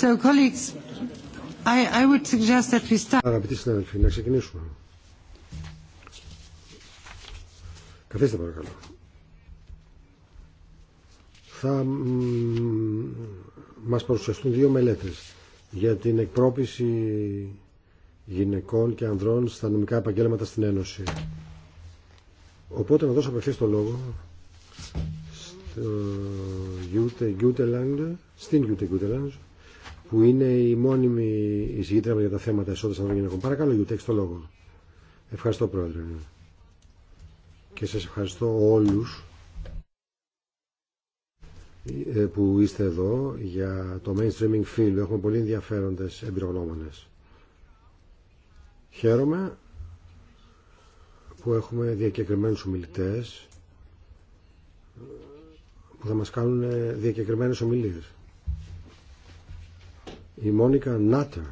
So, colleagues, I, I would suggest that we start. Αγαπητοί συνάδελφοι, να ξεκινήσουμε. Καθίστε παρακαλώ. Θα μ, μας παρουσιαστούν δύο μελέτες για την εκπρόπηση γυναικών και ανδρών στα νομικά επαγγέλματα στην Ένωση. Οπότε να δώσω απευθείας το λόγο στο στην Γιούτε Γιούτελάντ, που είναι η μόνιμη εισηγήτρια για τα θέματα εσόδας ανδρών γυναικών. Παρακαλώ Γιούτε, έχεις το λόγο. Ευχαριστώ Πρόεδρε. Και σας ευχαριστώ όλους ε, που είστε εδώ για το mainstreaming field. Έχουμε πολύ ενδιαφέροντες εμπειρογνώμονες. Χαίρομαι που έχουμε διακεκριμένους ομιλητές που θα μας κάνουν διακεκριμένες ομιλίες. Η Μόνικα Νάτερ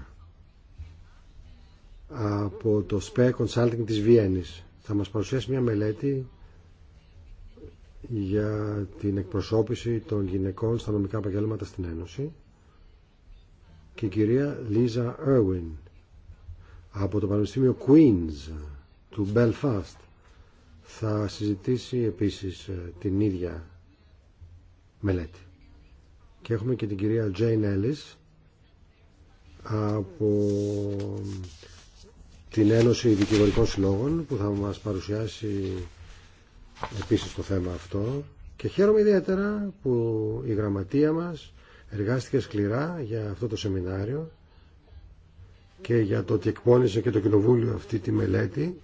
από το SPE Consulting της Βιέννης θα μας παρουσιάσει μια μελέτη για την εκπροσώπηση των γυναικών στα νομικά επαγγέλματα στην Ένωση και η κυρία Λίζα Ερουίν από το Πανεπιστήμιο Queens του Belfast θα συζητήσει επίσης ε, την ίδια μελέτη. Και έχουμε και την κυρία Jane Ellis από ε, την Ένωση Δικηγορικών Συλλόγων που θα μας παρουσιάσει επίσης το θέμα αυτό και χαίρομαι ιδιαίτερα που η γραμματεία μας εργάστηκε σκληρά για αυτό το σεμινάριο και για το ότι εκπώνησε και το Κοινοβούλιο αυτή τη μελέτη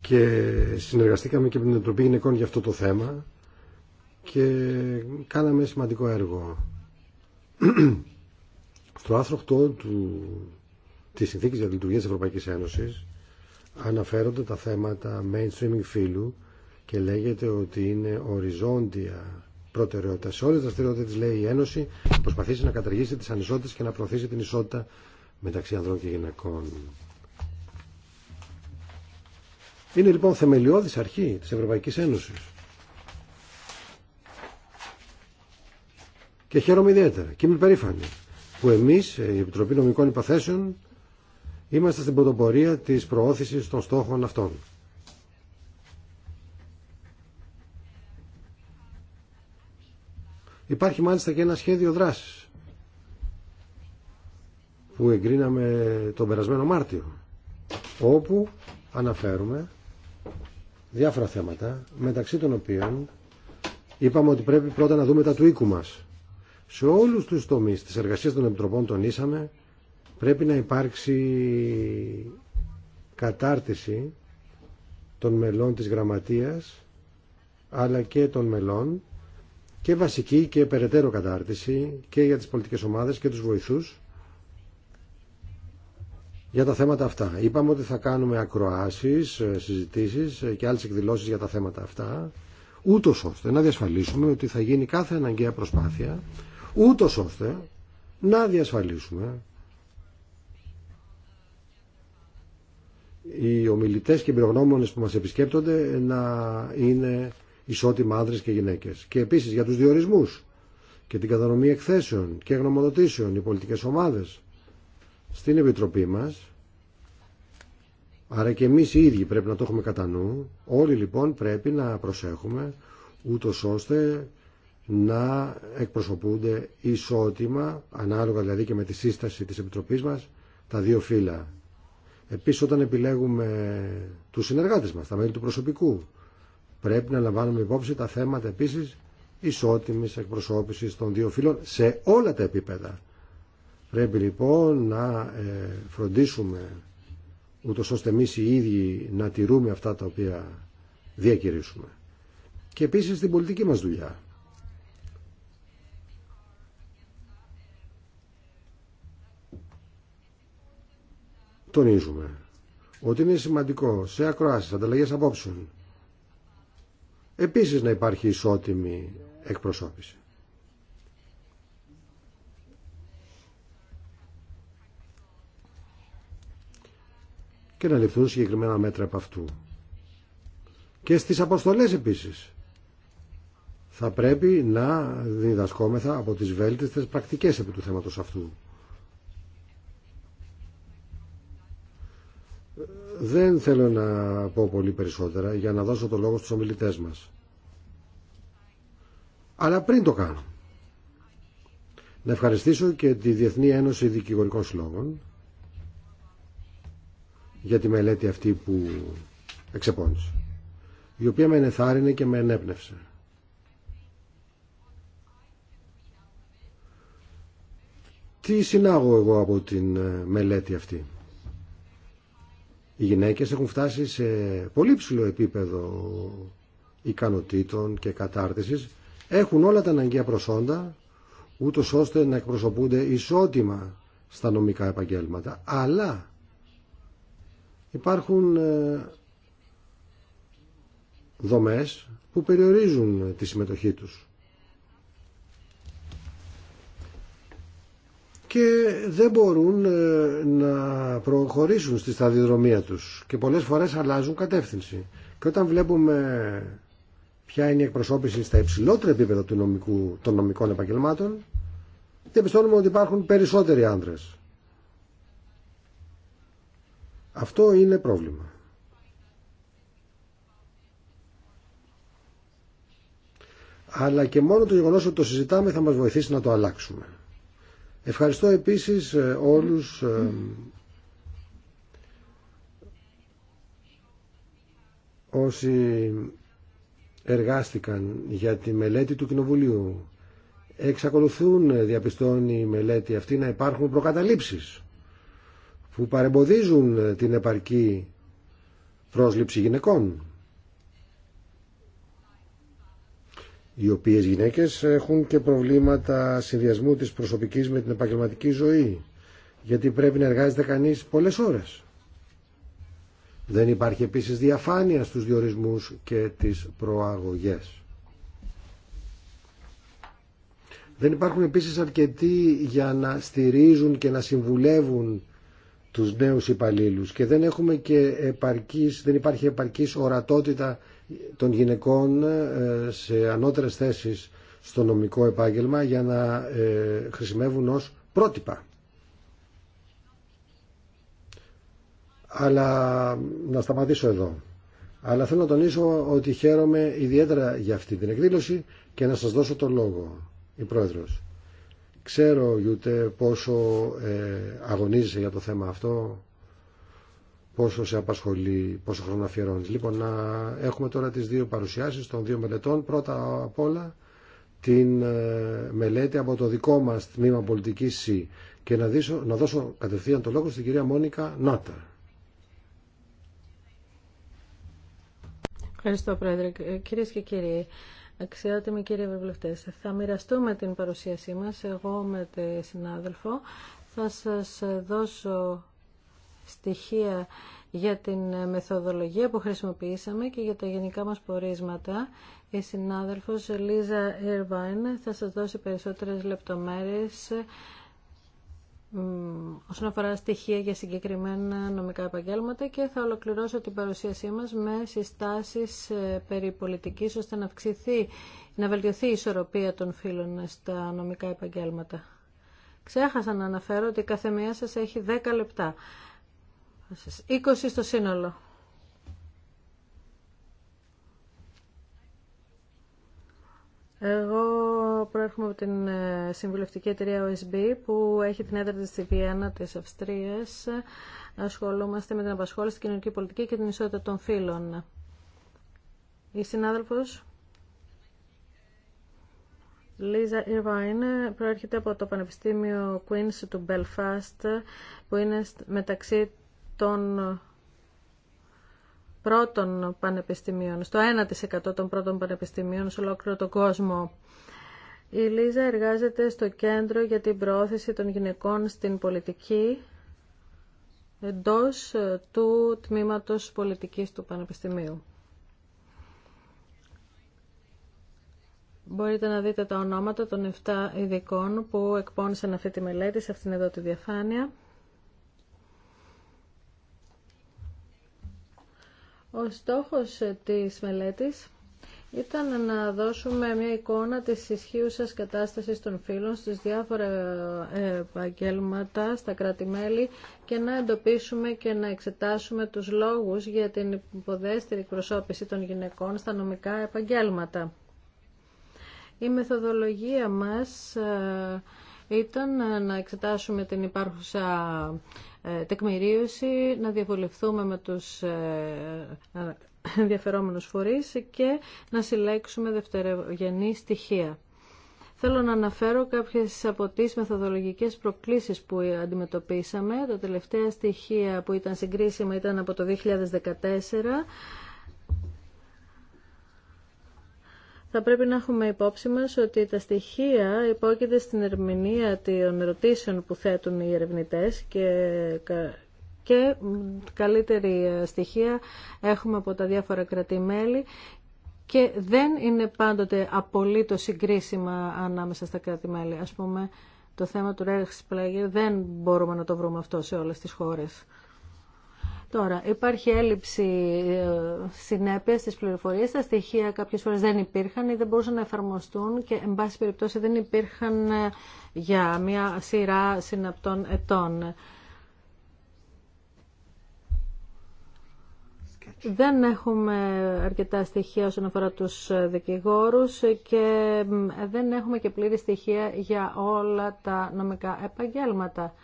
και συνεργαστήκαμε και με την Επιτροπή Γυναικών για αυτό το θέμα και κάναμε σημαντικό έργο. Στο άρθρο 8 του, της Συνθήκης για τη Λειτουργία της Ευρωπαϊκής Ένωσης αναφέρονται τα θέματα mainstreaming φύλου και λέγεται ότι είναι οριζόντια προτεραιότητα. Σε όλε τι δραστηριότητε τη, λέει η Ένωση, να προσπαθήσει να καταργήσει τι ανισότητε και να προωθήσει την ισότητα μεταξύ ανδρών και γυναικών. Είναι λοιπόν θεμελιώδης αρχή της Ευρωπαϊκής Ένωσης. Και χαίρομαι ιδιαίτερα και είμαι περήφανη που εμείς, ε, η Επιτροπή Νομικών Υποθέσεων, είμαστε στην πρωτοπορία της προώθησης των στόχων αυτών. Υπάρχει μάλιστα και ένα σχέδιο δράσης που εγκρίναμε τον περασμένο Μάρτιο όπου αναφέρουμε διάφορα θέματα μεταξύ των οποίων είπαμε ότι πρέπει πρώτα να δούμε τα του οίκου μας. Σε όλους τους τομείς της εργασίας των Επιτροπών τονίσαμε πρέπει να υπάρξει κατάρτιση των μελών της γραμματείας αλλά και των μελών και βασική και περαιτέρω κατάρτιση και για τις πολιτικές ομάδες και τους βοηθούς για τα θέματα αυτά. Είπαμε ότι θα κάνουμε ακροάσεις, ε, συζητήσεις ε, και άλλες εκδηλώσεις για τα θέματα αυτά, ούτω ώστε να διασφαλίσουμε ότι θα γίνει κάθε αναγκαία προσπάθεια, ούτω ώστε να διασφαλίσουμε οι ομιλητές και οι που μας επισκέπτονται να είναι ισότιμα άνδρες και γυναίκες. Και επίσης για τους διορισμούς και την κατανομή εκθέσεων και γνωμοδοτήσεων οι πολιτικές ομάδες στην Επιτροπή μας. Άρα και εμείς οι ίδιοι πρέπει να το έχουμε κατά νου. Όλοι λοιπόν πρέπει να προσέχουμε ούτω ώστε να εκπροσωπούνται ισότιμα, ανάλογα δηλαδή και με τη σύσταση της Επιτροπής μας, τα δύο φύλλα. Επίσης όταν επιλέγουμε τους συνεργάτες μας, τα μέλη του προσωπικού, Πρέπει να λαμβάνουμε υπόψη τα θέματα επίσης ισότιμη εκπροσώπησης των δύο φύλων σε όλα τα επίπεδα. Πρέπει λοιπόν να ε, φροντίσουμε ούτω ώστε εμεί οι ίδιοι να τηρούμε αυτά τα οποία διακηρύσουμε. Και επίσης στην πολιτική μας δουλειά. Τονίζουμε ότι είναι σημαντικό σε ακροάσεις, ανταλλαγές απόψεων επίσης να υπάρχει ισότιμη εκπροσώπηση. και να ληφθούν συγκεκριμένα μέτρα από αυτού. Και στις αποστολές επίσης θα πρέπει να διδασκόμεθα από τις βέλτιστες πρακτικές επί του θέματος αυτού. Δεν θέλω να πω πολύ περισσότερα για να δώσω το λόγο στους ομιλητές μας. Αλλά πριν το κάνω, να ευχαριστήσω και τη Διεθνή Ένωση Δικηγορικών Συλλόγων για τη μελέτη αυτή που εξεπώνησε, η οποία με ενεθάρρυνε και με ενέπνευσε. Τι συνάγω εγώ από την μελέτη αυτή. Οι γυναίκες έχουν φτάσει σε πολύ ψηλό επίπεδο ικανοτήτων και κατάρτισης. Έχουν όλα τα αναγκαία προσόντα, ούτω ώστε να εκπροσωπούνται ισότιμα στα νομικά επαγγέλματα. Αλλά υπάρχουν ε, δομές που περιορίζουν τη συμμετοχή τους. και δεν μπορούν ε, να προχωρήσουν στη σταδιοδρομία τους και πολλές φορές αλλάζουν κατεύθυνση. Και όταν βλέπουμε ποια είναι η εκπροσώπηση στα υψηλότερα επίπεδα του νομικού, των νομικών επαγγελμάτων, πιστώνουμε ότι υπάρχουν περισσότεροι άνδρες. Αυτό είναι πρόβλημα. Αλλά και μόνο το γεγονός ότι το συζητάμε θα μας βοηθήσει να το αλλάξουμε. Ευχαριστώ επίσης ε, όλους ε, όσοι εργάστηκαν για τη μελέτη του Κοινοβουλίου. Εξακολουθούν, ε, διαπιστώνει η μελέτη αυτή, να υπάρχουν προκαταλήψεις που παρεμποδίζουν την επαρκή πρόσληψη γυναικών. οι οποίες γυναίκες έχουν και προβλήματα συνδυασμού της προσωπικής με την επαγγελματική ζωή γιατί πρέπει να εργάζεται κανείς πολλές ώρες. Δεν υπάρχει επίσης διαφάνεια στους διορισμούς και τις προαγωγές. Δεν υπάρχουν επίσης αρκετοί για να στηρίζουν και να συμβουλεύουν τους νέους υπαλλήλους και δεν, έχουμε και επαρκής, δεν υπάρχει επαρκής ορατότητα των γυναικών ε, σε ανώτερες θέσεις στο νομικό επάγγελμα για να ε, χρησιμεύουν ως πρότυπα. Αλλά να σταματήσω εδώ. Αλλά θέλω να τονίσω ότι χαίρομαι ιδιαίτερα για αυτή την εκδήλωση και να σας δώσω το λόγο, η Πρόεδρος. Ξέρω, Γιούτε, πόσο ε, αγωνίζεσαι για το θέμα αυτό πόσο σε απασχολεί, πόσο χρόνο αφιερώνεις. Λοιπόν, να έχουμε τώρα τις δύο παρουσιάσεις των δύο μελετών. Πρώτα απ' όλα την ε, μελέτη από το δικό μας τμήμα πολιτικής ΣΥ και να, να δώσω κατευθείαν το λόγο στην κυρία Μόνικα Νάτα. Ευχαριστώ, Πρόεδρε. Ε, κυρίες και κύριοι, Αξιότιμοι κύριοι ευρωβουλευτές, θα μοιραστούμε την παρουσίασή μας εγώ με τη συνάδελφο. Θα σας δώσω στοιχεία για την μεθοδολογία που χρησιμοποιήσαμε και για τα γενικά μας πορίσματα. Η συνάδελφος Λίζα Ερβάιν θα σας δώσει περισσότερες λεπτομέρειες όσον αφορά στοιχεία για συγκεκριμένα νομικά επαγγέλματα και θα ολοκληρώσω την παρουσίασή μας με συστάσεις ε, περί πολιτικής ώστε να, αυξηθεί, να βελτιωθεί η ισορροπία των φύλων στα νομικά επαγγέλματα. Ξέχασα να αναφέρω ότι κάθε μία σας έχει 10 λεπτά. 20 στο σύνολο. Εγώ προέρχομαι από την ε, συμβουλευτική εταιρεία OSB που έχει την έδρα της στη Βιέννα της Αυστρίας. Ασχολούμαστε με την απασχόληση, την κοινωνική πολιτική και την ισότητα των φύλων. Η συνάδελφος Λίζα Ιρβάιν προέρχεται από το Πανεπιστήμιο Queen's του Belfast που είναι μεταξύ των πρώτων πανεπιστημίων, στο 1% των πρώτων πανεπιστημίων σε ολόκληρο τον κόσμο. Η Λίζα εργάζεται στο κέντρο για την προώθηση των γυναικών στην πολιτική εντός του τμήματος πολιτικής του Πανεπιστημίου. Μπορείτε να δείτε τα ονόματα των 7 ειδικών που εκπώνησαν αυτή τη μελέτη σε αυτήν εδώ τη διαφάνεια. Ο στόχος ε, της μελέτης ήταν να δώσουμε μια εικόνα της ισχύουσας κατάστασης των φύλων στις διάφορα ε, επαγγέλματα στα κράτη-μέλη και να εντοπίσουμε και να εξετάσουμε τους λόγους για την υποδέστερη εκπροσώπηση των γυναικών στα νομικά επαγγέλματα. Η μεθοδολογία μας ε, ήταν να εξετάσουμε την υπάρχουσα ε, τεκμηρίωση, να διαβολευθούμε με τους ε, ενδιαφερόμενους φορείς και να συλλέξουμε δευτερογενή στοιχεία. Θέλω να αναφέρω κάποιες από τις μεθοδολογικές προκλήσεις που αντιμετωπίσαμε. Τα τελευταία στοιχεία που ήταν συγκρίσιμα ήταν από το 2014 θα πρέπει να έχουμε υπόψη μας ότι τα στοιχεία υπόκειται στην ερμηνεία των ερωτήσεων που θέτουν οι ερευνητές και, και καλύτερη ε, στοιχεία έχουμε από τα διάφορα κρατημέλη και δεν είναι πάντοτε απολύτως συγκρίσιμα ανάμεσα στα κρατημέλη. Ας πούμε, το θέμα του Ρέξ πλέγει δεν μπορούμε να το βρούμε αυτό σε όλες τις χώρες. Τώρα, υπάρχει έλλειψη ε, συνέπεια στις πληροφορίες, τα στοιχεία κάποιες φορές δεν υπήρχαν ή δεν μπορούσαν να εφαρμοστούν και, εν πάση περιπτώσει, δεν υπήρχαν ε, για μια σειρά συναπτών ετών. Δεν έχουμε αρκετά στοιχεία όσον αφορά τους ε, δικηγόρους και δεν έχουμε και πλήρη στοιχεία για όλα τα νομικά επαγγέλματα.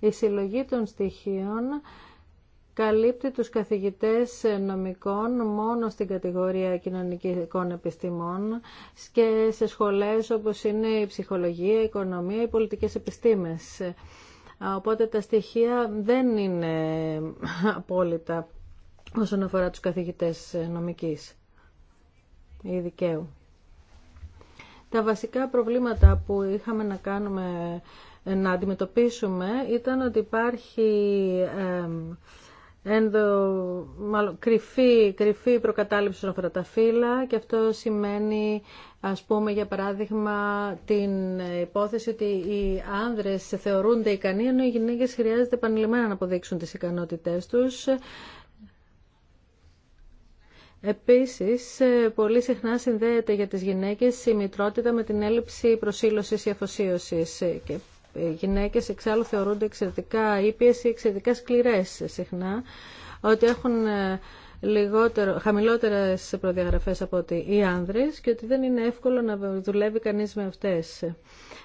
Η συλλογή των στοιχείων καλύπτει τους καθηγητές νομικών μόνο στην κατηγορία κοινωνικών επιστημών και σε σχολές όπως είναι η ψυχολογία, η οικονομία, οι πολιτικές επιστήμες. Οπότε τα στοιχεία δεν είναι απόλυτα όσον αφορά τους καθηγητές νομικής ή δικαίου. Τα βασικά προβλήματα που είχαμε να κάνουμε να αντιμετωπίσουμε ήταν ότι υπάρχει ενδο, μάλλον, κρυφή, κρυφή προκατάληψη στον αφορά τα φύλλα και αυτό σημαίνει ας πούμε για παράδειγμα την υπόθεση ότι οι άνδρες θεωρούνται ικανοί ενώ οι γυναίκες χρειάζεται επανειλημμένα να αποδείξουν τις ικανότητές τους Επίσης, πολύ συχνά συνδέεται για τις γυναίκες η μητρότητα με την έλλειψη προσήλωσης ή αφοσίωσης. Και οι γυναίκες εξάλλου θεωρούνται εξαιρετικά ήπιες ή εξαιρετικά σκληρές συχνά, ότι έχουν ε, λιγότερο, χαμηλότερες προδιαγραφές από ότι οι άνδρες και ότι δεν είναι εύκολο να δουλεύει κανείς με αυτές.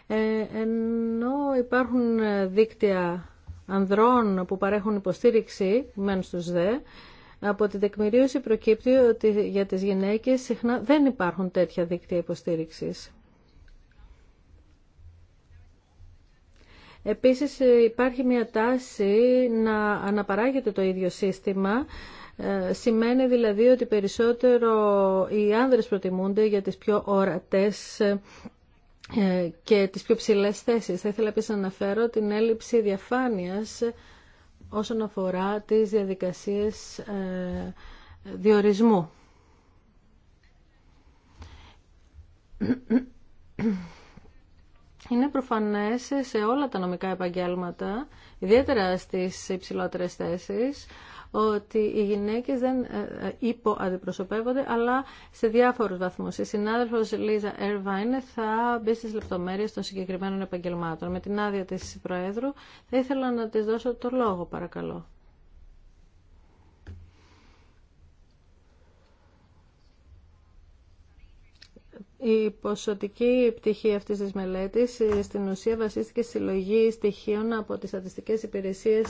Ε, ενώ υπάρχουν ε, δίκτυα ανδρών που παρέχουν υποστήριξη, μεν στους δε, από την τεκμηρίωση προκύπτει ότι για τις γυναίκες συχνά δεν υπάρχουν τέτοια δίκτυα υποστήριξης. Επίσης υπάρχει μια τάση να αναπαράγεται το ίδιο σύστημα ε, σημαίνει δηλαδή ότι περισσότερο οι άνδρες προτιμούνται για τις πιο ορατές ε, και τις πιο ψηλές θέσεις. Θα ήθελα επίσης να αναφέρω την έλλειψη διαφάνειας όσον αφορά τις διαδικασίες ε, διορισμού είναι προφανές σε όλα τα νομικά επαγγέλματα, ιδιαίτερα στις υψηλότερες θέσεις, ότι οι γυναίκες δεν ε, ε, υποαντιπροσωπεύονται, αλλά σε διάφορους βαθμούς. Η συνάδελφος Λίζα Ερβάιν θα μπει στις λεπτομέρειες των συγκεκριμένων επαγγελμάτων. Με την άδεια της Προέδρου θα ήθελα να της δώσω το λόγο, παρακαλώ. Η ποσοτική πτυχή αυτής της μελέτης ε, στην ουσία βασίστηκε στη συλλογή στοιχείων από τις στατιστικές υπηρεσίες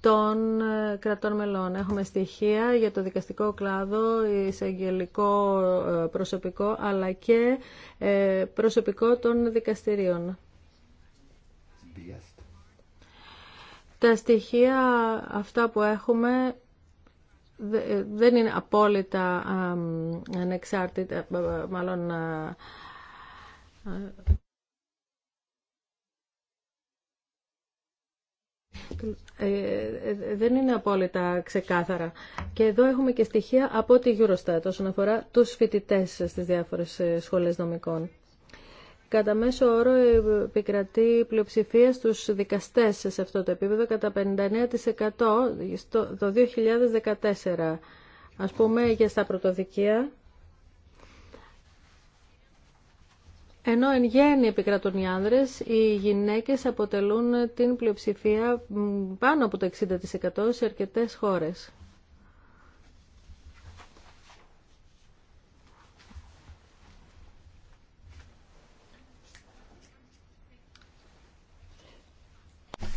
των ε, κρατών μελών. Έχουμε στοιχεία για το δικαστικό κλάδο, εισαγγελικό ε, προσωπικό, αλλά και προσωπικό των δικαστηρίων. Τα στοιχεία αυτά που έχουμε ε, δεν είναι απόλυτα ανεξάρτητα, ε, ε, μάλλον δεν είναι απόλυτα ξεκάθαρα. Και εδώ έχουμε και στοιχεία από τη Eurostat όσον αφορά τους φοιτητές στις διάφορες σχολές νομικών. Κατά μέσο όρο επικρατεί πλειοψηφία στους δικαστές σε αυτό το επίπεδο κατά 59% το 2014. Ας πούμε για στα πρωτοδικεία, Ενώ εν γέννη επικρατούν οι άνδρες, οι γυναίκες αποτελούν την πλειοψηφία πάνω από το 60% σε αρκετές χώρες.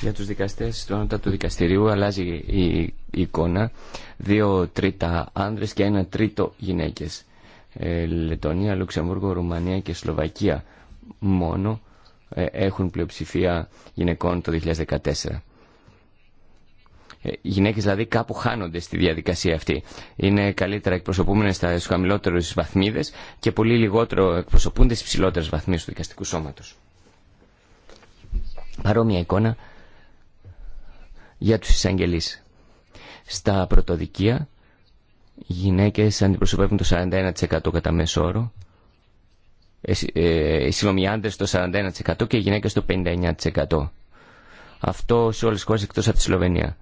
Για τους δικαστές του Δικαστηρίου αλλάζει η εικόνα. Δύο τρίτα άνδρες και ένα τρίτο γυναίκες. Ε, Λετωνία, Λουξεμβούργο, Ρουμανία και Σλοβακία μόνο ε, έχουν πλειοψηφία γυναικών το 2014. Οι ε, γυναίκες δηλαδή κάπου χάνονται στη διαδικασία αυτή. Είναι καλύτερα εκπροσωπούμενες στα χαμηλότερες βαθμίδες και πολύ λιγότερο εκπροσωπούνται στις ψηλότερες βαθμίδες του δικαστικού σώματος. Παρόμοια εικόνα για τους εισαγγελείς. Στα πρωτοδικεία, οι γυναίκες αντιπροσωπεύουν το 41% κατά μέσο όρο, ε, ε, οι άντρε το 41% και οι γυναίκες το 59%. Αυτό σε όλες τις χώρες εκτός από τη Σλοβενία.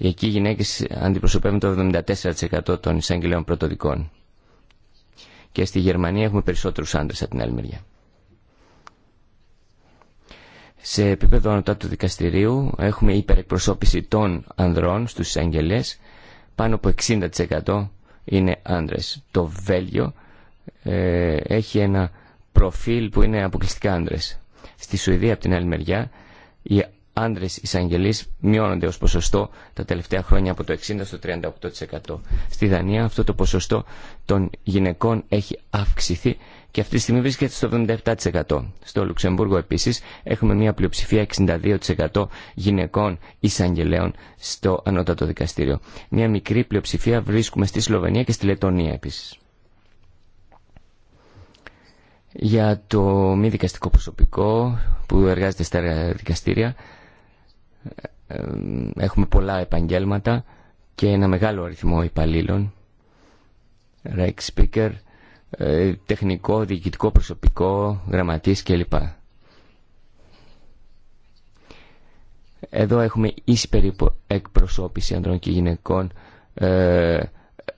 Εκεί οι γυναίκες αντιπροσωπεύουν το 74% των εισαγγελέων πρωτοδικών. Και στη Γερμανία έχουμε περισσότερους άντρες από την άλλη μεριά. Σε επίπεδο του δικαστηρίου έχουμε υπερεκπροσώπηση των ανδρών στους εισαγγελές. Πάνω από 60% είναι άνδρες. Το Βέλγιο ε, έχει ένα προφίλ που είναι αποκλειστικά άνδρες. Στη Σουηδία από την άλλη μεριά οι άνδρες εισαγγελείς μειώνονται ως ποσοστό τα τελευταία χρόνια από το 60% στο 38%. Στη Δανία αυτό το ποσοστό των γυναικών έχει αυξηθεί και αυτή τη στιγμή βρίσκεται στο 77%. Στο Λουξεμβούργο επίσης έχουμε μια πλειοψηφία 62% γυναικών εισαγγελέων στο Ανώτατο Δικαστήριο. Μια μικρή πλειοψηφία βρίσκουμε στη Σλοβενία και στη Λετωνία επίσης. Για το μη δικαστικό προσωπικό που εργάζεται στα δικαστήρια έχουμε πολλά επαγγέλματα και ένα μεγάλο αριθμό υπαλλήλων. speaker, ε, τεχνικό, διοικητικό προσωπικό, γραμματής κλπ. Εδώ έχουμε ίση περίπου εκπροσώπηση ανδρών και γυναικών, ε,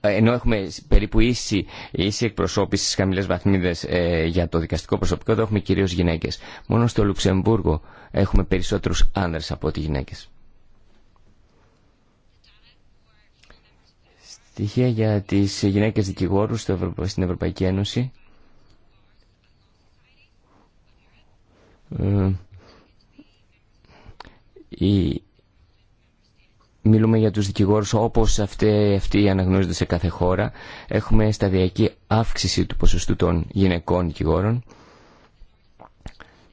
ενώ έχουμε περίπου ίση, ίση εκπροσώπηση στις χαμηλές βαθμίδες ε, για το δικαστικό προσωπικό, εδώ έχουμε κυρίως γυναίκες. Μόνο στο Λουξεμβούργο έχουμε περισσότερους άνδρες από ό,τι γυναίκες. στοιχεία για τις γυναίκες δικηγόρους στην Ευρωπαϊκή Ένωση. Ε, η, μιλούμε για τους δικηγόρους όπως αυτοί, αυτοί αναγνωρίζονται σε κάθε χώρα. Έχουμε σταδιακή αύξηση του ποσοστού των γυναικών δικηγόρων.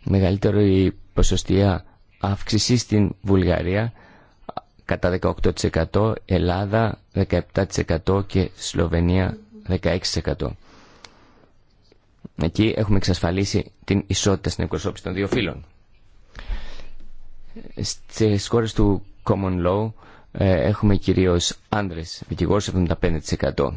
Μεγαλύτερο η ποσοστία αύξηση στην Βουλγαρία κατά 18%, Ελλάδα 17% και Σλοβενία 16%. Εκεί έχουμε εξασφαλίσει την ισότητα στην εκπροσώπηση των δύο φύλων. Στις χώρες του Common Law ε, έχουμε κυρίως άνδρες, δικηγόρους 75%.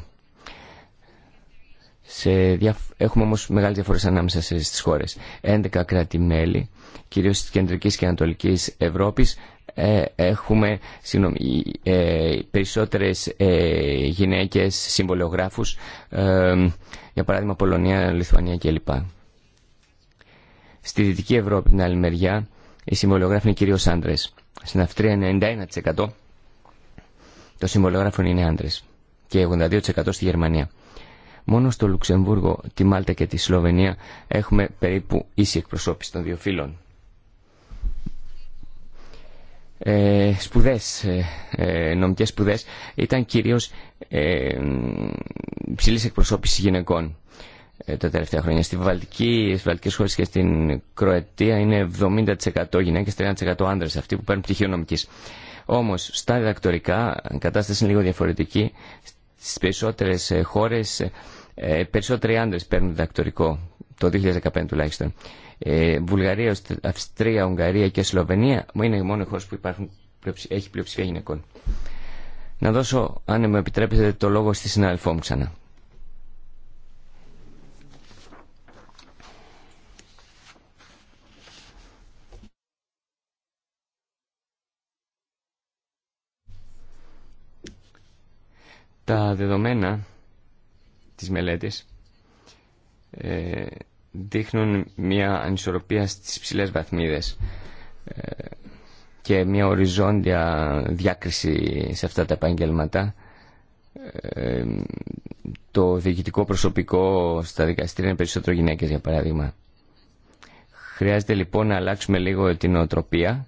Σε Έχουμε όμως μεγάλες διαφορές ανάμεσα στις χώρες. 11 κράτη-μέλη, κυρίως της Κεντρικής και Ανατολικής Ευρώπης, ε, έχουμε περισσότερε περισσότερες ε, γυναίκες συμβολιογράφους, ε, για παράδειγμα Πολωνία, Λιθουανία κλπ. Στη Δυτική Ευρώπη, την άλλη μεριά, οι συμβολιογράφοι είναι κυρίως άντρες. Στην Αυστρία 91% των συμβολιογράφων είναι άντρες και 82% στη Γερμανία. Μόνο στο Λουξεμβούργο, τη Μάλτα και τη Σλοβενία έχουμε περίπου ίση εκπροσώπηση των δύο φύλων ε, σπουδές, ε, ε, νομικές σπουδές ήταν κυρίως ε, ψηλής εκπροσώπησης γυναικών ε, τα τελευταία χρόνια. Στη Βαλτική, στις Βαλτικές χώρες και στην Κροατία είναι 70% γυναίκες, 30% άνδρες αυτοί που παίρνουν πτυχίο νομικής. Όμως στα διδακτορικά η κατάσταση είναι λίγο διαφορετική. Στις περισσότερες ε, χώρες περισσότεροι άνδρες παίρνουν διδακτορικό το 2015 τουλάχιστον. Ε, Βουλγαρία, Αυστρία, Ουγγαρία και Σλοβενία είναι μόνο μόνοι χώρες που υπάρχουν, έχει πλειοψηφία γυναικών. Να δώσω, αν με επιτρέπετε, το λόγο στη συνάδελφό μου ξανά. Τα δεδομένα της μελέτης ε, δείχνουν μια ανισορροπία στις ψηλές βαθμίδες ε, και μια οριζόντια διάκριση σε αυτά τα επαγγέλματα. Ε, το διοικητικό προσωπικό στα δικαστήρια είναι περισσότερο γυναίκες για παράδειγμα. Χρειάζεται λοιπόν να αλλάξουμε λίγο την οτροπία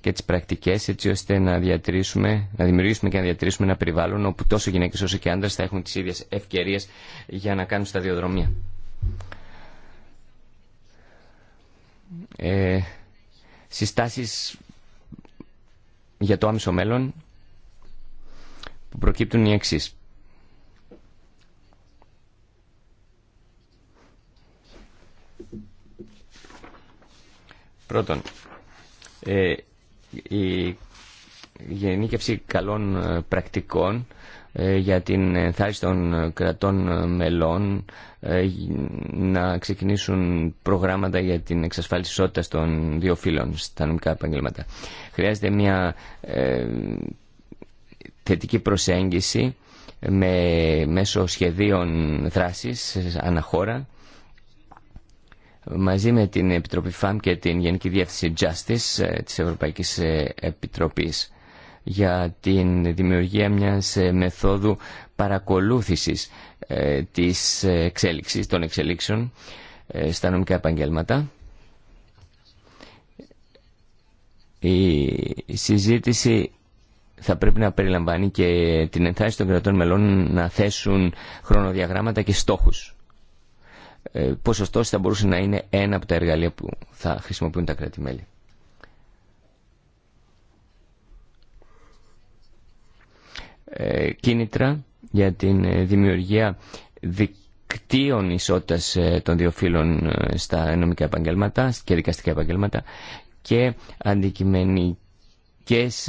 και τις πρακτικές έτσι ώστε να, διατηρήσουμε, να δημιουργήσουμε και να διατηρήσουμε ένα περιβάλλον όπου τόσο γυναίκες όσο και άντρες θα έχουν τις ίδιες ευκαιρίες για να κάνουν σταδιοδρομία. ε, συστάσεις για το άμεσο μέλλον που προκύπτουν οι εξής. Πρώτον, ε, η γενίκευση καλών ε, πρακτικών ε, για την ενθάρρυνση των ε, κρατών ε, μελών να ξεκινήσουν προγράμματα για την εξασφάλιση ισότητας των δύο φύλων στα νομικά επαγγέλματα. Χρειάζεται μια θετική προσέγγιση με, μέσω σχεδίων δράσης αναχώρα μαζί με την Επιτροπή ΦΑΜ και την Γενική Διεύθυνση Justice της Ευρωπαϊκής Επιτροπής για την δημιουργία μιας ε, μεθόδου παρακολούθησης ε, της εξέλιξης, των εξελίξεων ε, στα νομικά επαγγέλματα. Η συζήτηση θα πρέπει να περιλαμβάνει και την ενθάρρυνση των κρατών μελών να θέσουν χρονοδιαγράμματα και στόχους. ωστόσο θα μπορούσε να είναι ένα από τα εργαλεία που θα χρησιμοποιούν τα κρατη Ε, κίνητρα για την ε, δημιουργία δικτύων ισότητας ε, των δύο φύλων στα νομικά επαγγέλματα και δικαστικά επαγγέλματα και αντικειμενικές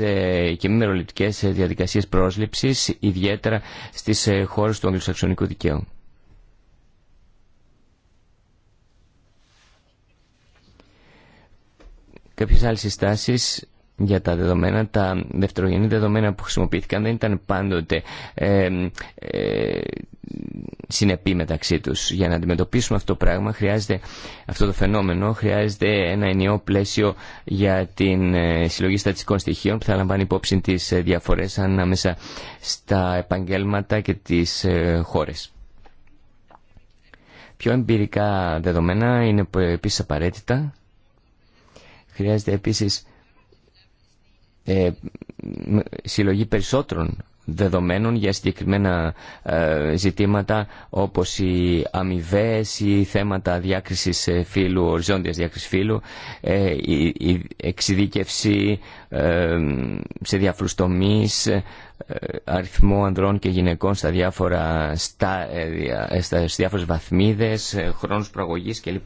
και μη μεροληπτικές διαδικασίες πρόσληψης ιδιαίτερα στις χώρες του αγγλοσαξονικού δικαίου. Κάποιες άλλες συστάσεις για τα δεδομένα. Τα δευτερογενή δεδομένα που χρησιμοποιήθηκαν δεν ήταν πάντοτε ε, συνεπή μεταξύ τους. Για να αντιμετωπίσουμε αυτό το πράγμα, χρειάζεται, αυτό το φαινόμενο, χρειάζεται ένα ενιαίο πλαίσιο για την ε, συλλογή στατιστικών στοιχείων που θα λαμβάνει υπόψη τις ε, διαφορές ανάμεσα στα επαγγέλματα και τις ε, χώρες. Πιο εμπειρικά δεδομένα είναι επίσης απαραίτητα. Χρειάζεται επίσης ε, συλλογή περισσότερων δεδομένων για συγκεκριμένα ε, ζητήματα όπως οι αμοιβέ ή θέματα διάκρισης ε, φύλου, οριζόντιας διάκρισης φύλου, ε, η, εξειδίκευση σε διάφορους τομείς, αριθμό ανδρών και γυναικών στα διάφορα, στα, στα, βαθμίδες, χρόνους προαγωγής κλπ.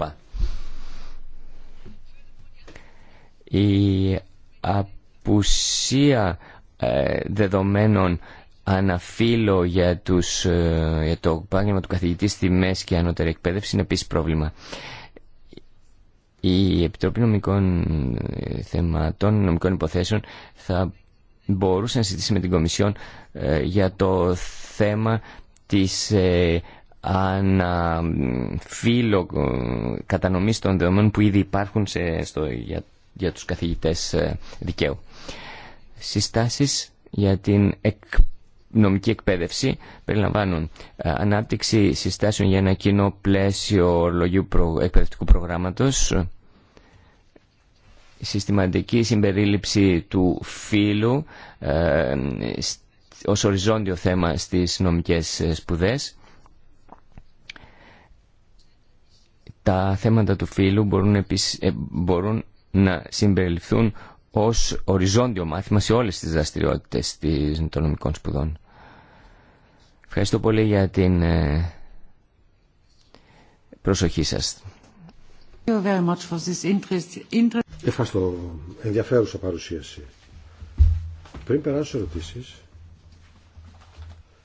Η απουσία ε, δεδομένων αναφύλω για, τους, ε, το πάγγελμα του καθηγητή στη μέση και ανώτερη εκπαίδευση είναι επίσης πρόβλημα. Η Επιτροπή Νομικών ε, Θεμάτων, Νομικών Υποθέσεων θα μπορούσε να συζητήσει με την Κομισιόν ε, για το θέμα της ε, αναφύλω ε, κατανομής των δεδομένων που ήδη υπάρχουν σε, στο, για για τους καθηγητές ε, δικαίου. Συστάσεις για την νομική εκπαίδευση περιλαμβάνουν ε, ανάπτυξη συστάσεων για ένα κοινό πλαίσιο ορολογίου εκπαιδευτικού προγράμματος, συστηματική συμπερίληψη του φύλου ε, ως οριζόντιο θέμα στις νομικές ε, σπουδές. Τα θέματα του φύλου μπορούν, μπορούν να συμπεριληφθούν ως οριζόντιο μάθημα σε όλες τις δραστηριότητες των νομικών σπουδών. Ευχαριστώ πολύ για την ε, προσοχή σας. Ευχαριστώ. Ενδιαφέρουσα παρουσίαση. Πριν περάσω ερωτήσεις,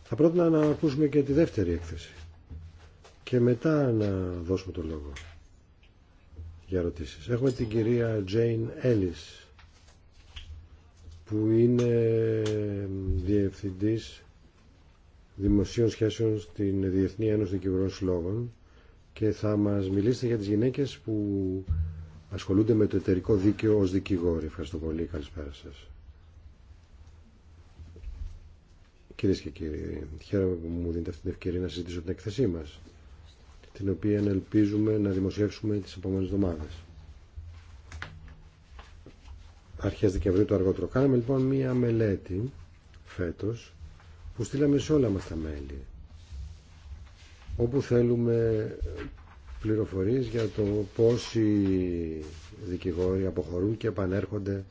θα πρότεινα να ακούσουμε και τη δεύτερη έκθεση και μετά να δώσουμε το λόγο για Έχουμε την κυρία Τζέιν Ellis που είναι διευθυντής δημοσίων σχέσεων στην Διεθνή Ένωση Δικηγορών Συλλόγων και θα μας μιλήσετε για τις γυναίκες που ασχολούνται με το εταιρικό δίκαιο ως δικηγόροι. Ευχαριστώ πολύ. Καλησπέρα σας. Κυρίες και κύριοι, χαίρομαι που μου δίνετε αυτή την ευκαιρία να συζητήσω την εκθεσή μας την οποία ελπίζουμε να δημοσιεύσουμε τις επόμενες εβδομάδες. Αρχές Δεκεμβρίου το αργότερο κάναμε λοιπόν μία μελέτη φέτος που στείλαμε σε όλα μας τα μέλη όπου θέλουμε πληροφορίες για το πώς οι δικηγόροι αποχωρούν και επανέρχονται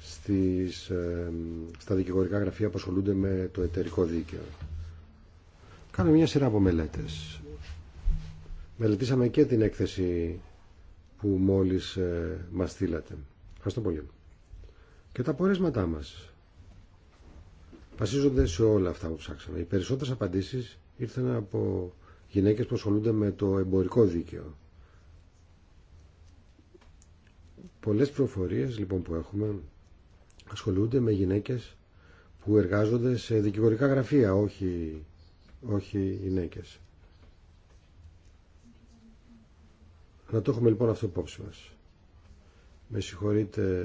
στις, ε, στα δικηγορικά γραφεία που ασχολούνται με το εταιρικό δίκαιο. Κάνουμε μια σειρά από μελέτες Μελετήσαμε και την έκθεση που μόλις ε, μας στείλατε. Ευχαριστώ πολύ. Και τα πορέσματά μας βασίζονται σε όλα αυτά που ψάξαμε. Οι περισσότερες απαντήσεις ήρθαν από γυναίκες που ασχολούνται με το εμπορικό δίκαιο. Πολλές προφορίες λοιπόν που έχουμε ασχολούνται με γυναίκες που εργάζονται σε δικηγορικά γραφεία, όχι, όχι γυναίκες. Να το έχουμε λοιπόν αυτό υπόψη μας. Με συγχωρείτε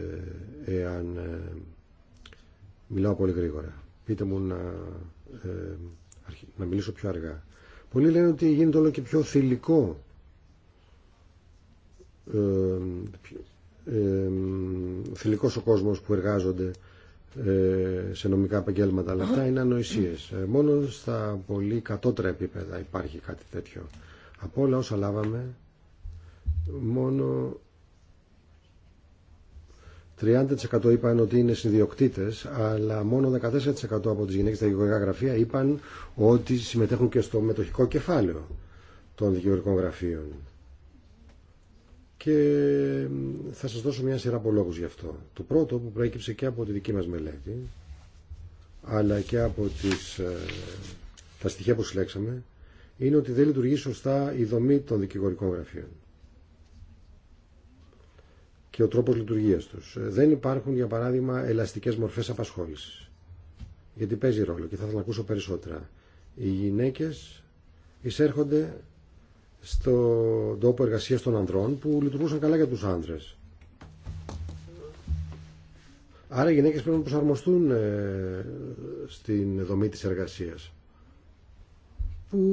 εάν ε, μιλάω πολύ γρήγορα. Πείτε μου να, ε, να μιλήσω πιο αργά. Πολλοί λένε ότι γίνεται όλο και πιο θηλυκό ε, ε, θηλυκός ο κόσμος που εργάζονται ε, σε νομικά επαγγέλματα αλλά αυτά είναι ανοησίες ε, μόνο στα πολύ κατώτερα επίπεδα υπάρχει κάτι τέτοιο από όλα όσα λάβαμε μόνο 30% είπαν ότι είναι συνδιοκτήτε, αλλά μόνο 14% από τι γυναίκε στα δικηγορικά γραφεία είπαν ότι συμμετέχουν και στο μετοχικό κεφάλαιο των δικηγορικών γραφείων. Και θα σας δώσω μια σειρά από λόγους γι' αυτό. Το πρώτο που προέκυψε και από τη δική μας μελέτη, αλλά και από τις, ε, τα στοιχεία που συλλέξαμε, είναι ότι δεν λειτουργεί σωστά η δομή των δικηγορικών γραφείων και ο τρόπος λειτουργίας τους. Ε, δεν υπάρχουν, για παράδειγμα, ελαστικές μορφές απασχόληση. Γιατί παίζει ρόλο και θα ήθελα να ακούσω περισσότερα. Οι γυναίκες εισέρχονται στον τόπο εργασία των ανδρών που λειτουργούσαν καλά για τους άνδρες. Άρα οι γυναίκε πρέπει να προσαρμοστούν ε, στην δομή τη εργασία. που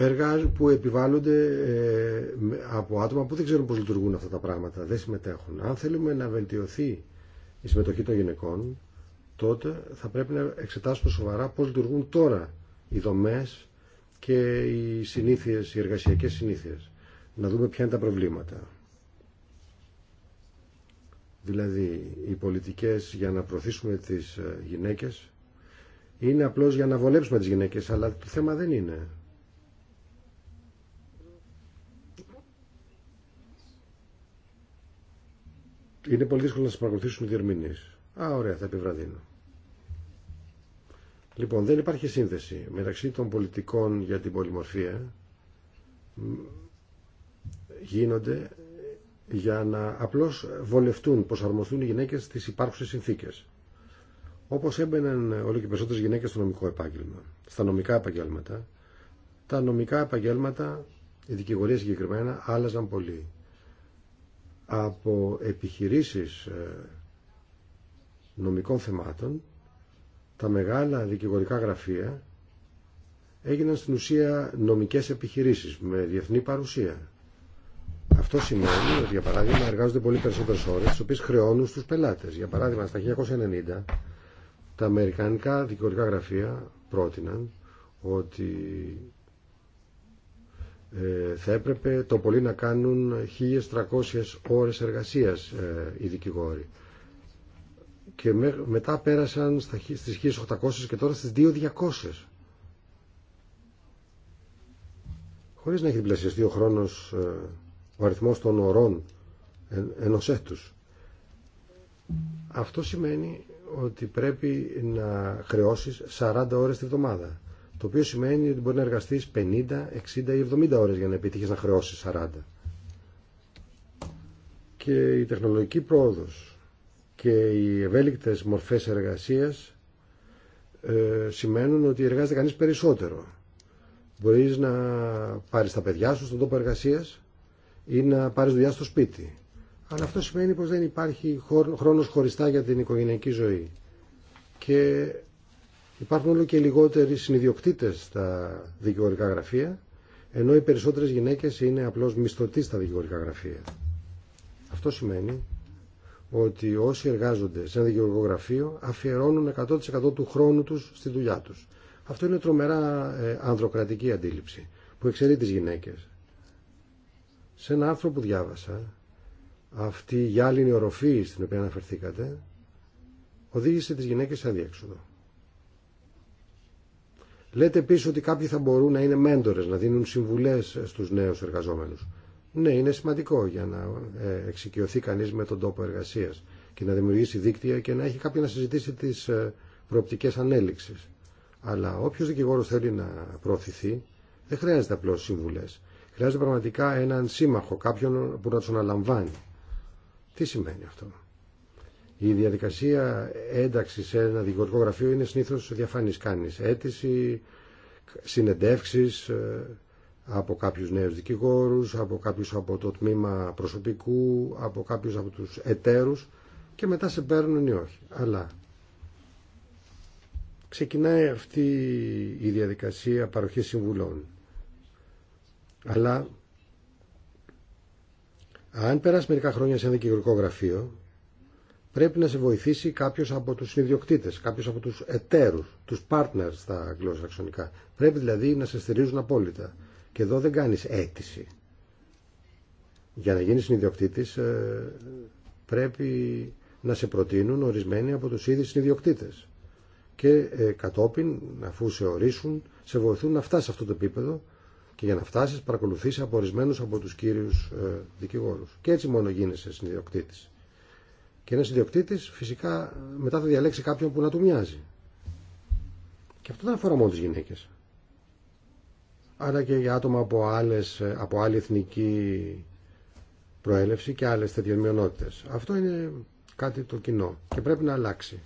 έργα που επιβάλλονται ε, από άτομα που δεν ξέρουν πώς λειτουργούν αυτά τα πράγματα, δεν συμμετέχουν. Αν θέλουμε να βελτιωθεί η συμμετοχή των γυναικών, τότε θα πρέπει να εξετάσουμε σοβαρά πώς λειτουργούν τώρα οι δομές και οι συνήθειες, οι εργασιακές συνήθειες. Να δούμε ποια είναι τα προβλήματα. Δηλαδή, οι πολιτικές για να προωθήσουμε τις ε, γυναίκες είναι απλώς για να βολέψουμε τις γυναίκες, αλλά το θέμα δεν είναι Είναι πολύ δύσκολο να σα παρακολουθήσουν οι διερμηνεί. Α, ωραία, θα επιβραδύνω. Λοιπόν, δεν υπάρχει σύνδεση μεταξύ των πολιτικών για την πολυμορφία γίνονται για να απλώς βολευτούν, προσαρμοστούν οι γυναίκες στις υπάρχουσες συνθήκες. Όπως έμπαιναν όλο και περισσότερες γυναίκες στο νομικό επάγγελμα, στα νομικά επαγγέλματα, τα νομικά επαγγέλματα, οι δικηγορίες συγκεκριμένα, άλλαζαν πολύ από επιχειρήσεις ε, νομικών θεμάτων τα μεγάλα δικηγορικά γραφεία έγιναν στην ουσία νομικές επιχειρήσεις με διεθνή παρουσία. Αυτό σημαίνει ότι για παράδειγμα εργάζονται πολύ περισσότερες ώρες τις οποίες χρεώνουν στους πελάτες. Για παράδειγμα στα 1990 τα αμερικανικά δικηγορικά γραφεία πρότειναν ότι ε, θα έπρεπε το πολύ να κάνουν 1.300 ώρες εργασίας ε, οι δικηγόροι. Και μετά πέρασαν στις 1.800 και τώρα στις 2.200. Χωρίς να έχει διπλασιαστεί ο χρόνος, ε, ο αριθμός των ωρών ενός έτους. Αυτό σημαίνει ότι πρέπει να χρεώσεις 40 ώρες τη βδομάδα. Το οποίο σημαίνει ότι μπορεί να εργαστεί 50, 60 ή 70 ώρε για να επιτύχει να χρεώσει 40. Και η τεχνολογική πρόοδο και οι ευέλικτε μορφέ εργασία ε, σημαίνουν ότι εργάζεται κανεί περισσότερο. Μπορεί να πάρει τα παιδιά σου στον τόπο εργασία ή να πάρει δουλειά στο σπίτι. Αλλά αυτό σημαίνει πως δεν υπάρχει χρόνος χωριστά για την οικογενειακή ζωή. Και Υπάρχουν όλο και λιγότεροι συνειδιοκτήτε στα δικηγορικά γραφεία, ενώ οι περισσότερες γυναίκες είναι απλώς μισθωτοί στα δικηγορικά γραφεία. Αυτό σημαίνει ότι όσοι εργάζονται σε ένα δικηγορικό γραφείο αφιερώνουν 100% του χρόνου τους στη δουλειά τους. Αυτό είναι τρομερά ε, ανδροκρατική αντίληψη που εξαιρεί τι γυναίκε. Σε ένα άρθρο που διάβασα, αυτή η γυάλινη οροφή στην οποία αναφερθήκατε, οδήγησε τι γυναίκε σε αδιέξοδο. Λέτε επίση ότι κάποιοι θα μπορούν να είναι μέντορες, να δίνουν συμβουλές στους νέους εργαζόμενους. Ναι, είναι σημαντικό για να ε, εξοικειωθεί κανείς με τον τόπο εργασίας και να δημιουργήσει δίκτυα και να έχει κάποιον να συζητήσει τις ε, προοπτικές ανέλυξης. Αλλά όποιο δικηγόρο θέλει να προωθηθεί, δεν χρειάζεται απλώ συμβουλέ. Χρειάζεται πραγματικά έναν σύμμαχο, κάποιον που να του αναλαμβάνει. Τι σημαίνει αυτό. Η διαδικασία ένταξη σε ένα δικηγορικό γραφείο είναι συνήθως διαφανής. κανεί αίτηση, συνεντεύξει ε, από κάποιους νέου δικηγόρους, από κάποιου από το τμήμα προσωπικού, από κάποιους από τους ετέρους και μετά σε παίρνουν ή όχι. Αλλά ξεκινάει αυτή η διαδικασία παροχής συμβουλών. Αλλά αν περάσει μερικά χρόνια σε ένα δικηγορικό γραφείο, πρέπει να σε βοηθήσει κάποιο από του ιδιοκτήτε, κάποιο από του εταίρου, του partners στα αγγλοσαξονικά. Πρέπει δηλαδή να σε στηρίζουν απόλυτα. Και εδώ δεν κάνει αίτηση. Για να γίνει συνειδιοκτήτη, ε, πρέπει να σε προτείνουν ορισμένοι από του ίδιου συνειδιοκτήτε. Και ε, κατόπιν, αφού σε ορίσουν, σε βοηθούν να φτάσει σε αυτό το επίπεδο και για να φτάσει, παρακολουθεί από ορισμένου από του κύριου ε, δικηγόρου. Και έτσι μόνο γίνεσαι συνειδιοκτήτη. Και ένα ιδιοκτήτης φυσικά μετά θα διαλέξει κάποιον που να του μοιάζει. Και αυτό δεν αφορά μόνο τι γυναίκες. Άρα και για άτομα από, άλλες, από άλλη εθνική προέλευση και άλλες τέτοιε μειονότητε. Αυτό είναι κάτι το κοινό και πρέπει να αλλάξει.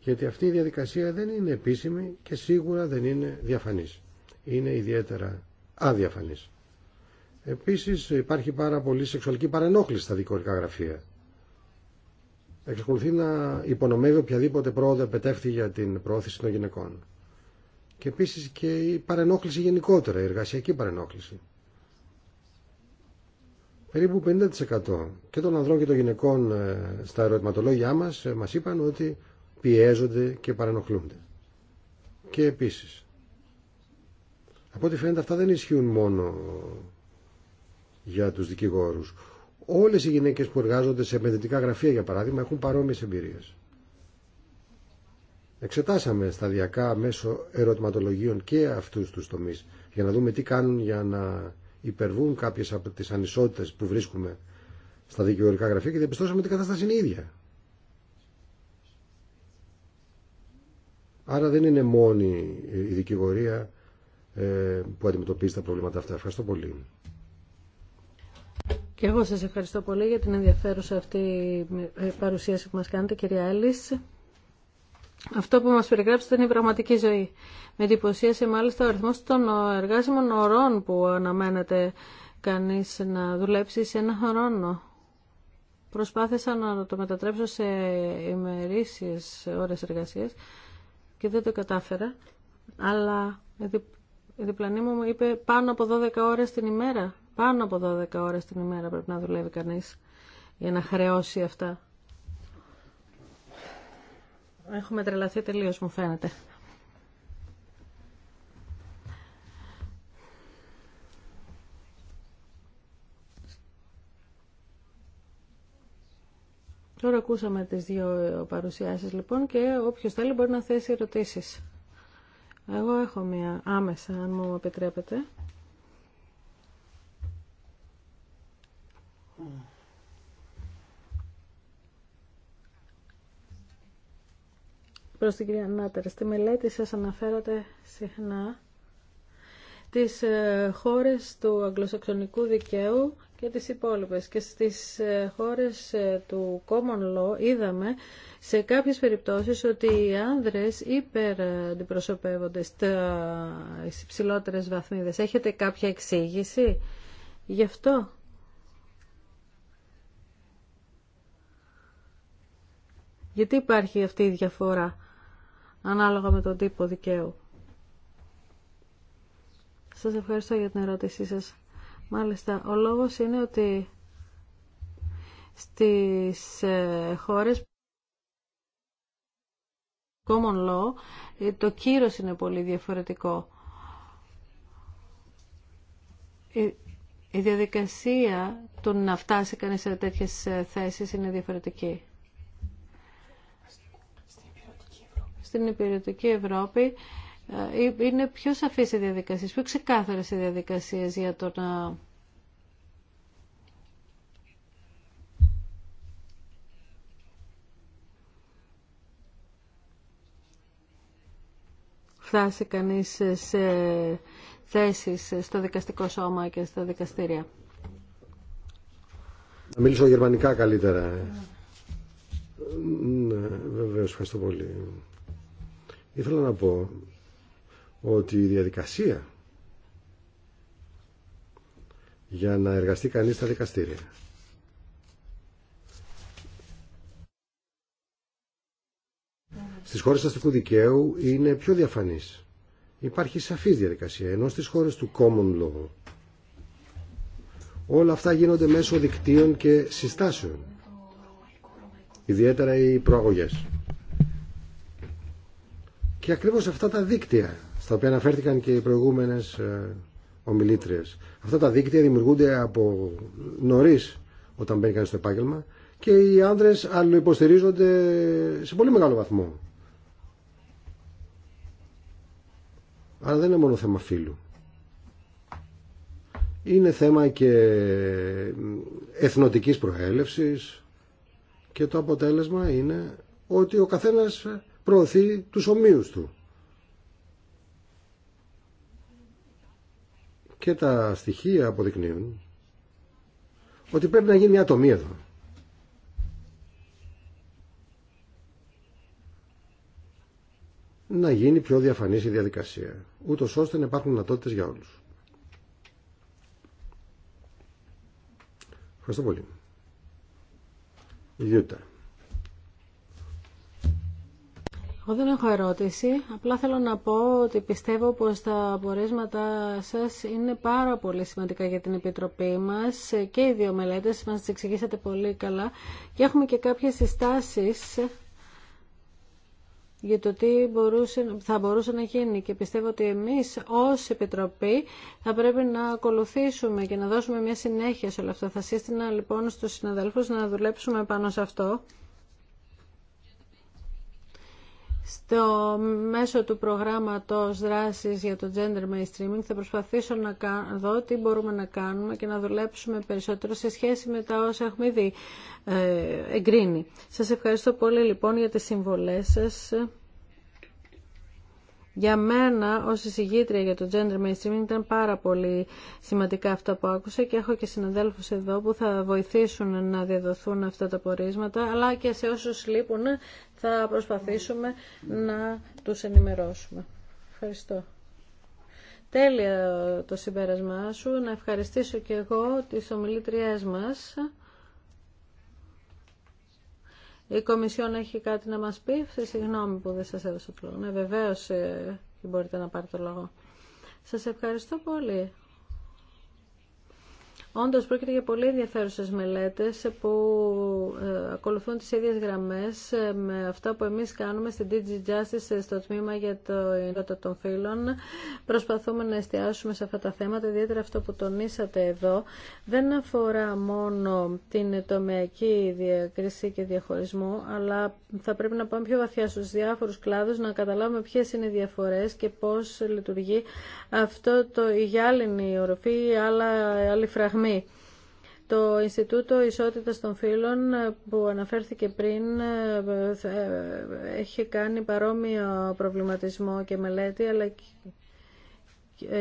Γιατί αυτή η διαδικασία δεν είναι επίσημη και σίγουρα δεν είναι διαφανής. Είναι ιδιαίτερα αδιαφανής. Επίσης υπάρχει πάρα πολύ σεξουαλική παρενόχληση στα δικορικά γραφεία εξακολουθεί να υπονομεύει οποιαδήποτε πρόοδο επετεύχθη για την προώθηση των γυναικών. Και επίσης και η παρενόχληση γενικότερα, η εργασιακή παρενόχληση. Περίπου 50% και των ανδρών και των γυναικών ε, στα ερωτηματολόγια μας ε, μας είπαν ότι πιέζονται και παρενοχλούνται. Και επίσης, από ό,τι φαίνεται αυτά δεν ισχύουν μόνο για τους δικηγόρους. Όλες οι γυναίκες που εργάζονται σε επενδυτικά γραφεία, για παράδειγμα, έχουν παρόμοιες εμπειρίες. Εξετάσαμε σταδιακά μέσω ερωτηματολογίων και αυτούς τους τομείς για να δούμε τι κάνουν για να υπερβούν κάποιες από τις ανισότητες που βρίσκουμε στα δικαιωρικά γραφεία και διαπιστώσαμε ότι η κατάσταση είναι ίδια. Άρα δεν είναι μόνη η δικηγορία ε, που αντιμετωπίζει τα προβλήματα αυτά. Ευχαριστώ πολύ. Και εγώ σας ευχαριστώ πολύ για την ενδιαφέρουσα αυτή ε, παρουσίαση που μας κάνετε, κυρία Έλλης. Αυτό που μας περιγράψετε είναι η πραγματική ζωή. Με εντυπωσίασε μάλιστα ο αριθμός των εργάσιμων ωρών που αναμένεται κανείς να δουλέψει σε ένα χρόνο. Προσπάθησα να το μετατρέψω σε ημερήσιες ώρες εργασίας και δεν το κατάφερα. Αλλά η διπλανή μου είπε πάνω από 12 ώρες την ημέρα πάνω από 12 ώρες την ημέρα πρέπει να δουλεύει κανείς για να χρεώσει αυτά. Έχουμε τρελαθεί τελείως μου φαίνεται. Τώρα ακούσαμε τις δύο παρουσιάσεις λοιπόν και όποιος θέλει μπορεί να θέσει ερωτήσεις. Εγώ έχω μία άμεσα, αν μου επιτρέπετε. Προς την κυρία Νάτερ, στη μελέτη σας αναφέρατε συχνά τις ε, χώρες του αγγλοσαξονικού δικαίου και τις υπόλοιπες. Και στις ε, χώρες ε, του common law είδαμε σε κάποιες περιπτώσεις ότι οι άνδρες υπερ-αντιπροσωπεύονται στις υψηλότερες βαθμίδες. Έχετε κάποια εξήγηση γι' αυτό. Γιατί υπάρχει αυτή η διαφορά ανάλογα με τον τύπο δικαίου. Σας ευχαριστώ για την ερώτησή σας. Μάλιστα, ο λόγος είναι ότι στις ε, χώρες common law ε, το κύρος είναι πολύ διαφορετικό. Η διαδικασία του να φτάσει κανείς σε τέτοιες ε, θέσεις είναι διαφορετική. στην υπηρετική Ευρώπη ε, είναι πιο σαφείς οι διαδικασίες, πιο ξεκάθαρες οι διαδικασίες για το να φτάσει κανείς σε θέσεις στο δικαστικό σώμα και στα δικαστήρια. Να μιλήσω γερμανικά καλύτερα. Ε, ναι, βεβαίως, ευχαριστώ πολύ. Ήθελα να πω ότι η διαδικασία για να εργαστεί κανείς στα δικαστήρια στις χώρες αστικού δικαίου είναι πιο διαφανής. Υπάρχει σαφής διαδικασία, ενώ στις χώρες του common law όλα αυτά γίνονται μέσω δικτύων και συστάσεων. Ιδιαίτερα οι προαγωγές. Και ακριβώς αυτά τα δίκτυα, στα οποία αναφέρθηκαν και οι προηγούμενες ε, ομιλήτριες, αυτά τα δίκτυα δημιουργούνται από νωρί όταν μπαίνει κανείς στο επάγγελμα και οι άνδρες αλληλοϊποστηρίζονται σε πολύ μεγάλο βαθμό. Αλλά δεν είναι μόνο θέμα φίλου. Είναι θέμα και ε, εθνοτικής προέλευσης και το αποτέλεσμα είναι ότι ο καθένας προωθεί τους ομοίους του. Και τα στοιχεία αποδεικνύουν ότι πρέπει να γίνει μια ατομή εδώ. Να γίνει πιο διαφανής η διαδικασία, ούτως ώστε να υπάρχουν δυνατότητες για όλους. Ευχαριστώ πολύ. Ιδιότητα. Εγώ δεν έχω ερώτηση, απλά θέλω να πω ότι πιστεύω πως τα απορίσματα σας είναι πάρα πολύ σημαντικά για την Επιτροπή μας και οι δύο μελέτες μας τις εξηγήσατε πολύ καλά και έχουμε και κάποιες συστάσεις για το τι θα μπορούσε να γίνει και πιστεύω ότι εμείς ως Επιτροπή θα πρέπει να ακολουθήσουμε και να δώσουμε μια συνέχεια σε όλα αυτά. Θα σύστηνα λοιπόν στους συναδέλφους να δουλέψουμε πάνω σε αυτό στο μέσο του προγράμματος δράσης για το gender mainstreaming θα προσπαθήσω να δω τι μπορούμε να κάνουμε και να δουλέψουμε περισσότερο σε σχέση με τα όσα έχουμε ήδη ε, εγκρίνει. Σας ευχαριστώ πολύ λοιπόν για τις συμβολές σας. Για μένα ως εισηγήτρια για το gender mainstreaming ήταν πάρα πολύ σημαντικά αυτά που άκουσα και έχω και συναδέλφους εδώ που θα βοηθήσουν να διαδοθούν αυτά τα πορίσματα αλλά και σε όσους λείπουν θα προσπαθήσουμε να τους ενημερώσουμε. Ευχαριστώ. Τέλεια το συμπέρασμά σου. Να ευχαριστήσω και εγώ τις ομιλήτριές μας. Η Κομισιόν έχει κάτι να μας πει. Σε συγγνώμη που δεν σας έδωσα το λόγο. Ναι, βεβαίως ε, μπορείτε να πάρετε το λόγο. Σας ευχαριστώ πολύ. Όντως πρόκειται για πολύ ενδιαφέρουσες μελέτες που ε, ακολουθούν τις ίδιες γραμμές ε, με αυτά που εμείς κάνουμε στην DG Justice ε, στο τμήμα για το ειρήντα των φύλων. Προσπαθούμε να εστιάσουμε σε αυτά τα θέματα, ιδιαίτερα αυτό που τονίσατε εδώ. Δεν αφορά μόνο την τομεακή διακρίση και διαχωρισμό, αλλά θα πρέπει να πάμε πιο βαθιά στους διάφορους κλάδους, να καταλάβουμε ποιες είναι οι διαφορές και πώς λειτουργεί αυτό το η γυάλινη οροφή ή άλλη φραγμή το Ινστιτούτο Ισότητας των Φύλων που αναφέρθηκε πριν έχει κάνει παρόμοιο προβληματισμό και μελέτη, αλλά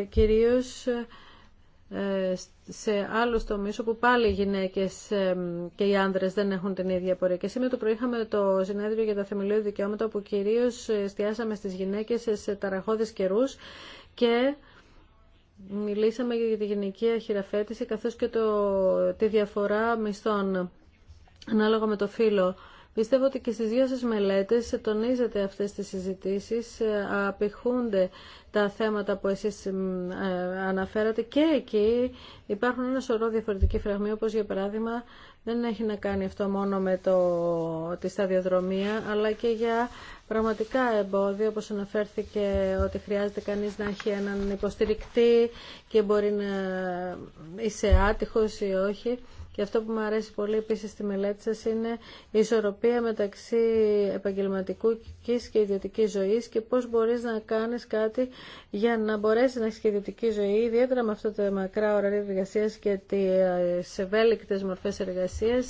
κυρίως ε, σε άλλους τομείς όπου πάλι οι γυναίκες ε, και οι άνδρες δεν έχουν την ίδια πορεία. Και σήμερα το πρωί είχαμε το συνέδριο για τα θεμελιώδη δικαιώματα που κυρίως εστιάσαμε στις γυναίκες σε ταραχώδες καιρούς και Μιλήσαμε για τη γενική αχειραφέτηση καθώς και το, τη διαφορά μισθών ανάλογα με το φύλλο. Πιστεύω ότι και στις δύο σας μελέτες τονίζετε αυτές τις συζητήσεις, ε, απηχούνται τα θέματα που εσείς ε, αναφέρατε και εκεί υπάρχουν ένα σωρό διαφορετικοί φραγμοί, όπως για παράδειγμα δεν έχει να κάνει αυτό μόνο με το, τη σταδιοδρομία, αλλά και για πραγματικά εμπόδια, όπως αναφέρθηκε ότι χρειάζεται κανείς να έχει έναν υποστηρικτή και μπορεί να είσαι άτυχος ή όχι. Και αυτό που μου αρέσει πολύ επίσης στη μελέτη σας είναι η ισορροπία μεταξύ επαγγελματικού και ιδιωτική ζωής και πώς μπορείς να κάνεις κάτι για να μπορέσει να έχει και ιδιωτική ζωή, ιδιαίτερα με αυτό το μακρά ωραίο εργασία και τις ευέλικτες μορφές εργασία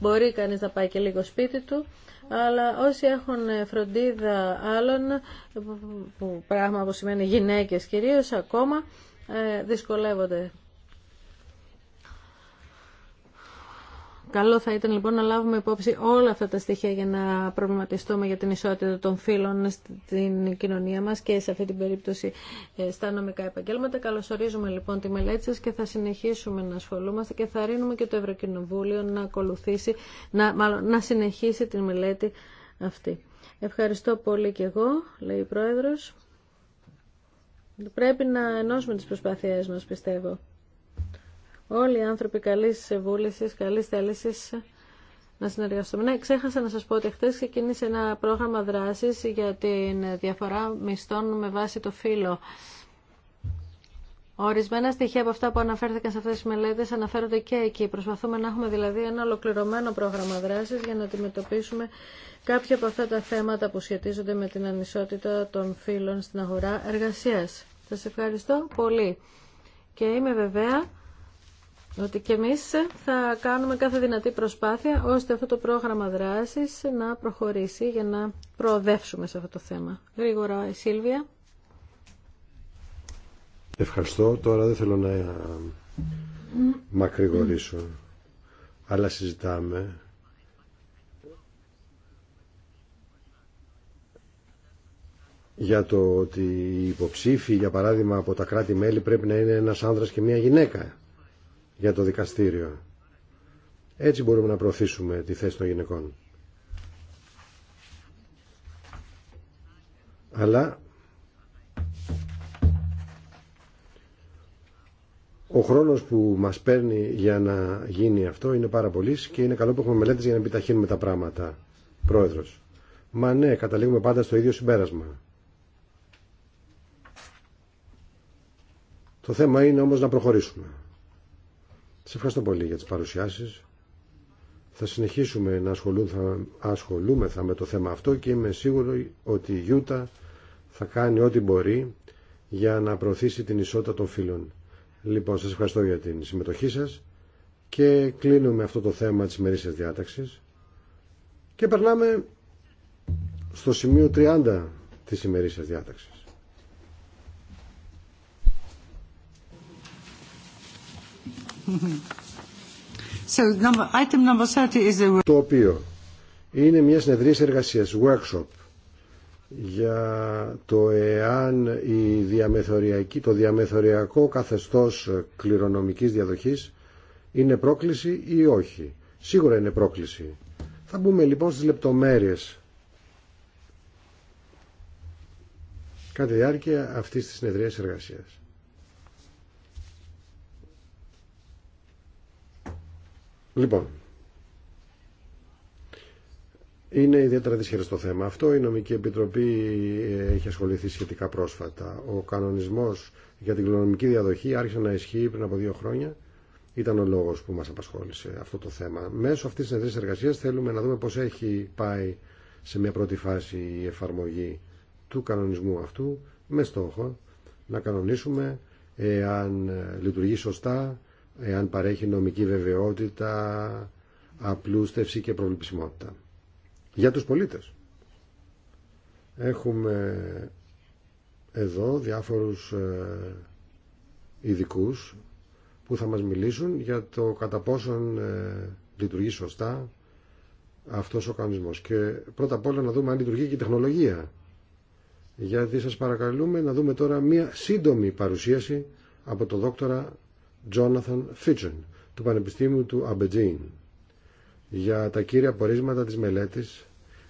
Μπορεί κανείς να πάει και λίγο σπίτι του, αλλά όσοι έχουν φροντίδα άλλων, που πράγμα που σημαίνει γυναίκες κυρίως ακόμα, ε, δυσκολεύονται. Καλό θα ήταν λοιπόν να λάβουμε υπόψη όλα αυτά τα στοιχεία για να προβληματιστούμε για την ισότητα των φύλων στην κοινωνία μας και σε αυτή την περίπτωση ε, στα νομικά επαγγέλματα. Καλωσορίζουμε λοιπόν τη μελέτη σας και θα συνεχίσουμε να ασχολούμαστε και θα ρίνουμε και το Ευρωκοινοβούλιο να ακολουθήσει, να, να συνεχίσει τη μελέτη αυτή. Ευχαριστώ πολύ και εγώ, λέει η Πρόεδρος. Πρέπει να ενώσουμε τις προσπάθειές μας, πιστεύω όλοι οι άνθρωποι καλή βούληση, καλή θέληση να συνεργαστούμε. Ναι, ξέχασα να σα πω ότι χθες ξεκίνησε ένα πρόγραμμα δράση για τη διαφορά μισθών με βάση το φύλλο. Ορισμένα στοιχεία από αυτά που αναφέρθηκαν σε αυτέ τι μελέτε, αναφέρονται και εκεί. Προσπαθούμε να έχουμε δηλαδή ένα ολοκληρωμένο πρόγραμμα δράση για να αντιμετωπίσουμε κάποια από αυτά τα θέματα που σχετίζονται με την ανισότητα των φύλων στην αγορά εργασία. Σα ευχαριστώ πολύ και είμαι βεβαία ότι και εμείς θα κάνουμε κάθε δυνατή προσπάθεια ώστε αυτό το πρόγραμμα δράσης να προχωρήσει για να προοδεύσουμε σε αυτό το θέμα. Γρήγορα, η Σίλβια. Ευχαριστώ. Τώρα δεν θέλω να μακρηγορήσω, αλλά συζητάμε για το ότι οι υποψήφοι, για παράδειγμα, από τα κράτη-μέλη πρέπει να είναι ένας άνδρας και μια γυναίκα για το δικαστήριο. Έτσι μπορούμε να προωθήσουμε τη θέση των γυναικών. Αλλά ο χρόνος που μας παίρνει για να γίνει αυτό είναι πάρα πολύ και είναι καλό που έχουμε μελέτες για να επιταχύνουμε τα πράγματα. Πρόεδρος. Μα ναι, καταλήγουμε πάντα στο ίδιο συμπέρασμα. Το θέμα είναι όμως να προχωρήσουμε. Σας ευχαριστώ πολύ για τις παρουσιάσεις. Θα συνεχίσουμε να ασχολούμεθα με το θέμα αυτό και είμαι σίγουρο ότι η Γιούτα θα κάνει ό,τι μπορεί για να προωθήσει την ισότητα των φίλων. Λοιπόν, σας ευχαριστώ για την συμμετοχή σας και κλείνουμε αυτό το θέμα της μερίσιας διάταξης και περνάμε στο σημείο 30 της ημερήσιας διάταξης. Το οποίο είναι μια συνεδρία εργασία workshop, για το εάν η διαμεθοριακή, το διαμεθοριακό καθεστώ κληρονομικής διαδοχής είναι πρόκληση ή όχι. Σίγουρα είναι πρόκληση. Θα μπούμε λοιπόν στις λεπτομέρειες κατά τη διάρκεια αυτής της συνεδρίας εργασίας. Λοιπόν, είναι ιδιαίτερα δυσχερές το θέμα αυτό. Η Νομική Επιτροπή ε, έχει ασχοληθεί σχετικά πρόσφατα. Ο κανονισμός για την κληρονομική διαδοχή άρχισε να ισχύει πριν από δύο χρόνια. Ήταν ο λόγος που μας απασχόλησε αυτό το θέμα. Μέσω αυτής της συνεδρίας εργασίας θέλουμε να δούμε πώς έχει πάει σε μια πρώτη φάση η εφαρμογή του κανονισμού αυτού με στόχο να κανονίσουμε αν λειτουργεί σωστά εάν παρέχει νομική βεβαιότητα, απλούστευση και προβληψιμότητα. Για τους πολίτες. Έχουμε εδώ διάφορους ε, ειδικού που θα μας μιλήσουν για το κατά πόσον ε, λειτουργεί σωστά αυτός ο κανονισμός. Και πρώτα απ' όλα να δούμε αν λειτουργεί και η τεχνολογία. Γιατί σας παρακαλούμε να δούμε τώρα μία σύντομη παρουσίαση από τον δόκτορα Τζόναθαν Φίτσον του Πανεπιστήμιου του Αμπετζίν για τα κύρια πορίσματα της μελέτης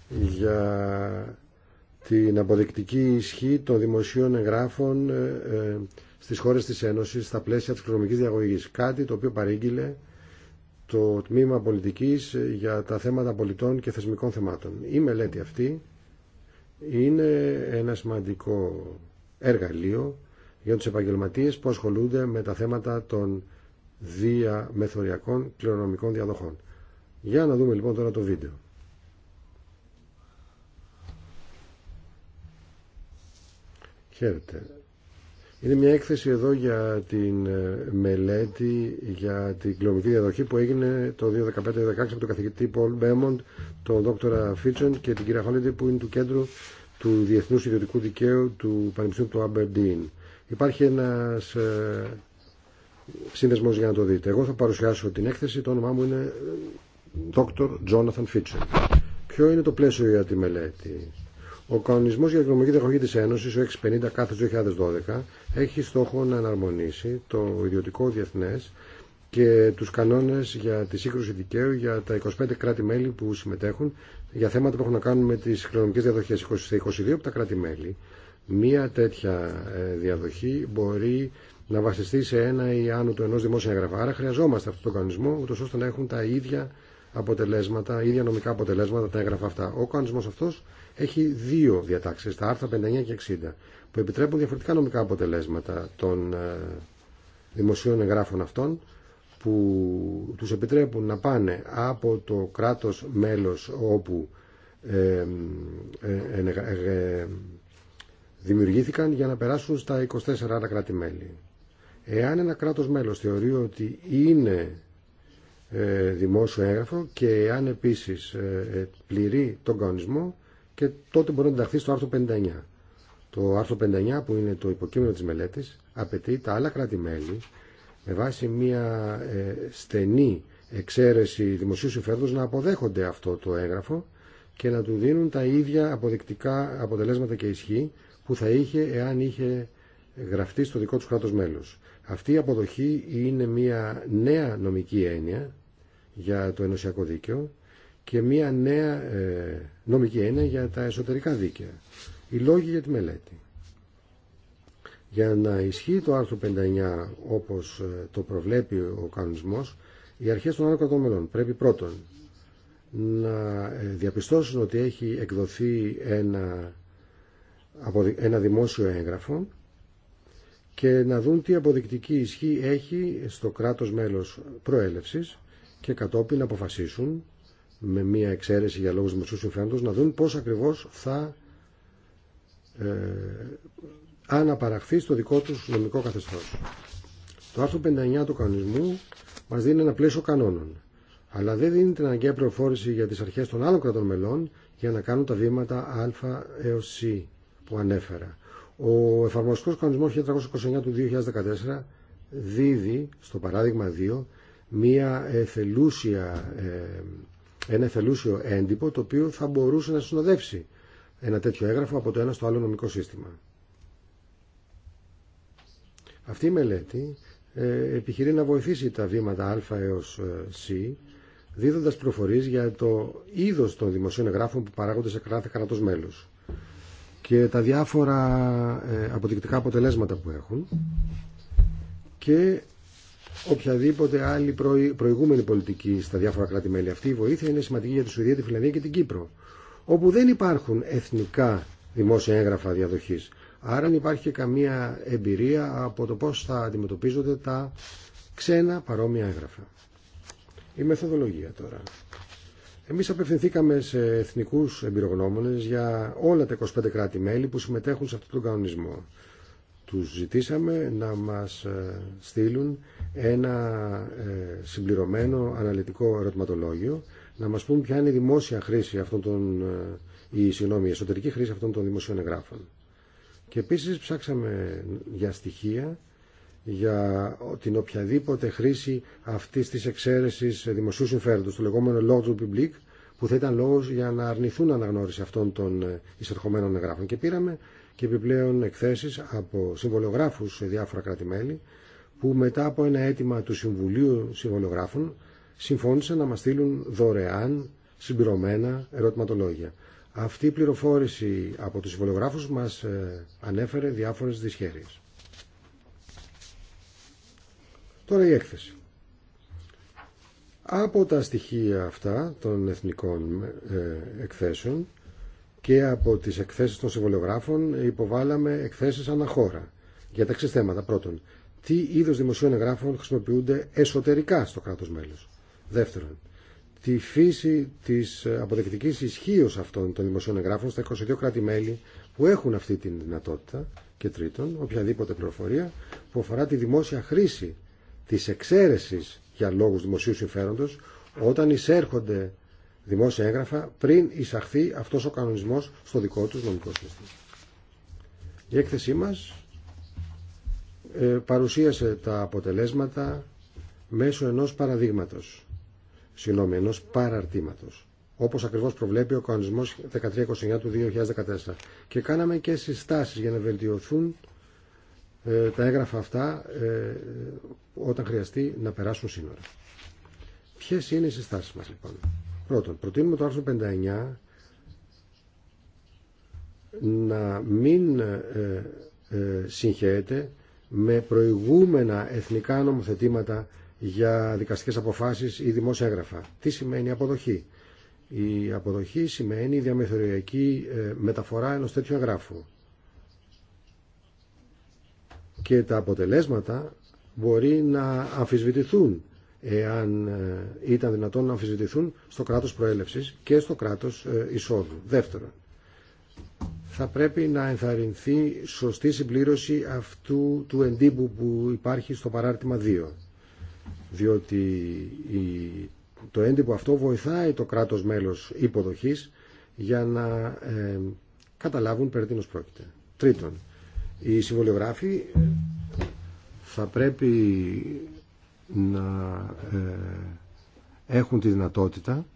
για την αποδεικτική ισχύ των δημοσίων εγγράφων ε, ε, στις χώρες της Ένωσης στα πλαίσια της κληρονομικής διαγωγής. Κάτι το οποίο παρήγγειλε το Τμήμα Πολιτικής ε, για τα θέματα πολιτών και θεσμικών θεμάτων. Η μελέτη αυτή είναι ένα σημαντικό εργαλείο για τους επαγγελματίες που ασχολούνται με τα θέματα των διαμεθοριακών κληρονομικών διαδοχών. Για να δούμε λοιπόν τώρα το βίντεο. Χαίρετε. Είναι μια έκθεση εδώ για την ε, μελέτη για την κληρονομική διαδοχή που έγινε το 2015-2016 από τον καθηγητή Πολ Μπέμοντ, τον δόκτωρα Φίτσον και την κυρία που είναι του κέντρου του Διεθνούς Ιδιωτικού Δικαίου του Πανεπιστήμιου του Αμπερντίν. Υπάρχει ένας ε, σύνδεσμος για να το δείτε. Εγώ θα παρουσιάσω την έκθεση, το όνομά μου είναι ε, Dr. Jonathan Fitcher. Ποιο είναι το πλαίσιο για τη μελέτη. Ο κανονισμό για την οικονομική διαχωγή τη Ένωση, ο 650 κάθε 2012, έχει στόχο να εναρμονίσει το ιδιωτικό διεθνέ και του κανόνε για τη σύγκρουση δικαίου για τα 25 κράτη-μέλη που συμμετέχουν για θέματα που έχουν να κάνουν με τι οικονομικέ διαδοχέ. 22 από τα κράτη-μέλη Μία τέτοια ε, διαδοχή μπορεί να βασιστεί σε ένα ή άνω του ενός δημόσια έγγραφα. Άρα χρειαζόμαστε αυτό τον κανονισμό, ούτω ώστε να έχουν τα ίδια αποτελέσματα, ίδια νομικά αποτελέσματα τα έγγραφα αυτά. Ο κανονισμός αυτός έχει δύο διατάξεις, τα άρθρα 59 και 60, που επιτρέπουν διαφορετικά νομικά αποτελέσματα των ε, δημοσίων εγγράφων αυτών, που τους επιτρέπουν να πάνε από το κράτος μέλος όπου ε, δημιουργήθηκαν για να περάσουν στα 24 άλλα κράτη-μέλη. Εάν ένα κράτος μέλος θεωρεί ότι είναι ε, δημόσιο έγγραφο και εάν επίσης ε, ε, πληρεί τον κανονισμό και τότε μπορεί να ενταχθεί στο άρθρο 59. Το άρθρο 59 που είναι το υποκείμενο της μελέτης απαιτεί τα άλλα κράτη-μέλη με βάση μια στενή εξαίρεση δημοσίου συμφέροντος να αποδέχονται αυτό το έγγραφο και να του δίνουν τα ίδια αποδεικτικά αποτελέσματα και ισχύ που θα είχε εάν είχε γραφτεί στο δικό του κράτος μέλος. Αυτή η αποδοχή είναι μια νέα νομική έννοια για το ενωσιακό δίκαιο και μια νέα ε, νομική έννοια για τα εσωτερικά δίκαια. Οι λόγοι για τη μελέτη. Για να ισχύει το άρθρο 59 όπως ε, το προβλέπει ο κανονισμός, οι αρχές των άλλων κρατών μελών πρέπει πρώτον να ε, διαπιστώσουν ότι έχει εκδοθεί ένα από ένα δημόσιο έγγραφο και να δουν τι αποδεικτική ισχύ έχει στο κράτος μέλος προέλευσης και κατόπιν να αποφασίσουν με μία εξαίρεση για λόγους δημοσίου συμφέροντος να δουν πώς ακριβώς θα ε, αναπαραχθεί στο δικό τους νομικό καθεστώς. Το άρθρο 59 του κανονισμού μας δίνει ένα πλαίσιο κανόνων, αλλά δεν δίνει την αναγκαία προφόρηση για τις αρχές των άλλων κρατών μελών για να κάνουν τα βήματα α έως c που ανέφερα. Ο εφαρμοστικός κανονισμός 1329 του 2014 δίδει, στο παράδειγμα 2, μια εθελούσια, ε, ένα εθελούσιο έντυπο το οποίο θα μπορούσε να συνοδεύσει ένα τέτοιο έγγραφο από το ένα στο άλλο νομικό σύστημα. Αυτή η μελέτη ε, επιχειρεί να βοηθήσει τα βήματα α έως ε, σ δίδοντας προφορίες για το είδος των δημοσίων εγγράφων που παράγονται σε κάθε κράτος μέλους και τα διάφορα ε, αποδεικτικά αποτελέσματα που έχουν και οποιαδήποτε άλλη προηγούμενη πολιτική στα διάφορα κράτη-μέλη. Αυτή η βοήθεια είναι σημαντική για τη Σουηδία, τη Φιλανδία και την Κύπρο, όπου δεν υπάρχουν εθνικά δημόσια έγγραφα διαδοχής. Άρα δεν υπάρχει καμία εμπειρία από το πώς θα αντιμετωπίζονται τα ξένα παρόμοια έγγραφα. Η μεθοδολογία τώρα. Εμείς απευθυνθήκαμε σε εθνικούς εμπειρογνώμονες για όλα τα 25 κράτη-μέλη που συμμετέχουν σε αυτόν τον κανονισμό. Τους ζητήσαμε να μας ε, στείλουν ένα ε, συμπληρωμένο αναλυτικό ερωτηματολόγιο, να μας πούν ποια είναι η δημόσια χρήση αυτών των, ε, η, η εσωτερική χρήση αυτών των δημοσίων εγγράφων. Και επίσης ψάξαμε για στοιχεία για την οποιαδήποτε χρήση αυτής της εξαίρεσης δημοσίου συμφέροντος, το λεγόμενο Lord du Public, που θα ήταν λόγος για να αρνηθούν αναγνώριση αυτών των ε, εισερχομένων εγγράφων. Και πήραμε και επιπλέον εκθέσεις από συμβολιογράφους σε διάφορα κράτη-μέλη, που μετά από ένα αίτημα του Συμβουλίου Συμβολιογράφων συμφώνησαν να μας στείλουν δωρεάν συμπληρωμένα ερωτηματολόγια. Αυτή η πληροφόρηση από τους συμβολιογράφους μας ε, ανέφερε διάφορες δυσχέρειες. Τώρα η έκθεση. Από τα στοιχεία αυτά των εθνικών ε, εκθέσεων και από τις εκθέσεις των συμβολιογράφων ε, υποβάλαμε εκθέσεις αναχώρα για τα εξής θέματα. Πρώτον, τι είδος δημοσίων εγγράφων χρησιμοποιούνται εσωτερικά στο κράτος μέλος. Δεύτερον, τη φύση της αποδεκτικής ισχύω αυτών των δημοσίων εγγράφων στα 22 κράτη-μέλη που έχουν αυτή τη δυνατότητα. Και τρίτον, οποιαδήποτε πληροφορία που αφορά τη δημόσια χρήση Τη εξαίρεση για λόγους δημοσίου συμφέροντος όταν εισέρχονται δημόσια έγγραφα πριν εισαχθεί αυτός ο κανονισμός στο δικό του νομικό σύστημα. Η έκθεσή μας ε, παρουσίασε τα αποτελέσματα μέσω ενός παραδείγματος, συγγνώμη, ενός παραρτήματος, όπως ακριβώς προβλέπει ο κανονισμός 1329 του 2014. Και κάναμε και συστάσεις για να βελτιωθούν ε, τα έγγραφα αυτά ε, όταν χρειαστεί να περάσουν σύνορα. Ποιε είναι οι συστάσει μας λοιπόν. Πρώτον, προτείνουμε το άρθρο 59 να μην ε, συγχαίεται με προηγούμενα εθνικά νομοθετήματα για δικαστικές αποφάσεις ή δημόσια έγγραφα. Τι σημαίνει αποδοχή. Η αποδοχή σημαίνει διαμεθοριακή μεταφορά ενός τέτοιου εγγράφου και τα αποτελέσματα μπορεί να αμφισβητηθούν εάν ε, ήταν δυνατόν να αμφισβητηθούν στο κράτος προέλευσης και στο κράτος ε, εισόδου. Δεύτερον, θα πρέπει να ενθαρρυνθεί σωστή συμπλήρωση αυτού του εντύπου που υπάρχει στο παράρτημα 2. Διότι το έντυπο αυτό βοηθάει το κράτος μέλος υποδοχής για να ε, καταλάβουν περί τίνος πρόκειται. Τρίτον, οι συμβολιογράφοι θα πρέπει να ε, έχουν τη δυνατότητα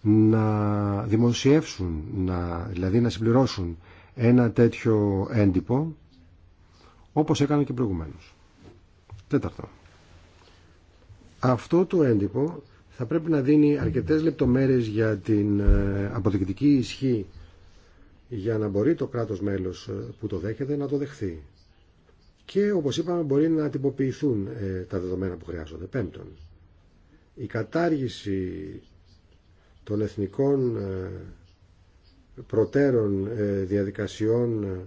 να δημοσιεύσουν, να, δηλαδή να συμπληρώσουν ένα τέτοιο έντυπο όπως έκαναν και προηγουμένως. Τέταρτο. Αυτό το έντυπο θα πρέπει να δίνει αρκετές λεπτομέρειες για την ε, αποδεικτική ισχύ για να μπορεί το κράτος μέλος ε, που το δέχεται να το δεχθεί. Και όπως είπαμε μπορεί να τυποποιηθούν ε, τα δεδομένα που χρειάζονται. Πέμπτον, η κατάργηση των εθνικών ε, προτέρων διαδικασιών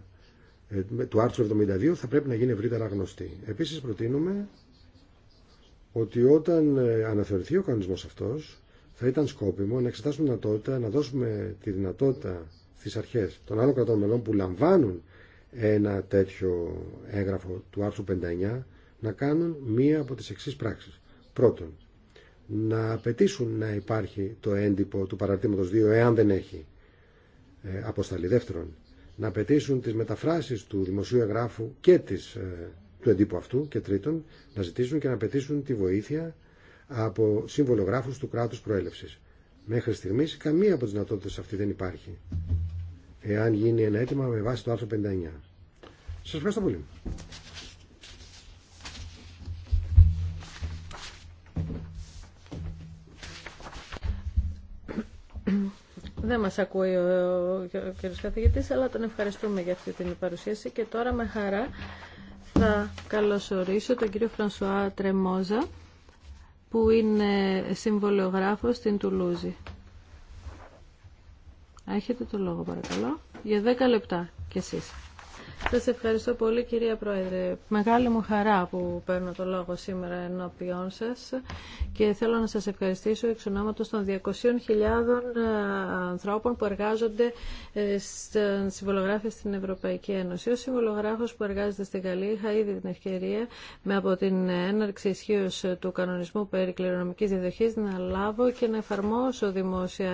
του άρθρου 72 θα πρέπει να γίνει ευρύτερα γνωστή. Επίσης προτείνουμε ότι όταν αναθεωρηθεί ο κανονισμός αυτός θα ήταν σκόπιμο να εξετάσουμε δυνατότητα να δώσουμε τη δυνατότητα στις αρχές των άλλων κρατών μελών που λαμβάνουν ένα τέτοιο έγγραφο του άρθρου 59 να κάνουν μία από τις εξής πράξεις. Πρώτον, να απαιτήσουν να υπάρχει το έντυπο του παραρτήματος 2 εάν δεν έχει ε, Δεύτερον, να απαιτήσουν τις μεταφράσεις του δημοσίου εγγράφου και της, ε, του εντύπου αυτού. Και τρίτον, να ζητήσουν και να απαιτήσουν τη βοήθεια από σύμβολογράφους του κράτους προέλευσης. Μέχρι στιγμής καμία από τις δυνατότητες αυτή δεν υπάρχει εάν γίνει ένα αίτημα με βάση το άρθρο 59. Σας ευχαριστώ πολύ. Δεν μας ακούει ο κύριος καθηγητής, αλλά τον ευχαριστούμε για αυτή την παρουσίαση και τώρα με χαρά θα καλωσορίσω τον κύριο Φρανσουά Τρεμόζα που είναι συμβολιογράφος στην Τουλούζη. Έχετε το λόγο παρακαλώ για 10 λεπτά κι εσείς. Σας ευχαριστώ πολύ κυρία Πρόεδρε. Μεγάλη μου χαρά που παίρνω το λόγο σήμερα ενώπιόν σας και θέλω να σας ευχαριστήσω εξ ονόματος των 200.000 ε, ανθρώπων που εργάζονται ε, στα συμβολογράφη στην Ευρωπαϊκή Ένωση. Ο συμβολογράφος που εργάζεται στην Γαλλία είχα ήδη την ευκαιρία με από την έναρξη ισχύω του κανονισμού περί κληρονομικής διαδοχής να λάβω και να εφαρμόσω δημόσια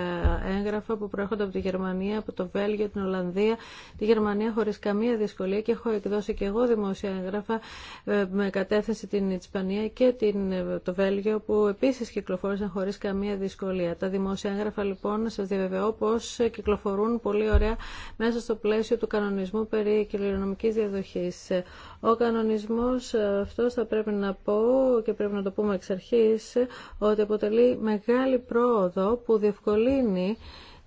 έγγραφα που προέρχονται από τη Γερμανία, από το Βέλγιο, την Ολλανδία, τη Γερμανία χωρίς καμία δυσκολία δυσκολία και έχω εκδώσει και εγώ έγγραφα ε, με κατέθεση την Ισπανία και την, ε, το Βέλγιο που επίσης κυκλοφόρησαν χωρίς καμία δυσκολία. Τα έγγραφα λοιπόν σας διαβεβαιώ πως κυκλοφορούν πολύ ωραία μέσα στο πλαίσιο του κανονισμού περί κληρονομικής διαδοχής. Ο κανονισμός ε, αυτός θα πρέπει να πω και πρέπει να το πούμε εξ αρχή ότι αποτελεί μεγάλη πρόοδο που διευκολύνει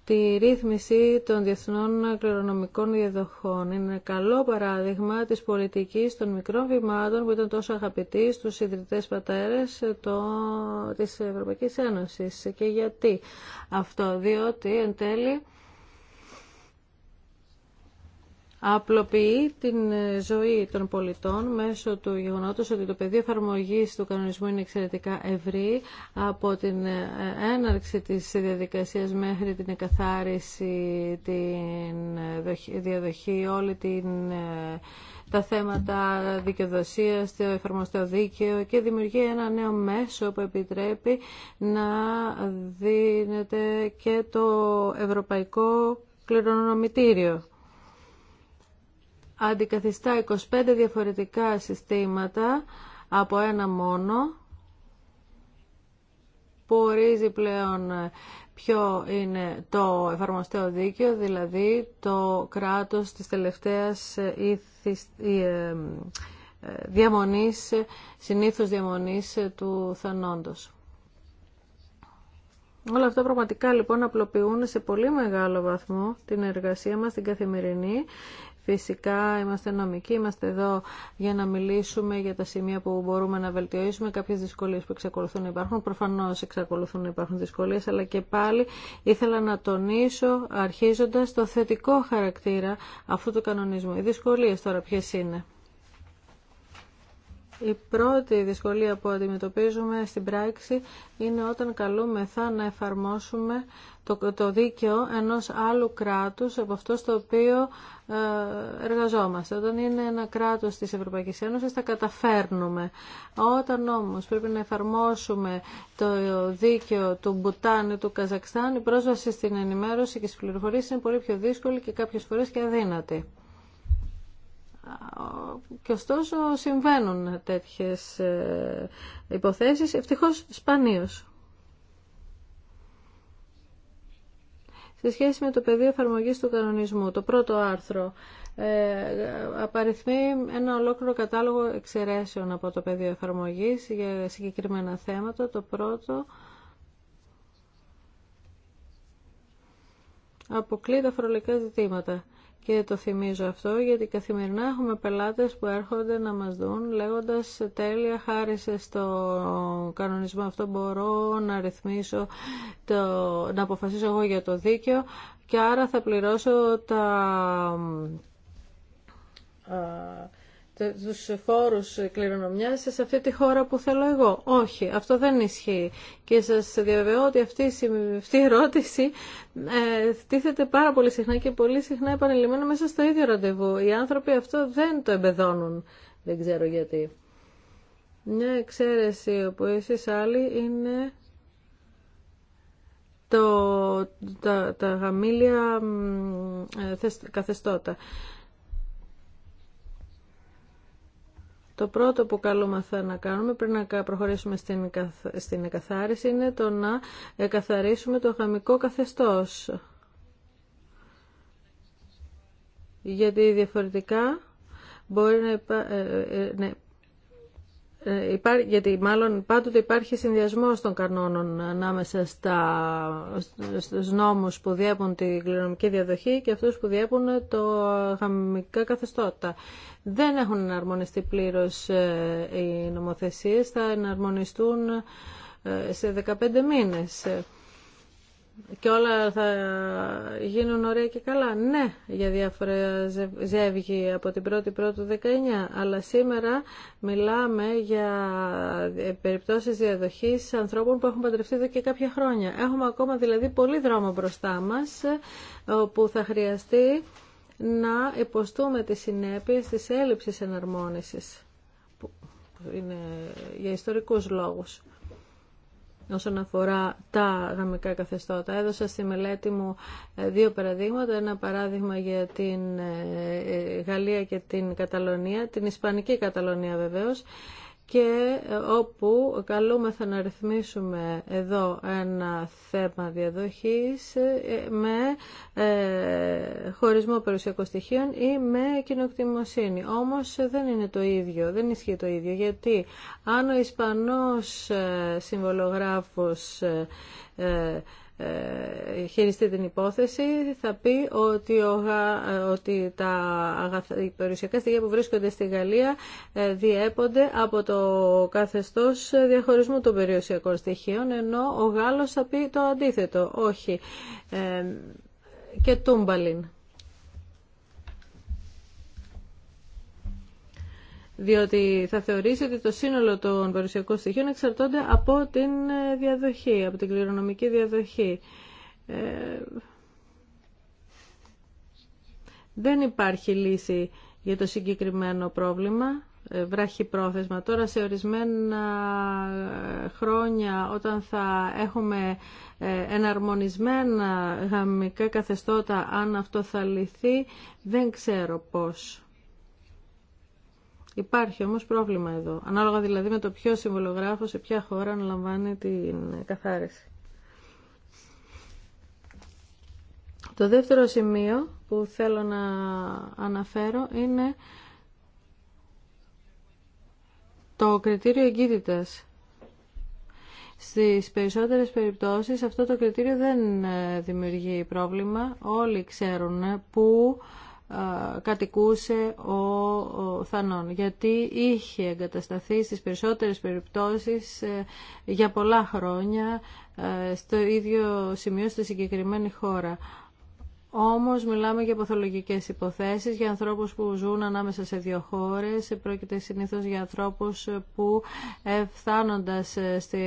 τη ρύθμιση των διεθνών κληρονομικών διαδοχών. Είναι καλό παράδειγμα της πολιτικής των μικρών βημάτων που ήταν τόσο αγαπητή στους ιδρυτές πατέρες το... της Ευρωπαϊκής Ένωσης. Και γιατί αυτό, διότι εν τέλει απλοποιεί την ε, ζωή των πολιτών μέσω του γεγονότος ότι το πεδίο εφαρμογή του κανονισμού είναι εξαιρετικά ευρύ από την ε, έναρξη της διαδικασίας μέχρι την εκαθάριση, την ε, διαδοχή, όλη την τα θέματα δικαιοδοσία, το εφαρμοστέο δίκαιο και δημιουργεί ένα νέο μέσο που επιτρέπει να δίνεται και το ευρωπαϊκό κληρονομητήριο αντικαθιστά 25 διαφορετικά συστήματα από ένα μόνο που ορίζει πλέον ποιο είναι το εφαρμοστέο δίκαιο, δηλαδή το κράτος της τελευταίας ε, ε, διαμονής, συνήθως διαμονής του θανόντος. Όλα αυτά πραγματικά λοιπόν απλοποιούν σε πολύ μεγάλο βαθμό την εργασία μας την καθημερινή Φυσικά είμαστε νομικοί, είμαστε εδώ για να μιλήσουμε για τα σημεία που μπορούμε να βελτιώσουμε, κάποιες δυσκολίες που εξακολουθούν να υπάρχουν. Προφανώς εξακολουθούν να υπάρχουν δυσκολίες, αλλά και πάλι ήθελα να τονίσω αρχίζοντας το θετικό χαρακτήρα αυτού του κανονισμού. Οι δυσκολίες τώρα ποιε είναι. Η πρώτη δυσκολία που αντιμετωπίζουμε στην πράξη είναι όταν καλούμεθα να εφαρμόσουμε το, το δίκαιο ενός άλλου κράτους από αυτό στο οποίο ε, εργαζόμαστε. Όταν είναι ένα κράτος της Ευρωπαϊκής Ένωσης τα καταφέρνουμε. Όταν όμως πρέπει να εφαρμόσουμε το δίκαιο του Μπουτάν ή του Καζακστάν, η πρόσβαση στην ενημέρωση και στις πληροφορίες είναι πολύ πιο δύσκολη και κάποιες φορές και αδύνατη. Και ωστόσο συμβαίνουν τέτοιες ε, υποθέσεις, ευτυχώς σπανίως. Σε σχέση με το πεδίο εφαρμογή του κανονισμού, το πρώτο άρθρο ε, απαριθμεί ένα ολόκληρο κατάλογο εξαιρέσεων από το πεδίο εφαρμογή για συγκεκριμένα θέματα. Το πρώτο αποκλεί τα φορολογικά ζητήματα. Και το θυμίζω αυτό γιατί καθημερινά έχουμε πελάτες που έρχονται να μας δουν λέγοντας τέλεια χάρη στο κανονισμό αυτό μπορώ να ρυθμίσω, το, να αποφασίσω εγώ για το δίκαιο και άρα θα πληρώσω τα τους φόρους κληρονομιάς σε αυτή τη χώρα που θέλω εγώ. Όχι, αυτό δεν ισχύει. Και σας διαβεβαιώ ότι αυτή, η ερώτηση ε, τίθεται πάρα πολύ συχνά και πολύ συχνά επανειλημμένα μέσα στο ίδιο ραντεβού. Οι άνθρωποι αυτό δεν το εμπεδώνουν. Δεν ξέρω γιατί. Μια εξαίρεση όπου εσείς άλλοι είναι το, τα, τα γαμήλια ε, καθεστώτα. Το πρώτο που καλούμεθα να κάνουμε πριν να προχωρήσουμε στην, στην εκαθάριση είναι το να εκαθαρίσουμε το χαμικό καθεστώς. Γιατί διαφορετικά μπορεί να, ε, ε, ε, να ε, γιατί μάλλον πάντοτε υπάρχει συνδυασμός των κανόνων ανάμεσα στα, στους νόμους που διέπουν την κληρονομική διαδοχή και αυτούς που διέπουν το γαμικά καθεστώτα. Δεν έχουν εναρμονιστεί πλήρως ε, οι νομοθεσίες, θα εναρμονιστούν ε, σε 15 μήνες και όλα θα γίνουν ωραία και καλά. Ναι, για διάφορα ζεύγη από την 1η Πρώτου 19, αλλά σήμερα μιλάμε για ε, περιπτώσεις διαδοχή ανθρώπων που έχουν παντρευτεί εδώ και κάποια χρόνια. Έχουμε ακόμα δηλαδή πολύ δρόμο μπροστά μας ε, που θα χρειαστεί να υποστούμε τις συνέπειες της έλλειψης εναρμόνισης είναι για ιστορικούς λόγους όσον αφορά τα γαμικά καθεστώτα. Έδωσα στη μελέτη μου ε, δύο παραδείγματα. Ένα παράδειγμα για την ε, ε, Γαλλία και την Καταλωνία, την Ισπανική Καταλωνία βεβαίως, και ε, όπου καλούμεθα να ρυθμίσουμε εδώ ένα θέμα διαδοχής ε, με ε, χωρισμό περιουσιακών στοιχείων ή με κοινοκτημοσύνη. Όμως δεν είναι το ίδιο, δεν ισχύει το ίδιο, γιατί αν ο Ισπανός συμβολογράφος ε, χειριστεί την υπόθεση θα πει ότι, ο, ότι τα αγαθα, περιουσιακά στοιχεία που βρίσκονται στη Γαλλία ε, διέπονται από το καθεστώς διαχωρισμού των περιουσιακών στοιχείων ενώ ο Γάλλος θα πει το αντίθετο, όχι ε, και τούμπαλιν. διότι θα θεωρήσει ότι το σύνολο των παρουσιακών στοιχείων εξαρτώνται από την ε, διαδοχή, από την κληρονομική διαδοχή. Ε, δεν υπάρχει λύση για το συγκεκριμένο πρόβλημα, ε, βράχει πρόθεσμα. Τώρα σε ορισμένα χρόνια όταν θα έχουμε εναρμονισμένα γαμικά καθεστώτα, αν αυτό θα λυθεί, δεν ξέρω πώς. Υπάρχει όμως πρόβλημα εδώ, ανάλογα δηλαδή με το ποιο συμβολογράφο σε ποια χώρα αναλαμβάνει την καθάριση. Το δεύτερο σημείο που θέλω να αναφέρω είναι το κριτήριο εγκύτητας. Στις περισσότερες περιπτώσεις αυτό το κριτήριο δεν ε, δημιουργεί πρόβλημα. Όλοι ξέρουν που κατοικούσε ο Θανόν γιατί είχε εγκατασταθεί στις περισσότερες περιπτώσεις ε, για πολλά χρόνια ε, στο ίδιο σημείο στη συγκεκριμένη χώρα. Όμω, μιλάμε για παθολογικέ υποθέσει για ανθρώπου που ζουν ανάμεσα σε δύο χώρε. Πρόκειται συνήθω για ανθρώπου που ε, φτάνοντα ε, στη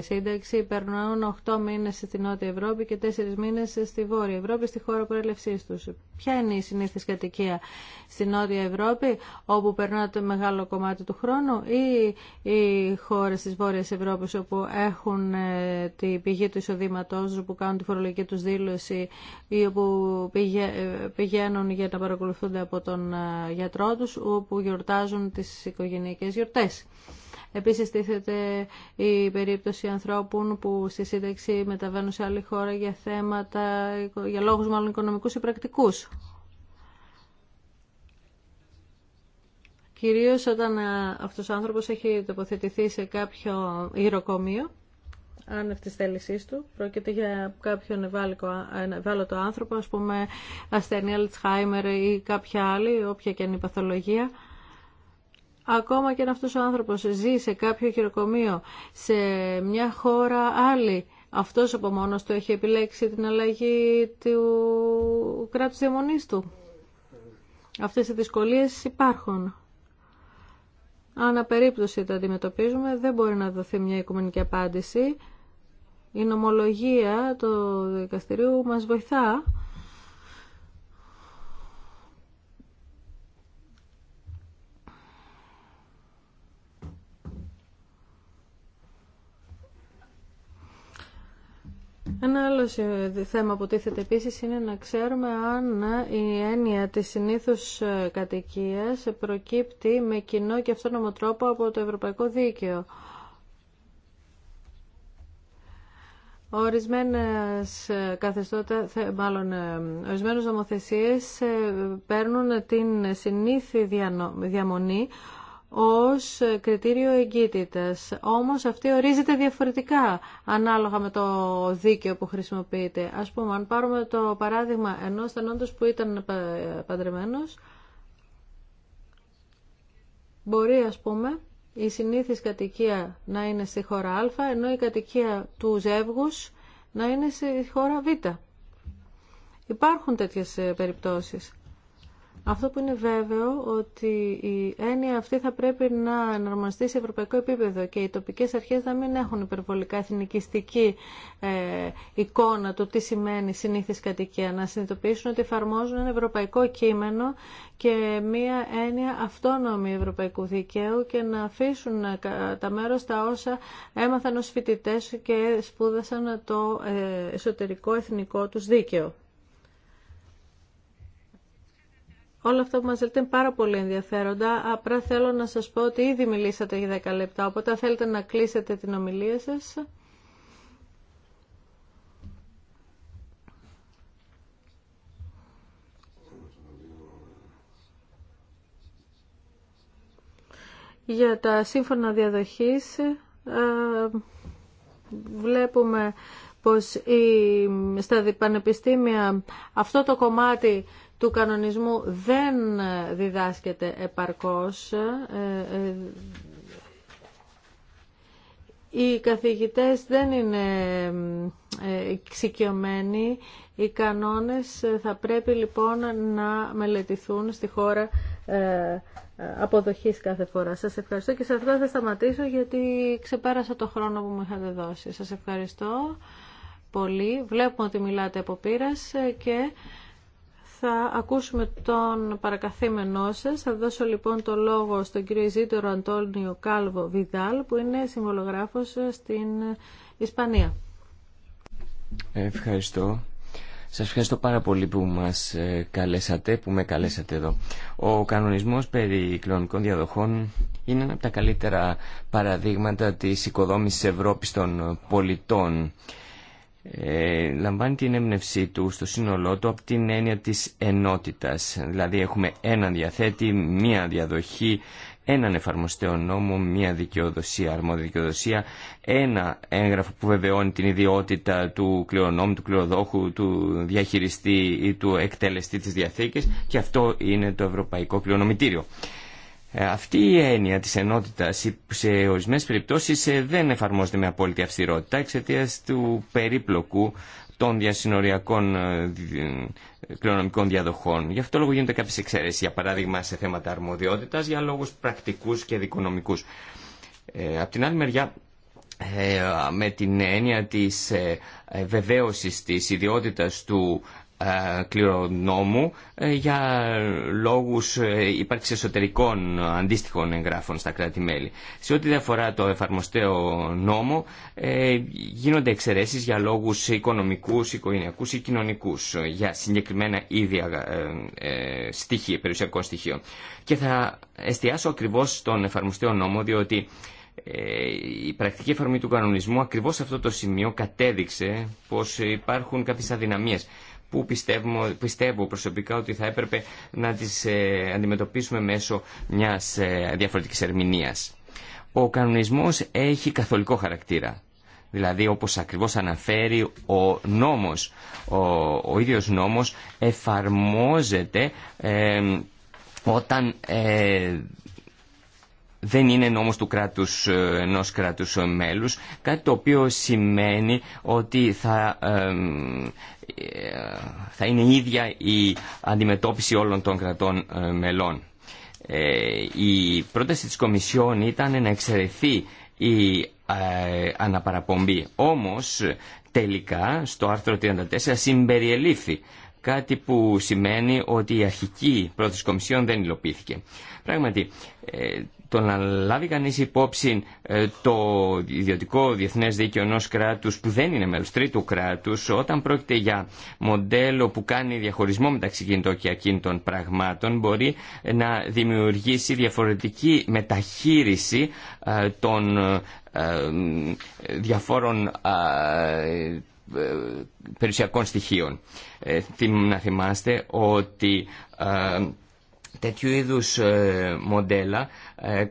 σύνταξη περνούν 8 μήνε στη Νότια Ευρώπη και 4 μήνε στη Βόρεια Ευρώπη, στη χώρα προέλευσή του. Ποια είναι η συνήθι κατοικία στη Νότια Ευρώπη, όπου περνάτε μεγάλο κομμάτι του χρόνου ή οι χώρε τη Βόρειας Ευρώπη όπου έχουν ε, τη πηγή του εισοδήματό του που κάνουν τη φορολογική του δήλωση ή όπου πηγαίνουν για να παρακολουθούνται από τον ε, γιατρό τους, όπου γιορτάζουν τις οικογενειακές γιορτές. Επίσης τίθεται η περίπτωση ανθρώπων που στη σύνταξη μεταβαίνουν σε άλλη χώρα για θέματα, για λόγους μάλλον οικονομικούς ή πρακτικούς. Κυρίως όταν ε, αυτός ο άνθρωπος έχει τοποθετηθεί σε κάποιο ηροκομείο άνευ της θέλησής του. Πρόκειται για κάποιον ευάλωτο άνθρωπο, ας πούμε ή κάποια άλλη, Αλτσχάιμερ ή κάποια άλλη, όποια και αν η παθολογία. Ακόμα και αν αυτός ο άνθρωπος ζει σε κάποιο χειροκομείο, σε μια χώρα άλλη, αυτός από μόνος του έχει επιλέξει την αλλαγή του κράτους διαμονής του. Αυτές οι δυσκολίες υπάρχουν. Αν απερίπτωση τα αντιμετωπίζουμε, δεν μπορεί να δοθεί μια οικουμενική απάντηση η νομολογία του δικαστηρίου μας βοηθά Ένα άλλο θέμα που τίθεται επίσης είναι να ξέρουμε αν η έννοια της συνήθους ε, κατοικίας προκύπτει με κοινό και αυτόνομο τρόπο από το Ευρωπαϊκό Δίκαιο. Ορισμένες ε, καθεστώτα, μάλλον ε, ορισμένες νομοθεσίες ε, παίρνουν την συνήθη διαμονή ως κριτήριο εγκύτητας. Όμως αυτή ορίζεται διαφορετικά ανάλογα με το δίκαιο που χρησιμοποιείται. Ας πούμε, αν πάρουμε το παράδειγμα ενός στενόντος που ήταν παντρεμένος, μπορεί ας πούμε η συνήθις κατοικία να είναι στη χώρα Α, ενώ η κατοικία του ζεύγους να είναι στη χώρα Β. Υπάρχουν τέτοιες ε, περιπτώσεις. Αυτό που είναι βέβαιο ότι η έννοια αυτή θα πρέπει να εναρμοστεί σε ευρωπαϊκό επίπεδο και οι τοπικές αρχές να μην έχουν υπερβολικά εθνικιστική ε, εικόνα του τι σημαίνει συνήθις κατοικία. Να συνειδητοποιήσουν ότι εφαρμόζουν ένα ευρωπαϊκό κείμενο και μία έννοια αυτόνομη ευρωπαϊκού δικαίου και να αφήσουν ε, τα μέρος τα όσα έμαθαν ως φοιτητές και σπούδασαν το ε, εσωτερικό εθνικό τους δίκαιο. Όλα αυτά που μας λέτε είναι πάρα πολύ ενδιαφέροντα. Απλά θέλω να σας πω ότι ήδη μιλήσατε για 10 λεπτά, οπότε θέλετε να κλείσετε την ομιλία σας. Για τα σύμφωνα διαδοχής ε, βλέπουμε πως στα διπανεπιστήμια αυτό το κομμάτι του κανονισμού δεν διδάσκεται επαρκώς. Ε, ε, οι καθηγητές δεν είναι ε, εξοικειωμένοι. Οι κανόνες θα πρέπει λοιπόν να μελετηθούν στη χώρα αποδοχής κάθε φορά. Σας ευχαριστώ και σε αυτό θα σταματήσω γιατί ξεπέρασα το χρόνο που μου είχατε δώσει. Σας ευχαριστώ πολύ. Βλέπουμε ότι μιλάτε από πείρας και... Θα ακούσουμε τον παρακαθήμενό σας. Θα δώσω λοιπόν το λόγο στον κύριο Ιζήτορο Αντώνιο Κάλβο Βιδάλ, που είναι συμβολογράφος στην Ισπανία. Ευχαριστώ. Σας ευχαριστώ πάρα πολύ που μας ε, καλέσατε, που με καλέσατε εδώ. Ο κανονισμός περί κλονικών διαδοχών είναι ένα από τα καλύτερα παραδείγματα της οικοδόμησης Ευρώπης των πολιτών. Ε, λαμβάνει την έμπνευσή του στο σύνολό του από την έννοια της ενότητας. Δηλαδή έχουμε έναν διαθέτη, μία διαδοχή, έναν εφαρμοστέο νόμο, μία δικαιοδοσία, αρμόδια δικαιοδοσία, ένα έγγραφο που βεβαιώνει την ιδιότητα του κληρονόμου, του κληροδόχου, του διαχειριστή ή του εκτελεστή της διαθήκης και αυτό είναι το Ευρωπαϊκό Κληρονομητήριο. Ε, αυτή η έννοια της ενότητας σε ορισμένες περιπτώσεις ε, δεν εφαρμόζεται με απόλυτη αυστηρότητα εξαιτία του περίπλοκου των διασυνοριακών ε, κληρονομικών διαδοχών. Γι' αυτό λόγο γίνονται κάποιες εξαιρέσεις, για παράδειγμα σε θέματα αρμοδιότητας, για λόγους πρακτικούς και δικονομικούς. Απ' την άλλη μεριά, με την έννοια της βεβαίωσης της ιδιότητας του ε, κληρονόμου ε, για λόγους ε, ύπαρξης εσωτερικών αντίστοιχων εγγράφων στα κράτη-μέλη. Σε ό,τι αφορά το εφαρμοστέο νόμο γίνονται εξαιρέσεις για λόγους οικονομικούς, οικογενειακούς ή κοινωνικούς για συγκεκριμένα ίδια στοιχεία, περιουσιακών στοιχείων. Και θα εστιάσω ακριβώς στον εφαρμοστέο νόμο διότι η πρακτική εφαρμογή του κανονισμού ακριβώς σε αυτό το σημείο κατέδειξε πως υπάρχουν κάποιες αδυναμίες που πιστεύω, πιστεύω προσωπικά ότι θα έπρεπε να τις ε, αντιμετωπίσουμε μέσω μιας ε, διαφορετικής ερμηνείας. Ο κανονισμός έχει καθολικό χαρακτήρα. Δηλαδή όπως ακριβώς αναφέρει ο νόμος, ο, ο ίδιος νόμος εφαρμόζεται ε, όταν δεν είναι νόμος του κράτους, ενός κράτους μέλους, κάτι το οποίο σημαίνει ότι θα θα είναι η ίδια η αντιμετώπιση όλων των κρατών ε, μελών. Ε, η πρόταση της Κομισιόν ήταν να εξαιρεθεί η ε, αναπαραπομπή. Όμως τελικά στο άρθρο 34 συμπεριελήφθη κάτι που σημαίνει ότι η αρχική πρόταση Κομισιόν δεν υλοποιήθηκε. Πράγματι, το να λάβει κανείς υπόψη ε, το ιδιωτικό διεθνές δίκαιο ενός κράτους που δεν είναι μέλος τρίτου κράτους όταν πρόκειται για μοντέλο που κάνει διαχωρισμό μεταξύ κινητών και ακίνητων πραγμάτων μπορεί να δημιουργήσει διαφορετική μεταχείριση ε, των ε, διαφόρων περιουσιακών στοιχείων. Να θυμάστε ότι τέτοιου είδους ε, μοντέλα ε, ε,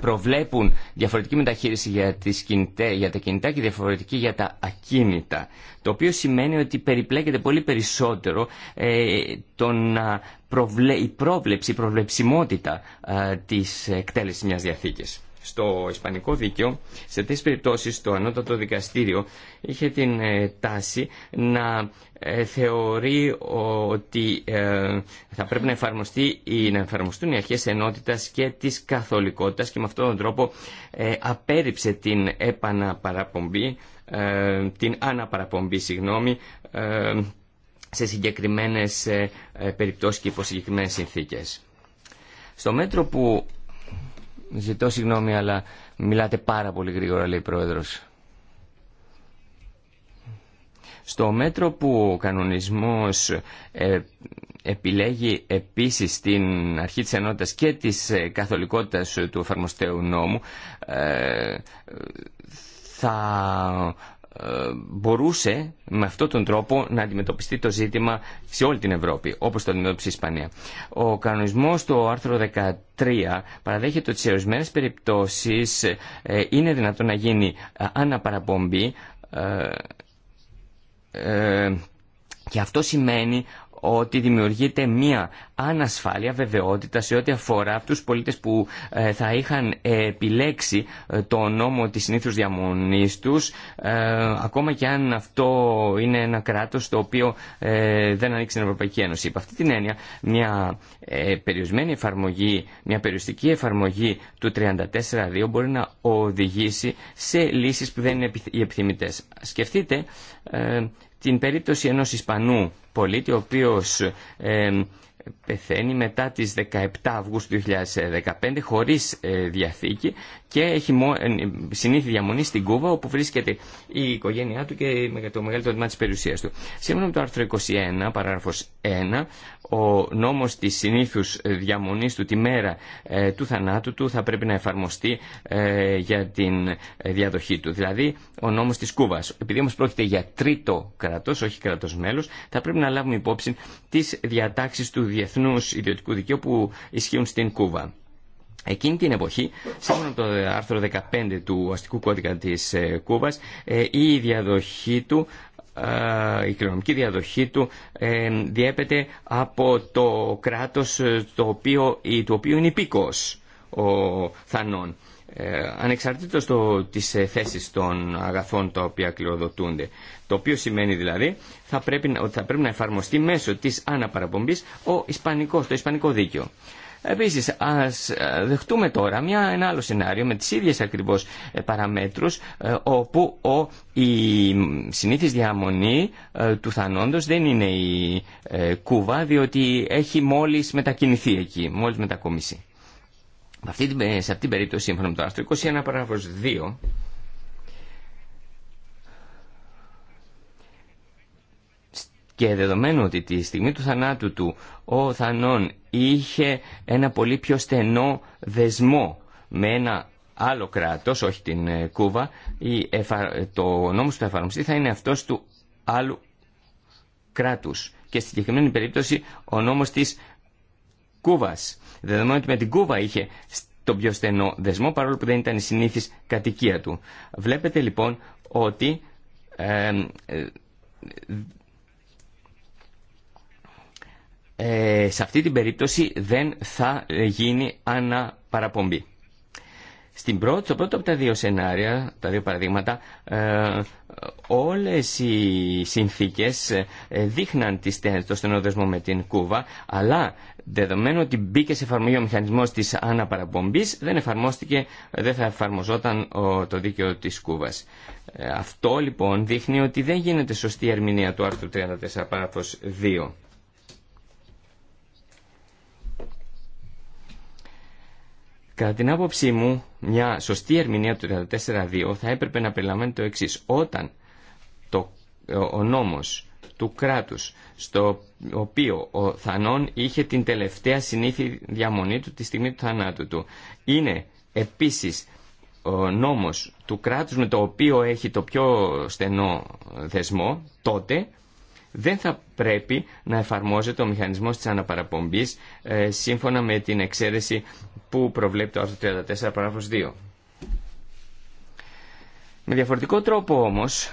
προβλέπουν διαφορετική μεταχείριση για, τις κινητέ, για τα κινητά και διαφορετική για τα ακίνητα. Το οποίο σημαίνει ότι περιπλέκεται πολύ περισσότερο προβλε... η πρόβλεψη, η προβλεψιμότητα της εκτέλεσης μιας διαθήκης στο Ισπανικό δίκαιο, σε τέτοιες περιπτώσεις το Ανώτατο Δικαστήριο είχε την ε, τάση να ε, θεωρεί ότι ε, θα πρέπει να, εφαρμοστεί, να εφαρμοστούν οι αρχές ενότητας και της καθολικότητας και με αυτόν τον τρόπο απέριψε την επαναπαραπομπή, την αναπαραπομπή, συγγνώμη, σε συγκεκριμένες περιπτώσεις και υπό συγκεκριμένες συνθήκες. Στο μέτρο που Ζητώ συγγνώμη, αλλά μιλάτε πάρα πολύ γρήγορα, λέει η Πρόεδρος. Στο μέτρο που ο κανονισμός ε, επιλέγει επίσης την αρχή της ενότητας και της ε, καθολικότητας του εφαρμοστέου νόμου, ε, θα ε, μπορούσε με αυτόν τον τρόπο να αντιμετωπιστεί το ζήτημα σε όλη την Ευρώπη, όπως το αντιμετώπισε η Ισπανία. Ο κανονισμός του άρθρου 13 παραδέχεται ότι σε ορισμένε περιπτώσεις ε, είναι δυνατό να γίνει ε, αναπαραπομπή και αυτό σημαίνει ότι δημιουργείται μία ανασφάλεια βεβαιότητα σε ό,τι αφορά τους πολίτες που ε, θα είχαν ε, επιλέξει ε, το νόμο της συνήθους διαμονής τους ακόμα και αν αυτό είναι ένα κράτος το οποίο δεν ανοίξει την Ευρωπαϊκή Ένωση. Υπ' αυτή την έννοια μια περιορισμένη εφαρμογή, μια περιοριστική εφαρμογή του 34.2 μπορεί να οδηγήσει σε λύσεις που δεν είναι οι επιθυμητές. Σκεφτείτε την περίπτωση ενός Ισπανού πολίτη, ο οποίος πεθαίνει μετά τις 17 Αυγούστου 2015 χωρίς ε, διαθήκη και έχει συνήθη διαμονή στην Κούβα όπου βρίσκεται η οικογένειά του και το μεγαλύτερο τμήμα της περιουσίας του. Σύμφωνα με το άρθρο 21, παράγραφος 1, ο νόμος της συνήθους διαμονής του τη μέρα ε, του θανάτου του θα πρέπει να εφαρμοστεί ε, για την ε, διαδοχή του. Δηλαδή ο νόμος της Κούβας. Επειδή όμως πρόκειται για τρίτο κρατός, όχι κρατός μέλος, θα πρέπει να λάβουμε υπόψη τις διατάξεις του διεθνούς ιδιωτικού δικαίου που ισχύουν στην Κούβα. Εκείνη την εποχή, σύμφωνα με το άρθρο 15 του αστικού κώδικα της ε, Κούβας, ε, η διαδοχή του, ε, η κληρονομική διαδοχή του διέπεται από το κράτος το οποίο, του οποίου είναι υπήκος ο Θανών. ανεξαρτήτως το, της θέσης των αγαθών τα οποία κληροδοτούνται. Το οποίο σημαίνει δηλαδή θα πρέπει, ότι θα πρέπει να εφαρμοστεί μέσω της αναπαραπομπής ο ισπανικός, το ισπανικό δίκαιο. Επίσης, ας ε, δεχτούμε τώρα μια, ένα άλλο σενάριο με τις ίδιες ακριβώς ε, παραμέτρους ε, όπου ο, η συνήθις διαμονή του θανόντος δεν είναι η Κούβα διότι έχει μόλις μετακινηθεί εκεί, μόλις μετακομίσει. Σε αυτή, την περίπτωση, σύμφωνα με το άρθρο 21 παράγραφος 2, Και δεδομένου ότι τη στιγμή του θανάτου του ο Θανόν είχε ένα πολύ πιο στενό δεσμό με ένα άλλο κράτος, όχι την ε, Κούβα, η εφα... το νόμο του εφαρμοστή θα είναι αυτός του άλλου κράτους. Και στη συγκεκριμένη περίπτωση ο νόμος της Κούβας. Δεδομένου ότι με την Κούβα είχε τον πιο στενό δεσμό, παρόλο που δεν ήταν η συνήθις κατοικία του. Βλέπετε λοιπόν ότι... Ε, ε, ε, σε αυτή την περίπτωση δεν θα ε, γίνει αναπαραπομπή. Στην πρώτη, στο πρώτο από τα δύο σενάρια, τα δύο παραδείγματα, ε, όλες οι συνθήκες ε, δείχναν το στενοδεσμό με την Κούβα, αλλά δεδομένου ότι μπήκε σε εφαρμογή ο μηχανισμός της αναπαραπομπής, δεν εφαρμόστηκε, δεν θα εφαρμοζόταν το δίκαιο της Κούβας. Ε, αυτό λοιπόν δείχνει ότι δεν γίνεται σωστή ερμηνεία του άρθρου 34 παράθος 2 Κατά την άποψή μου, μια σωστή ερμηνεία του 34.2 θα έπρεπε να περιλαμβάνει το εξή. Όταν το, ο νόμος του κράτους, στο οποίο ο Θανόν είχε την τελευταία συνήθη διαμονή του τη στιγμή του θανάτου του, είναι επίσης ο νόμος του κράτους με το οποίο έχει το πιο στενό δεσμό, τότε δεν θα πρέπει να εφαρμόζεται ο μηχανισμός της αναπαραπομπής ε, σύμφωνα με την εξαίρεση που προβλέπει το άρθρο 34 παράγραφος 2. Με διαφορετικό τρόπο όμως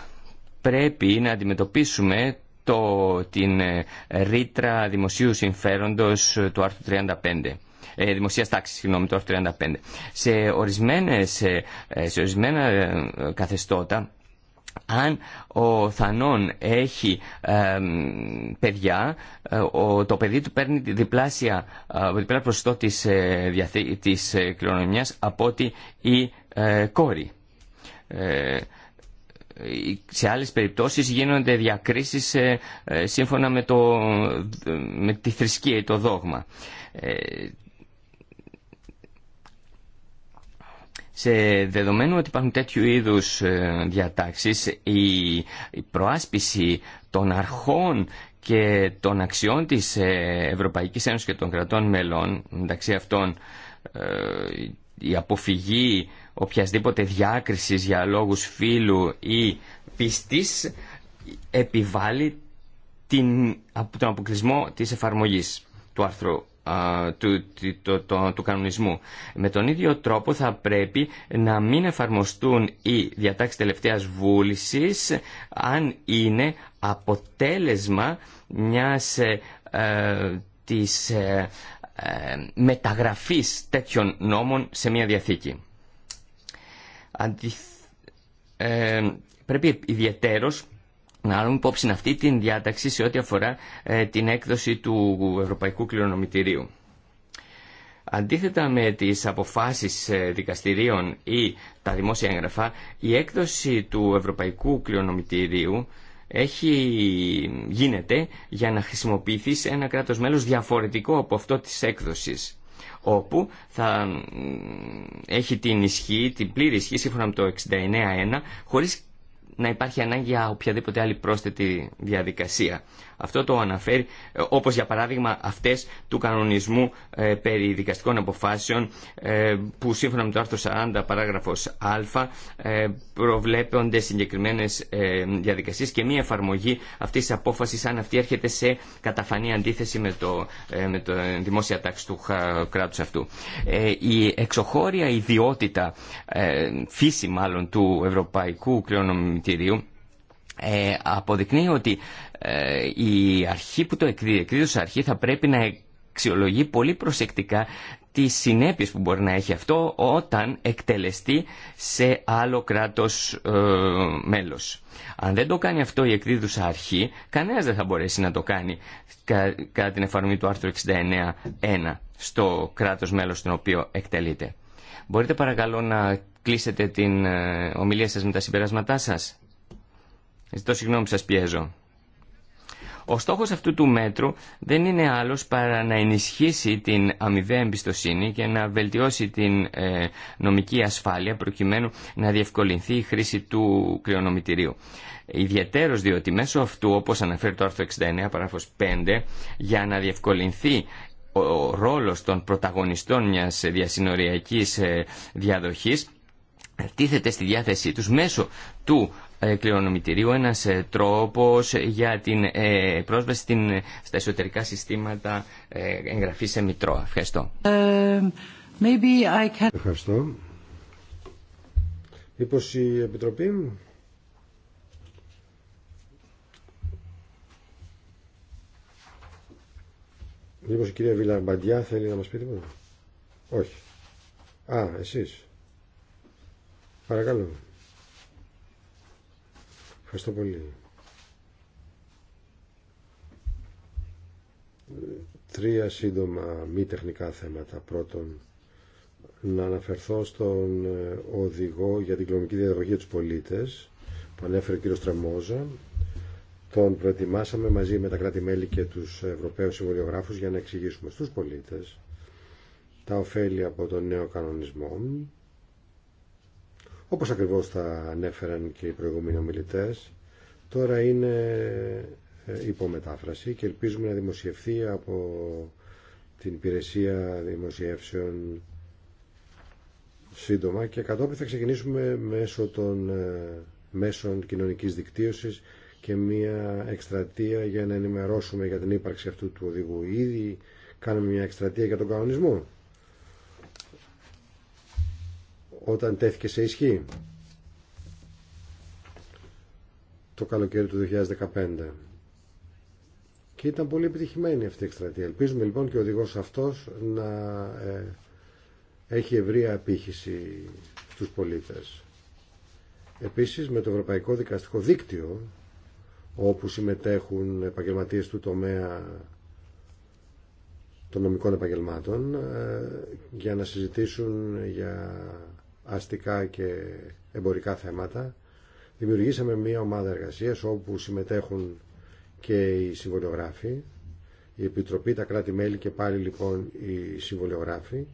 πρέπει να αντιμετωπίσουμε το, την ε, ρήτρα δημοσίου συμφέροντος του άρθρου 35 ε, δημοσίας τάξης, συγγνώμη, του άρθρου 35. Σε, ορισμένες, ε, σε ορισμένα καθεστώτα αν ο Θανόν έχει παιδιά, ε, ο, το παιδί του παίρνει διπλάσια, ε, διπλά τη της, ε, κληρονομιάς από ότι η κόρη. σε άλλες περιπτώσεις γίνονται διακρίσεις σύμφωνα με, το, με τη θρησκεία ή το δόγμα. Σε δεδομένου ότι υπάρχουν τέτοιου είδους ε, διατάξεις, η προάσπιση των αρχών και των αξιών της ε, Ευρωπαϊκής Ένωσης και των κρατών μελών, μεταξύ αυτών ε, η αποφυγή οποιασδήποτε διάκρισης για λόγους φίλου ή πιστής, επιβάλλει την, τον αποκλεισμό της εφαρμογής του άρθρου του, το, το, του κανονισμού. Με τον ίδιο τρόπο θα πρέπει να μην εφαρμοστούν οι διατάξεις τελευταίας βούλησης αν είναι αποτέλεσμα μιας ε, ε της ε, ε, μεταγραφής τέτοιων νόμων σε μια διαθήκη. πρέπει ιδιαίτερος να λάβουμε υπόψη αυτή την διάταξη σε ό,τι αφορά ε, την έκδοση του Ευρωπαϊκού Κληρονομητηρίου. Αντίθετα με τις αποφάσεις ε, δικαστηρίων ή τα δημόσια έγγραφα, η έκδοση του Ευρωπαϊκού Κληρονομητηρίου έχει, γίνεται για να χρησιμοποιηθεί σε ένα κράτος μέλος διαφορετικό από αυτό της έκδοσης όπου θα έχει την ισχύ, την πλήρη ισχύ σύμφωνα με το 69.1 χωρίς να υπάρχει ανάγκη για οποιαδήποτε άλλη πρόσθετη διαδικασία. Αυτό το αναφέρει, ε, όπως για παράδειγμα αυτές του κανονισμού ε, περί δικαστικών αποφάσεων, ε, που σύμφωνα με το άρθρο 40 παράγραφος α ε, προβλέπονται συγκεκριμένες ε, διαδικασίες και μία εφαρμογή αυτής της απόφασης αν αυτή έρχεται σε καταφανή αντίθεση με το, με το δημόσια τάξη του κράτους αυτού. Η εξωχώρια ιδιότητα, φύση μάλλον του Ευρωπαϊκού Κληρονομητηρίου, αποδεικνύει ότι ε, η αρχή που το εκδίδουσα αρχή θα πρέπει να αξιολογεί πολύ προσεκτικά τι συνέπειε που μπορεί να έχει αυτό όταν εκτελεστεί σε άλλο κράτο ε, μέλος. μέλο. Αν δεν το κάνει αυτό η εκδίδουσα αρχή, κανένα δεν θα μπορέσει να το κάνει κατά την εφαρμογή του άρθρου 69.1 στο κράτο μέλο στον οποίο εκτελείται. Μπορείτε παρακαλώ να κλείσετε την ε, ομιλία σα με τα συμπεράσματά σα, Ζητώ συγγνώμη που πιέζω. Ο στόχος αυτού του μέτρου δεν είναι άλλος παρά να ενισχύσει την αμοιβαία εμπιστοσύνη και να βελτιώσει την ε, νομική ασφάλεια προκειμένου να διευκολυνθεί η χρήση του κρυονομητηρίου. Ιδιαίτερο διότι μέσω αυτού, όπως αναφέρει το άρθρο 69 παράγραφος 5, για να διευκολυνθεί ο ρόλος των πρωταγωνιστών μιας διασυνοριακής ε, διαδοχής τίθεται στη διάθεσή τους μέσω του ε, κληρονομητηρίου, ένας ε, τρόπος για την ε, πρόσβαση στα εσωτερικά συστήματα εγγραφής σε μητρό. Ευχαριστώ. maybe I can... Ευχαριστώ. Μήπως η Επιτροπή Μήπως η κυρία Βιλαμπαντιά θέλει να μας πει τίποτα. Όχι. Α, εσείς. Παρακαλώ. Ευχαριστώ πολύ. Τρία σύντομα μη τεχνικά θέματα. Πρώτον, να αναφερθώ στον ε, οδηγό για την κλονική διαδρομή για πολίτε πολίτες που ανέφερε ο κ. Τρεμόζα. Τον προετοιμάσαμε μαζί με τα κράτη-μέλη και τους Ευρωπαίους συμβολιογράφου για να εξηγήσουμε στου πολίτες τα ωφέλη από τον νέο κανονισμό όπως ακριβώς τα ανέφεραν και οι προηγούμενοι ομιλητές, τώρα είναι ε, υπομετάφραση και ελπίζουμε να δημοσιευθεί από την υπηρεσία δημοσιεύσεων σύντομα και κατόπιν θα ξεκινήσουμε μέσω των ε, μέσων κοινωνικής δικτύωσης και μια εκστρατεία για να ενημερώσουμε για την ύπαρξη αυτού του οδηγού. Ήδη Κάνουμε μια εκστρατεία για τον κανονισμό όταν τέθηκε σε ισχύ το καλοκαίρι του 2015. Και ήταν πολύ επιτυχημένη αυτή η εκστρατεία. Ελπίζουμε λοιπόν και ο οδηγός αυτός να ε, έχει ευρεία απήχηση στους πολίτες. Επίσης με το Ευρωπαϊκό Δικαστικό Δίκτυο όπου συμμετέχουν επαγγελματίες του τομέα των νομικών επαγγελμάτων ε, για να συζητήσουν για αστικά και εμπορικά θέματα. Δημιουργήσαμε μια ομάδα εργασίας όπου συμμετέχουν και οι συμβολιογράφοι, η Επιτροπή, τα κράτη-μέλη και πάλι λοιπόν οι συμβολιογράφοι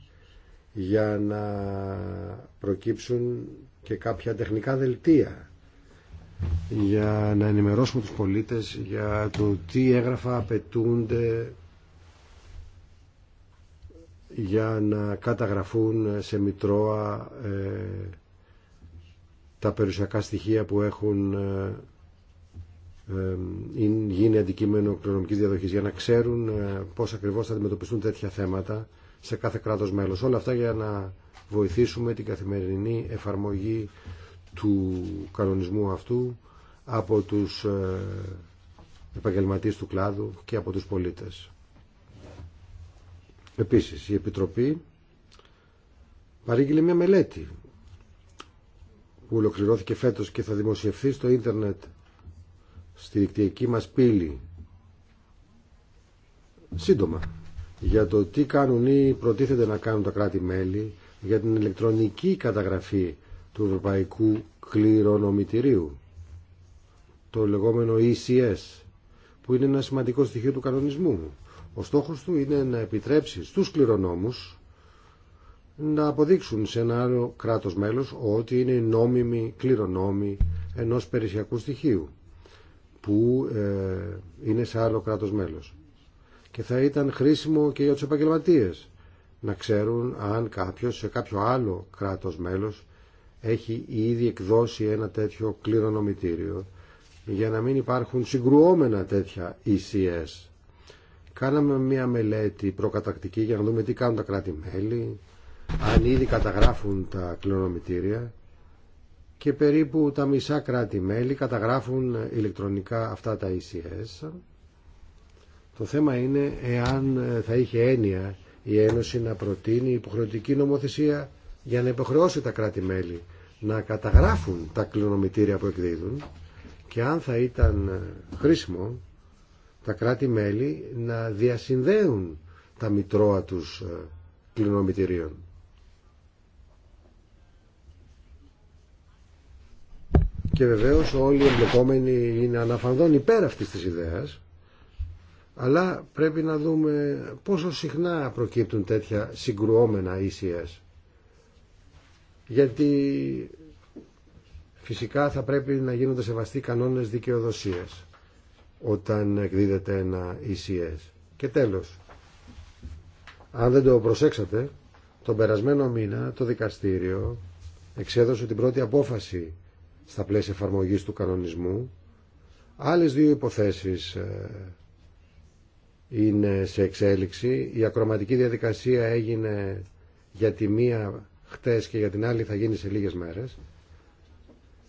για να προκύψουν και κάποια τεχνικά δελτία για να ενημερώσουμε τους πολίτες για το τι έγραφα απαιτούνται για να καταγραφούν σε Μητρώα ε, τα περιουσιακά στοιχεία που έχουν ε, ε γίνει αντικείμενο κληρονομικής διαδοχής για να ξέρουν ε, πώς ακριβώς θα αντιμετωπιστούν τέτοια θέματα σε κάθε κράτος μέλος. Όλα αυτά για να βοηθήσουμε την καθημερινή εφαρμογή του κανονισμού αυτού από τους επαγγελματίες του κλάδου και από τους πολίτες. Επίσης, η Επιτροπή παρήγγειλε μια μελέτη που ολοκληρώθηκε φέτος και θα δημοσιευθεί στο ίντερνετ στη δικτυακή μας πύλη σύντομα για το τι κάνουν ή προτίθεται να κάνουν τα κράτη-μέλη για την ηλεκτρονική καταγραφή του Ευρωπαϊκού Κληρονομητηρίου το λεγόμενο ECS που είναι ένα σημαντικό στοιχείο του κανονισμού ο στόχος του είναι να επιτρέψει στους κληρονόμους να αποδείξουν σε ένα άλλο κράτος μέλος ότι είναι νόμιμοι κληρονόμοι ενός περιουσιακού στοιχείου που ε, είναι σε άλλο κράτος μέλος. Και θα ήταν χρήσιμο και για τους επαγγελματίες να ξέρουν αν κάποιος σε κάποιο άλλο κράτος μέλος έχει ήδη εκδώσει ένα τέτοιο κληρονομητήριο για να μην υπάρχουν συγκρουόμενα τέτοια ECS Κάναμε μια μελέτη προκατακτική για να δούμε τι κάνουν τα κράτη-μέλη, αν ήδη καταγράφουν τα κληρονομητήρια και περίπου τα μισά κράτη-μέλη καταγράφουν ηλεκτρονικά αυτά τα ECS. Το θέμα είναι εάν θα είχε έννοια η Ένωση να προτείνει υποχρεωτική νομοθεσία για να υποχρεώσει τα κράτη-μέλη να καταγράφουν τα κληρονομητήρια που εκδίδουν και αν θα ήταν χρήσιμο τα κράτη-μέλη να διασυνδέουν τα μητρώα τους ε, κλινομητηρίων. Και βεβαίως όλοι οι εμπλεκόμενοι είναι αναφανδόν υπέρ αυτής της ιδέας, αλλά πρέπει να δούμε πόσο συχνά προκύπτουν τέτοια συγκρουόμενα ίσιας. E Γιατί φυσικά θα πρέπει να γίνονται σεβαστοί κανόνες δικαιοδοσίας όταν εκδίδεται ένα ECS. Και τέλος, αν δεν το προσέξατε, τον περασμένο μήνα το δικαστήριο εξέδωσε την πρώτη απόφαση στα πλαίσια εφαρμογής του κανονισμού. Άλλες δύο υποθέσεις ε, είναι σε εξέλιξη. Η ακροματική διαδικασία έγινε για τη μία χτες και για την άλλη θα γίνει σε λίγες μέρες.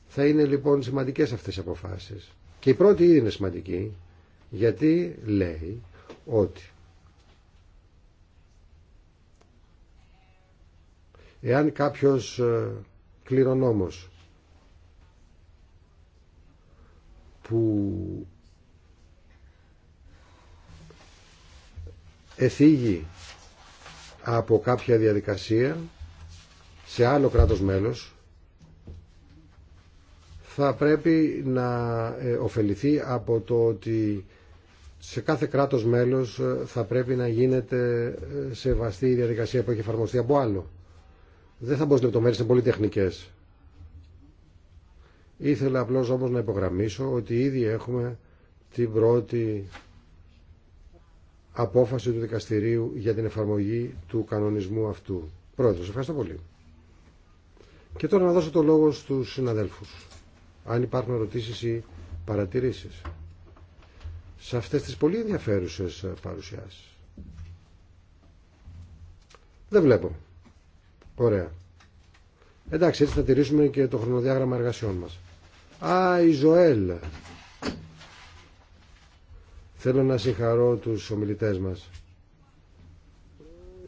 Θα είναι λοιπόν σημαντικές αυτές οι αποφάσεις. Και η πρώτη ήδη είναι σημαντική γιατί λέει ότι εάν κάποιος ε, κληρονόμος που εφήγει από κάποια διαδικασία σε άλλο κράτος μέλος θα πρέπει να ε, ωφεληθεί από το ότι σε κάθε κράτος μέλος ε, θα πρέπει να γίνεται ε, σεβαστή η διαδικασία που έχει εφαρμοστεί από άλλο. Δεν θα μπω σε λεπτομέρειες, είναι πολύ τεχνικές. Ήθελα απλώς όμως να υπογραμμίσω ότι ήδη έχουμε την πρώτη απόφαση του δικαστηρίου για την εφαρμογή του κανονισμού αυτού. Πρόεδρος, ευχαριστώ πολύ. Και τώρα να δώσω το λόγο στους συναδέλφους αν υπάρχουν ερωτήσεις ή παρατηρήσεις σε αυτές τις πολύ ενδιαφέρουσες ε, παρουσιάσεις. Δεν βλέπω. Ωραία. Εντάξει, έτσι θα τηρήσουμε και το χρονοδιάγραμμα εργασιών μας. Α, η Ζωέλ. Θέλω να συγχαρώ τους ομιλητές μας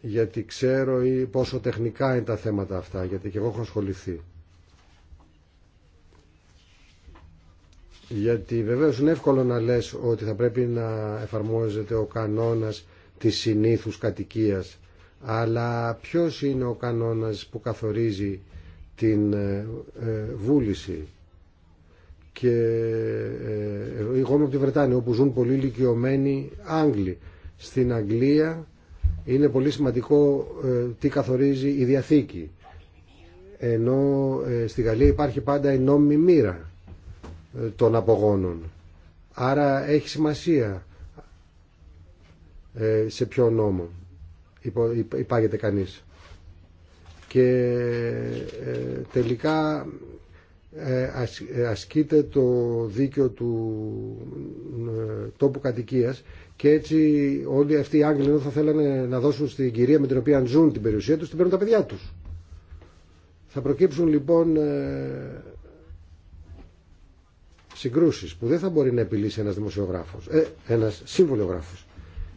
γιατί ξέρω πόσο τεχνικά είναι τα θέματα αυτά, γιατί και εγώ έχω ασχοληθεί. Γιατί βεβαίως είναι εύκολο να λες ότι θα πρέπει να εφαρμόζεται ο κανόνας της συνήθους κατοικίας. Αλλά ποιος είναι ο κανόνας που καθορίζει την ε, ε, βούληση. Και ε, εγώ είμαι από τη Βρετάνη όπου ζουν πολύ ηλικιωμένοι Άγγλοι. Στην Αγγλία είναι πολύ σημαντικό τι καθορίζει η Διαθήκη. Ενώ στη Γαλλία υπάρχει πάντα η νόμιμη μοίρα. Ε, των απογόνων. Άρα έχει σημασία ε, σε ποιο νόμο υπάγεται κανείς. Και ε, τελικά ασκείται το δίκαιο του τόπου κατοικίας και έτσι όλοι αυτοί οι Άγγλοι θα θέλανε να δώσουν στην κυρία με την οποία ζουν την περιουσία τους, την παίρνουν τα παιδιά τους. Θα προκύψουν λοιπόν Συγκρούσει που δεν θα μπορεί να επιλύσει ένα δημοσιογράφος, ε, ένας σύμβολιογράφος.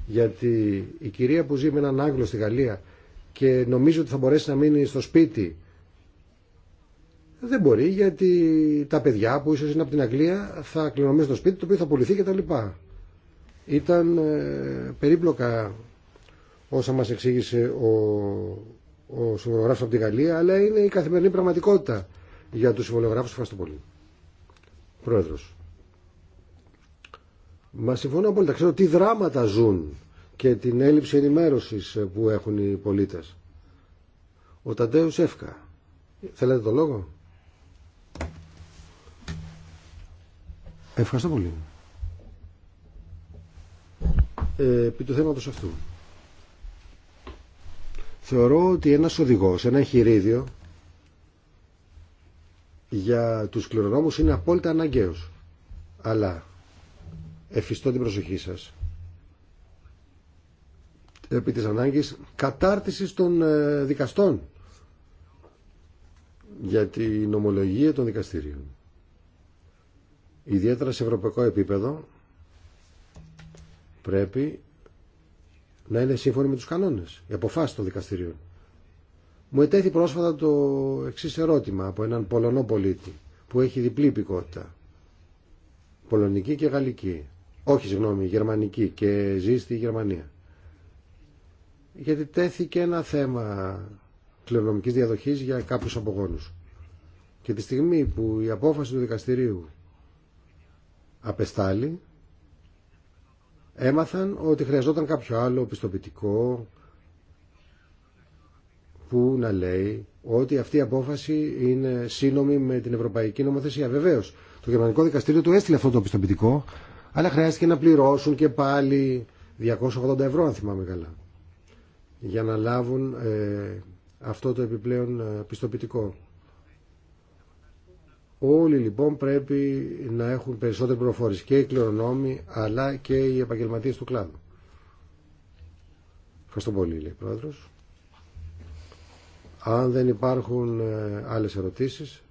Γιατί η κυρία που ζει με έναν Άγγλο στη Γαλλία και νομίζει ότι θα μπορέσει να μείνει στο σπίτι δεν μπορεί γιατί τα παιδιά που ίσω είναι από την Αγγλία θα κληρονομήσουν το σπίτι το οποίο θα πουληθεί κτλ. Ήταν ε, περίπλοκα όσα μα εξήγησε ο, ο από τη Γαλλία αλλά είναι η καθημερινή πραγματικότητα για τους συμβολογράφους. Ευχαριστώ πολύ. Πρόεδρος. Μα συμφωνώ απόλυτα. Ξέρω τι δράματα ζουν και την έλλειψη ενημέρωση που έχουν οι πολίτε. Ο Ταντέο Εύκα. Θέλετε το λόγο. Ευχαριστώ πολύ. Ε, επί του θέματος αυτού. Θεωρώ ότι ένας οδηγός, ένα εγχειρίδιο για τους κληρονόμους είναι απόλυτα αναγκαίος. Αλλά εφιστώ την προσοχή σας επί της ανάγκης κατάρτισης των ε, δικαστών για την ομολογία των δικαστηρίων. Ιδιαίτερα σε ευρωπαϊκό επίπεδο πρέπει να είναι σύμφωνοι με τους κανόνες, οι αποφάσεις των δικαστηρίων. Μου ετέθη πρόσφατα το εξή ερώτημα από έναν Πολωνό πολίτη που έχει διπλή υπηκότητα. Πολωνική και γαλλική. Όχι, συγγνώμη, γερμανική και ζει στη Γερμανία. Γιατί τέθηκε ένα θέμα κληρονομική διαδοχής για κάποιου απογόνους. Και τη στιγμή που η απόφαση του δικαστηρίου απεστάλλει, έμαθαν ότι χρειαζόταν κάποιο άλλο πιστοποιητικό, που να λέει ότι αυτή η απόφαση είναι σύνομη με την Ευρωπαϊκή Νομοθεσία. Βεβαίω, το Γερμανικό Δικαστήριο του έστειλε αυτό το πιστοποιητικό, αλλά χρειάστηκε να πληρώσουν και πάλι 280 ευρώ, αν θυμάμαι καλά, για να λάβουν ε, αυτό το επιπλέον ε, πιστοποιητικό. Όλοι λοιπόν πρέπει να έχουν περισσότερη προφόρηση και οι κληρονόμοι αλλά και οι επαγγελματίες του κλάδου. Ευχαριστώ πολύ, λέει ο Πρόεδρος. Αν δεν υπάρχουν ε, άλλες ερωτήσεις,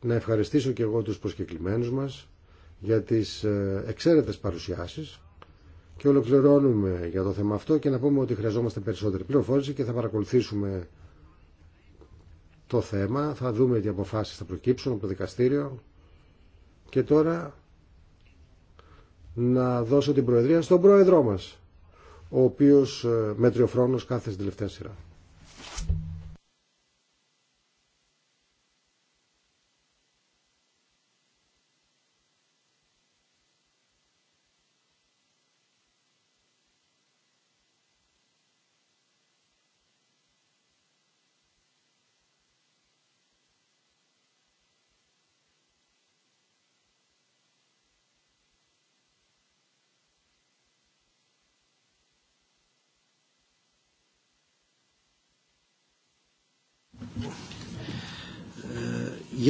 να ευχαριστήσω και εγώ τους προσκεκλημένους μας για τις ε, εξαίρετες παρουσιάσεις και ολοκληρώνουμε για το θέμα αυτό και να πούμε ότι χρειαζόμαστε περισσότερη πληροφόρηση και θα παρακολουθήσουμε το θέμα, θα δούμε τι αποφάσεις θα προκύψουν από το δικαστήριο και τώρα να δώσω την προεδρία στον πρόεδρό μας ο οποίος ε, μετριοφρόνος κάθε στην τελευταία σειρά.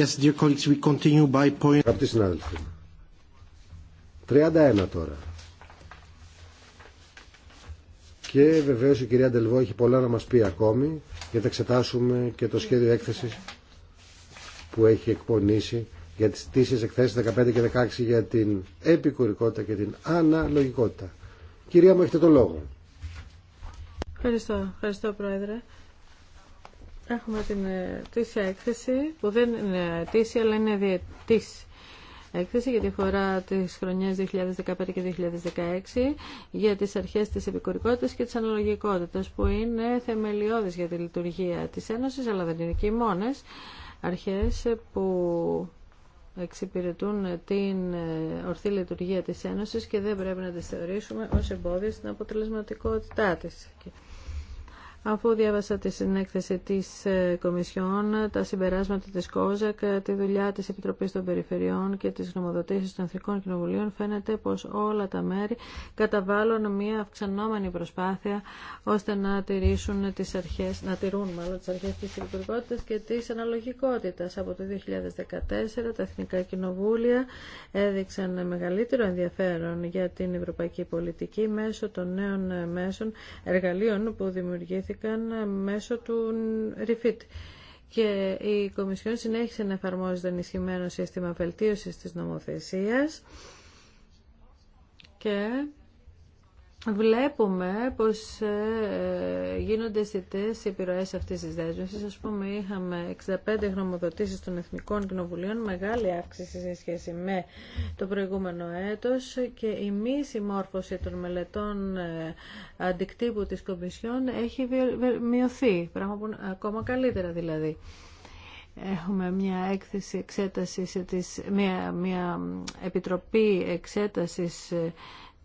Yes, dear colleagues, Αγαπητοί συνάδελφοι, 31 τώρα. Και βεβαίως η κυρία Ντελβό έχει πολλά να μας πει ακόμη για να εξετάσουμε και το σχέδιο έκθεσης που έχει εκπονήσει για τις τήσεις εκθέσεις 15 και 16 για την επικουρικότητα και την αναλογικότητα. Κυρία μου, έχετε το λόγο. Ευχαριστώ, ευχαριστώ Πρόεδρε. Έχουμε την ετήσια έκθεση που δεν είναι ετήσια αλλά είναι διετής έκθεση για τη φορά της χρονιά 2015 και 2016 για τις αρχές της επικουρικότητας και της αναλογικότητας που είναι θεμελιώδεις για τη λειτουργία της Ένωσης αλλά δεν είναι και οι μόνες αρχές που εξυπηρετούν την ε, ορθή λειτουργία της Ένωσης και δεν πρέπει να τις θεωρήσουμε ως εμπόδια στην αποτελεσματικότητά της. Αφού διάβασα τη συνέκθεση της ε, Κομισιόν, τα συμπεράσματα της ΚΟΖΑΚ, ε, τη δουλειά της Επιτροπής των Περιφερειών και τι γνωμοδοτήσει των Εθνικών Κοινοβουλίων, φαίνεται πως όλα τα μέρη καταβάλουν μια αυξανόμενη προσπάθεια ώστε να τηρήσουν τις αρχές, να τηρούν τι τις αρχές της και της αναλογικότητας. Από το 2014 τα Εθνικά Κοινοβούλια έδειξαν μεγαλύτερο ενδιαφέρον για την ευρωπαϊκή πολιτική μέσω των νέων μέσων εργαλείων που δημιουργήθηκαν μέσω του REFIT και η Κομισιόν συνέχισε να εφαρμόζει το ενισχυμένο σύστημα βελτίωσης της νομοθεσίας και Βλέπουμε πως ε, γίνονται αισθητές οι επιρροές αυτής της δέσμευσης. Ας πούμε είχαμε 65 γνωμοδοτήσεις των Εθνικών Κοινοβουλίων, μεγάλη αύξηση σε σχέση με το προηγούμενο έτος και η μη συμμόρφωση των μελετών ε, αντικτύπου της Κομισιόν έχει μειωθεί, πράγμα που ακόμα καλύτερα δηλαδή. Έχουμε μια έκθεση εξέτασης, μια, μια επιτροπή εξέτασης ε,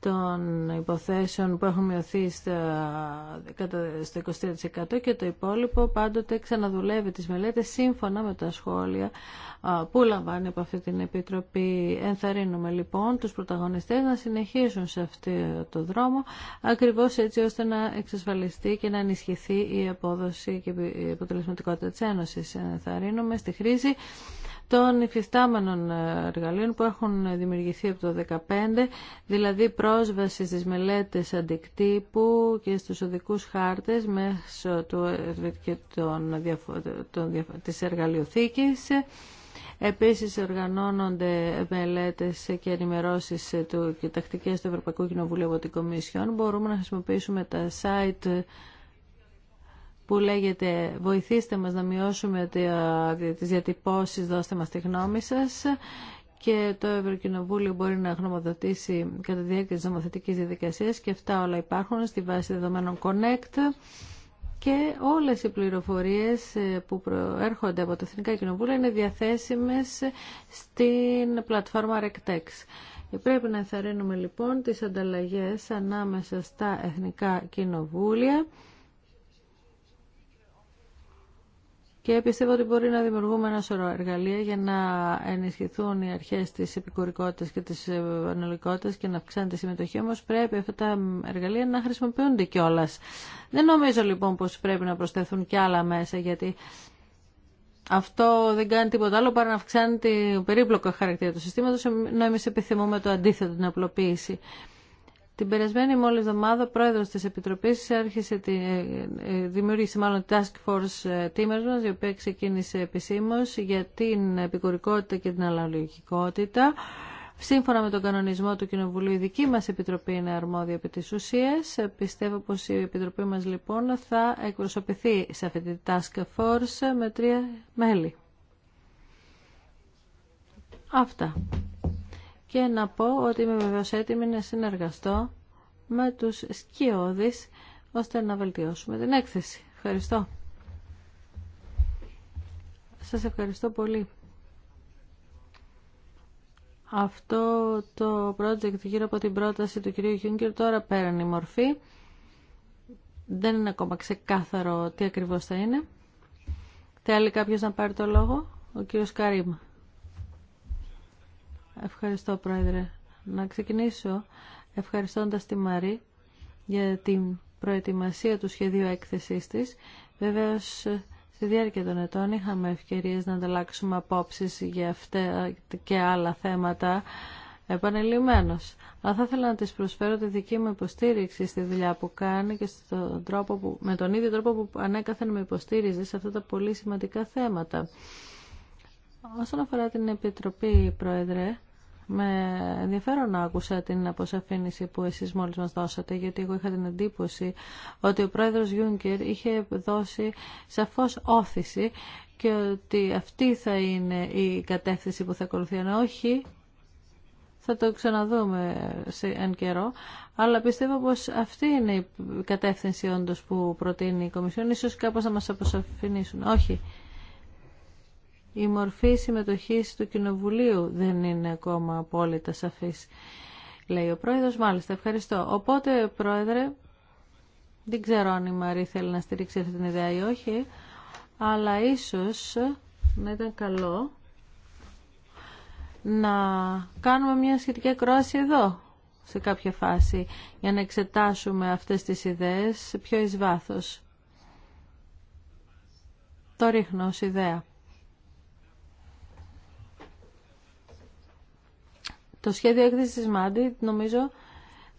των υποθέσεων που έχουν μειωθεί στο 23% και το υπόλοιπο πάντοτε ξαναδουλεύει τις μελέτες σύμφωνα με τα σχόλια που λαμβάνει από αυτή την Επιτροπή. Ενθαρρύνουμε λοιπόν τους πρωταγωνιστές να συνεχίσουν σε αυτό το δρόμο ακριβώς έτσι ώστε να εξασφαλιστεί και να ενισχυθεί η απόδοση και η αποτελεσματικότητα της Ένωσης. Ενθαρρύνουμε στη χρήση των υφιστάμενων ε, εργαλείων που έχουν δημιουργηθεί από το 2015, δηλαδή πρόσβαση στις μελέτες αντικτύπου και στους οδικούς χάρτες μέσω του, ε, και των, των, της εργαλειοθήκης. Επίσης οργανώνονται μελέτες και ενημερώσεις του, και τακτικές του Ευρωπαϊκού Κοινοβουλίου από την Κομισιόν. Μπορούμε να χρησιμοποιήσουμε τα site που λέγεται «Βοηθήστε μας να μειώσουμε τις διατυπώσεις, δώστε μας τη γνώμη σας» και το Ευρωκοινοβούλιο μπορεί να γνωμοδοτήσει κατά τη διάρκεια της νομοθετικής διαδικασίας και αυτά όλα υπάρχουν στη βάση δεδομένων Connect και όλες οι πληροφορίες ε, που προέρχονται από τα Εθνικά Κοινοβούλια είναι διαθέσιμες στην πλατφόρμα Rectex. Πρέπει να ενθαρρύνουμε λοιπόν τις ανταλλαγές ανάμεσα στα Εθνικά Κοινοβούλια και πιστεύω ότι μπορεί να δημιουργούμε ένα σωρό εργαλεία για να ενισχυθούν οι αρχές της επικουρικότητα και της αναλογικότητας και να αυξάνεται η συμμετοχή, όμω πρέπει αυτά τα εργαλεία να χρησιμοποιούνται κιόλα. Δεν νομίζω λοιπόν πως πρέπει να προσθεθούν κι άλλα μέσα, γιατί αυτό δεν κάνει τίποτα άλλο παρά να αυξάνει την περίπλοκο χαρακτήρα του συστήματος, ενώ εμεί επιθυμούμε το αντίθετο, την απλοποίηση. Την περασμένη μόλις εβδομάδα ο πρόεδρος της Επιτροπής άρχισε τη, ε, ε, δημιούργησε μάλλον Task Force ε, μας, η οποία ξεκίνησε επισήμω για την επικουρικότητα και την αλλαλογικότητα. Σύμφωνα με τον κανονισμό του Κοινοβουλίου, η δική μας Επιτροπή είναι αρμόδια επί της ουσίας. Πιστεύω πως η Επιτροπή μας λοιπόν θα εκπροσωπηθεί σε αυτή τη Task Force με τρία μέλη. Αυτά και να πω ότι είμαι βεβαίως έτοιμη να συνεργαστώ με τους σκιώδεις ώστε να βελτιώσουμε την έκθεση. Ευχαριστώ. Σας ευχαριστώ πολύ. Αυτό το project γύρω από την πρόταση του κυρίου Γιούγκερ τώρα η μορφή. Δεν είναι ακόμα ξεκάθαρο τι ακριβώς θα είναι. Θέλει κάποιος να πάρει το λόγο. Ο κύριος κάρίμα. Ευχαριστώ, Πρόεδρε. Να ξεκινήσω ευχαριστώντας τη Μαρή για την προετοιμασία του σχεδίου έκθεσής της. Βεβαίως, Στη διάρκεια των ετών είχαμε ευκαιρίες να ανταλλάξουμε απόψεις για αυτά και άλλα θέματα επανελειμμένως. Αλλά θα ήθελα να της προσφέρω τη δική μου υποστήριξη στη δουλειά που κάνει και στον τρόπο που, με τον ίδιο τρόπο που ανέκαθεν με υποστήριζε σε αυτά τα πολύ σημαντικά θέματα. Όσον αφορά την Επιτροπή, Πρόεδρε, με ενδιαφέρον άκουσα την αποσαφήνιση που εσείς μόλις μας δώσατε, γιατί εγώ είχα την εντύπωση ότι ο πρόεδρος Γιούνκερ είχε δώσει σαφώς όθηση και ότι αυτή θα είναι η κατεύθυνση που θα ακολουθεί, Αν όχι θα το ξαναδούμε σε εν καιρό, αλλά πιστεύω πως αυτή είναι η κατεύθυνση όντως που προτείνει η Κομισιόν, ίσως κάπως θα μας αποσαφηνίσουν. Όχι η μορφή συμμετοχής του Κοινοβουλίου δεν είναι ακόμα απόλυτα σαφής, λέει ο Πρόεδρος. Μάλιστα, ευχαριστώ. Οπότε, Πρόεδρε, δεν ξέρω αν η Μαρή θέλει να στηρίξει αυτή την ιδέα ή όχι, αλλά ίσως να ήταν καλό να κάνουμε μια σχετική ακρόαση εδώ, σε κάποια φάση, για να εξετάσουμε αυτές τις ιδέες πιο εις βάθος. Το ρίχνω ιδέα. Το σχέδιο έκθεσης Μάντι νομίζω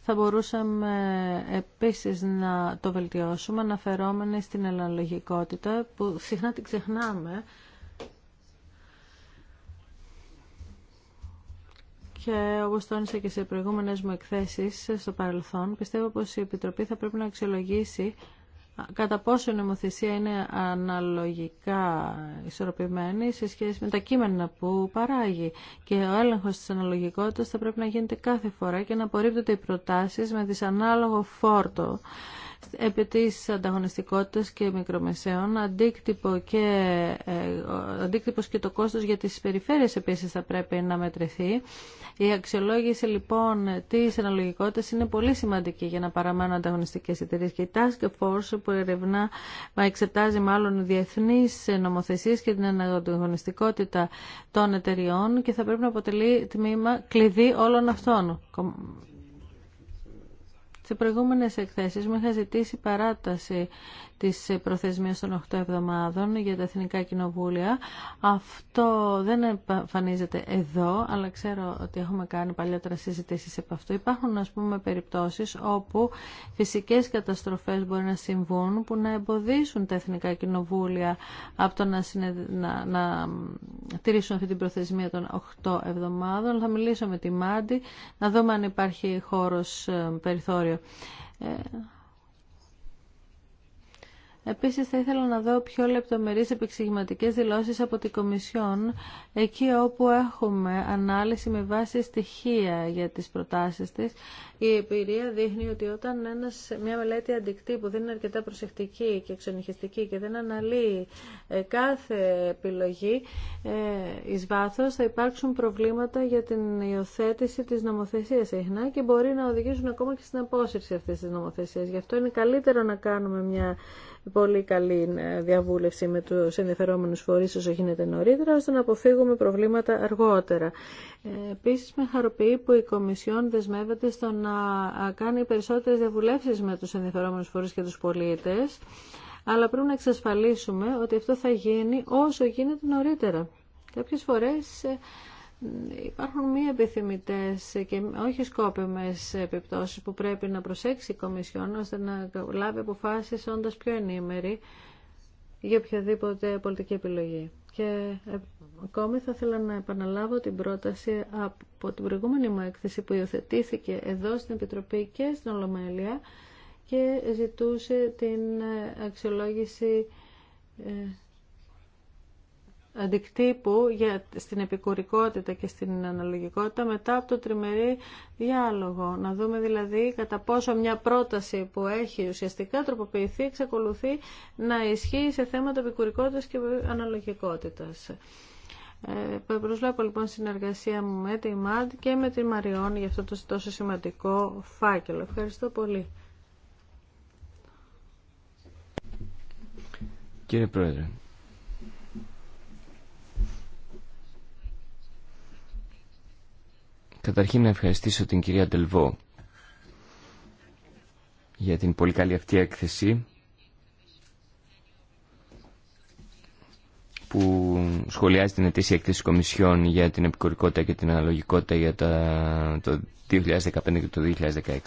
θα μπορούσαμε επίσης να το βελτιώσουμε αναφερόμενοι στην αναλογικότητα που συχνά την ξεχνάμε και όπως τόνισα και σε προηγούμενες μου εκθέσεις στο παρελθόν πιστεύω πως η Επιτροπή θα πρέπει να αξιολογήσει κατά πόσο η νομοθεσία είναι αναλογικά ισορροπημένη σε σχέση με τα κείμενα που παράγει. Και ο έλεγχος της αναλογικότητας θα πρέπει να γίνεται κάθε φορά και να απορρίπτονται οι προτάσεις με δυσανάλογο φόρτο επί της ανταγωνιστικότητας και μικρομεσαίων. Αντίκτυπο και, ε, αντίκτυπος και το κόστος για τις περιφέρειες επίσης θα πρέπει να μετρηθεί. Η αξιολόγηση λοιπόν της αναλογικότητας είναι πολύ σημαντική για να παραμένουν ανταγωνιστικές εταιρείες και η Task Force που ερευνά, μα εξετάζει μάλλον διεθνείς νομοθεσίες και την ανταγωνιστικότητα των εταιριών και θα πρέπει να αποτελεί τμήμα κλειδί όλων αυτών. Σε προηγούμενες εκθέσεις μου είχα ζητήσει παράταση της προθεσμίας των 8 εβδομάδων για τα Εθνικά Κοινοβούλια. Αυτό δεν εμφανίζεται εδώ, αλλά ξέρω ότι έχουμε κάνει παλιότερα συζητήσεις επ' αυτό. Υπάρχουν, ας πούμε, περιπτώσεις όπου φυσικές καταστροφές μπορεί να συμβούν που να εμποδίσουν τα Εθνικά Κοινοβούλια από το να, συνε... να... να τηρήσουν αυτή την προθεσμία των 8 εβδομάδων. Θα μιλήσω με τη Μάντη, να δούμε αν υπάρχει χώρος ε, περιθώριο ε, Επίσης θα ήθελα να δω πιο λεπτομερείς επεξηγηματικές δηλώσεις από την Κομισιόν εκεί όπου έχουμε ανάλυση με βάση στοιχεία για τις προτάσεις της. Η εμπειρία δείχνει ότι όταν ένας, μια μελέτη που δεν είναι αρκετά προσεκτική και εξονυχιστική και δεν αναλύει ε, κάθε επιλογή ε, εις βάθος θα υπάρξουν προβλήματα για την υιοθέτηση της νομοθεσίας συχνά και μπορεί να οδηγήσουν ακόμα και στην απόσυρση αυτής της νομοθεσίας. Γι' αυτό είναι καλύτερο να κάνουμε μια πολύ καλή ε, διαβούλευση με τους ενδιαφερόμενους φορείς όσο γίνεται νωρίτερα, ώστε να αποφύγουμε προβλήματα αργότερα. Ε, επίσης, με χαροποιεί που η Κομισιόν δεσμεύεται στο να κάνει περισσότερες διαβουλεύσεις με τους ενδιαφερόμενους φορείς και τους πολίτες, αλλά πρέπει να εξασφαλίσουμε ότι αυτό θα γίνει όσο γίνεται νωρίτερα. Κάποιες φορές ε, υπάρχουν μη επιθυμητές και όχι σκόπιμες επιπτώσεις που πρέπει να προσέξει η Κομισιόν ώστε να λάβει αποφάσεις όντας πιο ενήμερη για οποιαδήποτε πολιτική επιλογή. Και ε, ακόμη θα ήθελα να επαναλάβω την πρόταση από την προηγούμενη μου έκθεση που υιοθετήθηκε εδώ στην Επιτροπή και στην Ολομέλεια και ζητούσε την αξιολόγηση ε, αντικτύπου για, στην επικουρικότητα και στην αναλογικότητα μετά από το τριμερή διάλογο. Να δούμε δηλαδή κατά πόσο μια πρόταση που έχει ουσιαστικά τροποποιηθεί εξακολουθεί να ισχύει σε θέματα επικουρικότητας και αναλογικότητας. Ε, προσβλέπω λοιπόν συνεργασία μου με τη ΜΑΤ και με τη Μαριών για αυτό το τόσο σημαντικό φάκελο. Ευχαριστώ πολύ. Κύριε Πρόεδρε, Καταρχήν να ευχαριστήσω την κυρία Ντελβό για την πολύ καλή αυτή έκθεση που σχολιάζει την ετήσια έκθεση Κομισιόν για την επικορικότητα και την αναλογικότητα για τα, το 2015 και το 2016.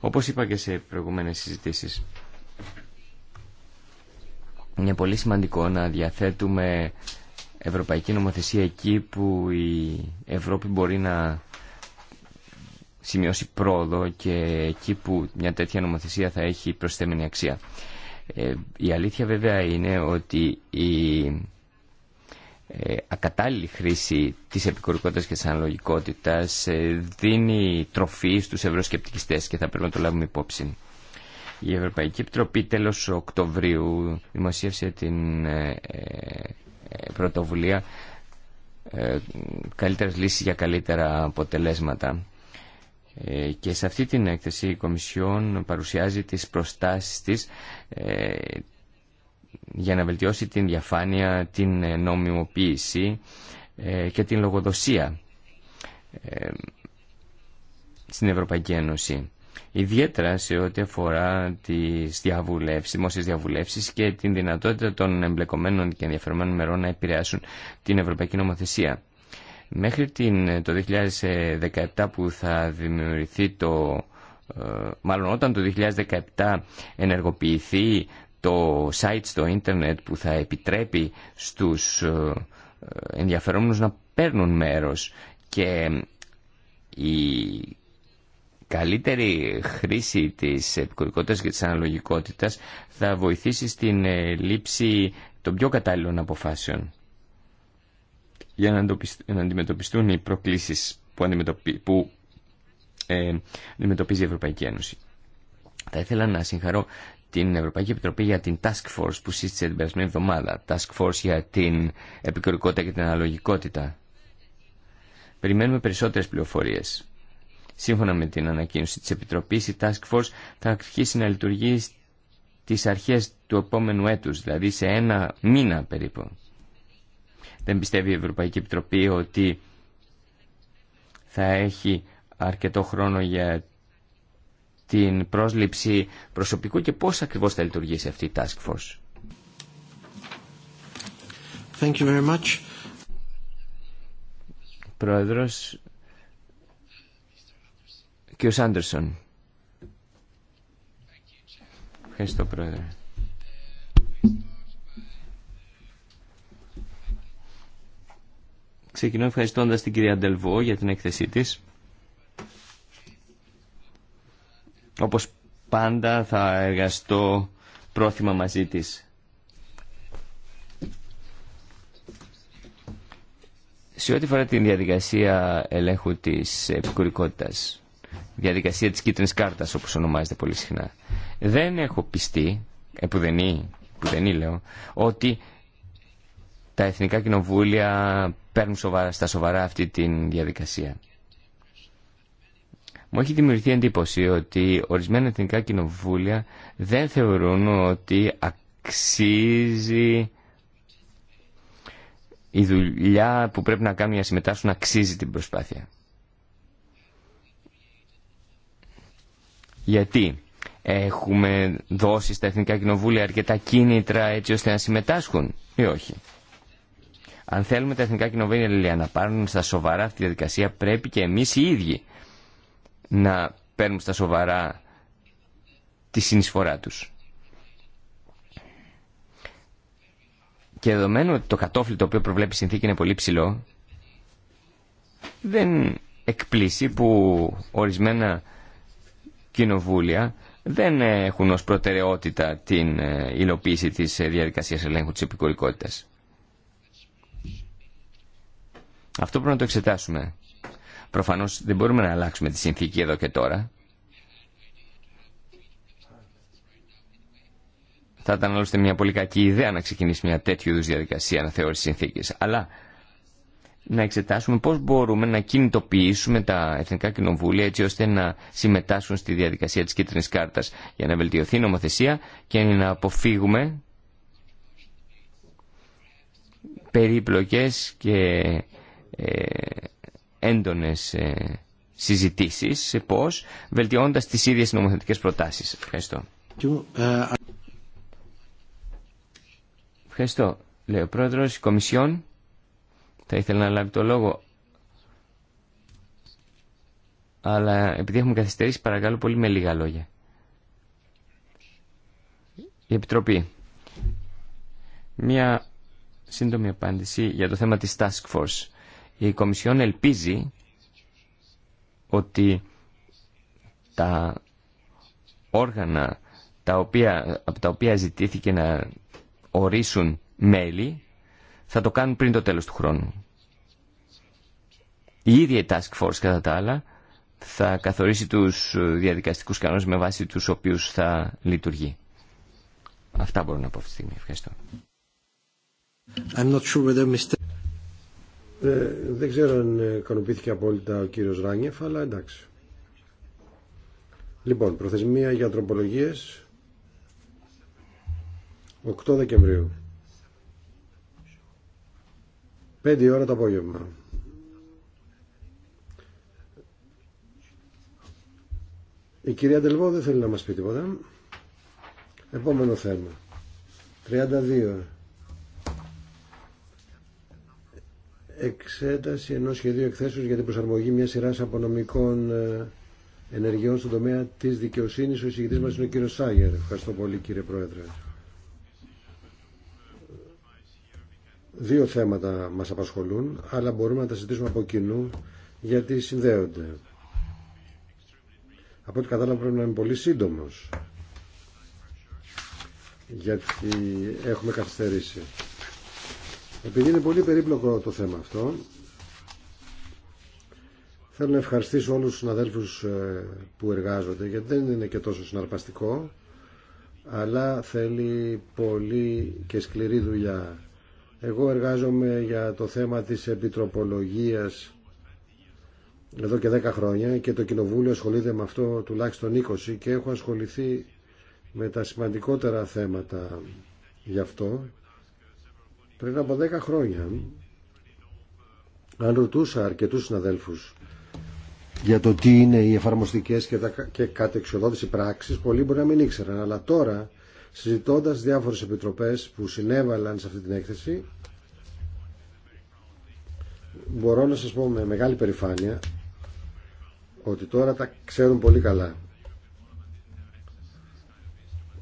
Όπως είπα και σε προηγούμενες συζητήσεις, είναι πολύ σημαντικό να διαθέτουμε ευρωπαϊκή νομοθεσία εκεί που η Ευρώπη μπορεί να σημειώσει πρόοδο και εκεί που μια τέτοια νομοθεσία θα έχει προσθέμενη αξία. Ε, η αλήθεια βέβαια είναι ότι η ε, ακατάλληλη χρήση της επικορικότητας και της αναλογικότητας ε, δίνει τροφή στους ευρωσκεπτικιστές και θα πρέπει να το λάβουμε υπόψη. Η Ευρωπαϊκή Επιτροπή τέλος Οκτωβρίου δημοσίευσε την πρωτοβουλία καλύτερες λύσεις για καλύτερα αποτελέσματα ε, και σε αυτή την έκθεση η Κομισιόν παρουσιάζει τις προστάσεις της ε, για να βελτιώσει την διαφάνεια, την νομιμοποίηση ε, και την λογοδοσία στην Ευρωπαϊκή Ένωση. Ιδιαίτερα σε ό,τι αφορά τις διαβουλεύσεις, δημόσιες διαβουλεύσεις και την δυνατότητα των εμπλεκομένων και ενδιαφερμένων μερών να επηρεάσουν την Ευρωπαϊκή Νομοθεσία. Μέχρι την, ε, το 2017 που θα δημιουργηθεί το... Ε, μάλλον όταν το 2017 ενεργοποιηθεί το site στο ίντερνετ που θα επιτρέπει στους ε, ενδιαφερόμενους να παίρνουν μέρος και η καλύτερη χρήση της επικουρικότητας και της αναλογικότητας θα βοηθήσει στην λήψη των πιο κατάλληλων αποφάσεων για να αντιμετωπιστούν οι προκλήσεις που, αντιμετωπι... που ε, αντιμετωπίζει η Ευρωπαϊκή Ένωση. Θα ήθελα να συγχαρώ την Ευρωπαϊκή Επιτροπή για την Task Force που σύστησε την περασμένη εβδομάδα. Task Force για την επικορικότητα και την αναλογικότητα. Περιμένουμε περισσότερες πληροφορίες. Σύμφωνα με την ανακοίνωση της Επιτροπής, η Task Force θα αρχίσει να λειτουργεί στις αρχές του επόμενου έτους, δηλαδή σε ένα μήνα περίπου. Δεν πιστεύει η Ευρωπαϊκή Επιτροπή ότι θα έχει αρκετό χρόνο για την πρόσληψη προσωπικού και πώς ακριβώς θα λειτουργήσει αυτή η Task Force. Thank you very much. Πρόεδρος κ. Ευχαριστώ, Πρόεδρε. Ξεκινώ ευχαριστώντας την κυρία Ντελβό για την έκθεσή της. Όπως πάντα θα εργαστώ πρόθυμα μαζί της. Σε ό,τι φορά την διαδικασία ελέγχου της επικουρικότητας, διαδικασία της κίτρινης κάρτας όπως ονομάζεται πολύ συχνά, δεν έχω πιστεί, επουδενή, επουδενή λέω, ότι τα εθνικά κοινοβούλια παίρνουν σοβαρά, στα σοβαρά αυτή τη διαδικασία. Μου έχει δημιουργηθεί εντύπωση ότι ορισμένα εθνικά κοινοβούλια δεν θεωρούν ότι αξίζει η δουλειά που πρέπει να κάνουν για να συμμετάσχουν αξίζει την προσπάθεια. Γιατί έχουμε δώσει στα εθνικά κοινοβούλια αρκετά κίνητρα έτσι ώστε να συμμετάσχουν ή όχι. Αν θέλουμε τα εθνικά κοινοβούλια να πάρουν στα σοβαρά αυτή τη διαδικασία, πρέπει και εμείς οι ίδιοι να παίρνουμε στα σοβαρά τη συνεισφορά τους. Και δεδομένου ότι το κατόφλι το οποίο προβλέπει η συνθήκη είναι πολύ ψηλό, δεν εκπλήσει που ορισμένα κοινοβούλια δεν έχουν ως προτεραιότητα την ε, υλοποίηση της ε, διαδικασίας ελέγχου της επικουρικότητας. Αυτό πρέπει να το εξετάσουμε. Προφανώς δεν μπορούμε να αλλάξουμε τη συνθήκη εδώ και τώρα. Θα ήταν άλλωστε μια πολύ κακή ιδέα να ξεκινήσει μια τέτοιου είδους διαδικασία να αναθεώρηση συνθήκη. Αλλά να εξετάσουμε πώς μπορούμε να κινητοποιήσουμε τα εθνικά κοινοβούλια έτσι ώστε να συμμετάσχουν στη διαδικασία της Κίτρινης Κάρτας για να βελτιωθεί η νομοθεσία και να αποφύγουμε περίπλοκες και ε, έντονες ε, συζητήσεις πώς βελτιώντας τις ίδιες νομοθετικές προτάσεις. Ευχαριστώ. Ευχαριστώ. Λέει ο πρόεδρος Κομισιόν. Θα ήθελα να λάβει το λόγο. Αλλά επειδή έχουμε καθυστερήσει παρακαλώ πολύ με λίγα λόγια. Η Επιτροπή. Μια σύντομη απάντηση για το θέμα της Task Force. Η Κομισιόν ελπίζει ότι τα όργανα τα οποία, από τα οποία ζητήθηκε να ορίσουν μέλη θα το κάνουν πριν το τέλος του χρόνου. Η ίδια η Task Force κατά τα άλλα θα καθορίσει τους διαδικαστικούς κανόνες με βάση τους οποίους θα λειτουργεί. Αυτά μπορώ να πω αυτή τη στιγμή. Ευχαριστώ. Ε, δεν ξέρω αν ικανοποιήθηκε απόλυτα ο κύριος Ράνιεφ, αλλά εντάξει. Λοιπόν, προθεσμία για τροπολογίες 8 Δεκεμβρίου. 5 ώρα το απόγευμα. Η κυρία Ντελβό δεν θέλει να μας πει τίποτα. Επόμενο θέμα. 32. εξέταση ενός σχεδίου εκθέσεως για την προσαρμογή μιας σειράς απονομικών ε, ενεργειών στον τομέα της δικαιοσύνης. Ο εισηγητής μας είναι ο κύριος Σάγερ. Ευχαριστώ πολύ κύριε Πρόεδρε. Δύο θέματα μας απασχολούν, αλλά μπορούμε να τα συζητήσουμε από κοινού γιατί συνδέονται. Από ό,τι κατάλαβα πρέπει να είμαι πολύ σύντομος γιατί έχουμε καθυστερήσει. Επειδή είναι πολύ περίπλοκο το θέμα αυτό, θέλω να ευχαριστήσω όλους τους συναδέλφους ε, που εργάζονται, γιατί δεν είναι και τόσο συναρπαστικό, αλλά θέλει πολύ και σκληρή δουλειά. Εγώ εργάζομαι για το θέμα της επιτροπολογίας εδώ και 10 χρόνια και το Κοινοβούλιο ασχολείται με αυτό τουλάχιστον 20 και έχω ασχοληθεί με τα σημαντικότερα θέματα γι' αυτό πριν από 10 χρόνια, αν ρωτούσα αρκετούς συναδέλφους για το τι είναι οι εφαρμοστικές και, τα, και κατεξοδότηση πράξεις, πολλοί μπορεί να μην ήξεραν. Αλλά τώρα, συζητώντας διάφορες επιτροπές που συνέβαλαν σε αυτή την έκθεση, μπορώ να σας πω με μεγάλη περηφάνεια ότι τώρα τα ξέρουν πολύ καλά.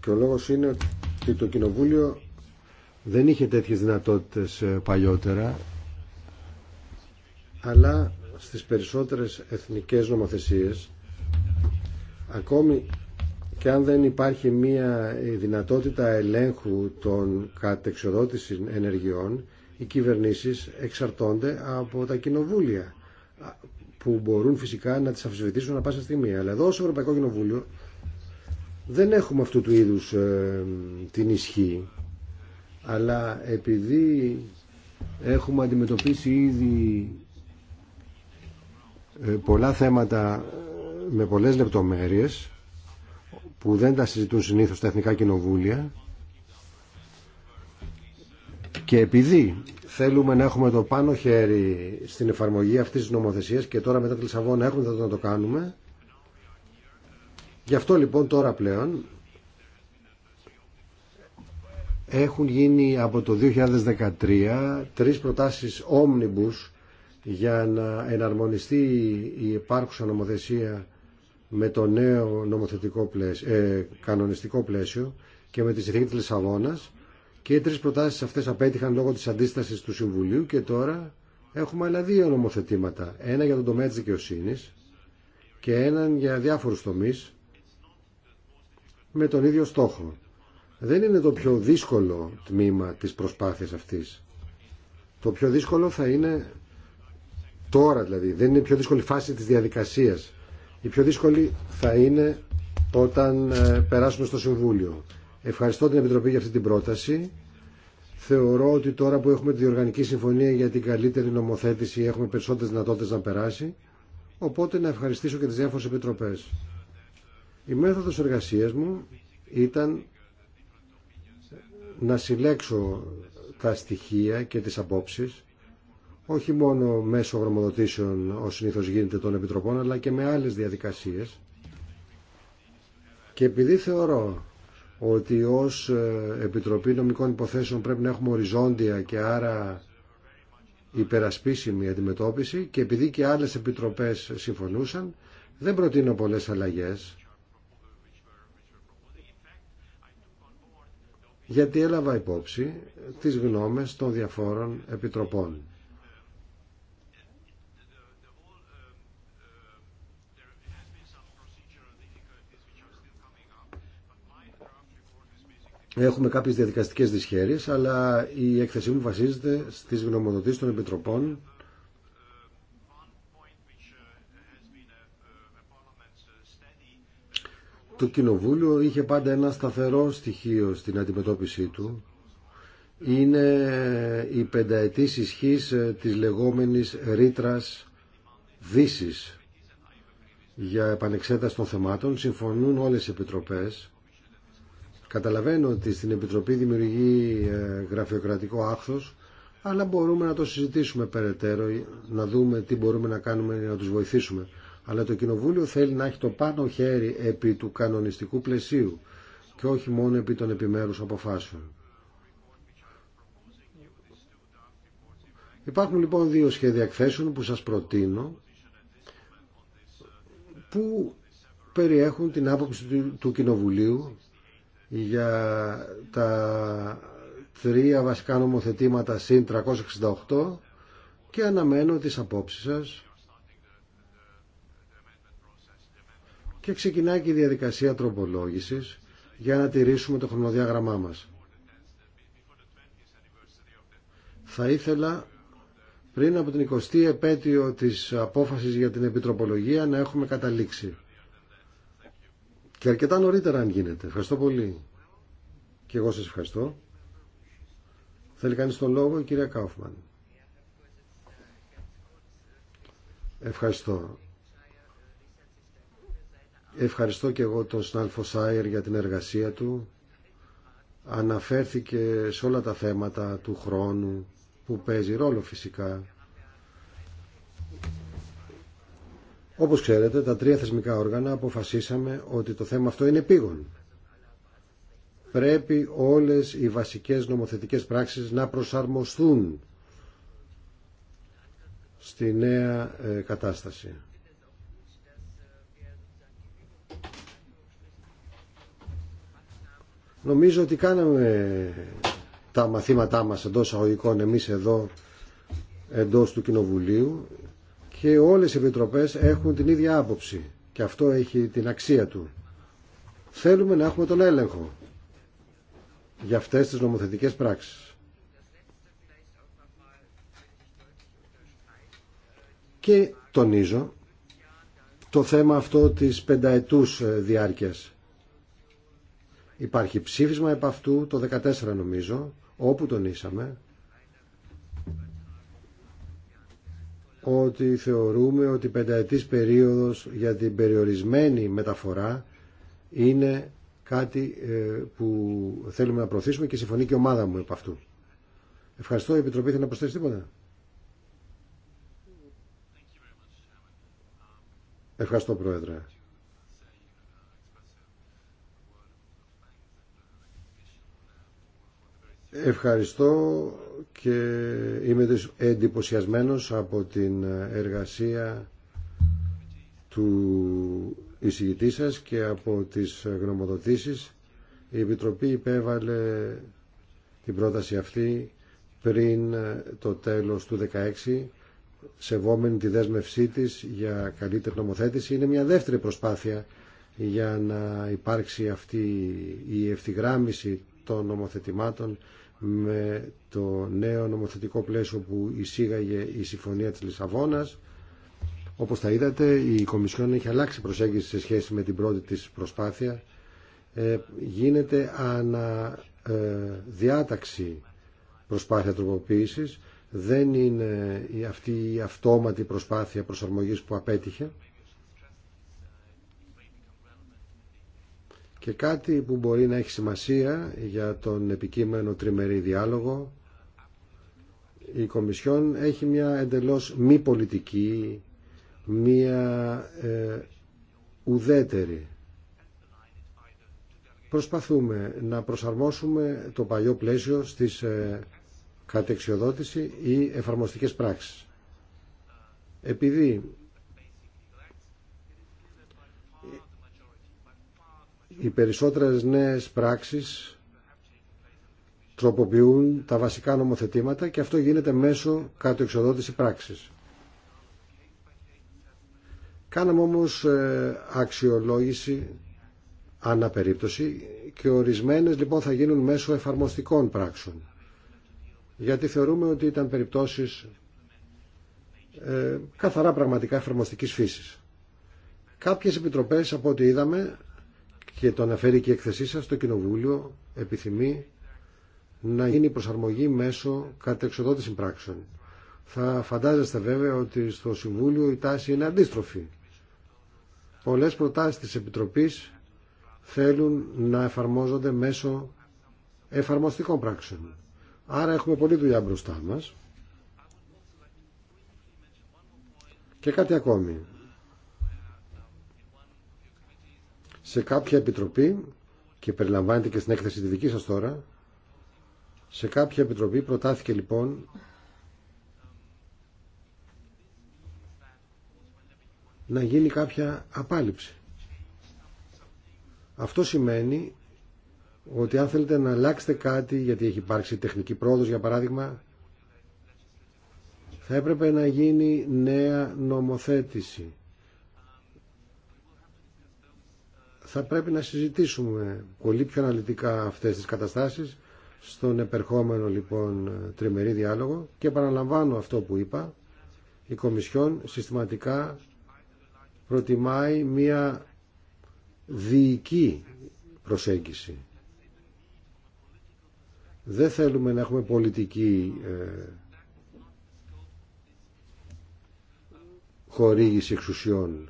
Και ο λόγος είναι ότι το Κοινοβούλιο δεν είχε τέτοιες δυνατότητες ε, παλιότερα αλλά στις περισσότερες εθνικές νομοθεσίες ακόμη και αν δεν υπάρχει μία ε, δυνατότητα ελέγχου των κατεξοδότησης ενεργειών οι κυβερνήσεις εξαρτώνται από τα κοινοβούλια που μπορούν φυσικά να τις αμφισβητήσουν ανα πάσα στιγμή. Αλλά εδώ ως Ευρωπαϊκό Κοινοβούλιο δεν έχουμε αυτού του είδους ε, την ισχύ αλλά επειδή έχουμε αντιμετωπίσει ήδη ε, πολλά θέματα ε, με πολλές λεπτομέρειες που δεν τα συζητούν συνήθως τα Εθνικά Κοινοβούλια και επειδή θέλουμε να έχουμε το πάνω χέρι στην εφαρμογή αυτής της νομοθεσίας και τώρα μετά τη Λισαβόνα έχουμε να το κάνουμε γι' αυτό λοιπόν τώρα πλέον έχουν γίνει από το 2013 τρεις προτάσεις omnibus για να εναρμονιστεί η υπάρχουσα νομοθεσία με το νέο νομοθετικό ε, κανονιστικό πλαίσιο και με τη συνθήκη της Λισαβόνας και οι τρεις προτάσεις αυτές απέτυχαν λόγω της αντίστασης του Συμβουλίου και τώρα έχουμε άλλα δύο νομοθετήματα. Ένα για τον τομέα της δικαιοσύνη και έναν για διάφορους τομείς με τον ίδιο στόχο δεν είναι το πιο δύσκολο τμήμα της προσπάθειας αυτής. Το πιο δύσκολο θα είναι τώρα δηλαδή, δεν είναι η πιο δύσκολη φάση της διαδικασίας. Η πιο δύσκολη θα είναι όταν ε, περάσουμε στο Συμβούλιο. Ευχαριστώ την Επιτροπή για αυτή την πρόταση. Θεωρώ ότι τώρα που έχουμε τη Διοργανική Συμφωνία για την καλύτερη νομοθέτηση έχουμε περισσότερες δυνατότητες να περάσει. Οπότε να ευχαριστήσω και τις διάφορες επιτροπές. Η μέθοδος εργασίας μου ήταν να συλλέξω τα στοιχεία και τις απόψεις όχι μόνο μέσω γνωμοδοτήσεων όσο συνήθως γίνεται των Επιτροπών αλλά και με άλλες διαδικασίες και επειδή θεωρώ ότι ως ε, Επιτροπή Νομικών Υποθέσεων πρέπει να έχουμε οριζόντια και άρα υπερασπίσιμη αντιμετώπιση και επειδή και άλλες επιτροπές συμφωνούσαν δεν προτείνω πολλές αλλαγές γιατί έλαβα υπόψη τις γνώμες των διαφόρων επιτροπών. Έχουμε κάποιες διαδικαστικές δυσχέρειες, αλλά η έκθεσή μου βασίζεται στις γνωμοδοτήσεις των επιτροπών το Κοινοβούλιο είχε πάντα ένα σταθερό στοιχείο στην αντιμετώπιση του. Είναι η πενταετής ισχύς ε, της λεγόμενης ρήτρα δύση για επανεξέταση των θεμάτων. Συμφωνούν όλες οι επιτροπές. Καταλαβαίνω ότι στην Επιτροπή δημιουργεί ε, γραφειοκρατικό άχθος, αλλά μπορούμε να το συζητήσουμε περαιτέρω, να δούμε τι μπορούμε να κάνουμε για να τους βοηθήσουμε αλλά το Κοινοβούλιο θέλει να έχει το πάνω χέρι επί του κανονιστικού πλαισίου και όχι μόνο επί των επιμέρους αποφάσεων. Υπάρχουν λοιπόν δύο σχέδια εκθέσεων που σας προτείνω που περιέχουν την άποψη του Κοινοβουλίου για τα τρία βασικά νομοθετήματα συν 368 και αναμένω τις απόψεις σας και ξεκινάει και η διαδικασία τροπολόγησης για να τηρήσουμε το χρονοδιάγραμμά μας. Θα ήθελα πριν από την 20η επέτειο της απόφασης για την επιτροπολογία να έχουμε καταλήξει. Και αρκετά νωρίτερα αν γίνεται. Ευχαριστώ πολύ. Και εγώ σας ευχαριστώ. Θέλει κανείς τον λόγο η κυρία Κάουφμαν. Ευχαριστώ. Ευχαριστώ και εγώ τον Σνάλφο Σάιρ για την εργασία του. Αναφέρθηκε σε όλα τα θέματα του χρόνου που παίζει ρόλο φυσικά. Όπως ξέρετε, τα τρία θεσμικά όργανα αποφασίσαμε ότι το θέμα αυτό είναι επίγον. Πρέπει όλες οι βασικές νομοθετικές πράξεις να προσαρμοστούν στη νέα ε, κατάσταση. Νομίζω ότι κάναμε τα μαθήματά μας εντός αγωγικών εμείς εδώ εντός του Κοινοβουλίου και όλες οι επιτροπές έχουν την ίδια άποψη και αυτό έχει την αξία του. Θέλουμε να έχουμε τον έλεγχο για αυτές τις νομοθετικές πράξεις. Και τονίζω το θέμα αυτό της πενταετούς διάρκειας. Υπάρχει ψήφισμα επ' αυτού το 14 νομίζω, όπου τονίσαμε ότι θεωρούμε ότι πενταετής περίοδος για την περιορισμένη μεταφορά είναι κάτι ε, που θέλουμε να προωθήσουμε και συμφωνεί και η ομάδα μου επ' αυτού. Ευχαριστώ. Η Επιτροπή θέλει να προσθέσει τίποτα. Ευχαριστώ Πρόεδρε. Ευχαριστώ και είμαι εντυπωσιασμένος από την εργασία του εισηγητή σας και από τις γνωμοδοτήσεις. Η Επιτροπή υπέβαλε την πρόταση αυτή πριν το τέλος του 2016 σεβόμενη τη δέσμευσή της για καλύτερη νομοθέτηση. Είναι μια δεύτερη προσπάθεια για να υπάρξει αυτή η ευθυγράμμιση των νομοθετημάτων με το νέο νομοθετικό πλαίσιο που εισήγαγε η Συμφωνία της Λισαβόνας. Όπως τα είδατε, η Κομισιόν έχει αλλάξει προσέγγιση σε σχέση με την πρώτη της προσπάθεια. Ε, γίνεται αναδιάταξη ε, προσπάθεια τροποποίησης. Δεν είναι αυτή η αυτόματη προσπάθεια προσαρμογής που απέτυχε. Και κάτι που μπορεί να έχει σημασία για τον επικείμενο τριμερή διάλογο, η Κομισιόν έχει μια εντελώς μη πολιτική, μια ε, ουδέτερη. Προσπαθούμε να προσαρμόσουμε το παλιό πλαίσιο στις ε, ή εφαρμοστικές πράξεις. Επειδή Οι περισσότερες νέες πράξεις τροποποιούν τα βασικά νομοθετήματα και αυτό γίνεται μέσω κατοεξοδότηση πράξης. Κάναμε όμως ε, αξιολόγηση αναπερίπτωση και ορισμένες λοιπόν θα γίνουν μέσω εφαρμοστικών πράξεων. Γιατί θεωρούμε ότι ήταν περιπτώσεις ε, καθαρά πραγματικά εφαρμοστικής φύσης. Κάποιες επιτροπές από ό,τι είδαμε και το αναφέρει και η εκθεσή σας, το Κοινοβούλιο επιθυμεί να γίνει προσαρμογή μέσω κατεξοδότηση πράξεων. Θα φαντάζεστε βέβαια ότι στο Συμβούλιο η τάση είναι αντίστροφη. Πολλές προτάσεις της Επιτροπής θέλουν να εφαρμόζονται μέσω εφαρμοστικών πράξεων. Άρα έχουμε πολλή δουλειά μπροστά μας. Και κάτι ακόμη. σε κάποια επιτροπή και περιλαμβάνεται και στην έκθεση τη δική σας τώρα σε κάποια επιτροπή προτάθηκε λοιπόν να γίνει κάποια απάλληψη. Αυτό σημαίνει ότι αν θέλετε να αλλάξετε κάτι γιατί έχει υπάρξει τεχνική πρόοδος για παράδειγμα θα έπρεπε να γίνει νέα νομοθέτηση θα πρέπει να συζητήσουμε πολύ πιο αναλυτικά αυτές τις καταστάσεις στον επερχόμενο λοιπόν τριμερή διάλογο και παραλαμβάνω αυτό που είπα η Κομισιόν συστηματικά προτιμάει μία διοική προσέγγιση. Δεν θέλουμε να έχουμε πολιτική ε, χορήγηση εξουσιών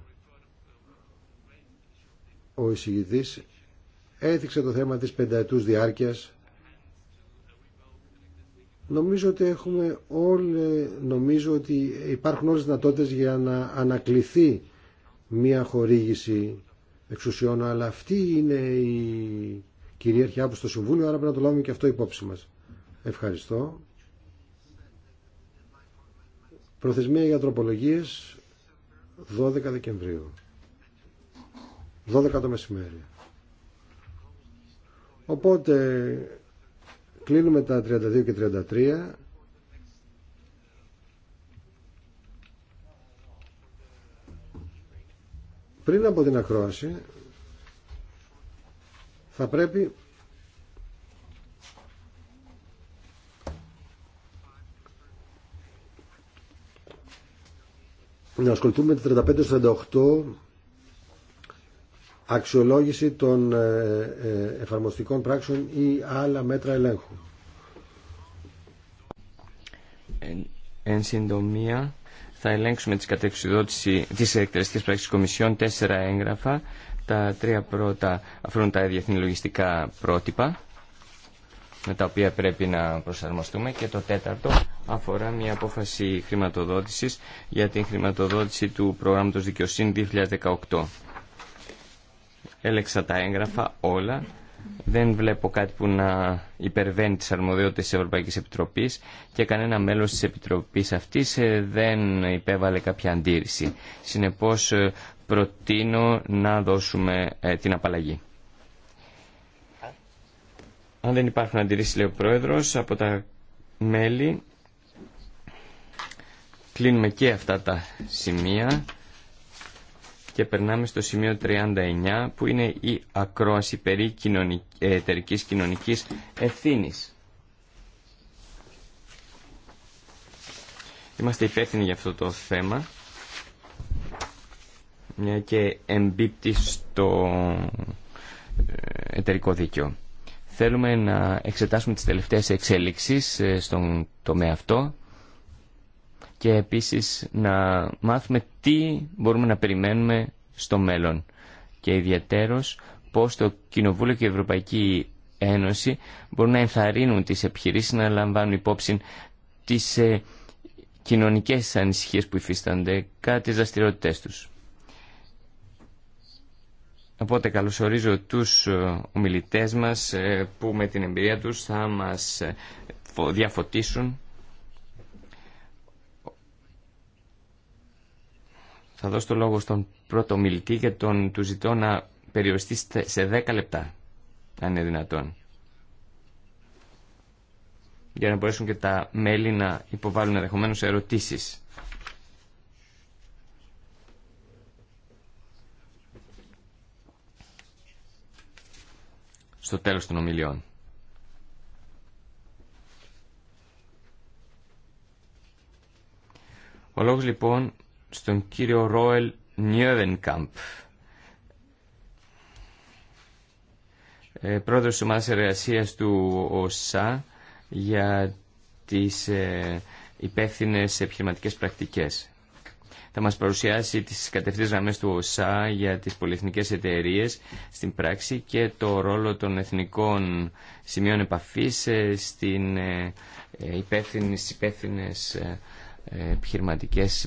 ο εισηγητής έδειξε το θέμα της πενταετούς διάρκειας Νομίζω ότι έχουμε όλοι, νομίζω ότι υπάρχουν όλες τις δυνατότητες για να ανακληθεί μια χορήγηση εξουσιών, αλλά αυτή είναι η κυρίαρχη άποψη στο Συμβούλιο, άρα πρέπει να το λάβουμε και αυτό υπόψη μας. Ευχαριστώ. Προθεσμία για τροπολογίες 12 Δεκεμβρίου. 12 το μεσημέρι. Οπότε κλείνουμε τα 32 και 33. Πριν από την ακρόαση θα πρέπει να ασχοληθούμε με τα 35-38 αξιολόγηση των ε, ε, εφαρμοστικών πράξεων ή άλλα μέτρα ελέγχου. Εν, συντομία, θα ελέγξουμε τις, της εκτελεστικής πράξεις Κομισιόν, τέσσερα έγγραφα. Τα τρία πρώτα αφορούν τα διεθνή λογιστικά πρότυπα, με τα οποία πρέπει να προσαρμοστούμε. Και το τέταρτο αφορά μια απόφαση χρηματοδότησης για την χρηματοδότηση του προγράμματος δικαιοσύνη 2018. Έλεξα τα έγγραφα όλα. Δεν βλέπω κάτι που να υπερβαίνει τις αρμοδιότητες της Ευρωπαϊκής Επιτροπής και κανένα μέλος της Επιτροπής αυτής ε, δεν υπέβαλε κάποια αντίρρηση. Συνεπώς ε, προτείνω να δώσουμε ε, την απαλλαγή. Αν δεν υπάρχουν αντιρρήσεις, λέει ο Πρόεδρος, από τα μέλη κλείνουμε και αυτά τα σημεία και περνάμε στο σημείο 39 που είναι η ακρόαση περί κοινωνικ... Ε, εταιρικής κοινωνικής ευθύνης. Είμαστε υπεύθυνοι για αυτό το θέμα μια και εμπίπτει στο ε, εταιρικό δίκαιο. Θέλουμε να εξετάσουμε τις τελευταίες εξέλιξεις ε, στον τομέα αυτό και επίσης να μάθουμε τι μπορούμε να περιμένουμε στο μέλλον και ιδιαίτερος πώς το Κοινοβούλιο και η Ευρωπαϊκή Ένωση μπορούν να ενθαρρύνουν τις επιχειρήσεις να λαμβάνουν υπόψη τις ε, κοινωνικές ανησυχίες που υφίστανται κατά τις δραστηριότητε τους. Οπότε καλωσορίζω τους ε, ομιλητές μας ε, που με την εμπειρία τους θα μας ε, διαφωτίσουν Θα δώσω το λόγο στον πρώτο μιλητή και τον του ζητώ να περιοριστεί σε 10 λεπτά, αν είναι δυνατόν. Για να μπορέσουν και τα μέλη να υποβάλουν ενδεχομένω ερωτήσεις. Στο τέλος των ομιλιών. Ο λόγος λοιπόν στον κύριο Ρόελ Νιόβενκαμπ, ε, πρόεδρος της ομάδας εργασίας του ΟΣΑ για τις ε, υπεύθυνες επιχειρηματικές πρακτικές. Θα μας παρουσιάσει τις κατευθύνσεις γραμμές του ΟΣΑ για τις πολυεθνικές εταιρείες στην πράξη και το ρόλο των εθνικών σημείων επαφής ε, στην υπεύθυνες, επιχειρηματικέ επιχειρηματικές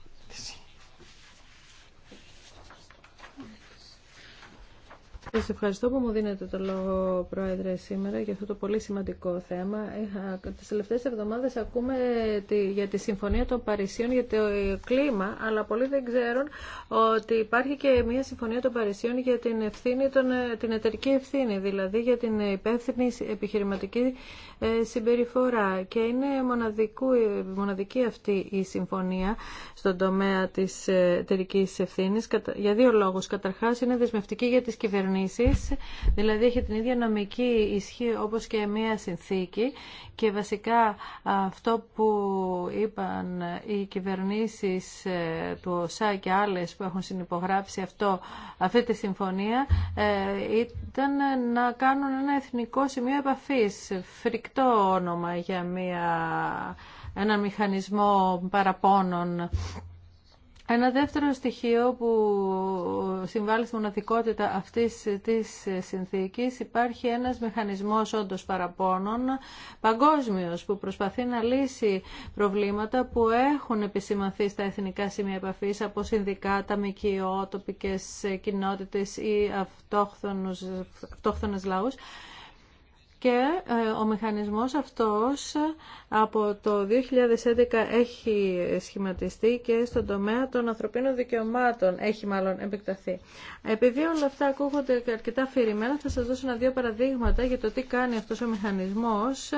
Σας ευχαριστώ που μου δίνετε το λόγο, Πρόεδρε, σήμερα για αυτό το πολύ σημαντικό θέμα. Τις τελευταίες εβδομάδες ακούμε για τη Συμφωνία των Παρισίων για το κλίμα, αλλά πολλοί δεν ξέρουν ότι υπάρχει και μια Συμφωνία των Παρισίων για την, ευθύνη, την εταιρική ευθύνη, δηλαδή για την υπεύθυνη επιχειρηματική ε, συμπεριφορά. Και είναι μοναδική αυτή η συμφωνία στον τομέα της ε, εταιρική ευθύνη για δύο λόγους. Καταρχάς, είναι δεσμευτική για τις κυβερνήσεις δηλαδή έχει την ίδια νομική ισχύ όπως και μια συνθήκη και βασικά αυτό που είπαν οι κυβερνήσεις ε, του ΩΣΑ και άλλες που έχουν συνυπογράψει αυτό, αυτή τη συμφωνία ε, ήταν να κάνουν ένα εθνικό σημείο επαφής, φρικτό όνομα για μια, ένα μηχανισμό παραπώνων ένα δεύτερο στοιχείο που συμβάλλει στη μοναδικότητα αυτής της συνθήκης υπάρχει ένας μηχανισμός όντω παραπώνων παγκόσμιος που προσπαθεί να λύσει προβλήματα που έχουν επισημανθεί στα εθνικά σημεία επαφής από συνδικάτα, μικιό, τοπικές κοινότητες ή αυτόχθονες λαούς και ε, ο μηχανισμός αυτός ε, από το 2011 έχει σχηματιστεί και στον τομέα των ανθρωπίνων δικαιωμάτων έχει μάλλον επεκταθεί. Επειδή όλα αυτά ακούγονται αρκετά αφηρημένα θα σας δώσω ένα δύο παραδείγματα για το τι κάνει αυτός ο μηχανισμός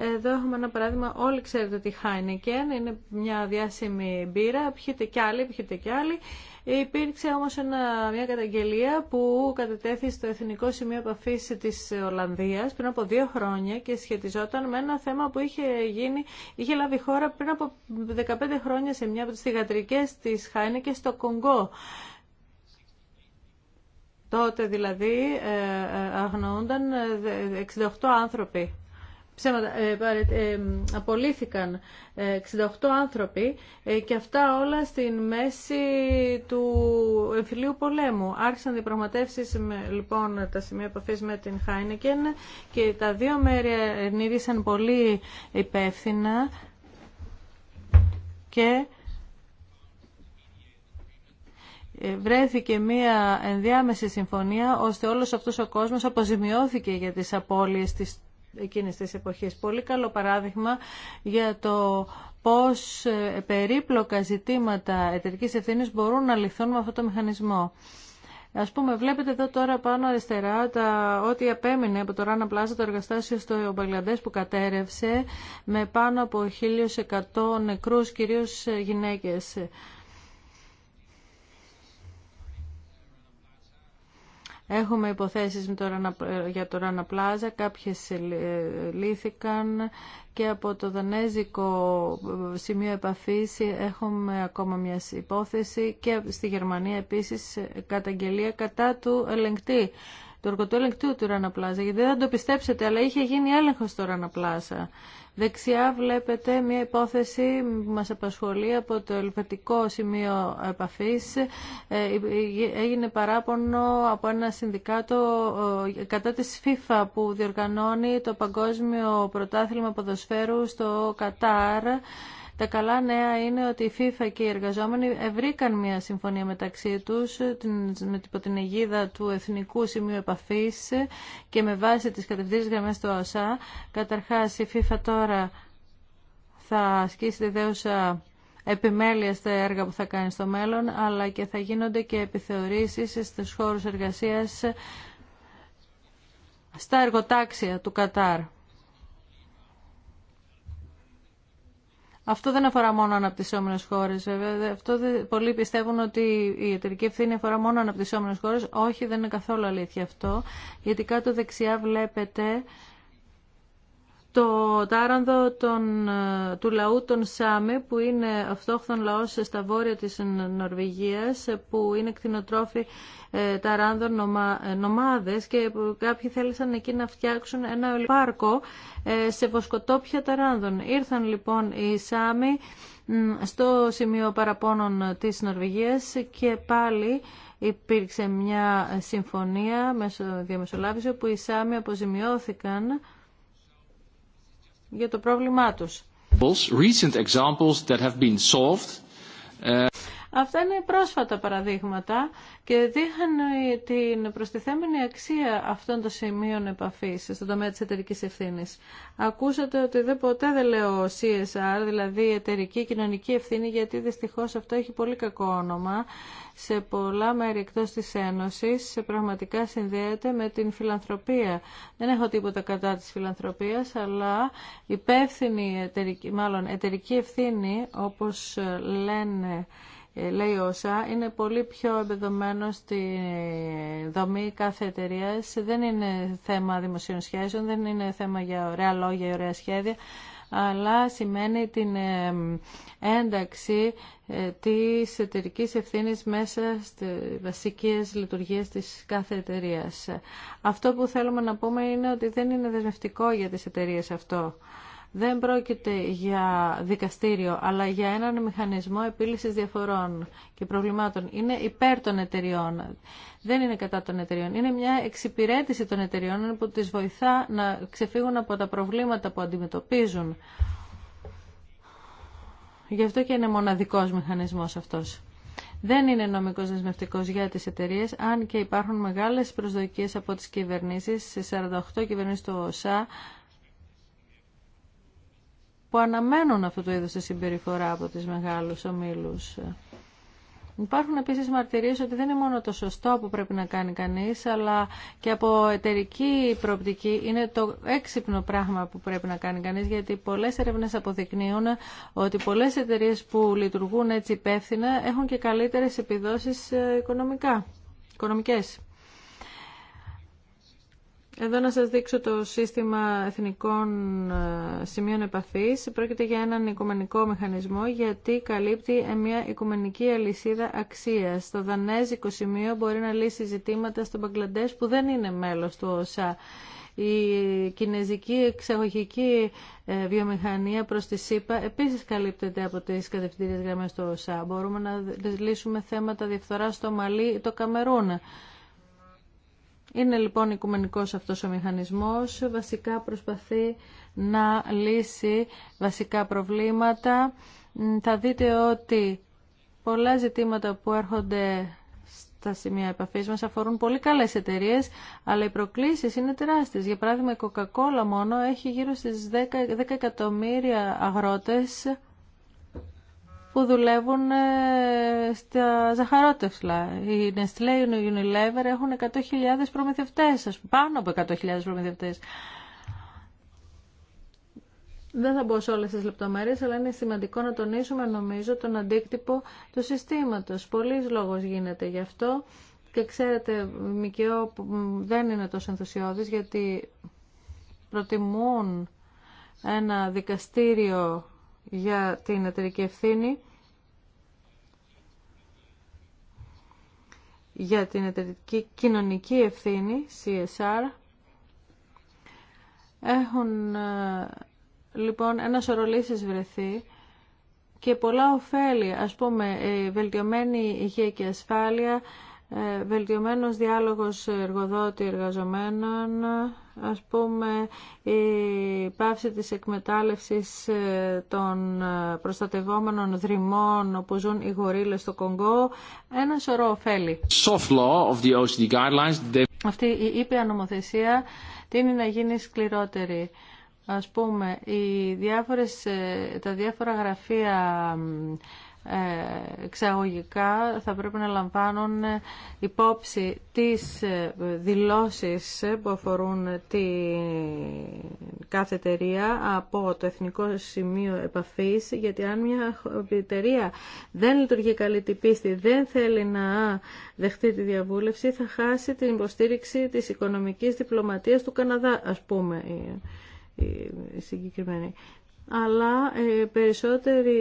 εδώ έχουμε ένα παράδειγμα, όλοι ξέρετε ότι Heineken είναι μια διάσημη μπύρα, πιείτε κι άλλοι, πιείτε κι άλλοι. Υπήρξε όμως ένα, μια καταγγελία που κατετέθη στο Εθνικό Σημείο επαφή της Ολλανδίας πριν από δύο χρόνια και σχετιζόταν με ένα θέμα που είχε, γίνει, είχε λάβει χώρα πριν από 15 χρόνια σε μια από τις θηγατρικές της Heineken στο Κονγκό. Τότε δηλαδή ε, ε, αγνοούνταν 68 ε, άνθρωποι ψέματα, ε, ε, απολύθηκαν 68 ε, άνθρωποι και αυτά όλα στην μέση του εμφυλίου πολέμου. Άρχισαν διαπραγματεύσει λοιπόν τα σημεία επαφή με την Χάινεκεν και τα δύο μέρη ενήργησαν πολύ υπεύθυνα και βρέθηκε μία ενδιάμεση συμφωνία ώστε όλος αυτός ο κόσμος αποζημιώθηκε για τις απώλειες της εκείνες τις εποχές Πολύ καλό παράδειγμα για το πώς ε, περίπλοκα ζητήματα εταιρικής ευθύνης μπορούν να λυθούν με αυτό το μηχανισμό. Ας πούμε, βλέπετε εδώ τώρα πάνω αριστερά τα, ό,τι απέμεινε από το Ράνα Πλάζα το εργαστάσιο στο Μπαγκλαντές που κατέρευσε με πάνω από 1.100 νεκρούς, κυρίως ε, γυναίκες. Έχουμε υποθέσεις με ε, για το Ραναπλάζα, Πλάζα, κάποιες ε, λύθηκαν και από το Δανέζικο ε, σημείο επαφής έχουμε ακόμα μια υπόθεση και στη Γερμανία επίσης καταγγελία κατά του ελεγκτή. του εργοτού ελεγκτού του Ραναπλάζα, γιατί δεν το πιστέψετε, αλλά είχε γίνει έλεγχο στο Ραναπλάζα. Δεξιά βλέπετε μια υπόθεση που μας απασχολεί από το ελβετικό σημείο επαφής. Ε, έγινε παράπονο από ένα συνδικάτο ε, κατά της FIFA που διοργανώνει το Παγκόσμιο Πρωτάθλημα Ποδοσφαίρου στο Κατάρ τα καλά νέα είναι ότι η FIFA και οι εργαζόμενοι βρήκαν μια συμφωνία μεταξύ τους με την αιγίδα του Εθνικού Σημείου Επαφής και με βάση τις κατευθύνσεις γραμμές του ΟΣΑ. Καταρχάς η FIFA τώρα θα ασκήσει τη δέουσα επιμέλεια στα έργα που θα κάνει στο μέλλον, αλλά και θα γίνονται και επιθεωρήσεις στους χώρους εργασίας στα εργοτάξια του Κατάρ. Αυτό δεν αφορά μόνο αναπτυσσόμενε χώρε. Βέβαια. Αυτό δε, Πολλοί πιστεύουν ότι η εταιρική ευθύνη αφορά μόνο αναπτυσσόμενε χώρε, Όχι, δεν είναι καθόλου αλήθεια αυτό. Γιατί κάτω δεξιά βλέπετε το τάρανδο των, του λαού των Σάμι που είναι αυτόχθον λαός στα βόρεια της Νορβηγίας που είναι κτηνοτρόφοι ε, ταράνδων νομα, ε, νομάδες και κάποιοι θέλησαν εκεί να φτιάξουν ένα πάρκο ε, σε βοσκοτόπια ταράνδων. Ήρθαν λοιπόν οι Σάμι στο σημείο παραπώνων της Νορβηγίας και πάλι υπήρξε μια συμφωνία διαμεσολάβηση όπου οι Σάμι αποζημιώθηκαν για το πρόβλημά τους. Recent examples that have been solved. Αυτά είναι πρόσφατα παραδείγματα και δείχνουν την προστιθέμενη αξία αυτών των σημείων επαφής στον τομέα τη εταιρική Ευθύνη. Ακούσατε ότι δεν ποτέ δεν λέω CSR, δηλαδή εταιρική κοινωνική ευθύνη, γιατί δυστυχώ αυτό έχει πολύ κακό όνομα. Σε πολλά μέρη εκτός της Ένωσης πραγματικά συνδέεται με την φιλανθρωπία. Δεν έχω τίποτα κατά τη φιλανθρωπία, αλλά υπεύθυνη, εταιρική, μάλλον εταιρική ευθύνη, όπως λένε ε, λέει ο είναι πολύ πιο εμπεδομένο στη δομή κάθε εταιρεία. Δεν είναι θέμα δημοσίων σχέσεων, δεν είναι θέμα για ωραία λόγια ή ωραία σχέδια, αλλά σημαίνει την ε, ένταξη ε, της εταιρική ευθύνης μέσα στις βασικές λειτουργίες της κάθε εταιρεία. Αυτό που θέλουμε να πούμε είναι ότι δεν είναι δεσμευτικό για τις εταιρείε αυτό δεν πρόκειται για δικαστήριο, αλλά για έναν μηχανισμό επίλυσης διαφορών και προβλημάτων. Είναι υπέρ των εταιριών. Δεν είναι κατά των εταιριών. Είναι μια εξυπηρέτηση των εταιριών που τις βοηθά να ξεφύγουν από τα προβλήματα που αντιμετωπίζουν. Γι' αυτό και είναι μοναδικός μηχανισμός αυτός. Δεν είναι νομικό δεσμευτικό για τι εταιρείε, αν και υπάρχουν μεγάλε προσδοκίε από τι κυβερνήσει. Σε 48 κυβερνήσει του ΩΣΑ που αναμένουν αυτό το είδος τη συμπεριφορά από τις μεγάλους ομίλους. Υπάρχουν επίσης μαρτυρίες ότι δεν είναι μόνο το σωστό που πρέπει να κάνει κανείς, αλλά και από εταιρική προοπτική είναι το έξυπνο πράγμα που πρέπει να κάνει κανείς, γιατί πολλές έρευνες αποδεικνύουν ότι πολλές εταιρείες που λειτουργούν έτσι υπεύθυνα έχουν και καλύτερες επιδόσεις ε, οικονομικά, οικονομικές. Εδώ να σας δείξω το σύστημα εθνικών ε, σημείων επαφής. Πρόκειται για έναν οικουμενικό μηχανισμό γιατί καλύπτει ε, μια οικουμενική αλυσίδα αξίας. Το δανέζικο σημείο μπορεί να λύσει ζητήματα στον Μπαγκλαντές που δεν είναι μέλος του ΩΣΑ. Η κινέζικη εξαγωγική ε, βιομηχανία προς τη ΣΥΠΑ επίσης καλύπτεται από τις κατευθυντήριες γραμμές του ΩΣΑ. Μπορούμε να λύσουμε θέματα διαφθοράς στο Μαλί ή το Καμερούν. Είναι λοιπόν οικουμενικός αυτός ο μηχανισμός, βασικά προσπαθεί να λύσει βασικά προβλήματα. Θα δείτε ότι πολλά ζητήματα που έρχονται στα σημεία επαφής μας αφορούν πολύ καλές εταιρείες, αλλά οι προκλήσεις είναι τεράστιες. Για παράδειγμα, η Coca-Cola μόνο έχει γύρω στις 10, 10 εκατομμύρια αγρότες που δουλεύουν ε, στα ζαχαρότευσλα. Η Nestlé, οι Unilever έχουν 100.000 προμηθευτές, πάνω από 100.000 προμηθευτές. Δεν θα μπω σε όλες τις λεπτομέρειες, αλλά είναι σημαντικό να τονίσουμε, νομίζω, τον αντίκτυπο του συστήματος. Πολλής λόγος γίνεται γι' αυτό και ξέρετε, ΜΚΟ δεν είναι τόσο ενθουσιώδης γιατί προτιμούν ένα δικαστήριο για την εταιρική ευθύνη, για την εταιρική κοινωνική ευθύνη, CSR, έχουν ε, λοιπόν ένα σωρό βρεθεί και πολλά ωφέλη, ας πούμε, ε, βελτιωμένη υγεία και ασφάλεια, ε, βελτιωμένος διάλογος εργοδότη-εργαζομένων, ας πούμε η πάυση της εκμετάλλευσης ε, των ε, προστατευόμενων δρυμών όπου ζουν οι γορίλες στο Κονγκό, ένα σωρό ωφέλη. Soft law Αυτή η ήπια νομοθεσία τίνει να γίνει σκληρότερη. Ας πούμε, οι διάφορες, τα διάφορα γραφεία ε, εξαγωγικά θα πρέπει να λαμβάνουν υπόψη τις ε, δηλώσεις που αφορούν την κάθε εταιρεία από το Εθνικό Σημείο Επαφής γιατί αν μια εταιρεία δεν λειτουργεί καλή την πίστη δεν θέλει να δεχτεί τη διαβούλευση θα χάσει την υποστήριξη της οικονομικής διπλωματίας του Καναδά ας πούμε η συγκεκριμένη αλλά ε, περισσότεροι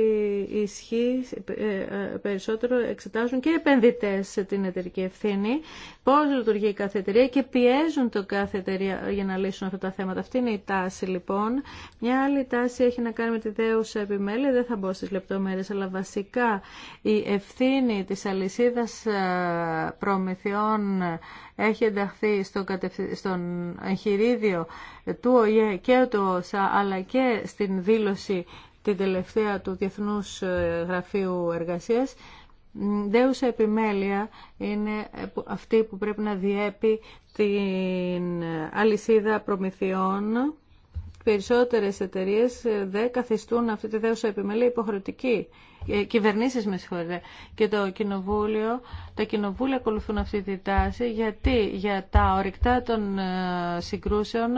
ισχύ, ε, ε, περισσότερο εξετάζουν και οι σε την εταιρική ευθύνη, πώς λειτουργεί η κάθε εταιρεία και πιέζουν το κάθε εταιρεία για να λύσουν αυτά τα θέματα. Αυτή είναι η τάση λοιπόν. Μια άλλη τάση έχει να κάνει με τη δέουσα επιμέλεια, δεν θα μπω στις λεπτομέρειες, αλλά βασικά η ευθύνη της αλυσίδας προμηθειών έχει ενταχθεί στον εγχειρίδιο του ΟΗΕ και του ΟΣΑ αλλά και στην δήλωση την τελευταία του Διεθνούς ε, Γραφείου Εργασίας δέουσα επιμέλεια είναι αυτή που πρέπει να διέπει την αλυσίδα προμηθειών. Περισσότερες εταιρείες ε, δεν καθιστούν αυτή τη δέουσα επιμέλεια υποχρεωτική. Ε, κυβερνήσεις με συγχωρείτε, και το κοινοβούλιο, τα κοινοβούλια ακολουθούν αυτή τη τάση γιατί για τα ορυκτά των ε, συγκρούσεων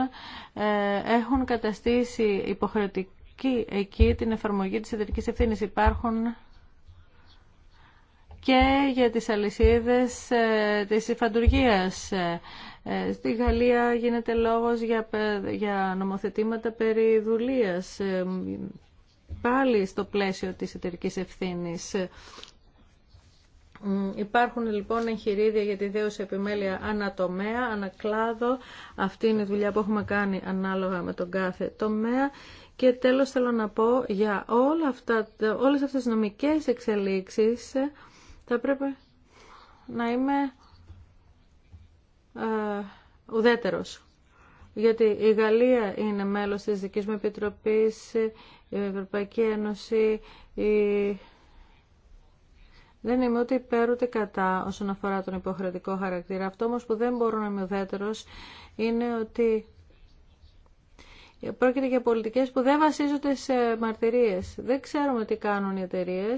ε, έχουν καταστήσει υποχρεωτική εκεί την εφαρμογή της εταιρικής ευθύνης. Υπάρχουν και για τις αλυσίδες της υφαντουργίας. Στη Γαλλία γίνεται λόγος για νομοθετήματα περί δουλείας πάλι στο πλαίσιο της εταιρική ευθύνης. Υπάρχουν λοιπόν εγχειρίδια για τη δέωση επιμέλεια ανατομέα, ανακλάδο. Αυτή είναι η δουλειά που έχουμε κάνει ανάλογα με τον κάθε τομέα. Και τέλος θέλω να πω για όλα αυτά, όλες αυτές τις νομικές εξελίξεις θα πρέπει να είμαι ε, ουδέτερος γιατί η Γαλλία είναι μέλος της δικής μου επιτροπής, η Ευρωπαϊκή Ένωση, Δεν είμαι ούτε υπέρ ούτε κατά όσον αφορά τον υποχρεωτικό χαρακτήρα. Αυτό όμως που δεν μπορώ να είμαι ουδέτερος είναι ότι πρόκειται για πολιτικές που δεν βασίζονται σε μαρτυρίες. Δεν ξέρουμε τι κάνουν οι εταιρείε.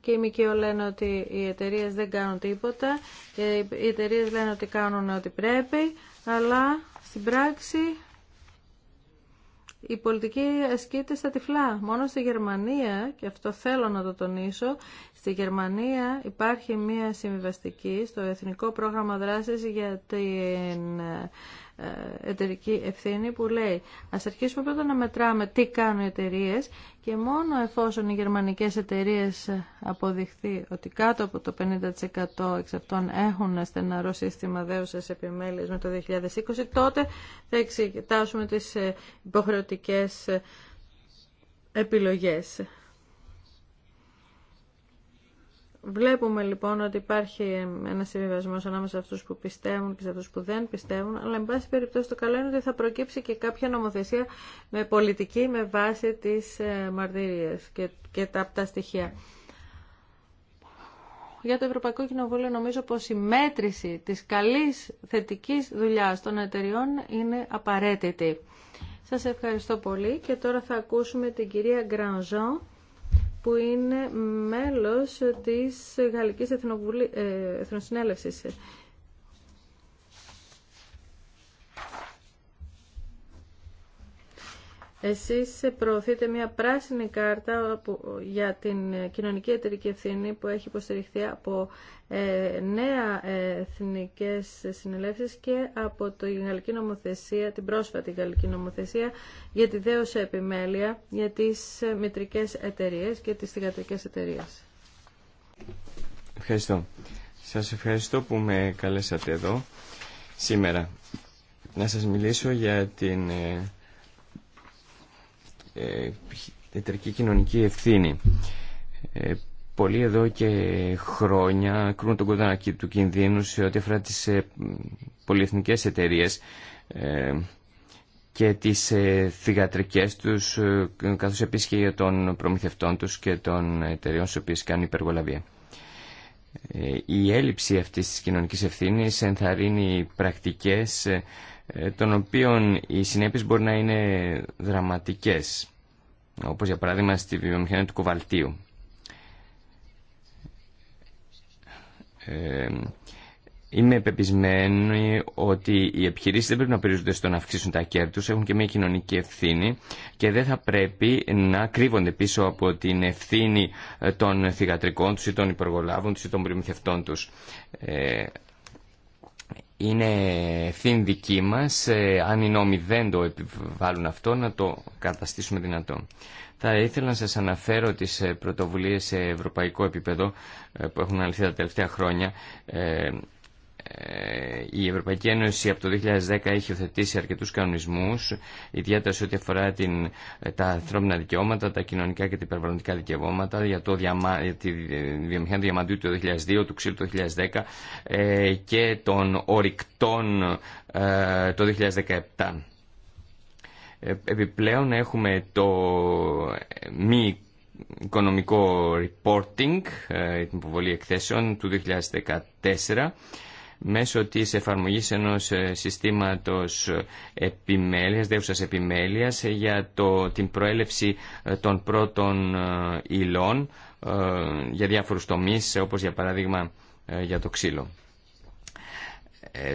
Και οι ΜΚΟ λένε ότι οι εταιρείε δεν κάνουν τίποτα. Ε, οι εταιρείε λένε ότι κάνουν ό,τι πρέπει. Αλλά στην πράξη η πολιτική ασκείται στα τυφλά. Μόνο στη Γερμανία, και αυτό θέλω να το τονίσω, στη Γερμανία υπάρχει μία συμβιβαστική στο Εθνικό Πρόγραμμα Δράσης για την ε, εταιρική ευθύνη που λέει ας αρχίσουμε πρώτα να μετράμε τι κάνουν οι εταιρείε και μόνο εφόσον οι γερμανικές εταιρείε αποδειχθεί ότι κάτω από το 50% εξ αυτών έχουν στεναρό σύστημα δέουσας επιμέλειας με το 2020 τότε θα εξετάσουμε τις ε, υποχρεωτικές ε, επιλογές. Βλέπουμε λοιπόν ότι υπάρχει ένα συμβιβασμό ανάμεσα σε αυτού που πιστεύουν και σε αυτού που δεν πιστεύουν, αλλά εν πάση περιπτώσει το καλό είναι ότι θα προκύψει και κάποια νομοθεσία με πολιτική με βάση τι ε, μαρτυρίε και, και τα, τα στοιχεία. Για το Ευρωπαϊκό Κοινοβούλιο νομίζω πως η μέτρηση της καλής θετική δουλειά των εταιριών είναι απαραίτητη. Σας ευχαριστώ πολύ και τώρα θα ακούσουμε την κυρία Γκρανζόν που είναι μέλος της Γαλλικής ε, Εθνοσυνέλευσης. Εσείς προωθείτε μια πράσινη κάρτα για την κοινωνική εταιρική ευθύνη που έχει υποστηριχθεί από ε, νέα εθνικές συνελεύσεις και από την γαλλική νομοθεσία, την πρόσφατη γαλλική νομοθεσία για τη δεωση επιμέλεια για τις μητρικές εταιρείες και τις θηγατρικές εταιρείες. Ευχαριστώ. Σας ευχαριστώ που με καλέσατε εδώ σήμερα να σας μιλήσω για την ε, ε, εταιρική κοινωνική ευθύνη. Ε, πολλοί εδώ και χρόνια κρούν τον κοντάνα του κινδύνου σε ό,τι αφορά τις ε, πολυεθνικές εταιρείες και τις θυγατρικές τους, καθώς επίσης και των προμηθευτών τους και των εταιρεών στις οποίες κάνουν υπεργολαβία. Η έλλειψη αυτής της κοινωνικής ευθύνης ενθαρρύνει πρακτικές ε, των οποίων οι συνέπειες μπορεί να είναι δραματικές, όπως για παράδειγμα στη βιομηχανία του κοβαλτίου. Ε, είμαι πεπισμένη ότι οι επιχειρήσεις δεν πρέπει να περιορίζονται στο να αυξήσουν τα κέρδη του, έχουν και μια κοινωνική ευθύνη και δεν θα πρέπει να κρύβονται πίσω από την ευθύνη ε, των θηγατρικών τους ή των υπεργολάβων τους ή των προμηθευτών του είναι ευθύνη δική μας, ε, αν οι νόμοι δεν το επιβάλλουν αυτό, να το καταστήσουμε δυνατό. Θα ήθελα να σας αναφέρω τις ε, πρωτοβουλίες σε ευρωπαϊκό επίπεδο ε, που έχουν αναλυθεί τα τελευταία χρόνια ε, η Ευρωπαϊκή Ένωση από το 2010 έχει οθετήσει αρκετούς κανονισμούς, ιδιαίτερα σε ό,τι αφορά την, ε, τα ανθρώπινα δικαιώματα, τα κοινωνικά και τα υπερβαλλοντικά δικαιώματα, για, το διαμα, για τη ε, βιομηχανία του διαμαντίου του 2002, του ξύλου του 2010 και των ορυκτών ε, το 2017. Επιπλέον έχουμε το μη οικονομικό reporting, την υποβολή εκθέσεων του 2014 μέσω της εφαρμογής ενός ε, συστήματος ε, επιμέλειας, δεύουσας επιμέλειας για το, την προέλευση ε, των πρώτων υλών για διάφορους τομείς, όπως για παράδειγμα για το ξύλο.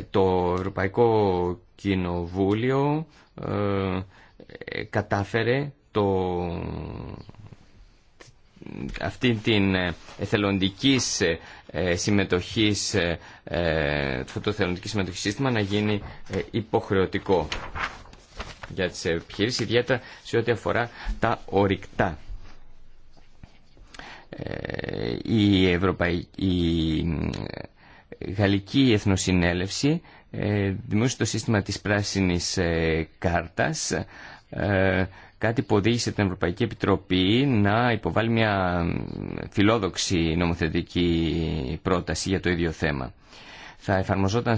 Το Ευρωπαϊκό Κοινοβούλιο κατάφερε το αυτή την εθελοντικής ε, συμμετοχής, ε, ε, το συμμετοχή σύστημα να γίνει υποχρεωτικό για τις επιχειρήσεις, ιδιαίτερα σε ό,τι αφορά τα ορυκτά. Η, η Γαλλική Εθνοσυνέλευση δημιούργησε το σύστημα της πράσινης κάρτας Κάτι που οδήγησε την Ευρωπαϊκή Επιτροπή να υποβάλει μια φιλόδοξη νομοθετική πρόταση για το ίδιο θέμα. Θα εφαρμοζόταν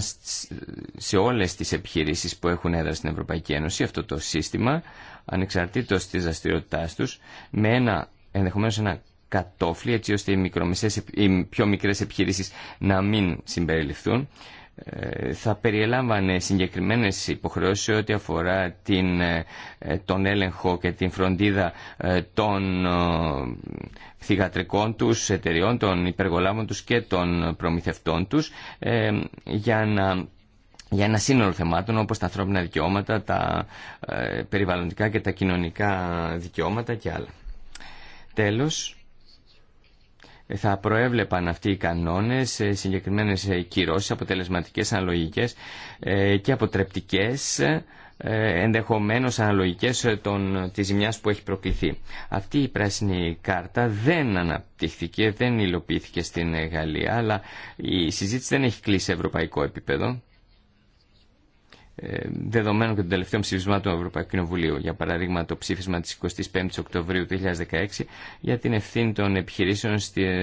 σε όλες τις επιχειρήσεις που έχουν έδρα στην Ευρωπαϊκή Ένωση αυτό το σύστημα, ανεξαρτήτως της δραστηριότητά τους, με ένα, ενδεχομένως ένα κατόφλι, έτσι ώστε οι, οι πιο μικρές επιχειρήσεις να μην συμπεριληφθούν ε, θα περιέλαμβανε συγκεκριμένες υποχρεώσεις ό,τι αφορά την, ε, τον έλεγχο και την φροντίδα ε, των θυγατρικών τους εταιριών, των υπεργολάβων τους και των προμηθευτών τους για να για ένα σύνολο θεμάτων όπως τα ανθρώπινα δικαιώματα, τα περιβαλλοντικά και τα κοινωνικά δικαιώματα και άλλα. Τέλος, θα προέβλεπαν αυτοί οι κανόνες συγκεκριμένες κυρώσεις αποτελεσματικές, αναλογικές ε, και αποτρεπτικές ε, ενδεχομένως αναλογικές των, της ζημιάς που έχει προκληθεί. Αυτή η πράσινη κάρτα δεν αναπτυχθήκε, δεν υλοποιήθηκε στην Γαλλία, αλλά η συζήτηση δεν έχει κλείσει σε ευρωπαϊκό επίπεδο. Ε, δεδομένων και των τελευταίων ψηφισμάτων του Ευρωπαϊκού Κοινοβουλίου, για παράδειγμα το ψήφισμα της 25 η Οκτωβρίου 2016 για την ευθύνη των επιχειρήσεων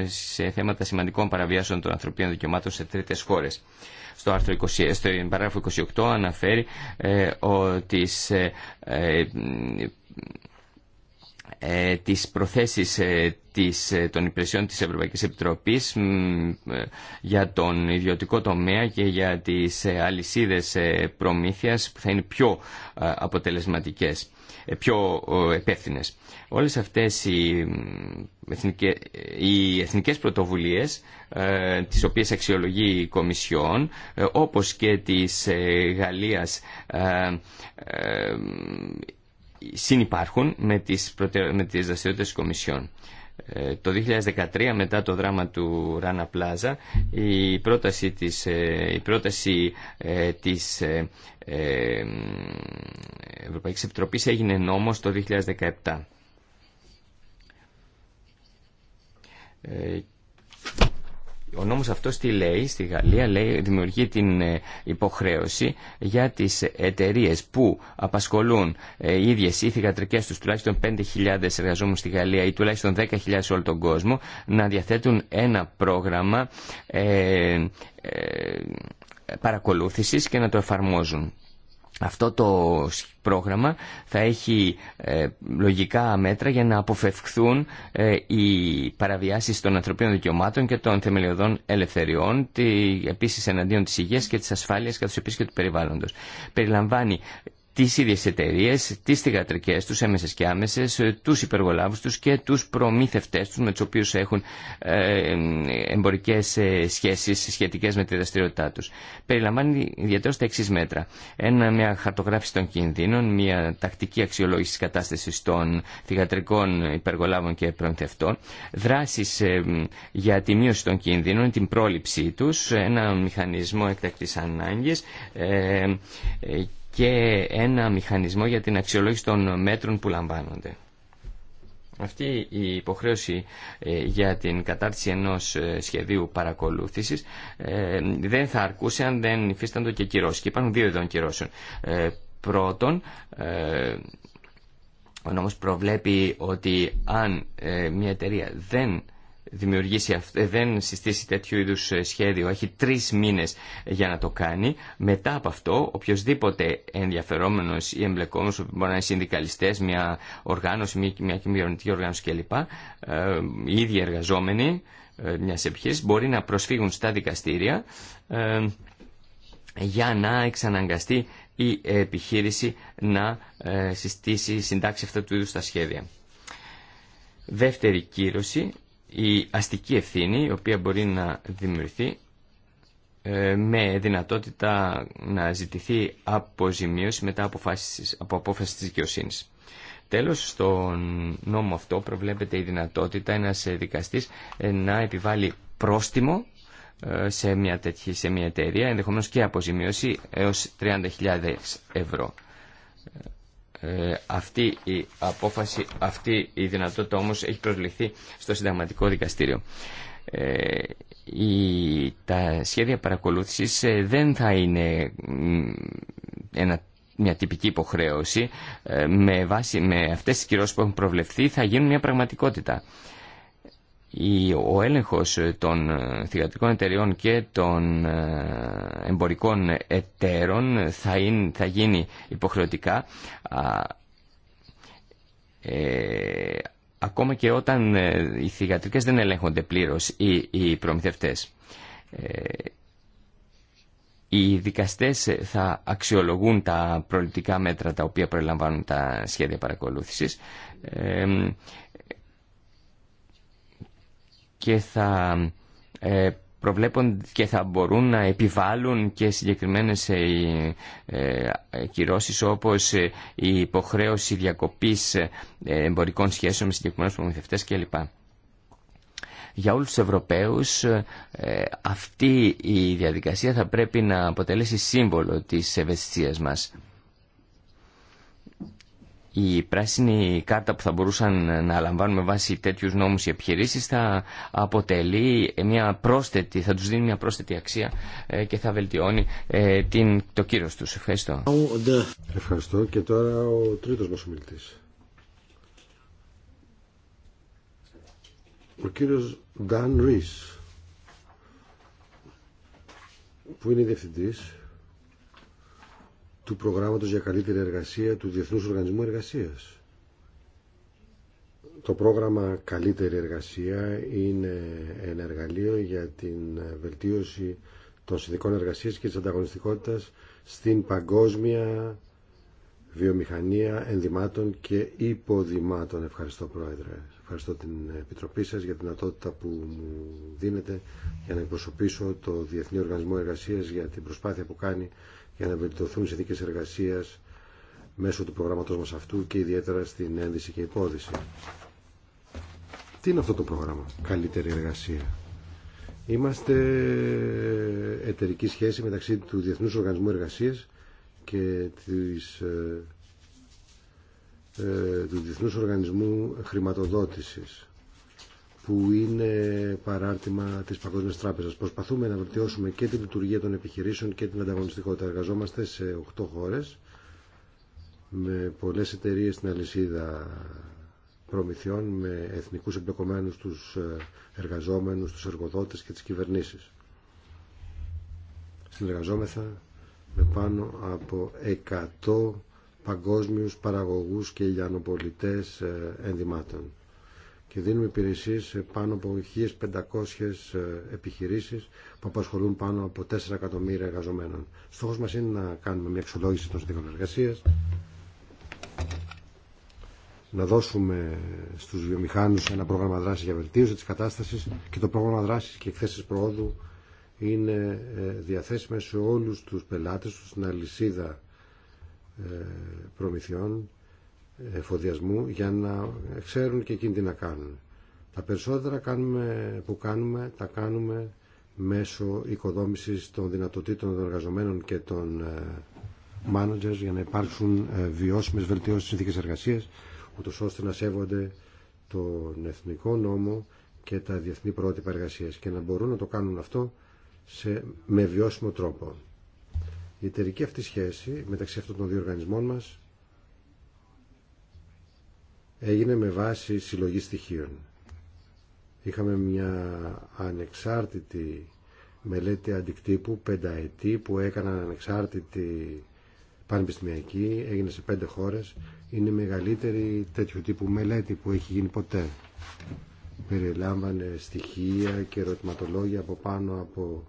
σε θέματα σημαντικών παραβιάσεων των ανθρωπίνων δικαιωμάτων σε τρίτε χώρε. Στο άρθρο στο παράγραφο 28 αναφέρει ε, ότι σε, ε, ε, τις προθέσεις ε, της, ε, των υπηρεσιών της Ευρωπαϊκής Επιτροπής ε, για τον ιδιωτικό τομέα και για τις αλυσίδες προμήθειας που θα είναι πιο αποτελεσματικές, πιο επέφθυνες. Όλες αυτές οι, εθνικές, οι εθνικές πρωτοβουλίες τις οποίες αξιολογεί η Κομισιόν όπως και της Γαλλίας συνυπάρχουν με τις, με τις δραστηριότητες της Κομισιόν. Ε, το 2013 μετά το δράμα του Ράνα Πλάζα η πρόταση της, ε, η πρόταση, ε, της Ευρωπαϊκής Επιτροπής έγινε νόμος το 2017 ο νόμος αυτός τι λέει στη Γαλλία, λέει, δημιουργεί την ε, υποχρέωση για τις εταιρείε που απασχολούν ε, οι ίδιες ή θηγατρικές τους τουλάχιστον 5.000 εργαζόμενους στη Γαλλία ή τουλάχιστον 10.000 σε όλο τον κόσμο να διαθέτουν ένα πρόγραμμα ε, ε παρακολούθησης και να το εφαρμόζουν. Αυτό το πρόγραμμα θα έχει ε, λογικά μέτρα για να αποφευχθούν ε, οι παραβιάσεις των ανθρωπίνων δικαιωμάτων και των θεμελιωδών ελευθεριών, τη, επίσης εναντίον της υγείας και της ασφάλειας, καθώς επίσης και του περιβάλλοντος. Περιλαμβάνει τις ίδιες εταιρείε, τις θηγατρικές τους, έμεσες και άμεσες, ε, τους υπεργολάβους τους και τους προμήθευτές τους με τους οποίους έχουν ε, εμπορικές ε, σχέσεις σχετικές με τη δραστηριότητά τους. Περιλαμβάνει ιδιαίτερα τα εξή μέτρα. Ένα, μια χαρτογράφηση των κινδύνων, μια τακτική αξιολόγηση της κατάστασης των θηγατρικών υπεργολάβων και προμηθευτών, δράσεις για τη μείωση των κινδύνων, την πρόληψή τους, ένα μηχανισμό εκτακτής ανάγκης, και ένα μηχανισμό για την αξιολόγηση των μέτρων που λαμβάνονται. Αυτή η υποχρέωση ε, για την κατάρτιση ενός ε, σχεδίου παρακολούθησης ε, δεν θα αρκούσε αν δεν υφίσταντο και κυρώσεις. Και υπάρχουν δύο ειδών κυρώσεων. Πρώτον, ο νόμος προβλέπει ότι αν μια εταιρεία δεν δημιουργήσει, ε, δεν συστήσει τέτοιου είδου ε, σχέδιο, έχει τρει μήνες για να το κάνει. Μετά από αυτό, οποιοδήποτε ενδιαφερόμενος ή εμπλεκόμενος, μπορεί να είναι συνδικαλιστές, μια οργάνωση, μια, κυβερνητική οργάνωση κλπ, ε, οι ίδιοι εργαζόμενοι μια μιας μπορεί να προσφύγουν στα δικαστήρια για να εξαναγκαστεί η επιχείρηση να συστήσει συντάξει αυτά του είδου τα σχέδια. Δεύτερη κύρωση η αστική ευθύνη η οποία μπορεί να δημιουργηθεί ε, με δυνατότητα να ζητηθεί αποζημίωση μετά από απόφαση της δικαιοσύνη. Τέλος, στον νόμο αυτό προβλέπεται η δυνατότητα ένας δικαστής ε, να επιβάλλει πρόστιμο ε, σε μια, τέτοια, σε μια εταιρεία, ενδεχομένως και αποζημίωση έως 30.000 ευρώ. Ε, αυτή η απόφαση, αυτή η δυνατότητα όμως έχει προσληφθεί στο συνταγματικό δικαστήριο. Ε, η, τα σχέδια παρακολούθησης ε, δεν θα είναι μια τυπική υποχρέωση. Ε, με, βάση, με αυτές τις κυρώσεις που έχουν προβλεφθεί θα γίνουν μια πραγματικότητα ο έλεγχος των ε, θηγατρικών εταιριών και των ε, εμπορικών εταίρων θα, είναι, θα γίνει υποχρεωτικά ε, ακόμα και όταν ε, οι θηγατρικές δεν ελέγχονται πλήρως οι, οι προμηθευτές. οι δικαστές θα αξιολογούν τα προληπτικά μέτρα τα οποία προλαμβάνουν τα σχέδια παρακολούθησης και θα ε, προβλέπουν και θα μπορούν να επιβάλλουν και συγκεκριμένες ε, ε, κυρώσεις όπως η υποχρέωση διακοπής εμπορικών σχέσεων με συγκεκριμένους προμηθευτές κλπ. Για όλους τους Ευρωπαίους αυτή η διαδικασία θα πρέπει να αποτελέσει σύμβολο της ευαισθησίας μας η πράσινη κάρτα που θα μπορούσαν να λαμβάνουν με βάση τέτοιους νόμους οι επιχειρήσεις θα αποτελεί μια πρόσθετη, θα τους δίνει μια πρόσθετη αξία ε, και θα βελτιώνει ε, την, το κύριο του. Ευχαριστώ. Ευχαριστώ και τώρα ο τρίτος μας ομιλητής. Ο κύριος Νταν Ρις που είναι διευθυντής του προγράμματος για καλύτερη εργασία του Διεθνούς Οργανισμού Εργασίας. Το πρόγραμμα Καλύτερη Εργασία είναι ένα εργαλείο για την βελτίωση των συνδικών εργασίας και της ανταγωνιστικότητας στην παγκόσμια βιομηχανία ενδυμάτων και υποδημάτων. Ευχαριστώ Πρόεδρε. Ευχαριστώ την Επιτροπή σας για την δυνατότητα που μου δίνετε για να εκπροσωπήσω το Διεθνή Οργανισμό Εργασίας για την προσπάθεια που κάνει για να βελτιωθούν οι συνθήκες εργασίας μέσω του προγράμματος μας αυτού και ιδιαίτερα στην ένδυση και υπόδηση. Τι είναι αυτό το πρόγραμμα, καλύτερη εργασία. Είμαστε εταιρική σχέση μεταξύ του Διεθνούς Οργανισμού Εργασίας και της, ε, ε, του Διεθνούς Οργανισμού Χρηματοδότησης που είναι παράρτημα της Παγκόσμιας Τράπεζας. Προσπαθούμε να βελτιώσουμε και τη λειτουργία των επιχειρήσεων και την ανταγωνιστικότητα. Εργαζόμαστε σε 8 χώρες με πολλές εταιρείες στην αλυσίδα προμηθειών, με εθνικούς εμπλεκομένους τους ε, εργαζόμενους, τους εργοδότες και τις κυβερνήσεις. Συνεργαζόμεθα με πάνω από 100 παγκόσμιους παραγωγούς και λιανοπολιτές ε, ενδυμάτων και δίνουμε υπηρεσίες σε πάνω από 1.500 ε, επιχειρήσεις που απασχολούν πάνω από 4 εκατομμύρια εργαζομένων. Στόχος μας είναι να κάνουμε μια εξολόγηση των συνθήκων εργασία, να δώσουμε στους βιομηχανου ένα πρόγραμμα δράσης για βελτίωση της κατάστασης και το πρόγραμμα δράση και εκθέσεις προόδου είναι ε, διαθέσιμα σε όλου του πελάτε του, στην αλυσίδα ε, προμηθειών εφοδιασμού για να ξέρουν και εκείνοι τι να κάνουν. Τα περισσότερα κάνουμε, που κάνουμε τα κάνουμε μέσω οικοδόμησης των δυνατοτήτων των εργαζομένων και των ε, managers για να υπάρξουν ε, βιώσιμες βελτιώσεις συνθήκες εργασίας ούτως ώστε να σέβονται τον εθνικό νόμο και τα διεθνή πρότυπα εργασίας και να μπορούν να το κάνουν αυτό σε, με βιώσιμο τρόπο. Η εταιρική αυτή σχέση μεταξύ αυτών των δύο οργανισμών μας έγινε με βάση συλλογή στοιχείων. Είχαμε μια ανεξάρτητη μελέτη αντικτύπου πενταετή που έκαναν ανεξάρτητη πανεπιστημιακή, έγινε σε πέντε χώρες. Είναι η μεγαλύτερη τέτοιου τύπου μελέτη που έχει γίνει ποτέ. Περιλάμβανε στοιχεία και ερωτηματολόγια από πάνω από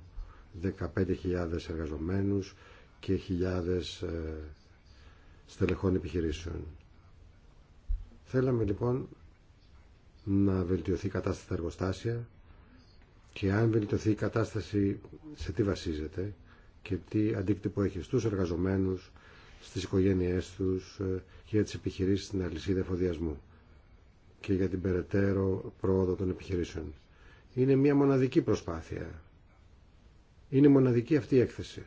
15.000 εργαζομένους και χιλιάδες ε, στελεχών επιχειρήσεων. Θέλαμε λοιπόν να βελτιωθεί η κατάσταση στα εργοστάσια και αν βελτιωθεί η κατάσταση σε τι βασίζεται και τι αντίκτυπο έχει στους εργαζομένους, στις οικογένειές τους, ε, για τις επιχειρήσεις στην αλυσίδα εφοδιασμού και για την περαιτέρω πρόοδο των επιχειρήσεων. Είναι μια μοναδική προσπάθεια. Είναι μοναδική αυτή η έκθεση.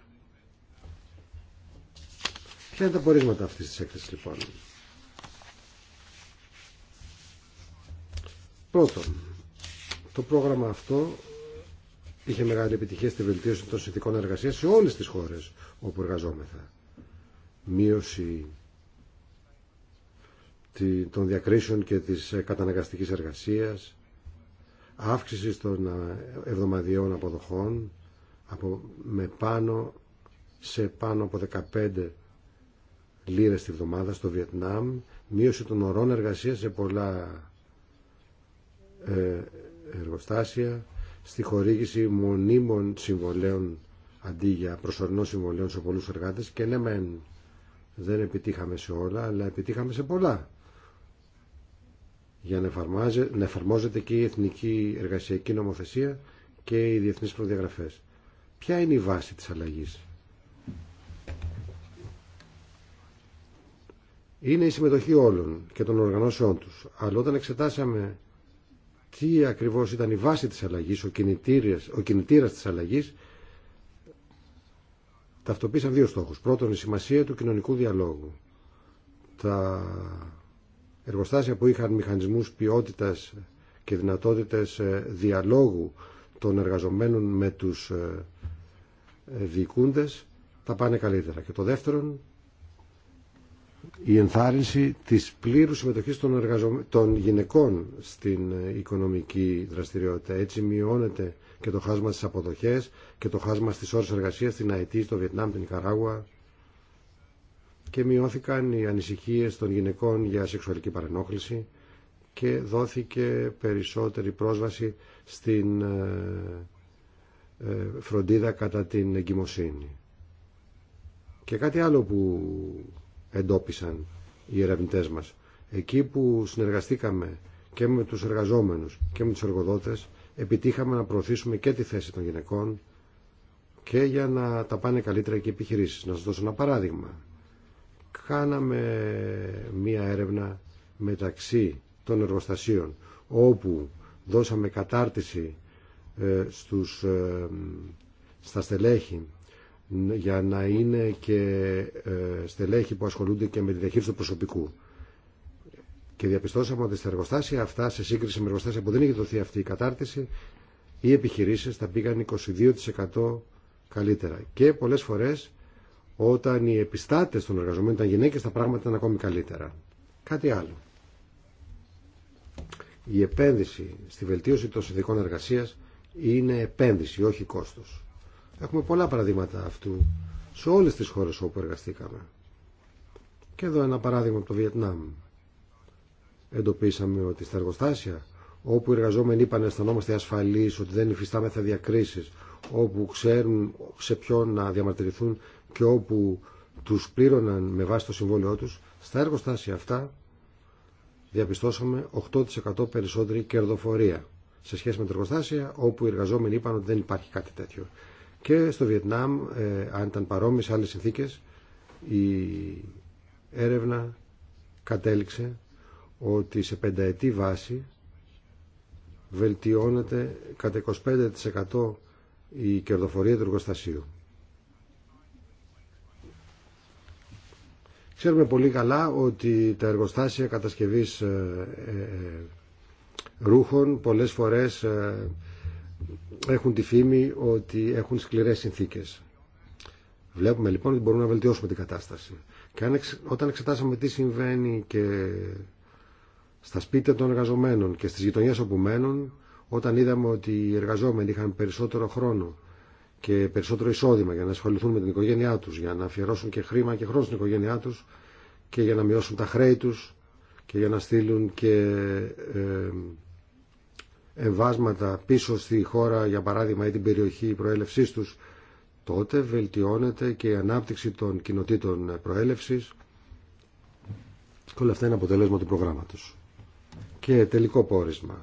Ποια είναι τα πορίσματα αυτής της έκθεσης λοιπόν. Πρώτον, το πρόγραμμα αυτό είχε μεγάλη επιτυχία στη βελτίωση των συνθηκών εργασία σε όλε τι χώρε όπου εργαζόμεθα. Μείωση των διακρίσεων και τη ε, καταναγκαστικής εργασία, αύξηση των ε, εβδομαδιαίων αποδοχών από, με πάνω σε πάνω από 15 λίρες τη βδομάδα στο Βιετνάμ, μείωση των ωρών εργασίας σε πολλά ε, εργοστάσια, στη χορήγηση μονίμων συμβολέων αντί για προσωρινών συμβολέων σε πολλούς εργάτες και ναι μεν δεν επιτύχαμε σε όλα αλλά επιτύχαμε σε πολλά για να, να εφαρμόζεται και η εθνική εργασιακή νομοθεσία και οι διεθνείς προδιαγραφές. Ποια είναι η βάση της αλλαγής. Είναι η συμμετοχή όλων και των οργανώσεών τους. Αλλά όταν εξετάσαμε τι ακριβώς ήταν η βάση της αλλαγής, ο, κινητήρας, ο κινητήρας της αλλαγής, ταυτοποίησαν δύο στόχους. Πρώτον, η σημασία του κοινωνικού διαλόγου. Τα εργοστάσια που είχαν μηχανισμούς ποιότητας και δυνατότητες ε, διαλόγου των εργαζομένων με τους ε, ε, διοικούντες, τα πάνε καλύτερα. Και το δεύτερον, η ενθάρρυνση της πλήρους συμμετοχής των, των γυναικών στην ε, οικονομική δραστηριότητα. Έτσι μειώνεται και το χάσμα στις αποδοχές και το χάσμα στις ώρες εργασίας στην Αιτή, στο Βιετνάμ, την Ικαράγουα και μειώθηκαν οι ανησυχίες των γυναικών για σεξουαλική παρενόχληση και δόθηκε περισσότερη πρόσβαση στην ε, ε, φροντίδα κατά την εγκυμοσύνη. Και κάτι άλλο που εντόπισαν οι ερευνητές μας. Εκεί που συνεργαστήκαμε και με τους εργαζόμενους και με τους εργοδότες επιτύχαμε να προωθήσουμε και τη θέση των γυναικών και για να τα πάνε καλύτερα και οι επιχειρήσεις. Να σας δώσω ένα παράδειγμα. Κάναμε μία έρευνα μεταξύ των εργοστασίων όπου δώσαμε κατάρτιση ε, στους, ε, στα στελέχη για να είναι και ε, στελέχη που ασχολούνται και με τη διαχείριση του προσωπικού. Και διαπιστώσαμε ότι στα εργοστάσια αυτά, σε σύγκριση με εργοστάσια που δεν έχει δοθεί αυτή η κατάρτιση, οι επιχειρήσει θα πήγαν 22% καλύτερα. Και πολλέ φορέ όταν οι επιστάτε των εργαζομένων ήταν γυναίκε, τα πράγματα ήταν ακόμη καλύτερα. Κάτι άλλο. Η επένδυση στη βελτίωση των συνδικών εργασία είναι επένδυση, όχι κόστος. Έχουμε πολλά παραδείγματα αυτού σε όλες τις χώρες όπου εργαστήκαμε. Και εδώ ένα παράδειγμα από το Βιετνάμ. Εντοπίσαμε ότι στα εργοστάσια όπου οι εργαζόμενοι είπαν αισθανόμαστε ασφαλείς, ότι δεν υφιστάμεθα διακρίσεις, όπου ξέρουν σε ποιον να διαμαρτυρηθούν και όπου τους πλήρωναν με βάση το συμβόλαιό τους, στα εργοστάσια αυτά διαπιστώσαμε 8% περισσότερη κερδοφορία σε σχέση με τα εργοστάσια όπου οι εργαζόμενοι είπαν ότι δεν υπάρχει κάτι τέτοιο. Και στο Βιετνάμ, ε, αν ήταν παρόμοιες άλλες συνθήκες, η έρευνα κατέληξε ότι σε πενταετή βάση βελτιώνεται κατά 25% η κερδοφορία του εργοστασίου. Ξέρουμε πολύ καλά ότι τα εργοστάσια κατασκευής ε, ε, ε, ρούχων πολλές φορές έχουν τη φήμη ότι έχουν σκληρές συνθήκες. Βλέπουμε λοιπόν ότι μπορούμε να βελτιώσουμε την κατάσταση. Και όταν εξετάσαμε τι συμβαίνει και στα σπίτια των εργαζομένων και στις γειτονιές όπου μένουν, όταν είδαμε ότι οι εργαζόμενοι είχαν περισσότερο χρόνο και περισσότερο εισόδημα για να ασχοληθούν με την οικογένειά τους, για να αφιερώσουν και χρήμα και χρόνο στην οικογένειά τους και για να μειώσουν τα χρέη τους και για να στείλουν και ε, εμβάσματα πίσω στη χώρα, για παράδειγμα, ή την περιοχή προέλευσή τους, τότε βελτιώνεται και η ανάπτυξη των κοινοτήτων προέλευσης και όλα αυτά είναι αποτέλεσμα του προγράμματος. Και τελικό πόρισμα.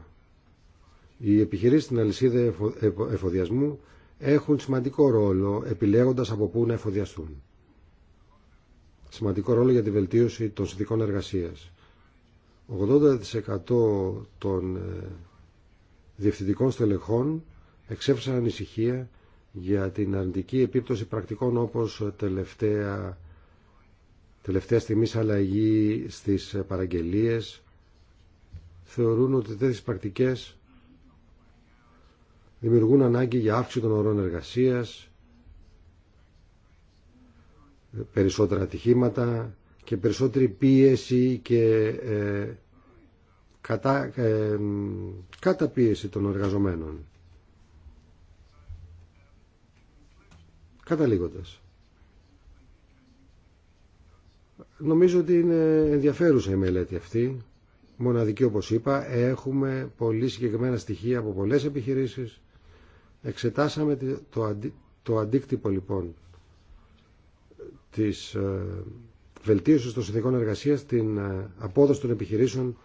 Οι επιχειρήσεις στην αλυσίδα εφοδιασμού έχουν σημαντικό ρόλο επιλέγοντας από πού να εφοδιαστούν. Σημαντικό ρόλο για τη βελτίωση των συνθηκών εργασίας. 80% των ε, διευθυντικών στελεχών εξέφρασαν ανησυχία για την αρνητική επίπτωση πρακτικών όπως τελευταία, τελευταία στιγμή αλλαγή στις παραγγελίες. Θεωρούν ότι τέτοιες πρακτικές δημιουργούν ανάγκη για αύξηση των ορών εργασίας, περισσότερα ατυχήματα και περισσότερη πίεση και ε, κατά, ε, πίεση των εργαζομένων. Καταλήγοντας. Νομίζω ότι είναι ενδιαφέρουσα η μελέτη αυτή. Μοναδική όπως είπα, έχουμε πολύ συγκεκριμένα στοιχεία από πολλές επιχειρήσεις. Εξετάσαμε το, το αντίκτυπο λοιπόν της ε, βελτίωσης των συνθηκών εργασίας, την ε, απόδοση των επιχειρήσεων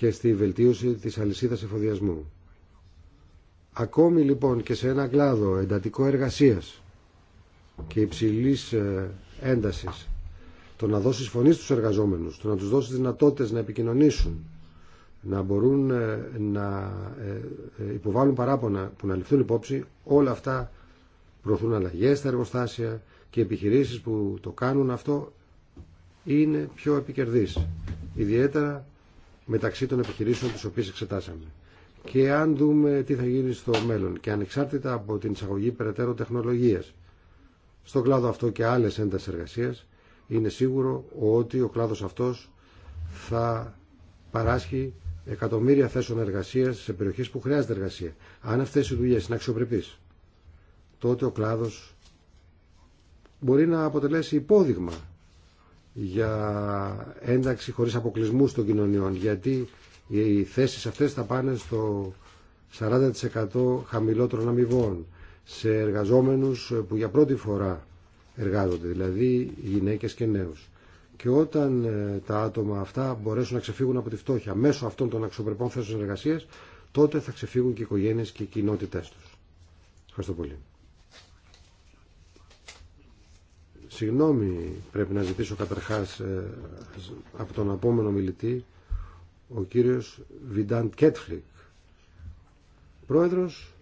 και στη βελτίωση της αλυσίδας εφοδιασμού. Ακόμη λοιπόν και σε ένα κλάδο εντατικό εργασίας και υψηλής ε, έντασης το να δώσεις φωνή στους εργαζόμενους, το να τους δώσεις δυνατότητες να επικοινωνήσουν, να μπορούν ε, να ε, υποβάλουν παράπονα που να ληφθούν υπόψη, όλα αυτά προωθούν αλλαγές στα εργοστάσια και οι επιχειρήσεις που το κάνουν αυτό είναι πιο επικερδείς. Ιδιαίτερα μεταξύ των επιχειρήσεων τις οποίες εξετάσαμε. Και αν δούμε τι θα γίνει στο μέλλον και ανεξάρτητα από την εισαγωγή περαιτέρω τεχνολογίας στον κλάδο αυτό και άλλες έντας εργασίας, είναι σίγουρο ότι ο κλάδος αυτός θα παράσχει εκατομμύρια θέσεων εργασίας σε περιοχές που χρειάζεται εργασία. Αν αυτές οι δουλειές είναι αξιοπρεπείς, τότε ο κλάδος μπορεί να αποτελέσει υπόδειγμα για ένταξη χωρίς αποκλεισμού των κοινωνιών γιατί οι θέσεις αυτές θα πάνε στο 40% χαμηλότερων αμοιβών σε εργαζόμενους που για πρώτη φορά εργάζονται, δηλαδή γυναίκες και νέους. Και όταν ε, τα άτομα αυτά μπορέσουν να ξεφύγουν από τη φτώχεια μέσω αυτών των αξιοπρεπών θέσεων εργασίας, τότε θα ξεφύγουν και οι οικογένειες και οι κοινότητές τους. Ευχαριστώ πολύ. συγγνώμη πρέπει να ζητήσω καταρχάς ε, από τον απόμενο μιλητή, ο κύριος Βιντάν Κέτφλικ, πρόεδρος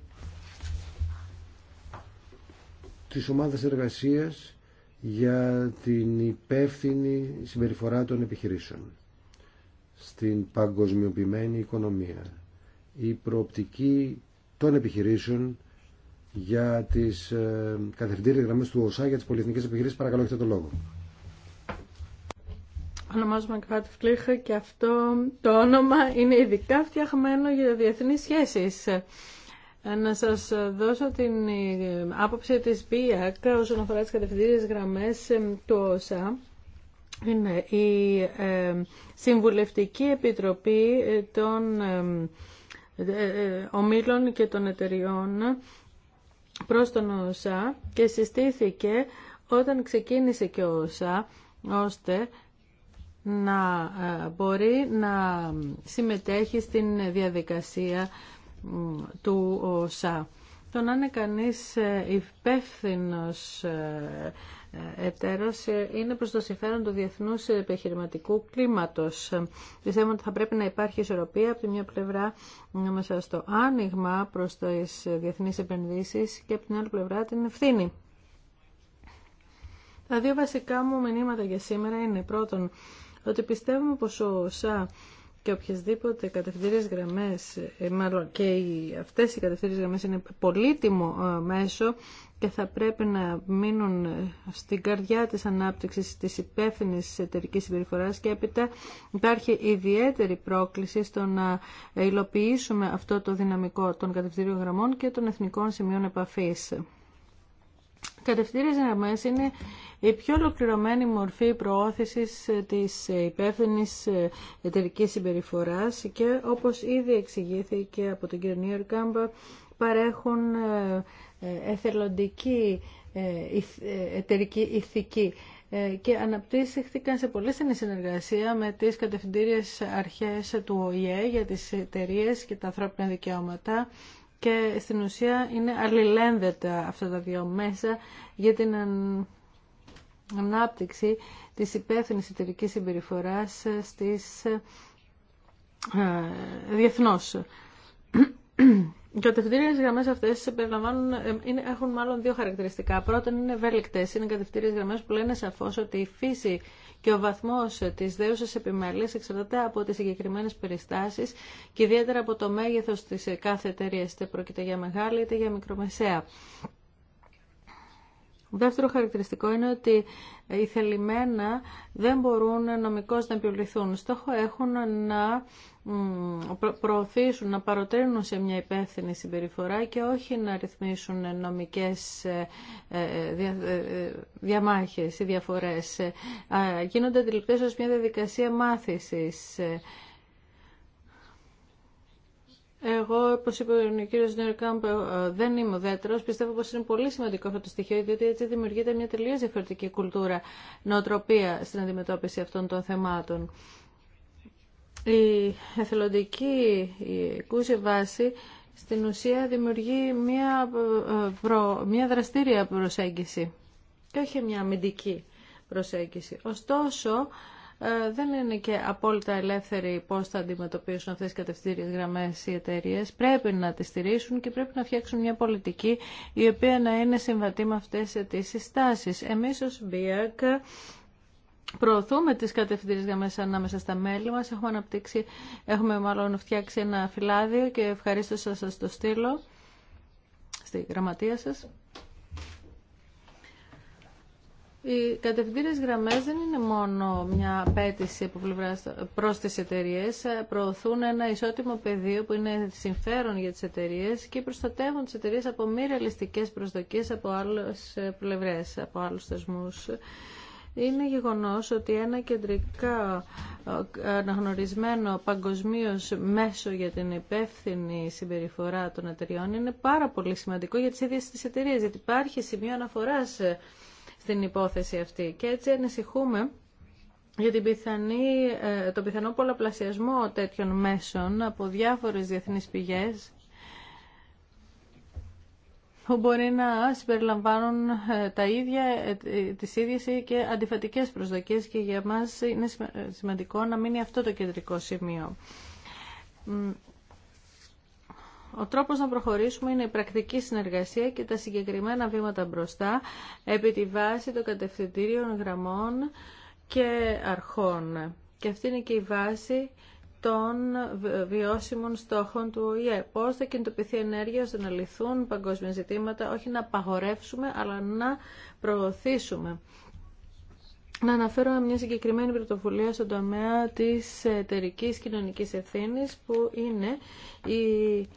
της ομάδας εργασίας για την υπεύθυνη συμπεριφορά των επιχειρήσεων στην παγκοσμιοποιημένη οικονομία. Η προοπτική των επιχειρήσεων για τις ε, γραμμές του ΟΣΑ για τις πολυεθνικέ επιχειρήσεις. Παρακαλώ, έχετε το λόγο. Ονομάζομαι Κράτη Φλίχα και αυτό το όνομα είναι ειδικά φτιαχμένο για διεθνείς σχέσεις. Ε, να σας δώσω την ε, άποψη της ΠΙΑΚ όσον αφορά τις κατευθυντήριες γραμμές ε, του ΟΣΑ. Είναι η Συμβουλευτική Επιτροπή των Ομίλων και των Εταιριών προς τον ΟΣΑ και συστήθηκε όταν ξεκίνησε και ο ΟΣΑ ώστε να ε, μπορεί να συμμετέχει στην διαδικασία του ΟΣΑ. Το να είναι κανείς ε, υπεύθυνος ε, ε, ε, είναι προς το συμφέρον του διεθνούς επιχειρηματικού κλίματος. Πιστεύουμε ότι θα πρέπει να υπάρχει ισορροπία από τη μια πλευρά μέσα στο άνοιγμα προς τις διεθνείς επενδύσεις και από την άλλη πλευρά την ευθύνη. Τα δύο βασικά μου μηνύματα για σήμερα είναι πρώτον ότι πιστεύουμε πως ο ΣΑ και οποιασδήποτε κατευθύνες γραμμές, ε, μάλλον και οι, αυτές οι κατευθύνες γραμμές είναι πολύτιμο ε, μέσο και θα πρέπει να μείνουν ε, στην καρδιά της ανάπτυξης της υπεύθυνη εταιρικής συμπεριφοράς και έπειτα υπάρχει ιδιαίτερη πρόκληση στο να υλοποιήσουμε αυτό το δυναμικό των κατευθύνων γραμμών και των εθνικών σημείων επαφής. Κατευθύνει γραμμέ είναι η πιο ολοκληρωμένη μορφή προώθησης της υπεύθυνη εταιρική συμπεριφορά, και όπως ήδη εξηγήθηκε από τον κύριο Νίερ Κάμπα παρέχουν ε, ε, εθελοντική ε, εταιρική ηθική και αναπτύχθηκαν σε πολύ στενή συνεργασία με τις κατευθυντήριες αρχές του ΟΗΕ για τις εταιρείε και τα ανθρώπινα δικαιώματα και στην ουσία είναι αλληλένδετα αυτά τα δύο μέσα για την ανάπτυξη της υπεύθυνη εταιρική συμπεριφοράς ε, στις ε, ε, διεθνώς. Οι κατευθυντήριε γραμμέ αυτέ έχουν μάλλον δύο χαρακτηριστικά. Πρώτον, είναι ευέλικτε. Είναι κατευθυντήριε γραμμέ που λένε σαφώ ότι η φύση και ο βαθμός της δέουσας επιμέλεια εξαρτάται από τις συγκεκριμένες περιστάσεις και ιδιαίτερα από το μέγεθος της κάθε εταιρεία είτε πρόκειται για μεγάλη είτε για μικρομεσαία. Δεύτερο χαρακτηριστικό είναι ότι οι θελημένα δεν μπορούν νομικώς να επιβληθούν. Στόχο έχουν να προωθήσουν, να παροτρύνουν σε μια υπεύθυνη συμπεριφορά και όχι να ρυθμίσουν νομικές ε, ε, ε, διαμάχες ή διαφορές. Γίνονται αντιληπτές ως μια διαδικασία μάθησης εγώ, όπω είπε ο κύριο Νιουρκάμπ, ε, δεν είμαι ουδέτερο. Πιστεύω πω είναι πολύ σημαντικό αυτό το στοιχείο, διότι έτσι δημιουργείται μια τελείω διαφορετική κουλτούρα, νοοτροπία στην αντιμετώπιση αυτών των θεμάτων. Η εθελοντική, η κούση βάση στην ουσία δημιουργεί μια, ε, μια δραστήρια προσέγγιση και όχι μια αμυντική προσέγγιση. Ωστόσο, ε, δεν είναι και απόλυτα ελεύθεροι πώς θα αντιμετωπίσουν αυτές τι κατευθύνσεις γραμμές οι εταιρείε. Πρέπει να τις στηρίσουν και πρέπει να φτιάξουν μια πολιτική η οποία να είναι συμβατή με αυτές τις συστάσεις. Εμείς ως ΒΙΑΚ e Προωθούμε τις κατευθυντήριες γραμμές ανάμεσα στα μέλη μας. Έχουμε αναπτύξει, έχουμε μάλλον φτιάξει ένα φυλάδιο και ευχαρίστω σας, το στείλω στη γραμματεία σας. Οι κατευθύνε γραμμέ δεν είναι μόνο μια απέτηση από πλευρά προ τι εταιρείε. Προωθούν ένα ισότιμο πεδίο που είναι συμφέρον για τι εταιρείε και προστατεύουν τι εταιρείε από μη ρεαλιστικέ προσδοκίε από άλλε πλευρέ, από άλλου θεσμού. Είναι γεγονός ότι ένα κεντρικά αναγνωρισμένο παγκοσμίω μέσο για την υπεύθυνη συμπεριφορά των εταιριών είναι πάρα πολύ σημαντικό για τις ίδιες τις εταιρείες, γιατί υπάρχει σημείο αναφοράς στην υπόθεση αυτή. Και έτσι ανησυχούμε για την ε, το πιθανό πολλαπλασιασμό τέτοιων μέσων από διάφορες διεθνείς πηγές που μπορεί να συμπεριλαμβάνουν ε, τα ίδια, ε, τις ίδιες και αντιφατικές προσδοκίες και για μας είναι σημαντικό να μείνει αυτό το κεντρικό σημείο. Ο τρόπος να προχωρήσουμε είναι η πρακτική συνεργασία και τα συγκεκριμένα βήματα μπροστά επί τη βάση των κατευθυντήριων γραμμών και αρχών. Και αυτή είναι και η βάση των βιώσιμων στόχων του ΟΗΕ. Πώς θα κινητοποιηθεί ενέργεια ώστε να λυθούν παγκόσμια ζητήματα, όχι να απαγορεύσουμε, αλλά να προωθήσουμε. Να αναφέρω μια συγκεκριμένη πρωτοβουλία στον τομέα της εταιρική κοινωνικής ευθύνης που είναι η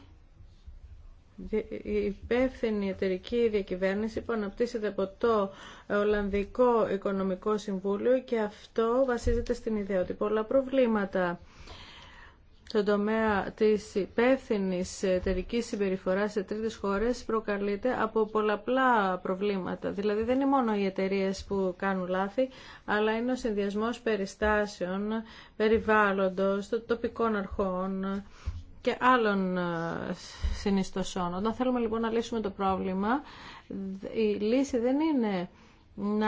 η υπεύθυνη εταιρική διακυβέρνηση που αναπτύσσεται από το Ολλανδικό Οικονομικό Συμβούλιο και αυτό βασίζεται στην ιδέα ότι πολλά προβλήματα στον τομέα της υπεύθυνη εταιρική συμπεριφορά σε τρίτες χώρες προκαλείται από πολλαπλά προβλήματα. Δηλαδή δεν είναι μόνο οι εταιρείε που κάνουν λάθη, αλλά είναι ο συνδυασμός περιστάσεων, περιβάλλοντος, τοπικών αρχών, και άλλων ε, συνιστοσών. Όταν θέλουμε λοιπόν να λύσουμε το πρόβλημα, η λύση δεν είναι να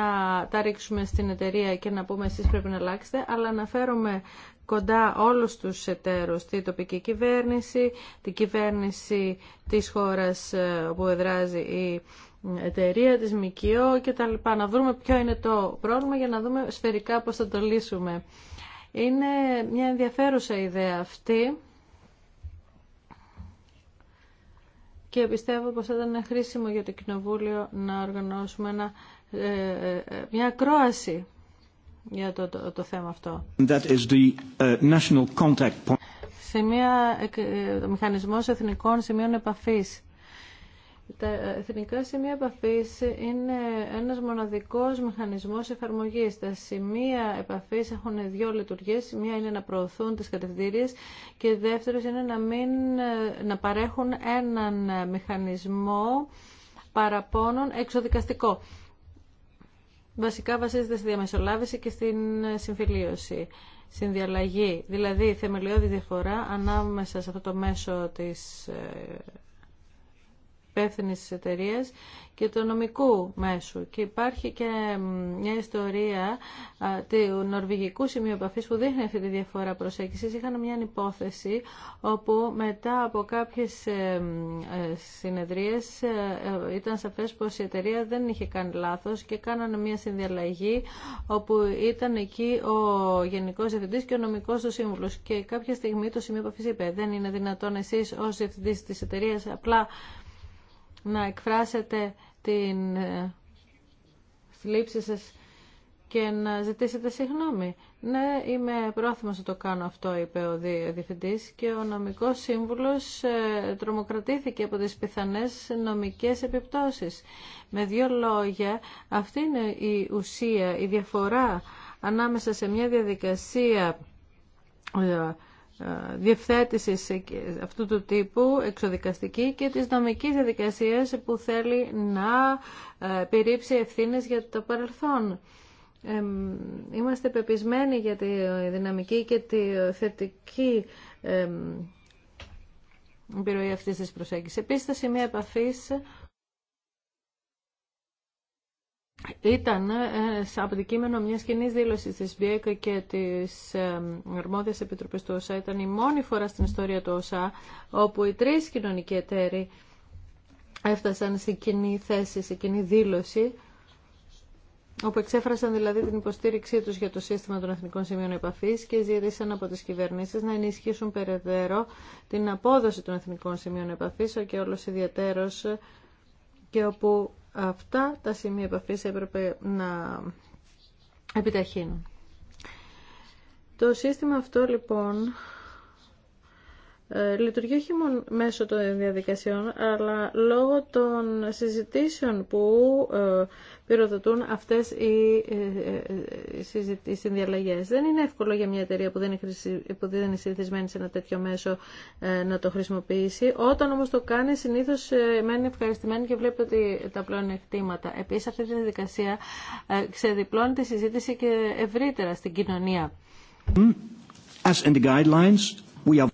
τα ρίξουμε στην εταιρεία και να πούμε εσείς πρέπει να αλλάξετε, αλλά να φέρουμε κοντά όλους τους εταίρους, τη τοπική κυβέρνηση, την κυβέρνηση της χώρας ε, που εδράζει η εταιρεία, της ΜΚΟ και τα λοιπά. Να δούμε ποιο είναι το πρόβλημα για να δούμε σφαιρικά πώς θα το λύσουμε. Είναι μια ενδιαφέρουσα ιδέα αυτή. και πιστεύω πως θα ήταν χρήσιμο για το Κοινοβούλιο να οργανώσουμε ε, ε, ε, μια κρόαση για το, το, θέμα αυτό. That is the, national contact point. μηχανισμός εθνικών σημείων επαφής. Τα εθνικά σημεία επαφή είναι ένας μοναδικός μηχανισμός εφαρμογής. Τα σημεία επαφή έχουν δύο λειτουργίες. μία είναι να προωθούν τις κατευθύνσεις και η δεύτερη είναι να, μην, να παρέχουν έναν μηχανισμό παραπώνων εξοδικαστικό. Βασικά βασίζεται στη διαμεσολάβηση και στην συμφιλίωση, διαλλαγή, Δηλαδή, θεμελιώδη διαφορά ανάμεσα σε αυτό το μέσο της ε, υπεύθυνη τη εταιρεία και του νομικού μέσου. Και υπάρχει και μια ιστορία του νορβηγικού σημείου επαφή που δείχνει αυτή τη διαφορά προσέγγιση. Είχαν μια υπόθεση όπου μετά από κάποιε ε, συνεδρίε ε, ε, ήταν σαφέ πω η εταιρεία δεν είχε κάνει λάθο και κάνανε μια συνδιαλλαγή όπου ήταν εκεί ο Γενικό Διευθυντή και ο νομικό του σύμβουλο. Και κάποια στιγμή το σημείο επαφή είπε: Δεν είναι δυνατόν εσεί ω διευθυντή τη εταιρεία απλά να εκφράσετε την ε, θλίψη σας και να ζητήσετε συγγνώμη. Ναι, είμαι πρόθυμος να το κάνω αυτό, είπε ο διευθυντής και ο νομικός σύμβουλος ε, τρομοκρατήθηκε από τις πιθανές νομικές επιπτώσεις. Με δύο λόγια, αυτή είναι η ουσία, η διαφορά ανάμεσα σε μια διαδικασία ε, ε, Διευθέτηση αυτού του τύπου εξοδικαστική και της νομικής διαδικασίας που θέλει να ε, πηρύψει ευθύνες για το παρελθόν. Είμαστε πεπισμένοι για τη δυναμική και τη θετική επιρροή αυτής της προσέγγισης. Επίσης, τα σημεία επαφής ήταν ε, ε, από αντικείμενο μια κοινή δήλωση τη ΜΠΕΚ και τη αρμόδια επιτροπή του ΩΣΑ. Ήταν η μόνη φορά στην ιστορία του ΩΣΑ όπου οι τρει κοινωνικοί εταίροι έφτασαν σε κοινή θέση, σε κοινή δήλωση όπου εξέφρασαν δηλαδή την υποστήριξή του για το σύστημα των Εθνικών Σημείων Επαφής και ζήτησαν από τις κυβερνήσεις να ενισχύσουν περαιτέρω την απόδοση των Εθνικών Σημείων Επαφής και όλος ιδιαίτερος και όπου Αυτά τα σημεία επαφής έπρεπε να επιταχύνουν. Το σύστημα αυτό λοιπόν ε, λειτουργεί όχι μόνο μέσω των διαδικασιών, αλλά λόγω των συζητήσεων που ε, πυροδοτούν αυτές οι, ε, οι συνδιαλλαγές. Δεν είναι εύκολο για μια εταιρεία που δεν είναι, συνηθισμένη σε ένα τέτοιο μέσο να το χρησιμοποιήσει. Όταν όμως το κάνει, συνήθως μένει ευχαριστημένη και βλέπει ότι τα εκτήματα. Επίσης, αυτή τη διαδικασία ξεδιπλώνει τη συζήτηση και ευρύτερα στην κοινωνία. As in the guidelines,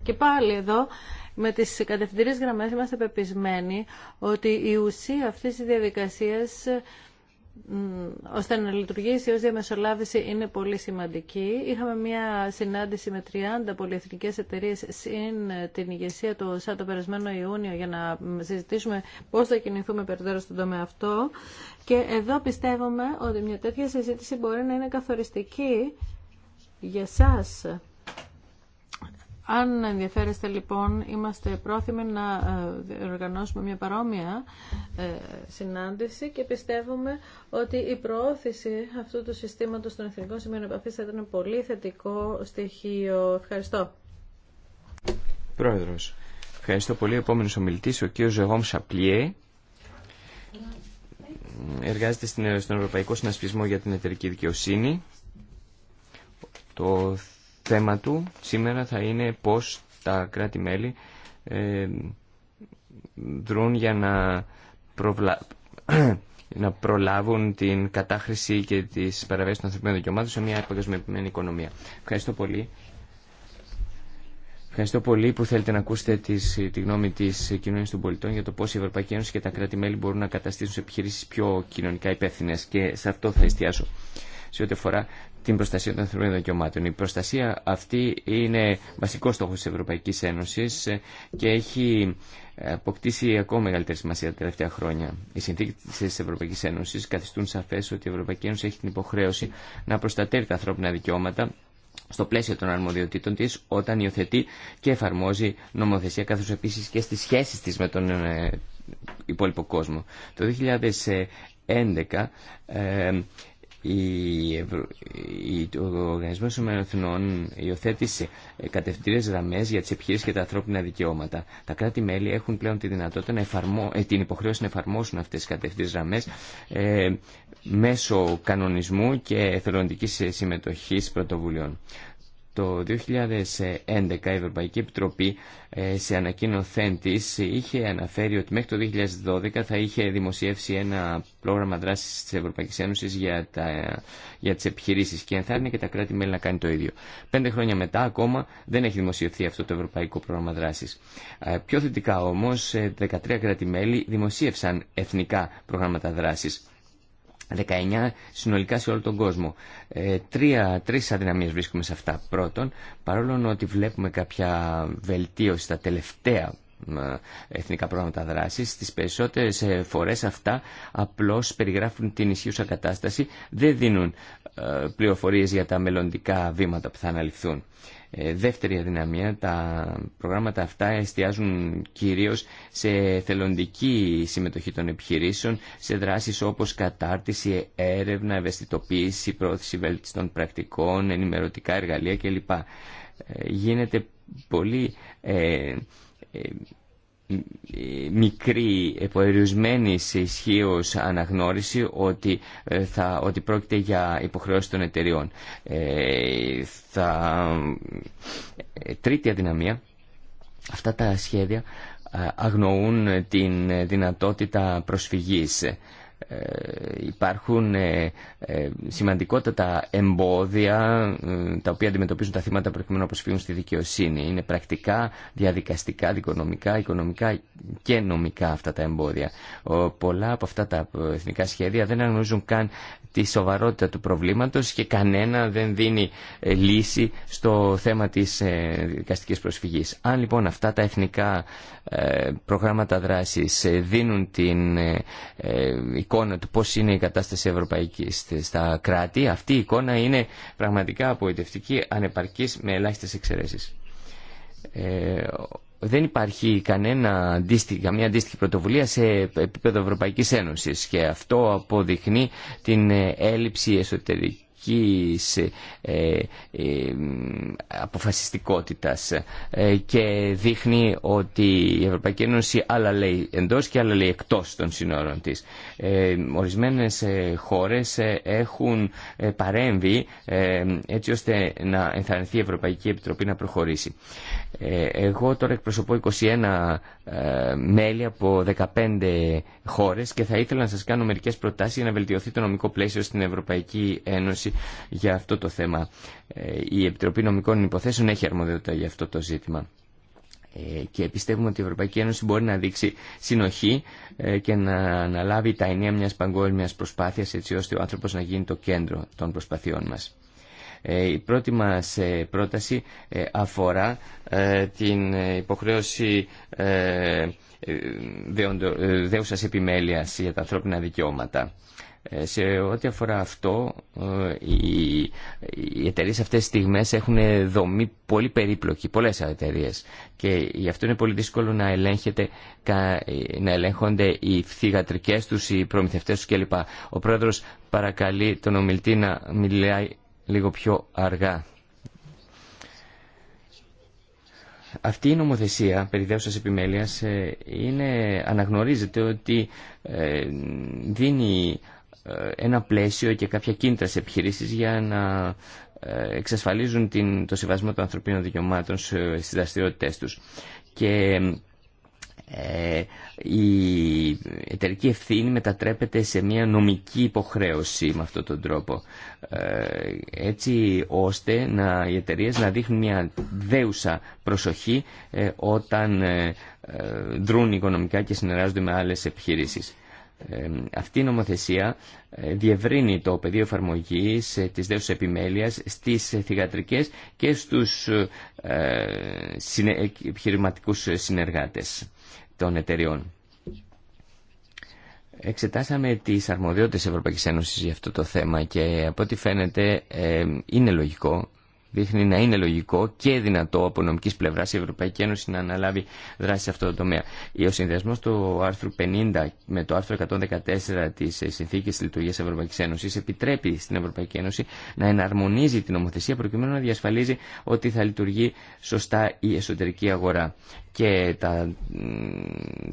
και πάλι εδώ με τις κατευθυντήριες γραμμές είμαστε πεπισμένοι ότι η ουσία αυτής της διαδικασίας ώστε να λειτουργήσει ως διαμεσολάβηση είναι πολύ σημαντική. Είχαμε μια συνάντηση με 30 πολυεθνικές εταιρείες συν την ηγεσία του ΩΣΑ το περασμένο Ιούνιο για να συζητήσουμε πώς θα κινηθούμε περαιτέρω στον τομέα αυτό. Και εδώ πιστεύουμε ότι μια τέτοια συζήτηση μπορεί να είναι καθοριστική για σας αν ενδιαφέρεστε λοιπόν, είμαστε πρόθυμοι να ε, οργανώσουμε μια παρόμοια ε, συνάντηση και πιστεύουμε ότι η προώθηση αυτού του συστήματος των εθνικών σημείων επαφής θα ήταν πολύ θετικό στοιχείο. Ευχαριστώ. Πρόεδρος, ευχαριστώ πολύ. Επόμενος ομιλητής, ο κ. Ζεγόμ Σαπλιέ, εργάζεται στον Ευρωπαϊκό Συνασπισμό για την Εταιρική Δικαιοσύνη. Το θέμα του σήμερα θα είναι πώς τα κράτη-μέλη ε, δρούν για να, προβλα... να προλάβουν την κατάχρηση και τις παραβέσεις των ανθρωπίνων δικαιωμάτων σε μια επαγγελματική οικονομία. Ευχαριστώ πολύ. Ευχαριστώ πολύ που θέλετε να ακούσετε τις, τη γνώμη τη κοινωνία των πολιτών για το πώ η Ευρωπαϊκή Ένωση και τα κράτη-μέλη μπορούν να καταστήσουν σε επιχειρήσει πιο κοινωνικά υπεύθυνε. Και σε αυτό θα εστιάσω. Σε ό,τι αφορά την προστασία των ανθρωπίνων δικαιωμάτων. Η προστασία αυτή είναι βασικό στόχο τη Ευρωπαϊκή Ένωση και έχει αποκτήσει ακόμα μεγαλύτερη σημασία τα τελευταία χρόνια. Οι συνθήκε τη Ευρωπαϊκή Ένωση καθιστούν σαφέ ότι η Ευρωπαϊκή Ένωση έχει την υποχρέωση να προστατεύει τα ανθρώπινα δικαιώματα στο πλαίσιο των αρμοδιοτήτων τη όταν υιοθετεί και εφαρμόζει νομοθεσία, καθώ επίση και στι σχέσει τη με τον ε, υπόλοιπο κόσμο. Το 2011 η ο Οργανισμό των Εθνών υιοθέτησε ε, κατευθυντήρε γραμμέ για τι επιχειρήσει και τα ανθρώπινα δικαιώματα. Τα κράτη-μέλη έχουν πλέον τη δυνατότητα να εφαρμο... Ε, την υποχρέωση να εφαρμόσουν αυτές τις κατευθυντήρε γραμμέ ε, μέσω κανονισμού και εθελοντική συμμετοχή πρωτοβουλειών. Το 2011 η Ευρωπαϊκή Επιτροπή ε, σε ανακοίνωθέν της είχε αναφέρει ότι μέχρι το 2012 θα είχε δημοσιεύσει ένα πρόγραμμα δράσης τη Ευρωπαϊκή Ένωση για, τα, για τις επιχειρήσεις και ενθάρρυνε και τα κράτη-μέλη να κάνει το ίδιο. Πέντε χρόνια μετά ακόμα δεν έχει δημοσιευθεί αυτό το Ευρωπαϊκό Πρόγραμμα δράση. Ε, πιο θετικά όμως 13 ε, κράτη-μέλη δημοσίευσαν εθνικά προγράμματα δράση. 19 συνολικά σε όλο τον κόσμο. Ε, τρία, τρεις αδυναμίες βρίσκουμε σε αυτά. Πρώτον, παρόλο ότι βλέπουμε κάποια βελτίωση στα τελευταία ε, εθνικά πρόγραμματα δράση, Τις περισσότερες ε, φορές αυτά απλώς περιγράφουν την ισχύουσα κατάσταση, δεν δίνουν ε, πληροφορίε για τα μελλοντικά βήματα που θα αναλυφθούν. Δεύτερη αδυναμία, τα προγράμματα αυτά εστιάζουν κυρίως σε θελοντική συμμετοχή των επιχειρήσεων, σε δράσεις όπως κατάρτιση, έρευνα, ευαισθητοποίηση, πρόθεση βέλτιστων πρακτικών, ενημερωτικά εργαλεία κλπ. Γίνεται πολύ ε, ε, μικρή, επορισμένη σε ισχύω αναγνώριση ότι, ε, θα, ότι πρόκειται για υποχρεώσεις των εταιριών. θα, τρίτη αδυναμία, αυτά τα σχέδια αγνοούν την δυνατότητα προσφυγής ε, υπάρχουν ε, ε, σημαντικότατα εμπόδια τα οποία αντιμετωπίζουν τα θύματα προκειμένου να αποσφύγουν στη δικαιοσύνη. Είναι πρακτικά, διαδικαστικά, δικονομικά, οικονομικά και νομικά αυτά τα εμπόδια. Πολλά από αυτά τα εθνικά σχέδια δεν αναγνωρίζουν καν τη σοβαρότητα του προβλήματος και κανένα δεν δίνει ε, λύση στο θέμα της ε, δικαστικής προσφυγής. Αν λοιπόν αυτά τα εθνικά ε, προγράμματα δράσης δίνουν την εικόνα του πώς είναι η κατάσταση ευρωπαϊκή στα κράτη, αυτή η εικόνα είναι πραγματικά απογοητευτική, ανεπαρκής με ελάχιστες εξαιρέσεις δεν υπάρχει κανένα αντίστοιχη, καμία αντίστοιχη πρωτοβουλία σε επίπεδο Ευρωπαϊκής Ένωσης και αυτό αποδεικνύει την ε, έλλειψη εσωτερική πολιτικής ε, ε, ε, αποφασιστικότητας και δείχνει ότι η Ευρωπαϊκή Ένωση άλλα λέει εντός και άλλα λέει εκτός των σύνορων της. Ορισμένες χώρες έχουν παρέμβει έτσι ώστε να ενθαρρυνθεί η Ευρωπαϊκή Επιτροπή να προχωρήσει. Εγώ τώρα εκπροσωπώ 21 ε, μέλη από 15 χώρες και θα ήθελα να σας κάνω μερικές προτάσεις για να βελτιωθεί το νομικό πλαίσιο στην Ευρωπαϊκή Ένωση για αυτό το θέμα. Ε, η Επιτροπή Νομικών Υποθέσεων έχει αρμοδιότητα για αυτό το ζήτημα ε, και πιστεύουμε ότι η Ευρωπαϊκή Ένωση μπορεί να δείξει συνοχή και να αναλάβει τα ενία μιας παγκόσμιας προσπάθειας έτσι ώστε ο άνθρωπος να γίνει το κέντρο των προσπαθειών μας. Ε, η πρώτη μας ε, πρόταση ε, αφορά την υποχρέωση δέουσας επιμέλειας για τα ανθρώπινα δικαιώματα. Σε ό,τι αφορά αυτό, οι εταιρείε αυτές τις στιγμές έχουν δομή πολύ περίπλοκη, πολλές εταιρείε. Και γι' αυτό είναι πολύ δύσκολο να, ελέγχεται, να ελέγχονται οι φθηγατρικές τους, οι προμηθευτές τους κλπ. Ο πρόεδρος παρακαλεί τον ομιλητή να μιλάει λίγο πιο αργά. Αυτή η νομοθεσία περί δέουσας επιμέλειας ε, είναι, αναγνωρίζεται ότι ε, δίνει ε, ένα πλαίσιο και κάποια κίνητρα σε για να εξασφαλίζουν την, το σεβασμό των ανθρωπίνων δικαιωμάτων στις δραστηριότητε τους. Και ε, η εταιρική ευθύνη μετατρέπεται σε μια νομική υποχρέωση με αυτόν τον τρόπο ε, έτσι ώστε να, οι εταιρείε να δείχνουν μια δέουσα προσοχή ε, όταν δρούν οικονομικά και συνεργάζονται με άλλες επιχειρήσεις. Αυτή η νομοθεσία διευρύνει το πεδίο εφαρμογή της δέους επιμέλειας στις θηγατρικές και στους επιχειρηματικούς συνεργάτες των εταιριών. Εξετάσαμε τις αρμοδιότητες Ευρωπαϊκής Ένωσης για αυτό το θέμα και από ό,τι φαίνεται ε, είναι λογικό, δείχνει να είναι λογικό και δυνατό από νομικής πλευράς η Ευρωπαϊκή Ένωση να αναλάβει δράση σε αυτό το τομέα. Ο συνδυασμός του άρθρου 50 με το άρθρο 114 της Συνθήκης Λειτουργίας Ευρωπαϊκής Ένωσης επιτρέπει στην Ευρωπαϊκή Ένωση να εναρμονίζει την νομοθεσία προκειμένου να διασφαλίζει ότι θα λειτουργεί σωστά η εσωτερική αγορά. Και τα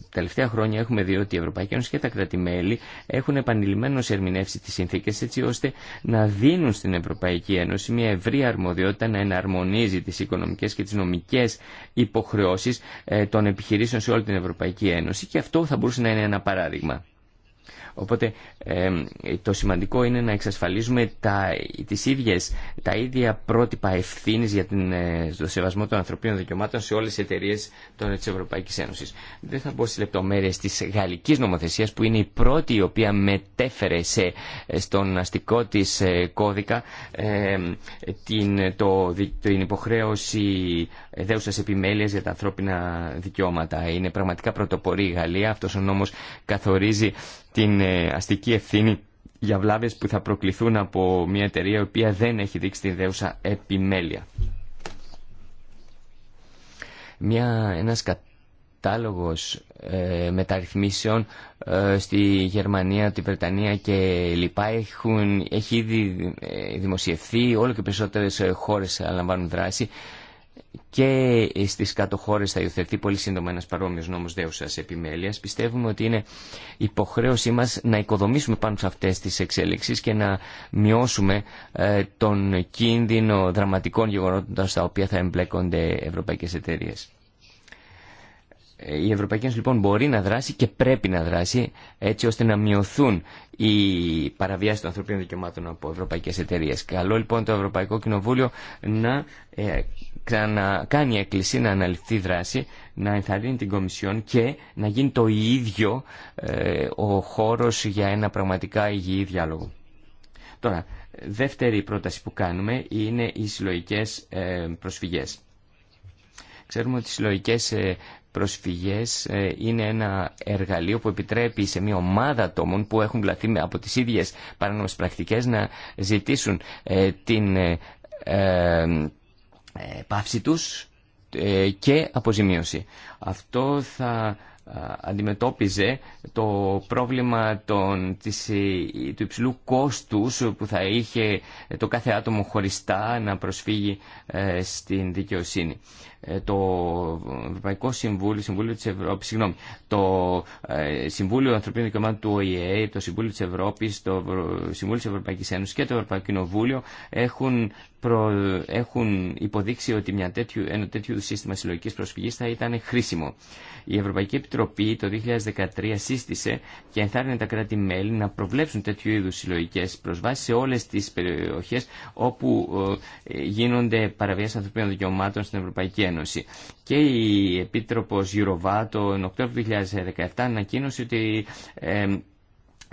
τελευταία χρόνια έχουμε δει ότι η Ευρωπαϊκή Ένωση και τα κράτη-μέλη έχουν επανειλημμένω ερμηνεύσει τι συνθήκε έτσι ώστε να δίνουν στην Ευρωπαϊκή Ένωση μια ευρία αρμοδιότητα να εναρμονίζει τι οικονομικέ και τι νομικέ υποχρεώσει ε, των επιχειρήσεων σε όλη την Ευρωπαϊκή Ένωση. Και αυτό θα μπορούσε να είναι ένα παράδειγμα. Οπότε ε, το σημαντικό είναι να εξασφαλίζουμε τα, τις ίδιες, τα ίδια πρότυπα ευθύνης για την, ε, το σεβασμό των ανθρωπίνων δικαιωμάτων σε όλες τις εταιρείες των, της Ευρωπαϊκής Ένωσης. Δεν θα μπω στις λεπτομέρειες της γαλλικής νομοθεσίας που είναι η πρώτη η οποία μετέφερε σε, ε, στον αστικό της ε, κώδικα ε, την, το, την υποχρέωση δέουσα επιμέλεια για τα ανθρώπινα δικαιώματα. Είναι πραγματικά πρωτοπορή η Γαλλία. Αυτός ο νόμος καθορίζει την ε, αστική ευθύνη για βλάβες που θα προκληθούν από μια εταιρεία η οποία δεν έχει δείξει την δέουσα επιμέλεια. Μια, ένας κατάλογος ε, μεταρρυθμίσεων ε, στη Γερμανία, τη Βρετανία και λοιπά έχουν, έχει ήδη δημοσιευθεί, όλο και περισσότερες χώρες αναλαμβάνουν δράση και στις κάτω χώρες θα υιοθετεί πολύ σύντομα ένα παρόμοιο νόμο δέουσας επιμέλειας. Πιστεύουμε ότι είναι υποχρέωσή μα να οικοδομήσουμε πάνω σε αυτές τις εξέλιξεις και να μειώσουμε ε, τον κίνδυνο δραματικών γεγονότων στα οποία θα εμπλέκονται ευρωπαϊκέ εταιρείε. Ε, η Ευρωπαϊκή Ένωση λοιπόν μπορεί να δράσει και πρέπει να δράσει έτσι ώστε να μειωθούν οι παραβιάσεις των ανθρωπίνων δικαιωμάτων από ευρωπαϊκές εταιρείες. Καλό λοιπόν το Ευρωπαϊκό Κοινοβούλιο να ε, κάνει ξανακάνει έκκληση να αναλυφθεί δράση, να ενθαρρύνει την Κομισιόν και να γίνει το ίδιο ε, ο χώρος για ένα πραγματικά υγιή διάλογο. Τώρα, δεύτερη πρόταση που κάνουμε είναι οι συλλογικέ προσφυγές. Ξέρουμε ότι οι ε, προσφυγές ε, είναι ένα εργαλείο που επιτρέπει σε μια ομάδα ατόμων που έχουν βλαθεί από τις ίδιες παράνομε πρακτικές να ζητήσουν ε, την ε, πάυση τους και αποζημίωση. Αυτό θα αντιμετώπιζε το πρόβλημα του υψηλού κόστους που θα είχε το κάθε άτομο χωριστά να προσφύγει στην δικαιοσύνη. Ε, το Ευρωπαϊκό Συμβούλιο, Συμβούλιο της Ευρώπης, συγγνώμη, το ε, Συμβούλιο Ανθρωπίνων Δικαιωμάτων του ΟΗΕ, το Συμβούλιο της Ευρώπης, το Συμβούλιο της Ευρωπαϊκής Ένωσης και το Ευρωπαϊκό Κοινοβούλιο έχουν, έχουν υποδείξει ότι μια τέτοιου, ένα τέτοιο σύστημα συλλογικής προσφυγής θα ήταν χρήσιμο. Η Ευρωπαϊκή Επιτροπή το 2013 σύστησε και ενθάρρυνε τα κράτη-μέλη να προβλέψουν τέτοιου είδους συλλογικές προσβάσεις σε όλες τις περιοχές όπου ε, γίνονται παραβιάσεις ανθρωπίνων δικαιωμάτων στην Ευρωπαϊκή και η Επίτροπος Γιουροβά τον Οκτώβριο του 2017 ανακοίνωσε ότι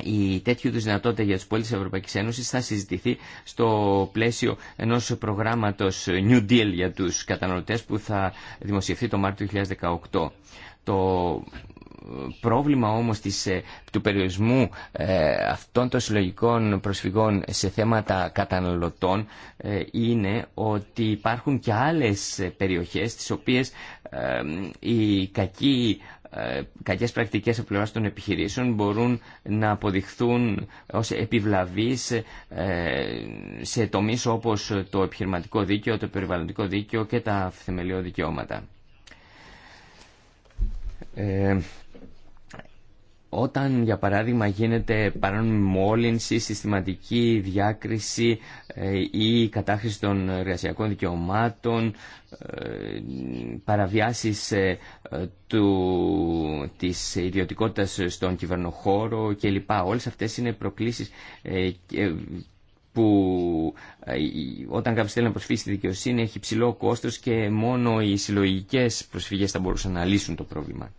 η τέτοιου είδου δυνατότητα για τους πόλεις της Ευρωπαϊκής Ένωσης θα συζητηθεί στο πλαίσιο ενός προγράμματος New Deal για τους καταναλωτές που θα δημοσιευθεί το Μάρτιο 2018. Το πρόβλημα όμως της, ε, του περιορισμού ε, αυτών των συλλογικών προσφυγών σε θέματα καταναλωτών ε, είναι ότι υπάρχουν και άλλες περιοχές τις οποίες οι κακοί κακές πρακτικές από πλευράς των επιχειρήσεων μπορούν να αποδειχθούν ως επιβλαβείς σε τομείς όπως το επιχειρηματικό δίκαιο, το περιβαλλοντικό δίκαιο και τα θεμελιώδη δικαιώματα όταν για παράδειγμα γίνεται παράνομη μόλυνση, συστηματική διάκριση ε, ή κατάχρηση των εργασιακών δικαιωμάτων, ε, παραβιάσεις ε, του, της ιδιωτικότητας στον κυβερνοχώρο κλπ. Όλες αυτές είναι προκλήσεις που όταν κάποιος θέλει να προσφύγει στη δικαιοσύνη έχει ψηλό κόστος και μόνο οι συλλογικές προσφυγές θα μπορούσαν να λύσουν το πρόβλημα.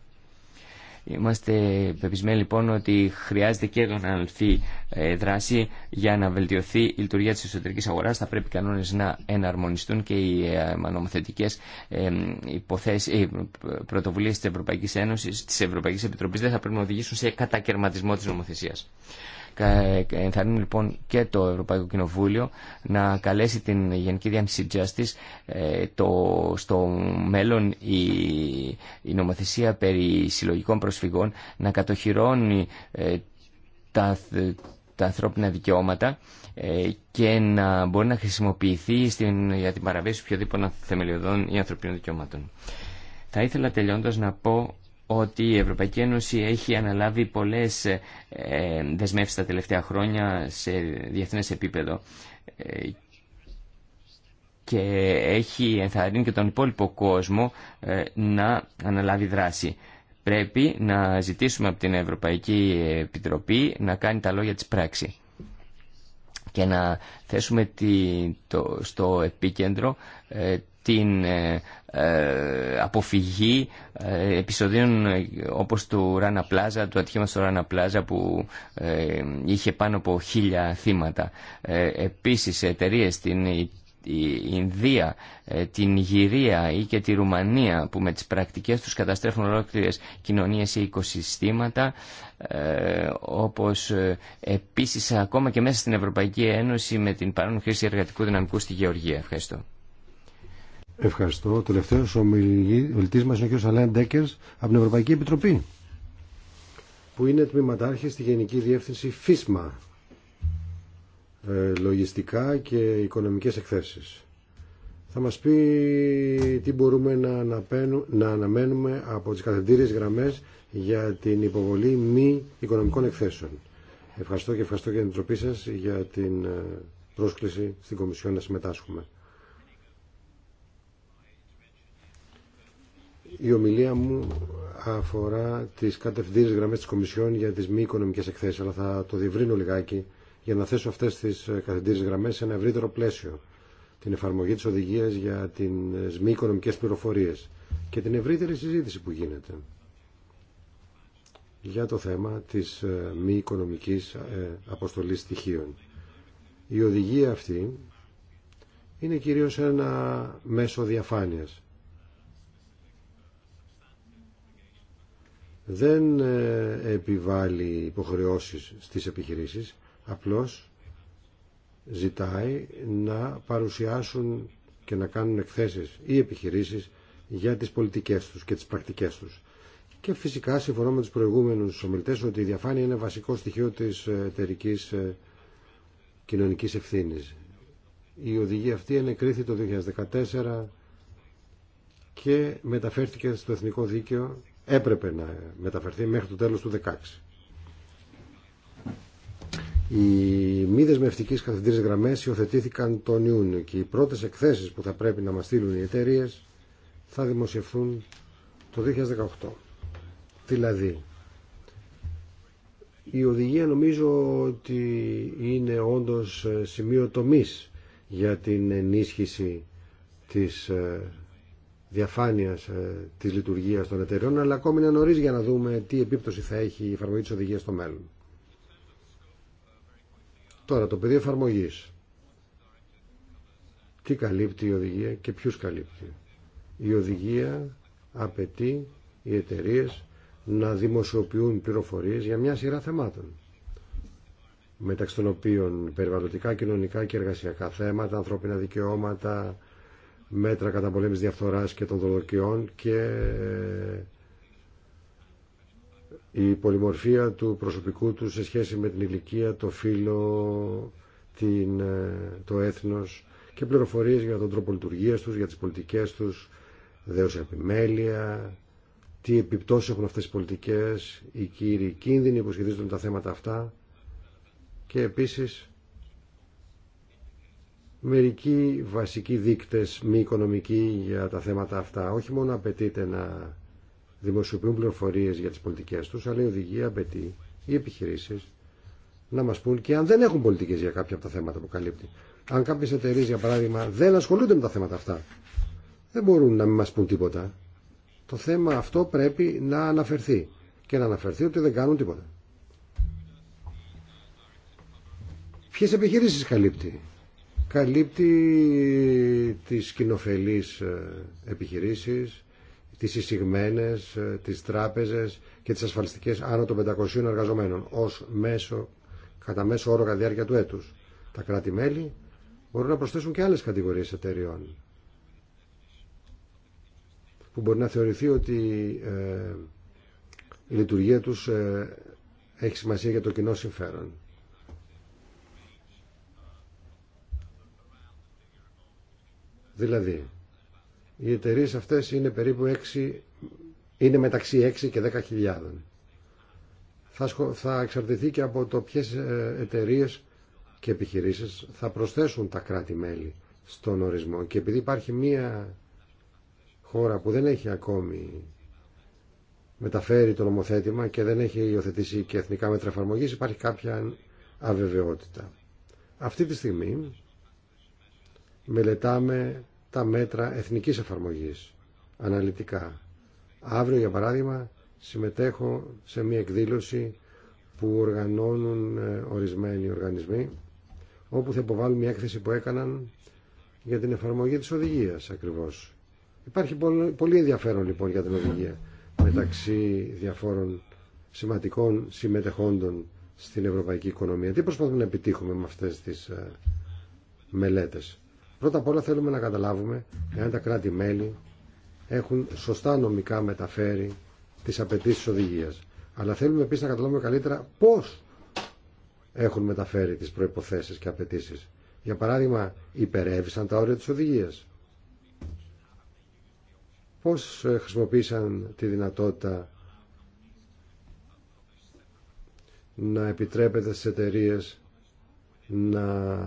Είμαστε πεπισμένοι λοιπόν ότι χρειάζεται και αναλυθεί ε, δράση για να βελτιωθεί η λειτουργία της εσωτερικής αγοράς. Θα πρέπει οι κανόνες να εναρμονιστούν και οι ε, νομοθετικές ε, υποθέσεις, πρωτοβουλίες της Ευρωπαϊκής Ένωσης, της Ευρωπαϊκής Επιτροπής δεν θα πρέπει να οδηγήσουν σε κατακαιρματισμό της νομοθεσίας. Ενθαρρύνουμε λοιπόν και το Ευρωπαϊκό Κοινοβούλιο να καλέσει την Γενική Διεύθυνση Justice ε, το, στο μέλλον η, η νομοθεσία περί συλλογικών προσφυγών να κατοχυρώνει ε, τα, τα ανθρώπινα δικαιώματα ε, και να μπορεί να χρησιμοποιηθεί στην, για την παραβίαση οποιοδήποτε θεμελιωδών ή ανθρωπίνων δικαιωμάτων. Θα ήθελα τελειώντας να πω ότι η Ευρωπαϊκή Ένωση έχει αναλάβει πολλές ε, δεσμεύσεις τα τελευταία χρόνια σε διεθνές επίπεδο ε, και έχει ενθαρρύνει και τον υπόλοιπο κόσμο ε, να αναλάβει δράση. Πρέπει να ζητήσουμε από την Ευρωπαϊκή Επιτροπή να κάνει τα λόγια της πράξη και να θέσουμε το, στο επίκεντρο την ε, ε, αποφυγή ε, επεισοδίων όπως του Ράνα Πλάζα, του ατυχήματος του Ράνα Πλάζα που είχε πάνω από χίλια θύματα. Επίσης εταιρείε στην Ινδία, την Ιγυρία ή και τη Ρουμανία που με τις πρακτικές τους καταστρέφουν ολόκληρες κοινωνίες ή οικοσυστήματα όπως επίσης ακόμα και μέσα στην Ευρωπαϊκή Ένωση με την παρόν χρήση εργατικού δυναμικού στη Γεωργία. Ευχαριστώ. Ευχαριστώ. Ο τελευταίο ομιλητής μα είναι ο κ. Αλέν Ντέκερ από την Ευρωπαϊκή Επιτροπή που είναι τμήματάρχη στη Γενική Διεύθυνση ΦΙΣΜΑ ε, λογιστικά και οικονομικέ εκθέσει. Θα μα πει τι μπορούμε να, να αναμένουμε από τι καθεντήριε γραμμέ για την υποβολή μη οικονομικών εκθέσεων. Ευχαριστώ και ευχαριστώ και την Επιτροπή σα για την ε, πρόσκληση στην Κομισιόν να συμμετάσχουμε. Η ομιλία μου αφορά τις κατευθύνσεις γραμμές της Κομισιόν για τις μη οικονομικέ εκθέσει. αλλά θα το διευρύνω λιγάκι για να θέσω αυτές τις ε, κατευθύνσεις γραμμές σε ένα ευρύτερο πλαίσιο. Την εφαρμογή της οδηγίας για τι μη οικονομικέ πληροφορίε και την ευρύτερη συζήτηση που γίνεται για το θέμα της ε, μη οικονομικής ε, αποστολής στοιχείων. Η οδηγία αυτή είναι κυρίως ένα μέσο διαφάνειας δεν ε, επιβάλλει υποχρεώσεις στις επιχειρήσεις, απλώς ζητάει να παρουσιάσουν και να κάνουν εκθέσεις ή επιχειρήσεις για τις πολιτικές τους και τις πρακτικές τους. Και φυσικά συμφωνώ με τους προηγούμενους ομιλητές ότι η διαφάνεια είναι βασικό στοιχείο της εταιρική ε, κοινωνικής ευθύνης. Η οδηγία αυτή ενεκρίθη το 2014 και μεταφέρθηκε στο Εθνικό Δίκαιο έπρεπε να μεταφερθεί μέχρι το τέλος του 16. Οι μη δεσμευτικέ καθεντήρε γραμμέ υιοθετήθηκαν τον Ιούνιο και οι πρώτε εκθέσει που θα πρέπει να μα στείλουν οι εταιρείε θα δημοσιευθούν το 2018. Δηλαδή, η οδηγία νομίζω ότι είναι όντως σημείο τομής για την ενίσχυση της ε, διαφάνειας ε, της λειτουργίας των εταιρεών, αλλά ακόμη είναι νωρί για να δούμε τι επίπτωση θα έχει η εφαρμογή τη οδηγία στο μέλλον. Τώρα, το πεδίο εφαρμογή. Τι καλύπτει η οδηγία και ποιου καλύπτει. Η οδηγία απαιτεί οι εταιρείε να δημοσιοποιούν πληροφορίε για μια σειρά θεμάτων μεταξύ των οποίων περιβαλλοντικά, κοινωνικά και εργασιακά θέματα, ανθρώπινα δικαιώματα, μέτρα κατά καταπολέμησης διαφθοράς και των δολοκιών και ε, η πολυμορφία του προσωπικού του σε σχέση με την ηλικία, το φύλλο, την, ε, το έθνος και πληροφορίες για τον τρόπο λειτουργίας τους, για τις πολιτικές τους, δέωση επιμέλεια, τι επιπτώσεις έχουν αυτές οι πολιτικές, οι κύριοι κίνδυνοι που σχετίζονται με τα θέματα αυτά και επίσης μερικοί βασικοί δείκτες μη οικονομικοί για τα θέματα αυτά. Όχι μόνο απαιτείται να δημοσιοποιούν πληροφορίες για τις πολιτικές τους, αλλά η οδηγία απαιτεί οι επιχειρήσεις να μας πούν και αν δεν έχουν πολιτικές για κάποια από τα θέματα που καλύπτει. Αν κάποιες εταιρείε, για παράδειγμα, δεν ασχολούνται με τα θέματα αυτά, δεν μπορούν να μην μας πούν τίποτα. Το θέμα αυτό πρέπει να αναφερθεί και να αναφερθεί ότι δεν κάνουν τίποτα. Ποιες επιχειρήσεις καλύπτει καλύπτει τις κοινοφελείς ε, επιχειρήσεις, τις εισηγμένες, ε, τις τράπεζες και τις ασφαλιστικές άνω των 500 εργαζομένων ως μέσο, κατά μέσο όρο κατά διάρκεια του έτους. Τα κράτη-μέλη μπορούν να προσθέσουν και άλλες κατηγορίες εταιριών που μπορεί να θεωρηθεί ότι ε, η λειτουργία τους έχει σημασία για το κοινό συμφέρον. Δηλαδή, οι εταιρείε αυτές είναι περίπου 6, είναι μεταξύ 6 και 10.000. Θα, θα εξαρτηθεί και από το ποιε εταιρείε και επιχειρήσεις θα προσθέσουν τα κράτη-μέλη στον ορισμό. Και επειδή υπάρχει μία χώρα που δεν έχει ακόμη μεταφέρει το νομοθέτημα και δεν έχει υιοθετήσει και εθνικά μέτρα εφαρμογή, υπάρχει κάποια αβεβαιότητα. Αυτή τη στιγμή μελετάμε τα μέτρα εθνικής εφαρμογής αναλυτικά. Αύριο, για παράδειγμα, συμμετέχω σε μια εκδήλωση που οργανώνουν ε, ορισμένοι οργανισμοί, όπου θα υποβάλουν μια έκθεση που έκαναν για την εφαρμογή της οδηγίας ακριβώς. Υπάρχει πολύ ενδιαφέρον λοιπόν για την οδηγία μεταξύ διαφόρων σημαντικών συμμετεχόντων στην ευρωπαϊκή οικονομία. Τι προσπαθούμε να επιτύχουμε με αυτές τις ε, μελέτες. Πρώτα απ' όλα θέλουμε να καταλάβουμε εάν τα κράτη-μέλη έχουν σωστά νομικά μεταφέρει τις απαιτήσει οδηγία, Αλλά θέλουμε επίση να καταλάβουμε καλύτερα πώς έχουν μεταφέρει τις προϋποθέσεις και απαιτήσει. Για παράδειγμα, υπερέβησαν τα όρια τη οδηγία. Πώς ε, χρησιμοποίησαν τη δυνατότητα να επιτρέπεται στι εταιρείε να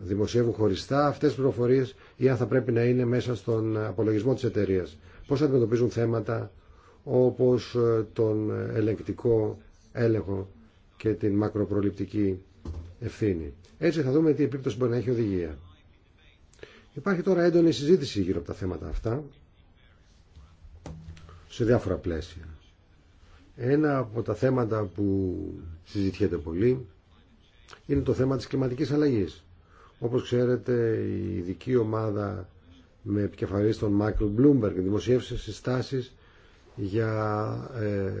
δημοσιεύουν χωριστά αυτές τις πληροφορίες ή αν θα πρέπει να είναι μέσα στον απολογισμό της εταιρείας. Πώς αντιμετωπίζουν θέματα όπως ε, τον ελεγκτικό έλεγχο και την μακροπροληπτική ευθύνη. Έτσι θα δούμε τι επίπτωση μπορεί να έχει οδηγία. Υπάρχει τώρα έντονη συζήτηση γύρω από τα θέματα αυτά σε διάφορα πλαίσια. Ένα από τα θέματα που συζητιέται πολύ είναι το θέμα της κλιματικής αλλαγής. Όπως ξέρετε, η ειδική ομάδα με επικεφαλής τον Μάικλ Μπλούμπεργκ δημοσίευσε συστάσεις για ε,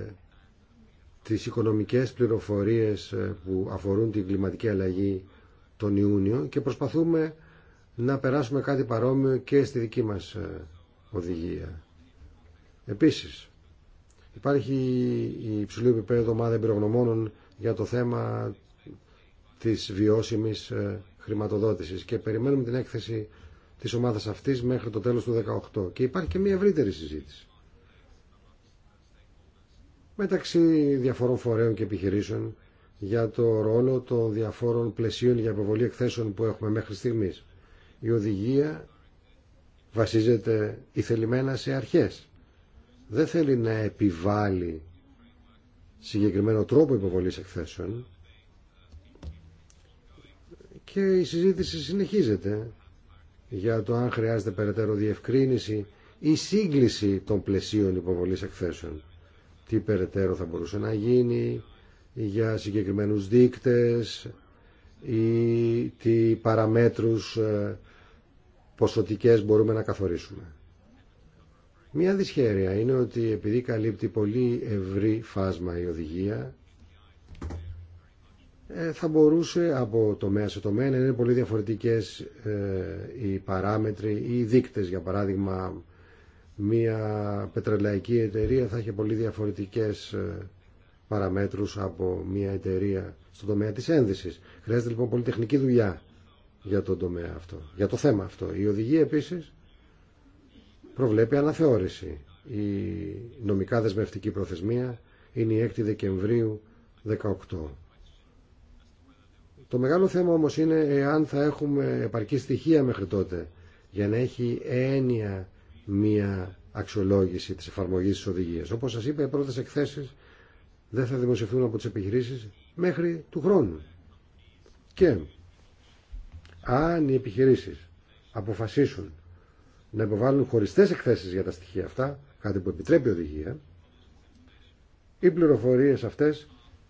τις οικονομικές πληροφορίες ε, που αφορούν την κλιματική αλλαγή τον Ιούνιο και προσπαθούμε να περάσουμε κάτι παρόμοιο και στη δική μας ε, οδηγία. Επίσης, υπάρχει η υψηλή επίπεδο ομάδα εμπειρογνωμόνων για το θέμα της βιώσιμης ε, χρηματοδότησης και περιμένουμε την έκθεση της ομάδας αυτής μέχρι το τέλος του 2018 και υπάρχει και μια ευρύτερη συζήτηση μεταξύ διαφορών φορέων και επιχειρήσεων για το ρόλο των διαφόρων πλαισίων για υποβολή εκθέσεων που έχουμε μέχρι στιγμής. Η οδηγία βασίζεται ηθελημένα σε αρχές. Δεν θέλει να επιβάλλει συγκεκριμένο τρόπο υποβολής εκθέσεων, και η συζήτηση συνεχίζεται για το αν χρειάζεται περαιτέρω διευκρίνηση ή σύγκληση των πλαισίων υποβολής εκθέσεων. Τι περαιτέρω θα μπορούσε να γίνει για συγκεκριμένους δείκτες ή τι παραμέτρους ε, ποσοτικές μπορούμε να καθορίσουμε. Μία δυσχέρεια είναι ότι επειδή καλύπτει πολύ ευρύ φάσμα η οδηγία, ε, θα μπορούσε από τομέα σε τομέα να είναι πολύ διαφορετικές ε, οι παράμετροι ή οι δείκτες. Για παράδειγμα, μια πετρελαϊκή εταιρεία θα έχει πολύ διαφορετικές ε, παραμέτρους από μια εταιρεία στον τομέα της ένδυσης. Χρειάζεται λοιπόν πολύ τεχνική δουλειά για τον τομέα αυτό, για το θέμα αυτό. Η οδηγία επίσης προβλέπει αναθεώρηση. Η νομικά δεσμευτική προθεσμία είναι η 6η Δεκεμβρίου 18. Το μεγάλο θέμα όμως είναι εάν θα έχουμε επαρκή στοιχεία μέχρι τότε για να έχει έννοια μια αξιολόγηση της εφαρμογής της οδηγίας. Όπως σας είπα, οι πρώτες εκθέσεις δεν θα δημοσιευθούν από τις επιχειρήσεις μέχρι του χρόνου. Και αν οι επιχειρήσεις αποφασίσουν να υποβάλουν χωριστές εκθέσεις για τα στοιχεία αυτά, κάτι που επιτρέπει η οδηγία, οι πληροφορίες αυτές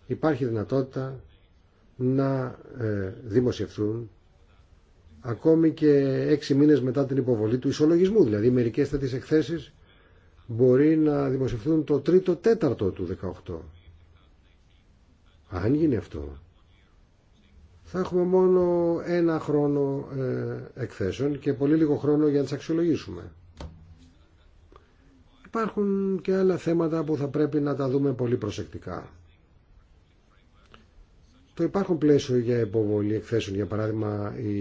υπάρχει δυνατότητα να ε, δημοσιευθούν ακόμη και έξι μήνες μετά την υποβολή του ισολογισμού. Δηλαδή μερικές τέτοιες εκθέσεις μπορεί να δημοσιευθούν το τρίτο τέταρτο του 18. Αν γίνει αυτό, θα έχουμε μόνο ένα χρόνο ε, εκθέσεων και πολύ λίγο χρόνο για να τις αξιολογήσουμε. Υπάρχουν και άλλα θέματα που θα πρέπει να τα δούμε πολύ προσεκτικά το υπάρχουν πλαίσιο για υποβολή εκθέσεων. Για παράδειγμα, η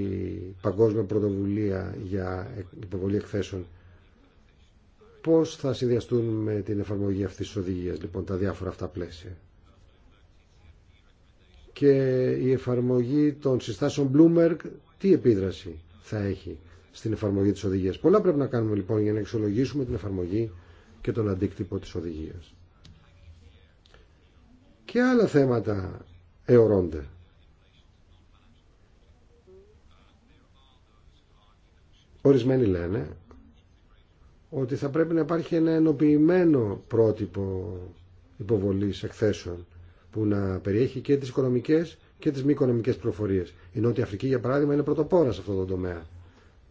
Παγκόσμια Πρωτοβουλία για υποβολή εκθέσεων. Πώς θα συνδυαστούν με την εφαρμογή αυτής της οδηγίας, λοιπόν, τα διάφορα αυτά πλαίσια. Και η εφαρμογή των συστάσεων Bloomberg, τι επίδραση θα έχει στην εφαρμογή της οδηγίας. Πολλά πρέπει να κάνουμε, λοιπόν, για να εξολογήσουμε την εφαρμογή και τον αντίκτυπο της οδηγίας. Και άλλα θέματα αιωρώνται. Ορισμένοι λένε ότι θα πρέπει να υπάρχει ένα ενοποιημένο πρότυπο υποβολής εκθέσεων που να περιέχει και τις οικονομικές και τις μη οικονομικές πληροφορίες. Η Νότια Αφρική, για παράδειγμα, είναι πρωτοπόρα σε αυτό το τομέα.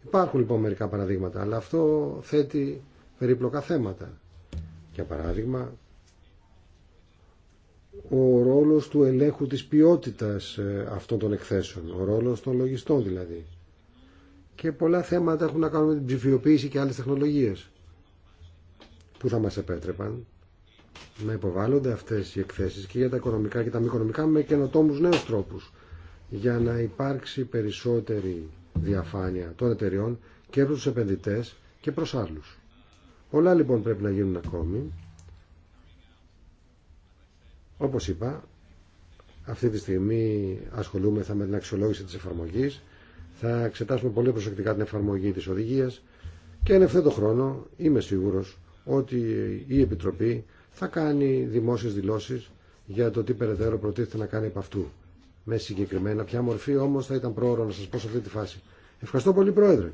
Υπάρχουν λοιπόν μερικά παραδείγματα, αλλά αυτό θέτει περίπλοκα θέματα. Για παράδειγμα, ο ρόλος του ελέγχου της ποιότητας ε, αυτών των εκθέσεων, ο ρόλος των λογιστών δηλαδή. Και πολλά θέματα έχουν να κάνουν με την ψηφιοποίηση και άλλες τεχνολογίες που θα μας επέτρεπαν να υποβάλλονται αυτές οι εκθέσεις και για τα οικονομικά και τα μη οικονομικά με καινοτόμους νέους τρόπους για να υπάρξει περισσότερη διαφάνεια των εταιριών και προς τους επενδυτές και προς άλλους. Πολλά λοιπόν πρέπει να γίνουν ακόμη όπως είπα, αυτή τη στιγμή ασχολούμεθα με την αξιολόγηση της εφαρμογής. Θα εξετάσουμε πολύ προσεκτικά την εφαρμογή της οδηγίας και εν ευθέτω χρόνο είμαι σίγουρος ότι η Επιτροπή θα κάνει δημόσιες δηλώσεις για το τι περαιτέρω προτίθεται να κάνει από αυτού. Με συγκεκριμένα ποια μορφή όμως θα ήταν πρόωρο να σας πω σε αυτή τη φάση. Ευχαριστώ πολύ Πρόεδρε.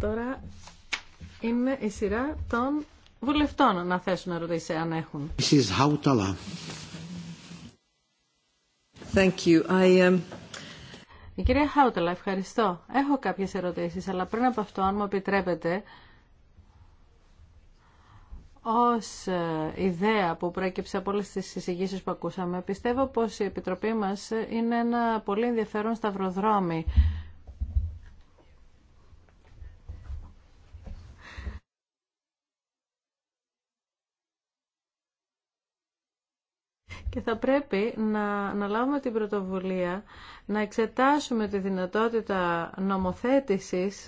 τώρα είναι η σειρά των βουλευτών να θέσουν ερωτήσει αν έχουν. Thank you. I, um... Η κυρία Χάουταλα, ευχαριστώ. Έχω κάποιες ερωτήσεις, αλλά πριν από αυτό, αν μου επιτρέπετε, ως ε, ιδέα που προέκυψε από όλες τις συζητήσεις που ακούσαμε, πιστεύω πως η Επιτροπή μας είναι ένα πολύ ενδιαφέρον σταυροδρόμι και θα πρέπει να, να λάβουμε την πρωτοβουλία να εξετάσουμε τη δυνατότητα νομοθέτησης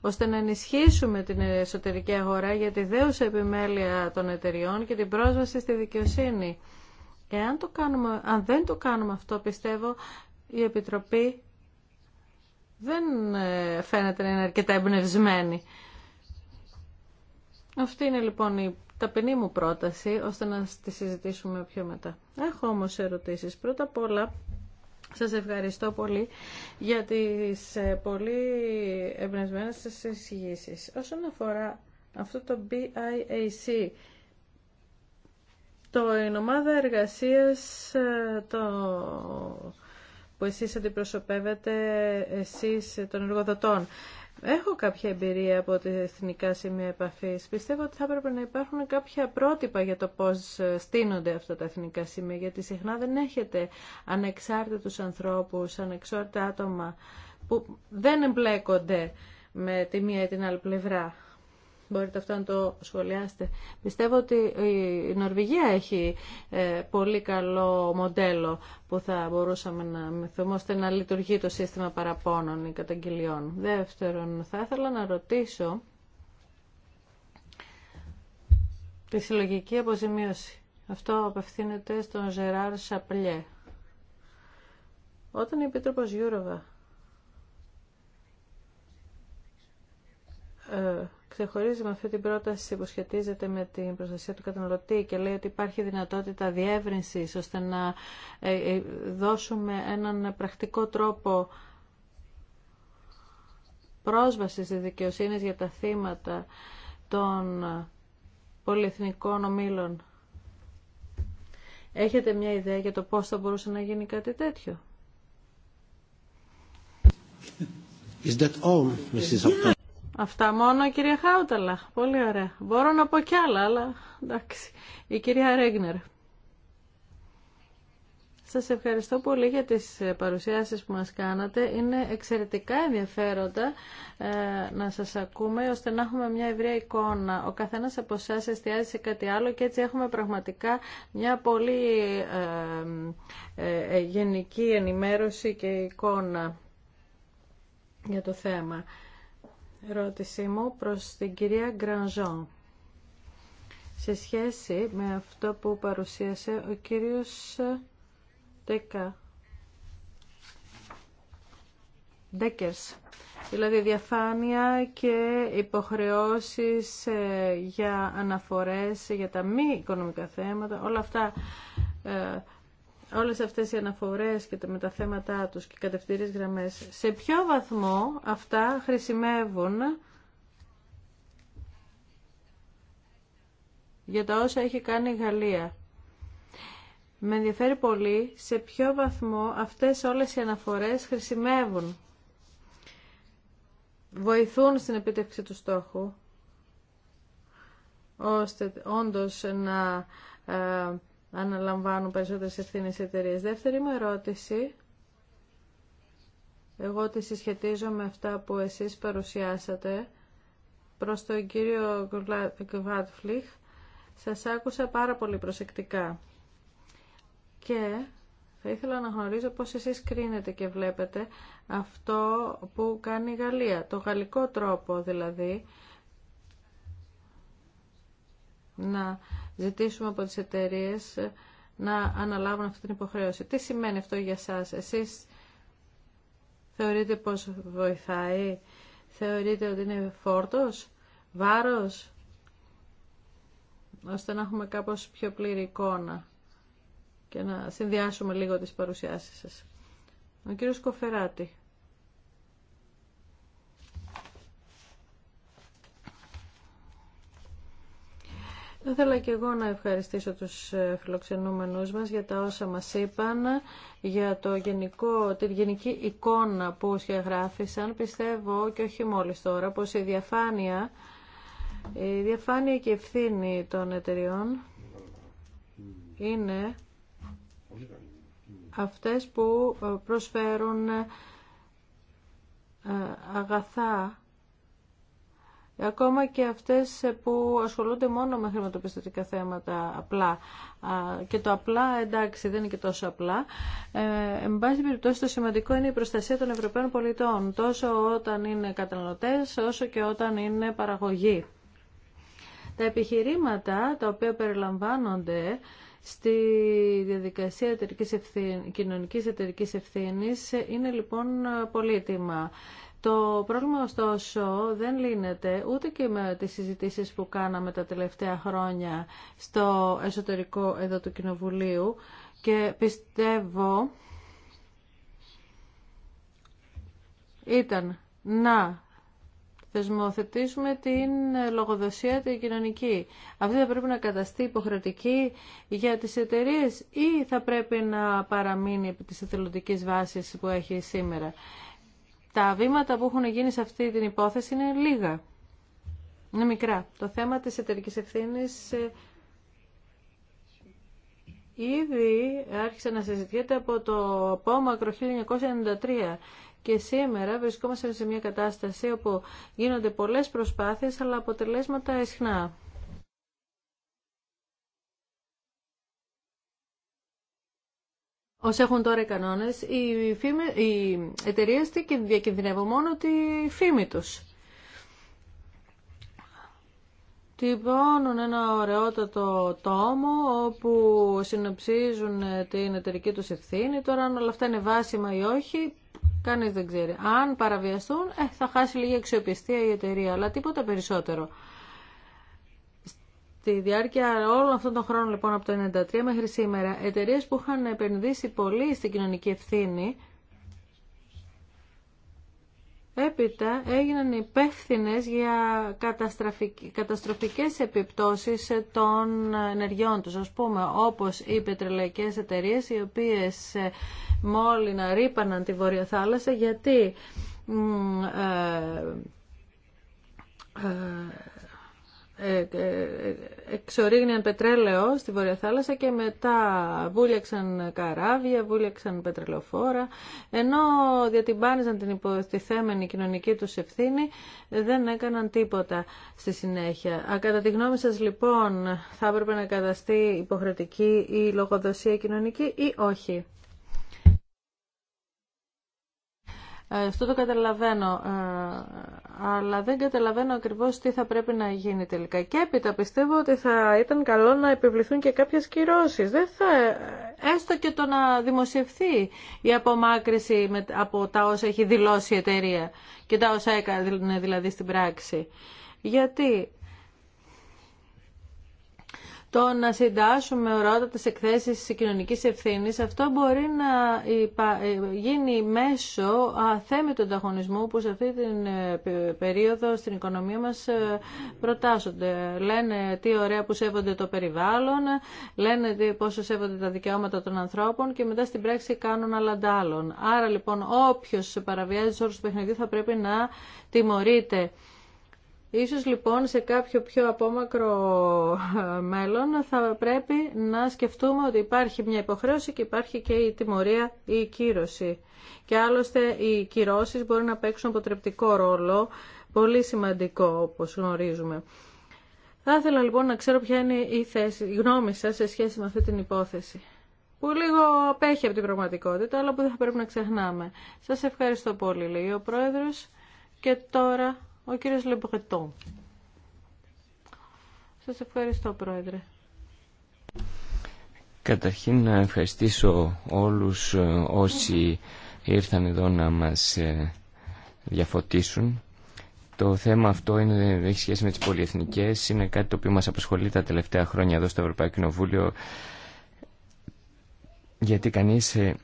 ώστε να ενισχύσουμε την εσωτερική αγορά για τη δέουσα επιμέλεια των εταιριών και την πρόσβαση στη δικαιοσύνη. Εάν το κάνουμε, αν δεν το κάνουμε αυτό, πιστεύω η Επιτροπή δεν ε, φαίνεται να είναι αρκετά εμπνευσμένη. Αυτή είναι λοιπόν η ταπεινή μου πρόταση, ώστε να τη συζητήσουμε πιο μετά. Έχω όμως ερωτήσεις. Πρώτα απ' όλα, σας ευχαριστώ πολύ για τις ε, πολύ εμπνευσμένες σας εισηγήσεις. Όσον αφορά αυτό το BIAC, το η ομάδα εργασίας ε, το, που εσείς αντιπροσωπεύετε, εσείς των εργοδοτών. Έχω κάποια εμπειρία από τα εθνικά σημεία επαφή. Πιστεύω ότι θα έπρεπε να υπάρχουν κάποια πρότυπα για το πώ ε, στείνονται αυτά τα εθνικά σημεία, γιατί συχνά δεν έχετε ανεξάρτητου ανθρώπου, ανεξάρτητα άτομα που δεν εμπλέκονται με τη μία ή την άλλη πλευρά. Μπορείτε αυτό να το σχολιάσετε. Πιστεύω ότι η Νορβηγία έχει ε, πολύ καλό μοντέλο που θα μπορούσαμε να μεθούμε ώστε να λειτουργεί το σύστημα παραπώνων ή καταγγελιών. Δεύτερον, θα ήθελα να ρωτήσω τη συλλογική αποζημίωση. Αυτό απευθύνεται στον Ζεράρ Σαπλιέ. Όταν η Επίτροπος Γιούροβα ε, Ξεχωρίζει με αυτή την πρόταση που σχετίζεται με την προστασία του καταναλωτή και λέει ότι υπάρχει δυνατότητα διεύρυνσης ώστε να ε, ε, δώσουμε έναν πρακτικό τρόπο πρόσβασης της δικαιοσύνης για τα θύματα των πολυεθνικών ομίλων. Έχετε μια ιδέα για το πώς θα μπορούσε να γίνει κάτι τέτοιο. Is that all, Mrs. Αυτά μόνο, κυρία Χάουταλα. Πολύ ωραία. Μπορώ να πω κι άλλα, αλλά εντάξει. Η κυρία Ρέγνερ. Σας ευχαριστώ πολύ για τις ε, παρουσιάσεις που μας κάνατε. Είναι εξαιρετικά ενδιαφέροντα ε, να σας ακούμε, ώστε να έχουμε μια ευρεία εικόνα. Ο καθένας από εσά εστιάζει σε κάτι άλλο και έτσι έχουμε πραγματικά μια πολύ ε, γενική ενημέρωση και εικόνα για το θέμα ερώτησή μου προς την κυρία Γκρανζόν σε σχέση με αυτό που παρουσίασε ο κύριος Τέκα Ντέκερς δηλαδή διαφάνεια και υποχρεώσεις ε, για αναφορές για τα μη οικονομικά θέματα όλα αυτά ε, όλες αυτές οι αναφορές και τα μεταθέματά τους και οι κατευθύνες γραμμές, σε ποιο βαθμό αυτά χρησιμεύουν για τα όσα έχει κάνει η Γαλλία. Με ενδιαφέρει πολύ σε ποιο βαθμό αυτές όλες οι αναφορές χρησιμεύουν. Βοηθούν στην επίτευξη του στόχου, ώστε όντως να ε, αναλαμβάνουν περισσότερε ευθύνε οι εταιρείε. Δεύτερη μου ερώτηση, εγώ τη συσχετίζω με αυτά που εσείς παρουσιάσατε προς τον κύριο Γκβάτφλιχ. Σας άκουσα πάρα πολύ προσεκτικά και θα ήθελα να γνωρίζω πώς εσείς κρίνετε και βλέπετε αυτό που κάνει η Γαλλία, το γαλλικό τρόπο δηλαδή, να ζητήσουμε από τις εταιρείε να αναλάβουν αυτή την υποχρέωση. Τι σημαίνει αυτό για σας, εσείς θεωρείτε πως βοηθάει, θεωρείτε ότι είναι φόρτος, βάρος, ώστε να έχουμε κάπως πιο πλήρη εικόνα και να συνδυάσουμε λίγο τις παρουσιάσεις σας. Ο κύριος Κοφεράτη. Θα ήθελα και εγώ να ευχαριστήσω τους ε, φιλοξενούμενους μας για τα όσα μας είπαν, για το γενικό, τη γενική εικόνα που σχεγράφησαν. Πιστεύω και όχι μόλις τώρα πως η διαφάνεια, η διαφάνεια και η ευθύνη των εταιριών είναι αυτές που προσφέρουν ε, αγαθά Ακόμα και αυτές που ασχολούνται μόνο με χρηματοπιστωτικά θέματα απλά. Και το απλά, εντάξει, δεν είναι και τόσο απλά. Ε, εν πάση περιπτώσει, το σημαντικό είναι η προστασία των Ευρωπαίων πολιτών, τόσο όταν είναι καταναλωτές, όσο και όταν είναι παραγωγή. Τα επιχειρήματα τα οποία περιλαμβάνονται στη διαδικασία εταιρικής ευθύνη, κοινωνικής εταιρικής είναι λοιπόν πολύτιμα. Το πρόβλημα ωστόσο δεν λύνεται ούτε και με τις συζητήσεις που κάναμε τα τελευταία χρόνια στο εσωτερικό εδώ του Κοινοβουλίου και πιστεύω ήταν να θεσμοθετήσουμε την λογοδοσία την κοινωνική. Αυτή θα πρέπει να καταστεί υποχρεωτική για τις εταιρείε ή θα πρέπει να παραμείνει επί της εθελοντικής βάσης που έχει σήμερα τα βήματα που έχουν γίνει σε αυτή την υπόθεση είναι λίγα. Είναι μικρά. Το θέμα της εταιρικής ευθύνης ε, ήδη άρχισε να συζητιέται από το απόμακρο 1993 και σήμερα βρισκόμαστε σε μια κατάσταση όπου γίνονται πολλές προσπάθειες αλλά αποτελέσματα ισχνά. Όσοι έχουν τώρα οι κανόνε. οι, εταιρείε οι εταιρείες διακινδυνεύουν μόνο τη φήμη του. Τυπώνουν ένα ωραιότατο τόμο όπου συνοψίζουν την εταιρική του ευθύνη. Τώρα αν όλα αυτά είναι βάσιμα ή όχι, κανείς δεν ξέρει. Αν παραβιαστούν, ε, θα χάσει λίγη αξιοπιστία η εταιρεία, αλλά τίποτα περισσότερο. Στη διάρκεια όλων αυτών των χρόνων λοιπόν από το 1993 μέχρι σήμερα, εταιρείε που είχαν επενδύσει πολύ στην κοινωνική ευθύνη, έπειτα έγιναν υπεύθυνε για καταστροφικές επιπτώσεις των ενεργειών τους, ας πούμε, όπως οι πετρελαϊκές εταιρείε, οι οποίες ε, μόλι ρήπαναν τη Βόρεια Θάλασσα, γιατί ε, ε εξορίγνιαν πετρέλαιο στη Βόρεια Θάλασσα και μετά βούλιαξαν καράβια, βούλιαξαν πετρελοφόρα ενώ διατυμπάνιζαν την υποστηθέμενη κοινωνική τους ευθύνη δεν έκαναν τίποτα στη συνέχεια. κατά τη γνώμη σας λοιπόν θα έπρεπε να καταστεί υποχρεωτική η λογοδοσία κοινωνική ή όχι. Ε, αυτό το καταλαβαίνω, ε, αλλά δεν καταλαβαίνω ακριβώς τι θα πρέπει να γίνει τελικά. Και έπειτα πιστεύω ότι θα ήταν καλό να επιβληθούν και κάποιες κυρώσεις. Δεν θα, έστω και το να δημοσιευθεί η απομάκρυση από τα όσα έχει δηλώσει η εταιρεία και τα όσα έκανε δηλαδή στην πράξη. Γιατί το να συντάσσουμε ορότατες εκθέσεις κοινωνικής ευθύνης, αυτό μπορεί να ε, γίνει μέσω αθέμητου ανταγωνισμού που σε αυτή την ε, περίοδο στην οικονομία μας ε, προτάσσονται. Λένε τι ωραία που σέβονται το περιβάλλον, λένε πόσο σέβονται τα δικαιώματα των ανθρώπων και μετά στην πράξη κάνουν άλλα Άρα λοιπόν όποιος παραβιάζει τους όρους του παιχνιδιού θα πρέπει να τιμωρείται. Ίσως λοιπόν σε κάποιο πιο απόμακρο ε, μέλλον θα πρέπει να σκεφτούμε ότι υπάρχει μια υποχρέωση και υπάρχει και η τιμωρία ή η κύρωση. Και άλλωστε οι κυρώσεις μπορεί να παίξουν αποτρεπτικό ρόλο, πολύ σημαντικό όπως γνωρίζουμε. Θα ήθελα λοιπόν να ξέρω ποια είναι η, θέση, η γνώμη σας σε σχέση με αυτή την υπόθεση που λίγο απέχει από την πραγματικότητα, αλλά που δεν θα πρέπει να ξεχνάμε. Σας ευχαριστώ πολύ, λέει ο Πρόεδρος. Και τώρα ο κύριος Λεμπρετό. Σας ευχαριστώ, Πρόεδρε. Καταρχήν να ευχαριστήσω όλους ε, όσοι ήρθαν εδώ να μας ε, διαφωτίσουν. Το θέμα αυτό είναι, έχει σχέση με τις πολυεθνικές. Είναι κάτι το οποίο μας απασχολεί τα τελευταία χρόνια εδώ στο Ευρωπαϊκό Κοινοβούλιο. Γιατί κανείς ε,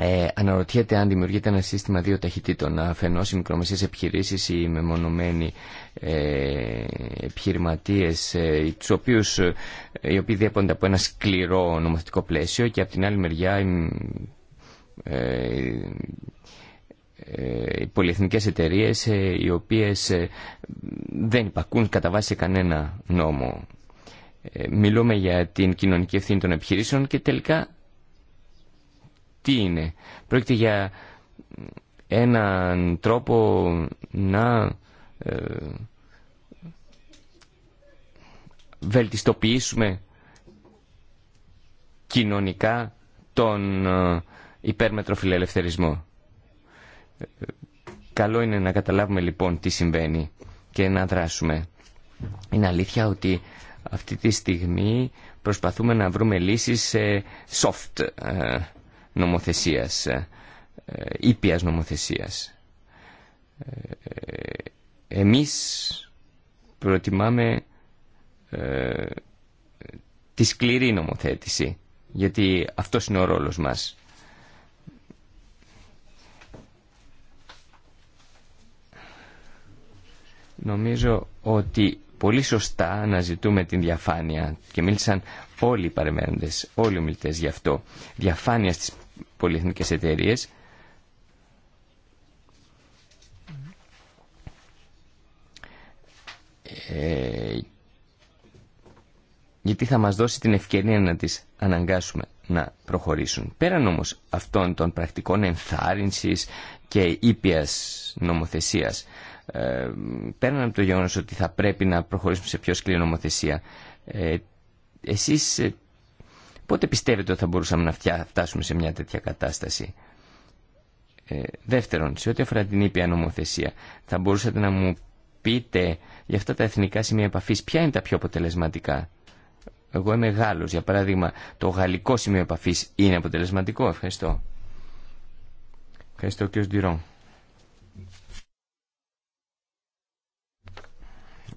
ε, αναρωτιέται αν δημιουργείται ένα σύστημα δύο ταχυτήτων. Αφενό, οι επιχειρήσεις επιχειρήσει, οι μεμονωμένοι ε, επιχειρηματίε, ε, ε, οι οποίοι διέπονται από ένα σκληρό νομοθετικό πλαίσιο, και από την άλλη μεριά οι, ε, ε, οι πολυεθνικές εταιρείες οι οποίες δεν υπακούν κατά βάση κανένα νόμο. Μιλούμε για την κοινωνική ευθύνη των επιχειρήσεων και τελικά τι είναι. Πρόκειται για έναν τρόπο να ε, βελτιστοποιήσουμε κοινωνικά τον ε, υπέρμετρο φιλελευθερισμό. Καλό είναι να καταλάβουμε λοιπόν τι συμβαίνει και να δράσουμε. Είναι αλήθεια ότι αυτή τη στιγμή προσπαθούμε να βρούμε λύσεις soft ε, νομοθεσίας, ε, ε, ήπιας νομοθεσίας. Ε, εμείς προτιμάμε τη σκληρή νομοθέτηση, γιατί αυτός είναι ο ρόλος μας. Νομίζω ότι πολύ σωστά αναζητούμε την διαφάνεια και μίλησαν όλοι οι παρεμένοντες, όλοι οι ομιλητές γι' αυτό. Διαφάνεια στις πολυεθνικές εταιρείε. Ε, γιατί θα μας δώσει την ευκαιρία να τις αναγκάσουμε να προχωρήσουν. Πέραν όμως αυτών των πρακτικών ενθάρρυνσης και ήπιας νομοθεσίας, ε, πέραν από το γεγονός ότι θα πρέπει να προχωρήσουμε σε πιο σκληρή νομοθεσία, ε, εσείς ε, Πότε πιστεύετε ότι θα μπορούσαμε να φτάσουμε σε μια τέτοια κατάσταση. Ε, δεύτερον, σε ό,τι αφορά την ήπια νομοθεσία, θα μπορούσατε να μου πείτε για αυτά τα εθνικά σημεία επαφή, ποια είναι τα πιο αποτελεσματικά. Εγώ είμαι Γάλλο. για παράδειγμα, το γαλλικό σημείο επαφή είναι αποτελεσματικό. Ευχαριστώ. Ευχαριστώ κύριο Ντυρό.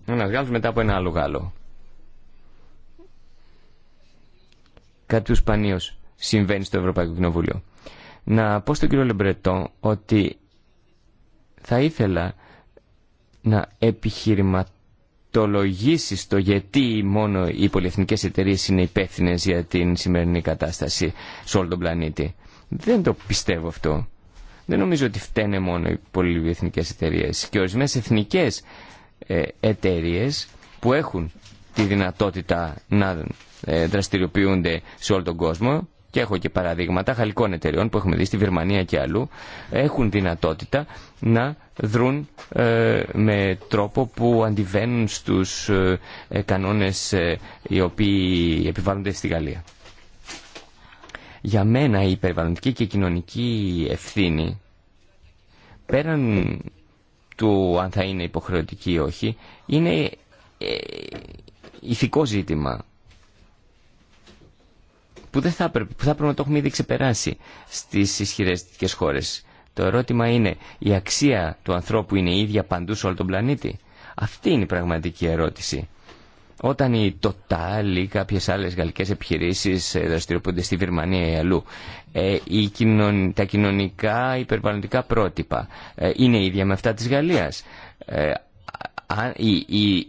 Ένα Γάλλο μετά από ένα άλλο Γάλλο. Κάτι του σπανίως συμβαίνει στο Ευρωπαϊκό Κοινοβούλιο. Να πω στον κύριο Λεμπρετό ότι θα ήθελα να επιχειρηματολογήσει το γιατί μόνο οι πολυεθνικές εταιρείε είναι υπεύθυνε για την σημερινή κατάσταση σε όλο τον πλανήτη. Δεν το πιστεύω αυτό. Δεν νομίζω ότι φταίνε μόνο οι πολυεθνικές εταιρείε. Και ορισμένε εθνικέ ε, εταιρείε που έχουν τη δυνατότητα να ε, δραστηριοποιούνται σε όλο τον κόσμο και έχω και παραδείγματα χαλικών εταιριών που έχουμε δει στη Βερμανία και αλλού έχουν δυνατότητα να δρουν ε, με τρόπο που αντιβαίνουν στους ε, ε κανόνες οι οποίοι επιβάλλονται στη Γαλλία. Για μένα η περιβαλλοντική και κοινωνική ευθύνη πέραν του αν θα είναι υποχρεωτική ή όχι είναι ηθικό ζήτημα που, θα πρέπει να το έχουμε ήδη ξεπεράσει στις ισχυρές χώρες. Το ερώτημα είναι, η αξία του ανθρώπου είναι η ίδια παντού σε όλο τον πλανήτη. Αυτή είναι η πραγματική ερώτηση. Όταν η Total ή κάποιε άλλες γαλλικές επιχειρήσεις ε, δραστηριοποιούνται στη Βερμανία ή αλλού, ε, τα κοινωνικά υπερβαλλοντικά πρότυπα ε, είναι ίδια με αυτά της Γαλλίας. Η, η,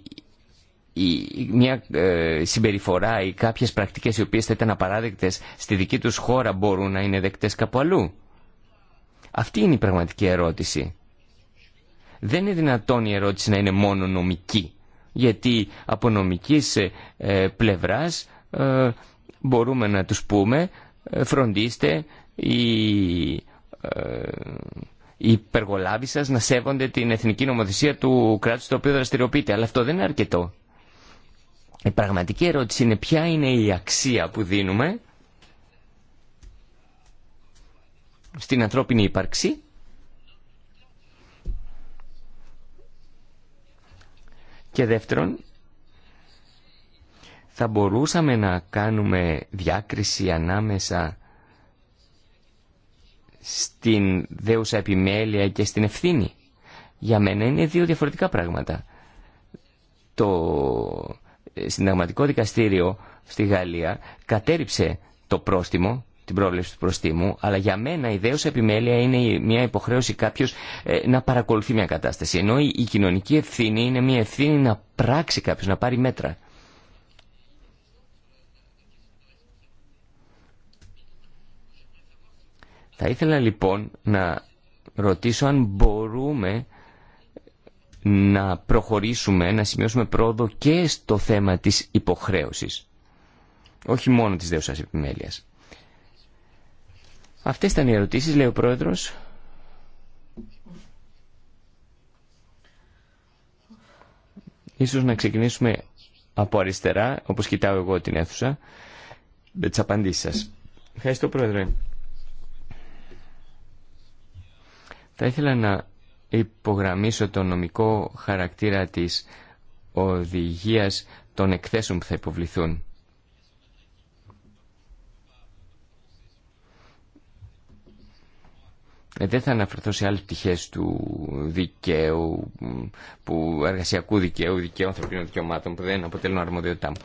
μια ε, συμπεριφορά ή κάποιες πρακτικές οι οποίες θα ήταν απαράδεκτες στη δική τους χώρα μπορούν να είναι δεκτές κάπου αλλού. Αυτή είναι η πραγματική ερώτηση. Δεν είναι δυνατόν η ερώτηση να είναι μόνο νομική, γιατί από νομικής ε, ε, πλευράς μπορούμε να τους πούμε φροντίστε οι, οι υπεργολάβοι σας να σέβονται την εθνική νομοθεσία του κράτους το οποίο δραστηριοποιείται. Αλλά αυτό δεν είναι αρκετό. Η πραγματική ερώτηση είναι ποια είναι η αξία που δίνουμε στην ανθρώπινη ύπαρξη και δεύτερον θα μπορούσαμε να κάνουμε διάκριση ανάμεσα στην δέουσα επιμέλεια και στην ευθύνη. Για μένα είναι δύο διαφορετικά πράγματα. Το συνταγματικό δικαστήριο στη Γαλλία κατέριψε το πρόστιμο, την πρόβλεψη του προστίμου, αλλά για μένα η δέουσα επιμέλεια είναι μια υποχρέωση κάποιο ε, να παρακολουθεί μια κατάσταση. Ενώ η κοινωνική ευθύνη είναι μια ευθύνη να πράξει κάποιο, να πάρει μέτρα. Θα ήθελα λοιπόν να ρωτήσω αν μπορούμε να προχωρήσουμε, να σημειώσουμε πρόοδο και στο θέμα της υποχρέωσης. Όχι μόνο της δέουσας επιμέλειας. Αυτές ήταν οι ερωτήσεις, λέει ο Πρόεδρος. Ίσως να ξεκινήσουμε από αριστερά, όπως κοιτάω εγώ την αίθουσα, με τις απαντήσεις σας. Ευχαριστώ, Πρόεδρε. Θα ήθελα να υπογραμμίσω το νομικό χαρακτήρα της οδηγίας των εκθέσεων που θα υποβληθούν. Ε, δεν θα αναφερθώ σε άλλες πτυχές του δικαίου, που, εργασιακού δικαίου, δικαίου ανθρωπίνων δικαιωμάτων που δεν αποτελούν αρμοδιότητά μου.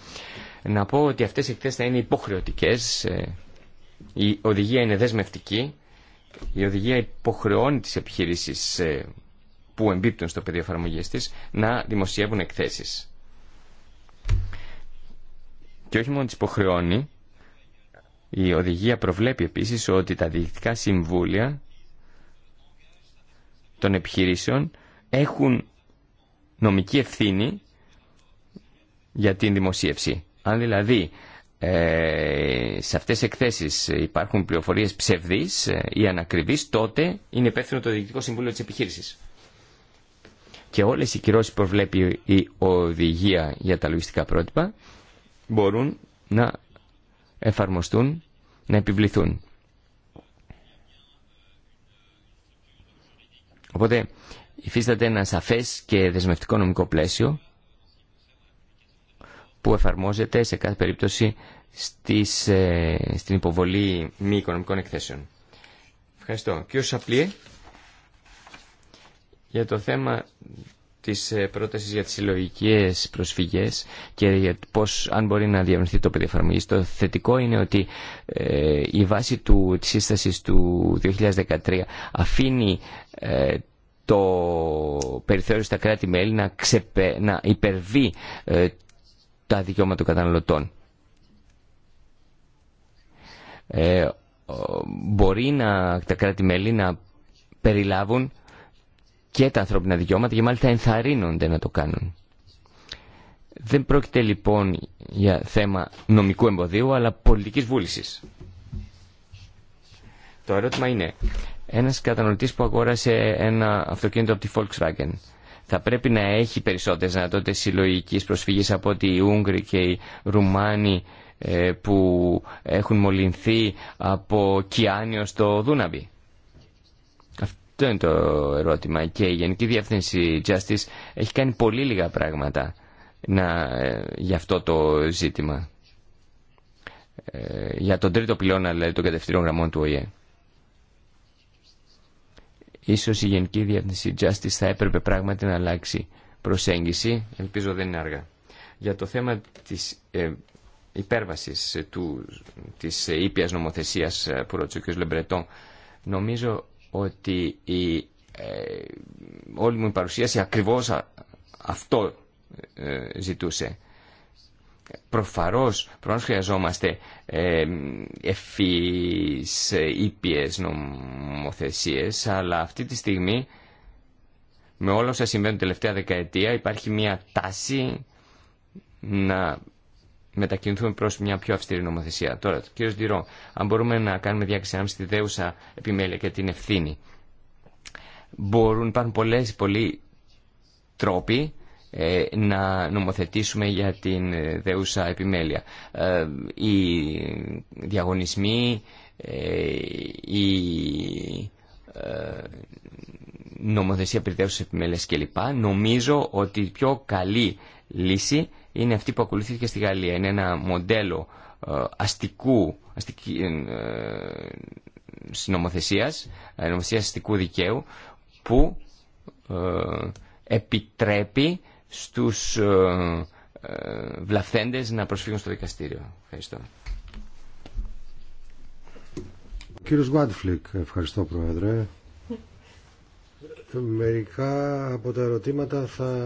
Να πω ότι αυτές οι εκθέσεις θα είναι υποχρεωτικές, ε, η οδηγία είναι δεσμευτική η οδηγία υποχρεώνει τις επιχειρήσεις ε, που εμπίπτουν στο πεδίο εφαρμογή τη να δημοσιεύουν εκθέσεις. Και όχι μόνο τις υποχρεώνει, η οδηγία προβλέπει επίσης ότι τα διοικητικά συμβούλια των επιχειρήσεων έχουν νομική ευθύνη για την δημοσίευση. Αν δηλαδή ε, σε αυτές τις εκθέσεις υπάρχουν πληροφορίες ψευδείς ε, ή ανακριβείς, τότε είναι υπεύθυνο το Διοικητικό Συμβούλιο της επιχείρησης. Και όλες οι κυρώσεις που προβλέπει η ανακριβης τοτε ειναι υπευθυνο το διοικητικο συμβουλιο της επιχειρησης και ολες οι κυρωσεις που προβλεπει η οδηγια για τα λογιστικά πρότυπα μπορούν να εφαρμοστούν, να επιβληθούν. Οπότε υφίσταται ένα σαφές και δεσμευτικό νομικό πλαίσιο που εφαρμόζεται σε κάθε περίπτωση στις, ε, στην υποβολή μη οικονομικών εκθέσεων. Ευχαριστώ. Κύριο Σαπλίε, για το θέμα της ε, πρότασης για τις συλλογικέ προσφυγές και για πώς αν μπορεί να διαβρυνθεί το παιδί Το θετικό είναι ότι ε, η βάση του, της σύστασης του 2013 αφήνει το περιθώριο στα κράτη-μέλη να, να υπερβεί ε, τα δικαιώματα των καταναλωτών. Ε, μπορεί να, τα κράτη-μέλη να περιλάβουν και τα ανθρώπινα δικαιώματα και μάλιστα ενθαρρύνονται να το κάνουν. Δεν πρόκειται λοιπόν για θέμα νομικού εμποδίου αλλά πολιτικής βούλησης. Το ερώτημα είναι, ένας καταναλωτής που αγόρασε ένα αυτοκίνητο από τη Volkswagen θα πρέπει να έχει περισσότερες δυνατότητε συλλογική προσφυγής από ότι οι Ούγγροι και οι Ρουμάνοι ε, που έχουν μολυνθεί από Κιάνιο στο Δούναβι. Αυτό είναι το ερώτημα και η Γενική Διεύθυνση Justice έχει κάνει πολύ λίγα πράγματα ε, για αυτό το ζήτημα. Ε, για τον τρίτο πυλώνα, δηλαδή των κατευθυντήρων γραμμών του ΟΗΕ. Ίσως η Γενική Διεύθυνση Justice θα έπρεπε πράγματι να αλλάξει προσέγγιση. Ελπίζω δεν είναι αργά. Για το θέμα της ε, υπέρβασης του, της ε, ήπιας νομοθεσίας ε, που ρώτησε ο κ. Λεμπρετών, νομίζω ότι η, ε, όλη μου η παρουσίαση ακριβώς αυτό ζητούσε προφαρός προφανώς χρειαζόμαστε ε, ευφυείς, ήπιες νομοθεσίες, αλλά αυτή τη στιγμή με όλα όσα συμβαίνουν τελευταία δεκαετία υπάρχει μια τάση να μετακινηθούμε προς μια πιο αυστηρή νομοθεσία. Τώρα, κύριος Ντυρό, αν μπορούμε να κάνουμε διάκριση ανάμεσα στη δέουσα επιμέλεια και την ευθύνη. Μπορούν, υπάρχουν πολλές, πολλοί τρόποι ε, να νομοθετήσουμε για την ε, δεούσα επιμέλεια. Ε, οι διαγωνισμοί, η νομοθεσία περιδεύουσας επιμέλεια κλπ. Νομίζω ότι η πιο καλή λύση είναι αυτή που ακολουθήθηκε στη Γαλλία. Είναι ένα μοντέλο αστικού, συνομοθεσίας νομοθεσία αστικού δικαίου που επιτρέπει στους ε, ε, βλαφθέντες να προσφύγουν στο δικαστήριο. Ευχαριστώ. Κύριος Γουάντφλικ. ευχαριστώ Πρόεδρε. Μερικά από τα ερωτήματα θα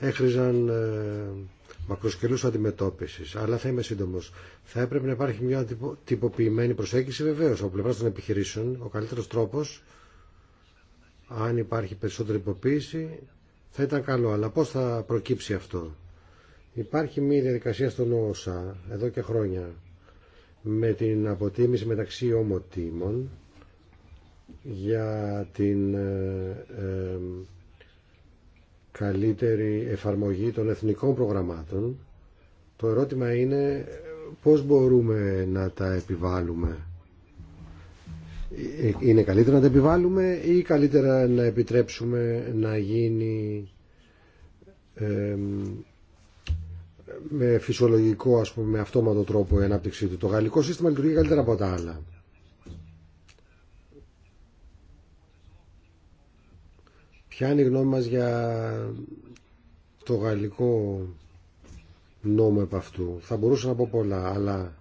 έχριζαν ε, μακροσκελούς αντιμετώπισης, αλλά θα είμαι σύντομος. Θα έπρεπε να υπάρχει μια τυποποιημένη προσέγγιση βεβαίως από πλευράς των επιχειρήσεων. Ο καλύτερος τρόπος, αν υπάρχει περισσότερη υποποίηση, θα ήταν καλό. Αλλά πώς θα προκύψει αυτό. Υπάρχει μια διαδικασία στον ΩΣΑ εδώ και χρόνια με την αποτίμηση μεταξύ ομοτήμων για την ε, ε, καλύτερη εφαρμογή των εθνικών προγραμμάτων. Το ερώτημα είναι πώς μπορούμε να τα επιβάλλουμε είναι καλύτερα να τα επιβάλλουμε ή καλύτερα να επιτρέψουμε να γίνει με φυσιολογικό ας πούμε αυτόματο τρόπο η ανάπτυξή του. Το γαλλικό σύστημα λειτουργεί καλύτερα από τα άλλα. Ποια είναι η γνώμη μας για το γαλλικό νόμο επ' αυτού. Θα μπορούσα να πω πολλά, αλλά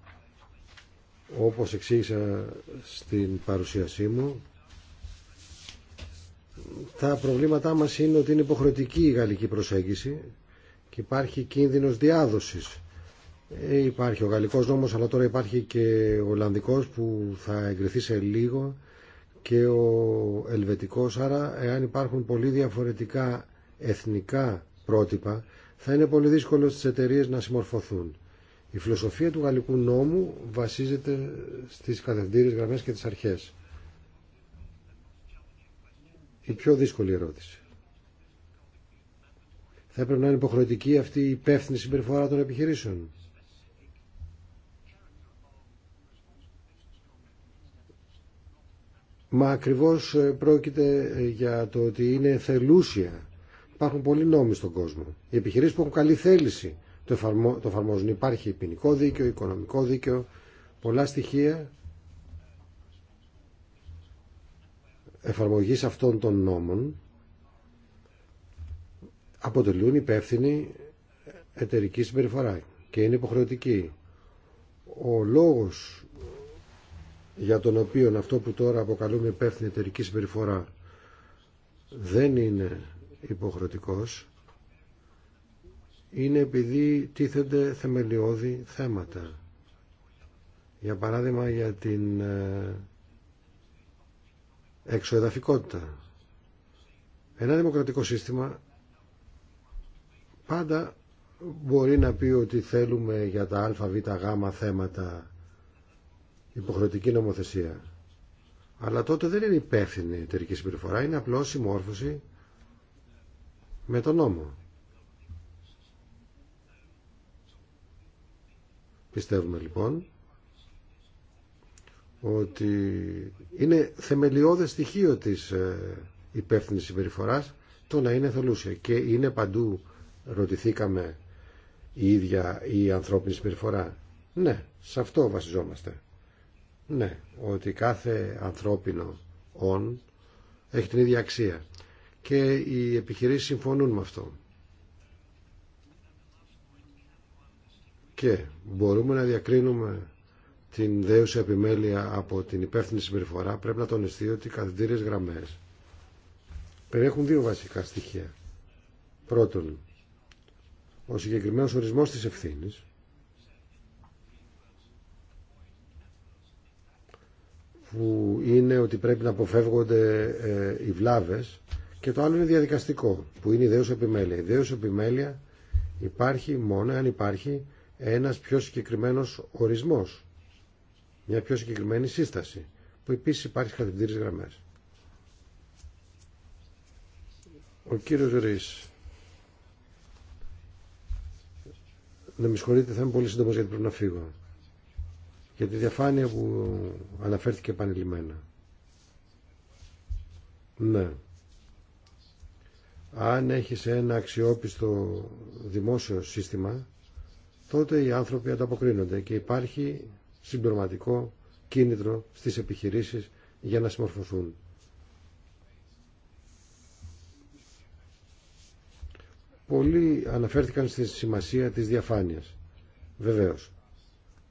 όπως εξήγησα στην παρουσίασή μου, τα προβλήματά μας είναι ότι είναι υποχρεωτική η γαλλική προσέγγιση και υπάρχει κίνδυνος διάδοσης. Ε, υπάρχει ο γαλλικός νόμος, αλλά τώρα υπάρχει και ο ολλανδικός που θα εγκριθεί σε λίγο και ο ελβετικός, άρα εάν υπάρχουν πολύ διαφορετικά εθνικά πρότυπα, θα είναι πολύ δύσκολο στις εταιρείε να συμμορφωθούν. Η φιλοσοφία του γαλλικού νόμου βασίζεται στις κατευθύνες γραμμές και τις αρχές. Η πιο δύσκολη ερώτηση. Θα έπρεπε να είναι υποχρεωτική αυτή η υπεύθυνη συμπεριφορά των επιχειρήσεων. Μα ακριβώς ε, πρόκειται ε, για το ότι είναι θελούσια. Υπάρχουν πολλοί νόμοι στον κόσμο. Οι επιχειρήσεις που έχουν καλή θέληση το, εφαρμο, το εφαρμόζουν. Υπάρχει ποινικό δίκαιο, οικονομικό δίκαιο, πολλά στοιχεία εφαρμογής αυτών των νόμων αποτελούν υπεύθυνη εταιρική συμπεριφορά και είναι υποχρεωτική. Ο λόγος για τον οποίο αυτό που τώρα αποκαλούμε υπεύθυνη εταιρική συμπεριφορά δεν είναι υποχρεωτικός είναι επειδή τίθενται θεμελιώδη θέματα. Για παράδειγμα για την ε, εξοεδαφικότητα. Ένα δημοκρατικό σύστημα πάντα μπορεί να πει ότι θέλουμε για τα α, β, γ θέματα υποχρεωτική νομοθεσία. Αλλά τότε δεν είναι υπεύθυνη η εταιρική συμπεριφορά, είναι απλώς η μόρφωση με τον νόμο. Πιστεύουμε λοιπόν ότι είναι θεμελιώδες στοιχείο της ε, υπεύθυνης συμπεριφοράς το να είναι θελούσια και είναι παντού ρωτηθήκαμε η ίδια η ανθρώπινη συμπεριφορά. Ναι, σε αυτό βασιζόμαστε. Ναι, ότι κάθε ανθρώπινο όν έχει την ίδια αξία. Και οι επιχειρήσεις συμφωνούν με αυτό. και μπορούμε να διακρίνουμε την δέουσα επιμέλεια από την υπεύθυνη συμπεριφορά, πρέπει να τονιστεί ότι οι καθητήριες γραμμέ περιέχουν δύο βασικά στοιχεία. Πρώτον, ο συγκεκριμένο ορισμό της Ευθύνη. που είναι ότι πρέπει να αποφεύγονται ε, οι βλάβες και το άλλο είναι διαδικαστικό, που είναι η δέωση επιμέλεια. Η δέωση επιμέλεια υπάρχει μόνο αν υπάρχει ένας πιο συγκεκριμένος ορισμός, μια πιο συγκεκριμένη σύσταση, που επίσης υπάρχει χαρακτηριστήρες γραμμές. Ο κύριος Ρης, να με συγχωρείτε θα είμαι πολύ σύντομος γιατί πρέπει να φύγω, για τη διαφάνεια που αναφέρθηκε επανειλημμένα. Ναι. Αν έχεις ένα αξιόπιστο δημόσιο σύστημα, τότε οι άνθρωποι ανταποκρίνονται και υπάρχει συμπληρωματικό κίνητρο στις επιχειρήσεις για να συμμορφωθούν. Πολλοί αναφέρθηκαν στη σημασία της διαφάνειας. Βεβαίως,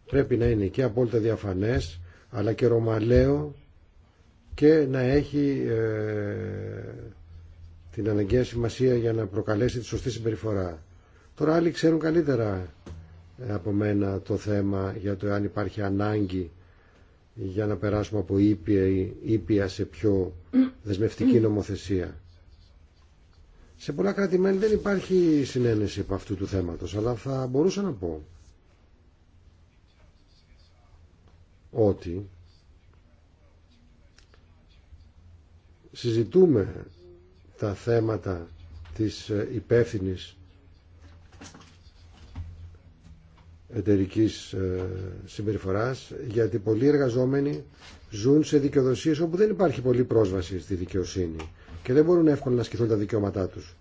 πρέπει να είναι και απόλυτα διαφανές, αλλά και ρωμαλαίο και να έχει ε, την αναγκαία σημασία για να προκαλέσει τη σωστή συμπεριφορά. Τώρα άλλοι ξέρουν καλύτερα από μένα το θέμα για το αν υπάρχει ανάγκη για να περάσουμε από ήπια, ήπια σε πιο δεσμευτική νομοθεσία. Σε πολλά δεν υπάρχει συνένεση από αυτού του θέματος, αλλά θα μπορούσα να πω ότι συζητούμε τα θέματα της υπεύθυνης εταιρική ε, συμπεριφορά, γιατί πολλοί εργαζόμενοι ζουν σε δικαιοδοσίες όπου δεν υπάρχει πολλή πρόσβαση στη δικαιοσύνη και δεν μπορούν εύκολα να ασκηθούν τα δικαιώματά τους.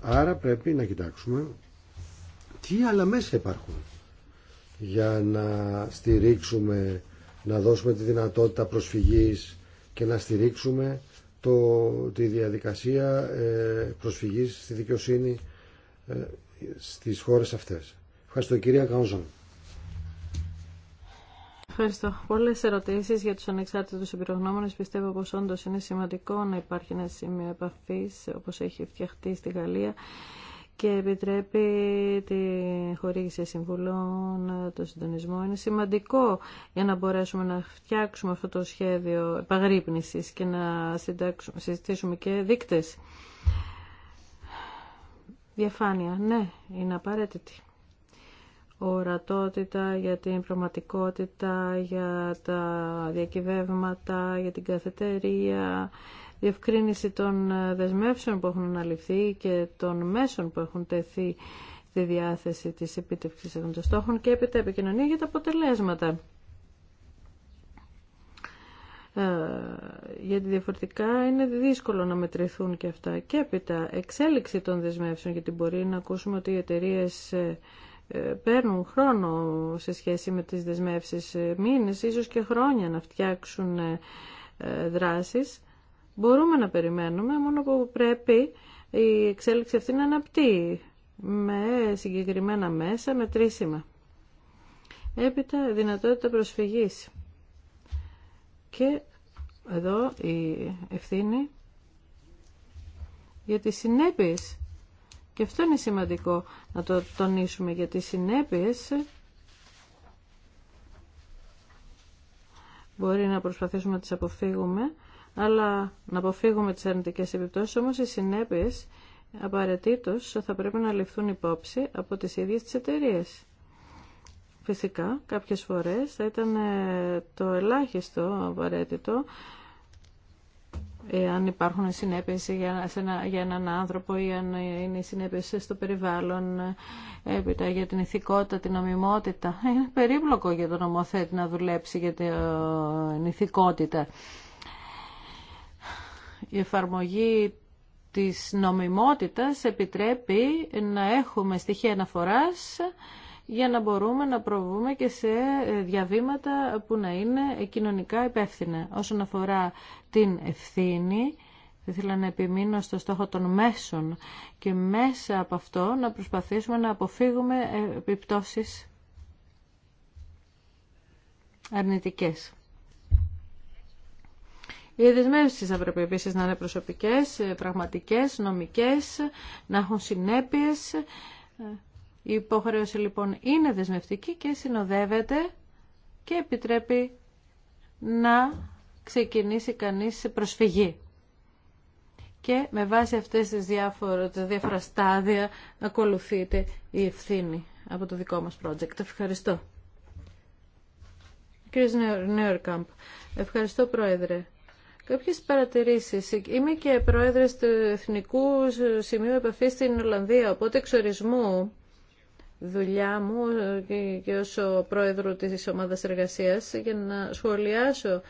Άρα πρέπει να κοιτάξουμε τι άλλα μέσα υπάρχουν για να στηρίξουμε, να δώσουμε τη δυνατότητα προσφυγής και να στηρίξουμε το, τη διαδικασία ε, προσφυγής στη δικαιοσύνη ε, στις χώρες αυτές. Ευχαριστώ κυρία Καούζον. Ευχαριστώ. Πολλέ ερωτήσει για του ανεξάρτητου εμπειρογνώμονε. Πιστεύω πω όντω είναι σημαντικό να υπάρχει ένα σημείο επαφή όπω έχει φτιαχτεί στη Γαλλία και επιτρέπει τη χορήγηση συμβουλών, το συντονισμό. Είναι σημαντικό για να μπορέσουμε να φτιάξουμε αυτό το σχέδιο επαγρύπνησης και να συζητήσουμε και δείκτες. Διαφάνεια, ναι, είναι απαραίτητη ορατότητα, για την πραγματικότητα, για τα διακυβεύματα, για την καθετερία, διευκρίνηση των δεσμεύσεων που έχουν αναλυφθεί και των μέσων που έχουν τεθεί στη διάθεση της επίτευξης των στόχων και έπειτα επικοινωνία για τα αποτελέσματα. Ε, γιατί διαφορετικά είναι δύσκολο να μετρηθούν και αυτά. Και έπειτα εξέλιξη των δεσμεύσεων, γιατί μπορεί να ακούσουμε ότι οι εταιρείε ε, ε, παίρνουν χρόνο σε σχέση με τις δεσμεύσεις ε, μήνες, ίσως και χρόνια να φτιάξουν ε, δράσεις. Μπορούμε να περιμένουμε, μόνο που πρέπει η εξέλιξη αυτή να αναπτύει με συγκεκριμένα μέσα, μετρήσιμα. Έπειτα, δυνατότητα προσφυγής. Και εδώ η ευθύνη για τις συνέπειες και αυτό είναι σημαντικό να το τονίσουμε γιατί οι συνέπειες. Μπορεί να προσπαθήσουμε να τις αποφύγουμε, αλλά να αποφύγουμε τις αρνητικές επιπτώσεις, όμως οι συνέπειες απαραίτητο θα πρέπει να ληφθούν υπόψη από τις ίδιες τις εταιρείες. Φυσικά, κάποιες φορές θα ήταν ε, το ελάχιστο απαραίτητο αν υπάρχουν συνέπειες για, για έναν άνθρωπο ή αν είναι οι συνέπειες στο περιβάλλον, έπειτα για την ηθικότητα, την νομιμότητα. Είναι περίπλοκο για τον νομοθέτη να δουλέψει για την ηθικότητα. Η εφαρμογή της νομιμότητας επιτρέπει να έχουμε στοιχεία αναφοράς για να μπορούμε να προβούμε και σε ε, διαβήματα που να είναι κοινωνικά υπεύθυνα. Όσον αφορά την ευθύνη, θα ήθελα να επιμείνω στο στόχο των μέσων και μέσα από αυτό να προσπαθήσουμε να αποφύγουμε ε, επιπτώσεις αρνητικές. Οι δεσμεύσει θα πρέπει επίση να είναι προσωπικέ, ε, πραγματικέ, νομικές, να έχουν συνέπειε. Η υποχρέωση λοιπόν είναι δεσμευτική και συνοδεύεται και επιτρέπει να ξεκινήσει κανείς σε προσφυγή. Και με βάση αυτές τις διάφορα, διάφορα στάδια ακολουθείται η ευθύνη από το δικό μας project. Ευχαριστώ. Κύριε Νέορκαμπ, ευχαριστώ Πρόεδρε. Κάποιες παρατηρήσεις. Είμαι και Πρόεδρε του Εθνικού Σημείου Επαφής στην Ολλανδία, οπότε εξορισμού δουλειά μου και ως πρόεδρο της ομάδας εργασίας για να σχολιάσω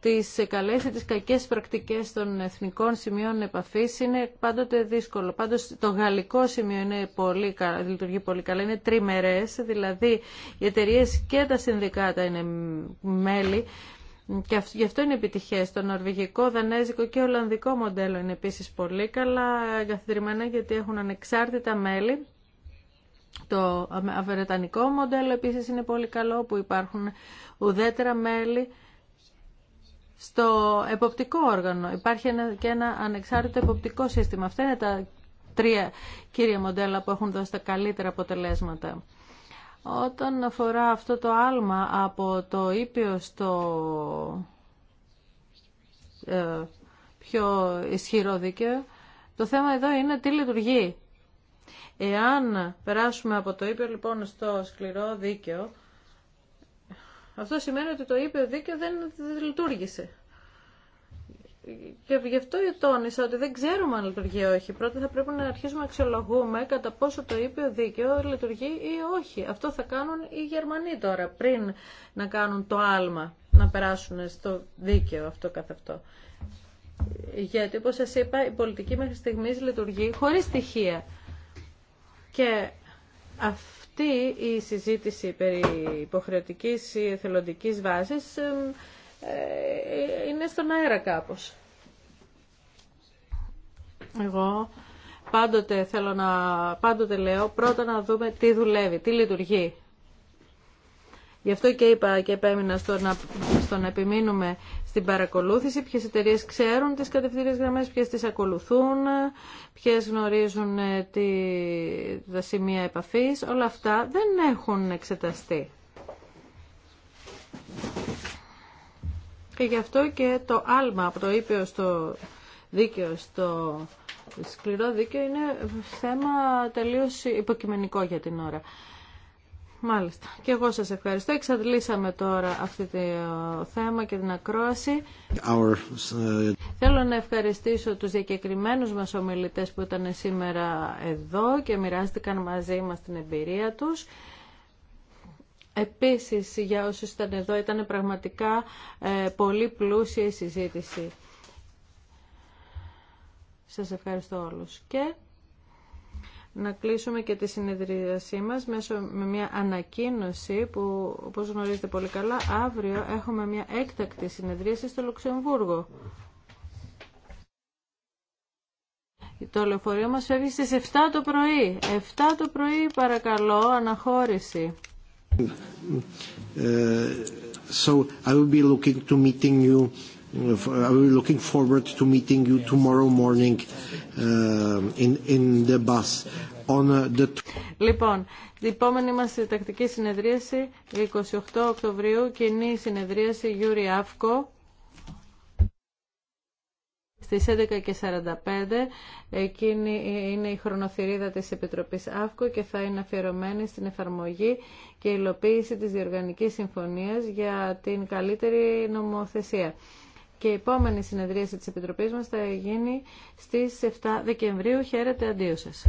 τις καλές ή τις κακές πρακτικές των εθνικών σημείων επαφής είναι πάντοτε δύσκολο. Πάντως το γαλλικό σημείο είναι πολύ, λειτουργεί πολύ καλά, είναι τριμερές, δηλαδή οι εταιρείε και τα συνδικάτα είναι μέλη και γι' αυτό είναι επιτυχέ. Το νορβηγικό, δανέζικο και ολλανδικό μοντέλο είναι επίση πολύ καλά εγκαθιδρυμένα γιατί έχουν ανεξάρτητα μέλη το αβερετανικό μοντέλο επίσης είναι πολύ καλό που υπάρχουν ουδέτερα μέλη στο εποπτικό όργανο. Υπάρχει και ένα ανεξάρτητο εποπτικό σύστημα. Αυτά είναι τα τρία κύρια μοντέλα που έχουν δώσει τα καλύτερα αποτελέσματα. Όταν αφορά αυτό το άλμα από το ήπιο στο ε, πιο ισχυρό δίκαιο, το θέμα εδώ είναι τι λειτουργεί Εάν περάσουμε από το ήπιο λοιπόν στο σκληρό δίκαιο, αυτό σημαίνει ότι το ήπιο δίκαιο δεν λειτουργήσε. Και γι' αυτό τόνισα ότι δεν ξέρουμε αν λειτουργεί ή όχι. Πρώτα θα πρέπει να αρχίσουμε να αξιολογούμε κατά πόσο το ήπιο δίκαιο λειτουργεί ή όχι. Αυτό θα κάνουν οι Γερμανοί τώρα πριν να κάνουν το άλμα, να περάσουν στο δίκαιο αυτό καθ' αυτό. Γιατί όπως σας είπα η πολιτική μέχρι στιγμής λειτουργεί χωρίς στοιχεία. Και αυτή η συζήτηση περί υποχρεωτικής ή εθελοντικής βάσης ε, ε, είναι στον αέρα κάπως. Εγώ πάντοτε θέλω να, πάντοτε λέω πρώτα να δούμε τι δουλεύει, τι λειτουργεί. Γι' αυτό και είπα και επέμεινα στο να, στο να επιμείνουμε στην παρακολούθηση, ποιες εταιρείες ξέρουν τις κατευθυντήριες γραμμές, ποιες τις ακολουθούν, ποιες γνωρίζουν ε, τη, τα σημεία επαφής. Όλα αυτά δεν έχουν εξεταστεί. Και γι' αυτό και το άλμα από το ήπιο στο δίκαιο, στο σκληρό δίκαιο, είναι θέμα τελείως υποκειμενικό για την ώρα. Μάλιστα. Και εγώ σας ευχαριστώ. Εξαντλήσαμε τώρα αυτό το ε, θέμα και την ακρόαση. Ε, Θέλω να ευχαριστήσω τους διακεκριμένους μας ομιλητές που ήταν σήμερα εδώ και μοιράστηκαν μαζί μας την εμπειρία τους. Επίσης, για όσους ήταν εδώ, ήταν πραγματικά ε, πολύ πλούσια η συζήτηση. Σας ευχαριστώ όλους. Και να κλείσουμε και τη συνεδρίασή μας μέσω με μια ανακοίνωση που όπως γνωρίζετε πολύ καλά αύριο έχουμε μια έκτακτη συνεδρίαση στο Λουξεμβούργο. Το λεωφορείο μας φεύγει στις 7 το πρωί. 7 το πρωί παρακαλώ αναχώρηση. Ε, so I will be looking to meeting you looking forward to meeting you tomorrow morning uh, in, the bus. Uh, λοιπόν, η επόμενη μας τακτική συνεδρίαση, 28 Οκτωβρίου, κοινή συνεδρίαση Γιούρι Αύκο στις 11.45 εκείνη είναι η χρονοθυρίδα της Επιτροπής Αύκο και θα είναι αφιερωμένη στην εφαρμογή και υλοποίηση της Διοργανικής Συμφωνίας για την καλύτερη νομοθεσία και η επόμενη συνεδρίαση της Επιτροπής μας θα γίνει στις 7 Δεκεμβρίου. Χαίρετε, αντίο σας.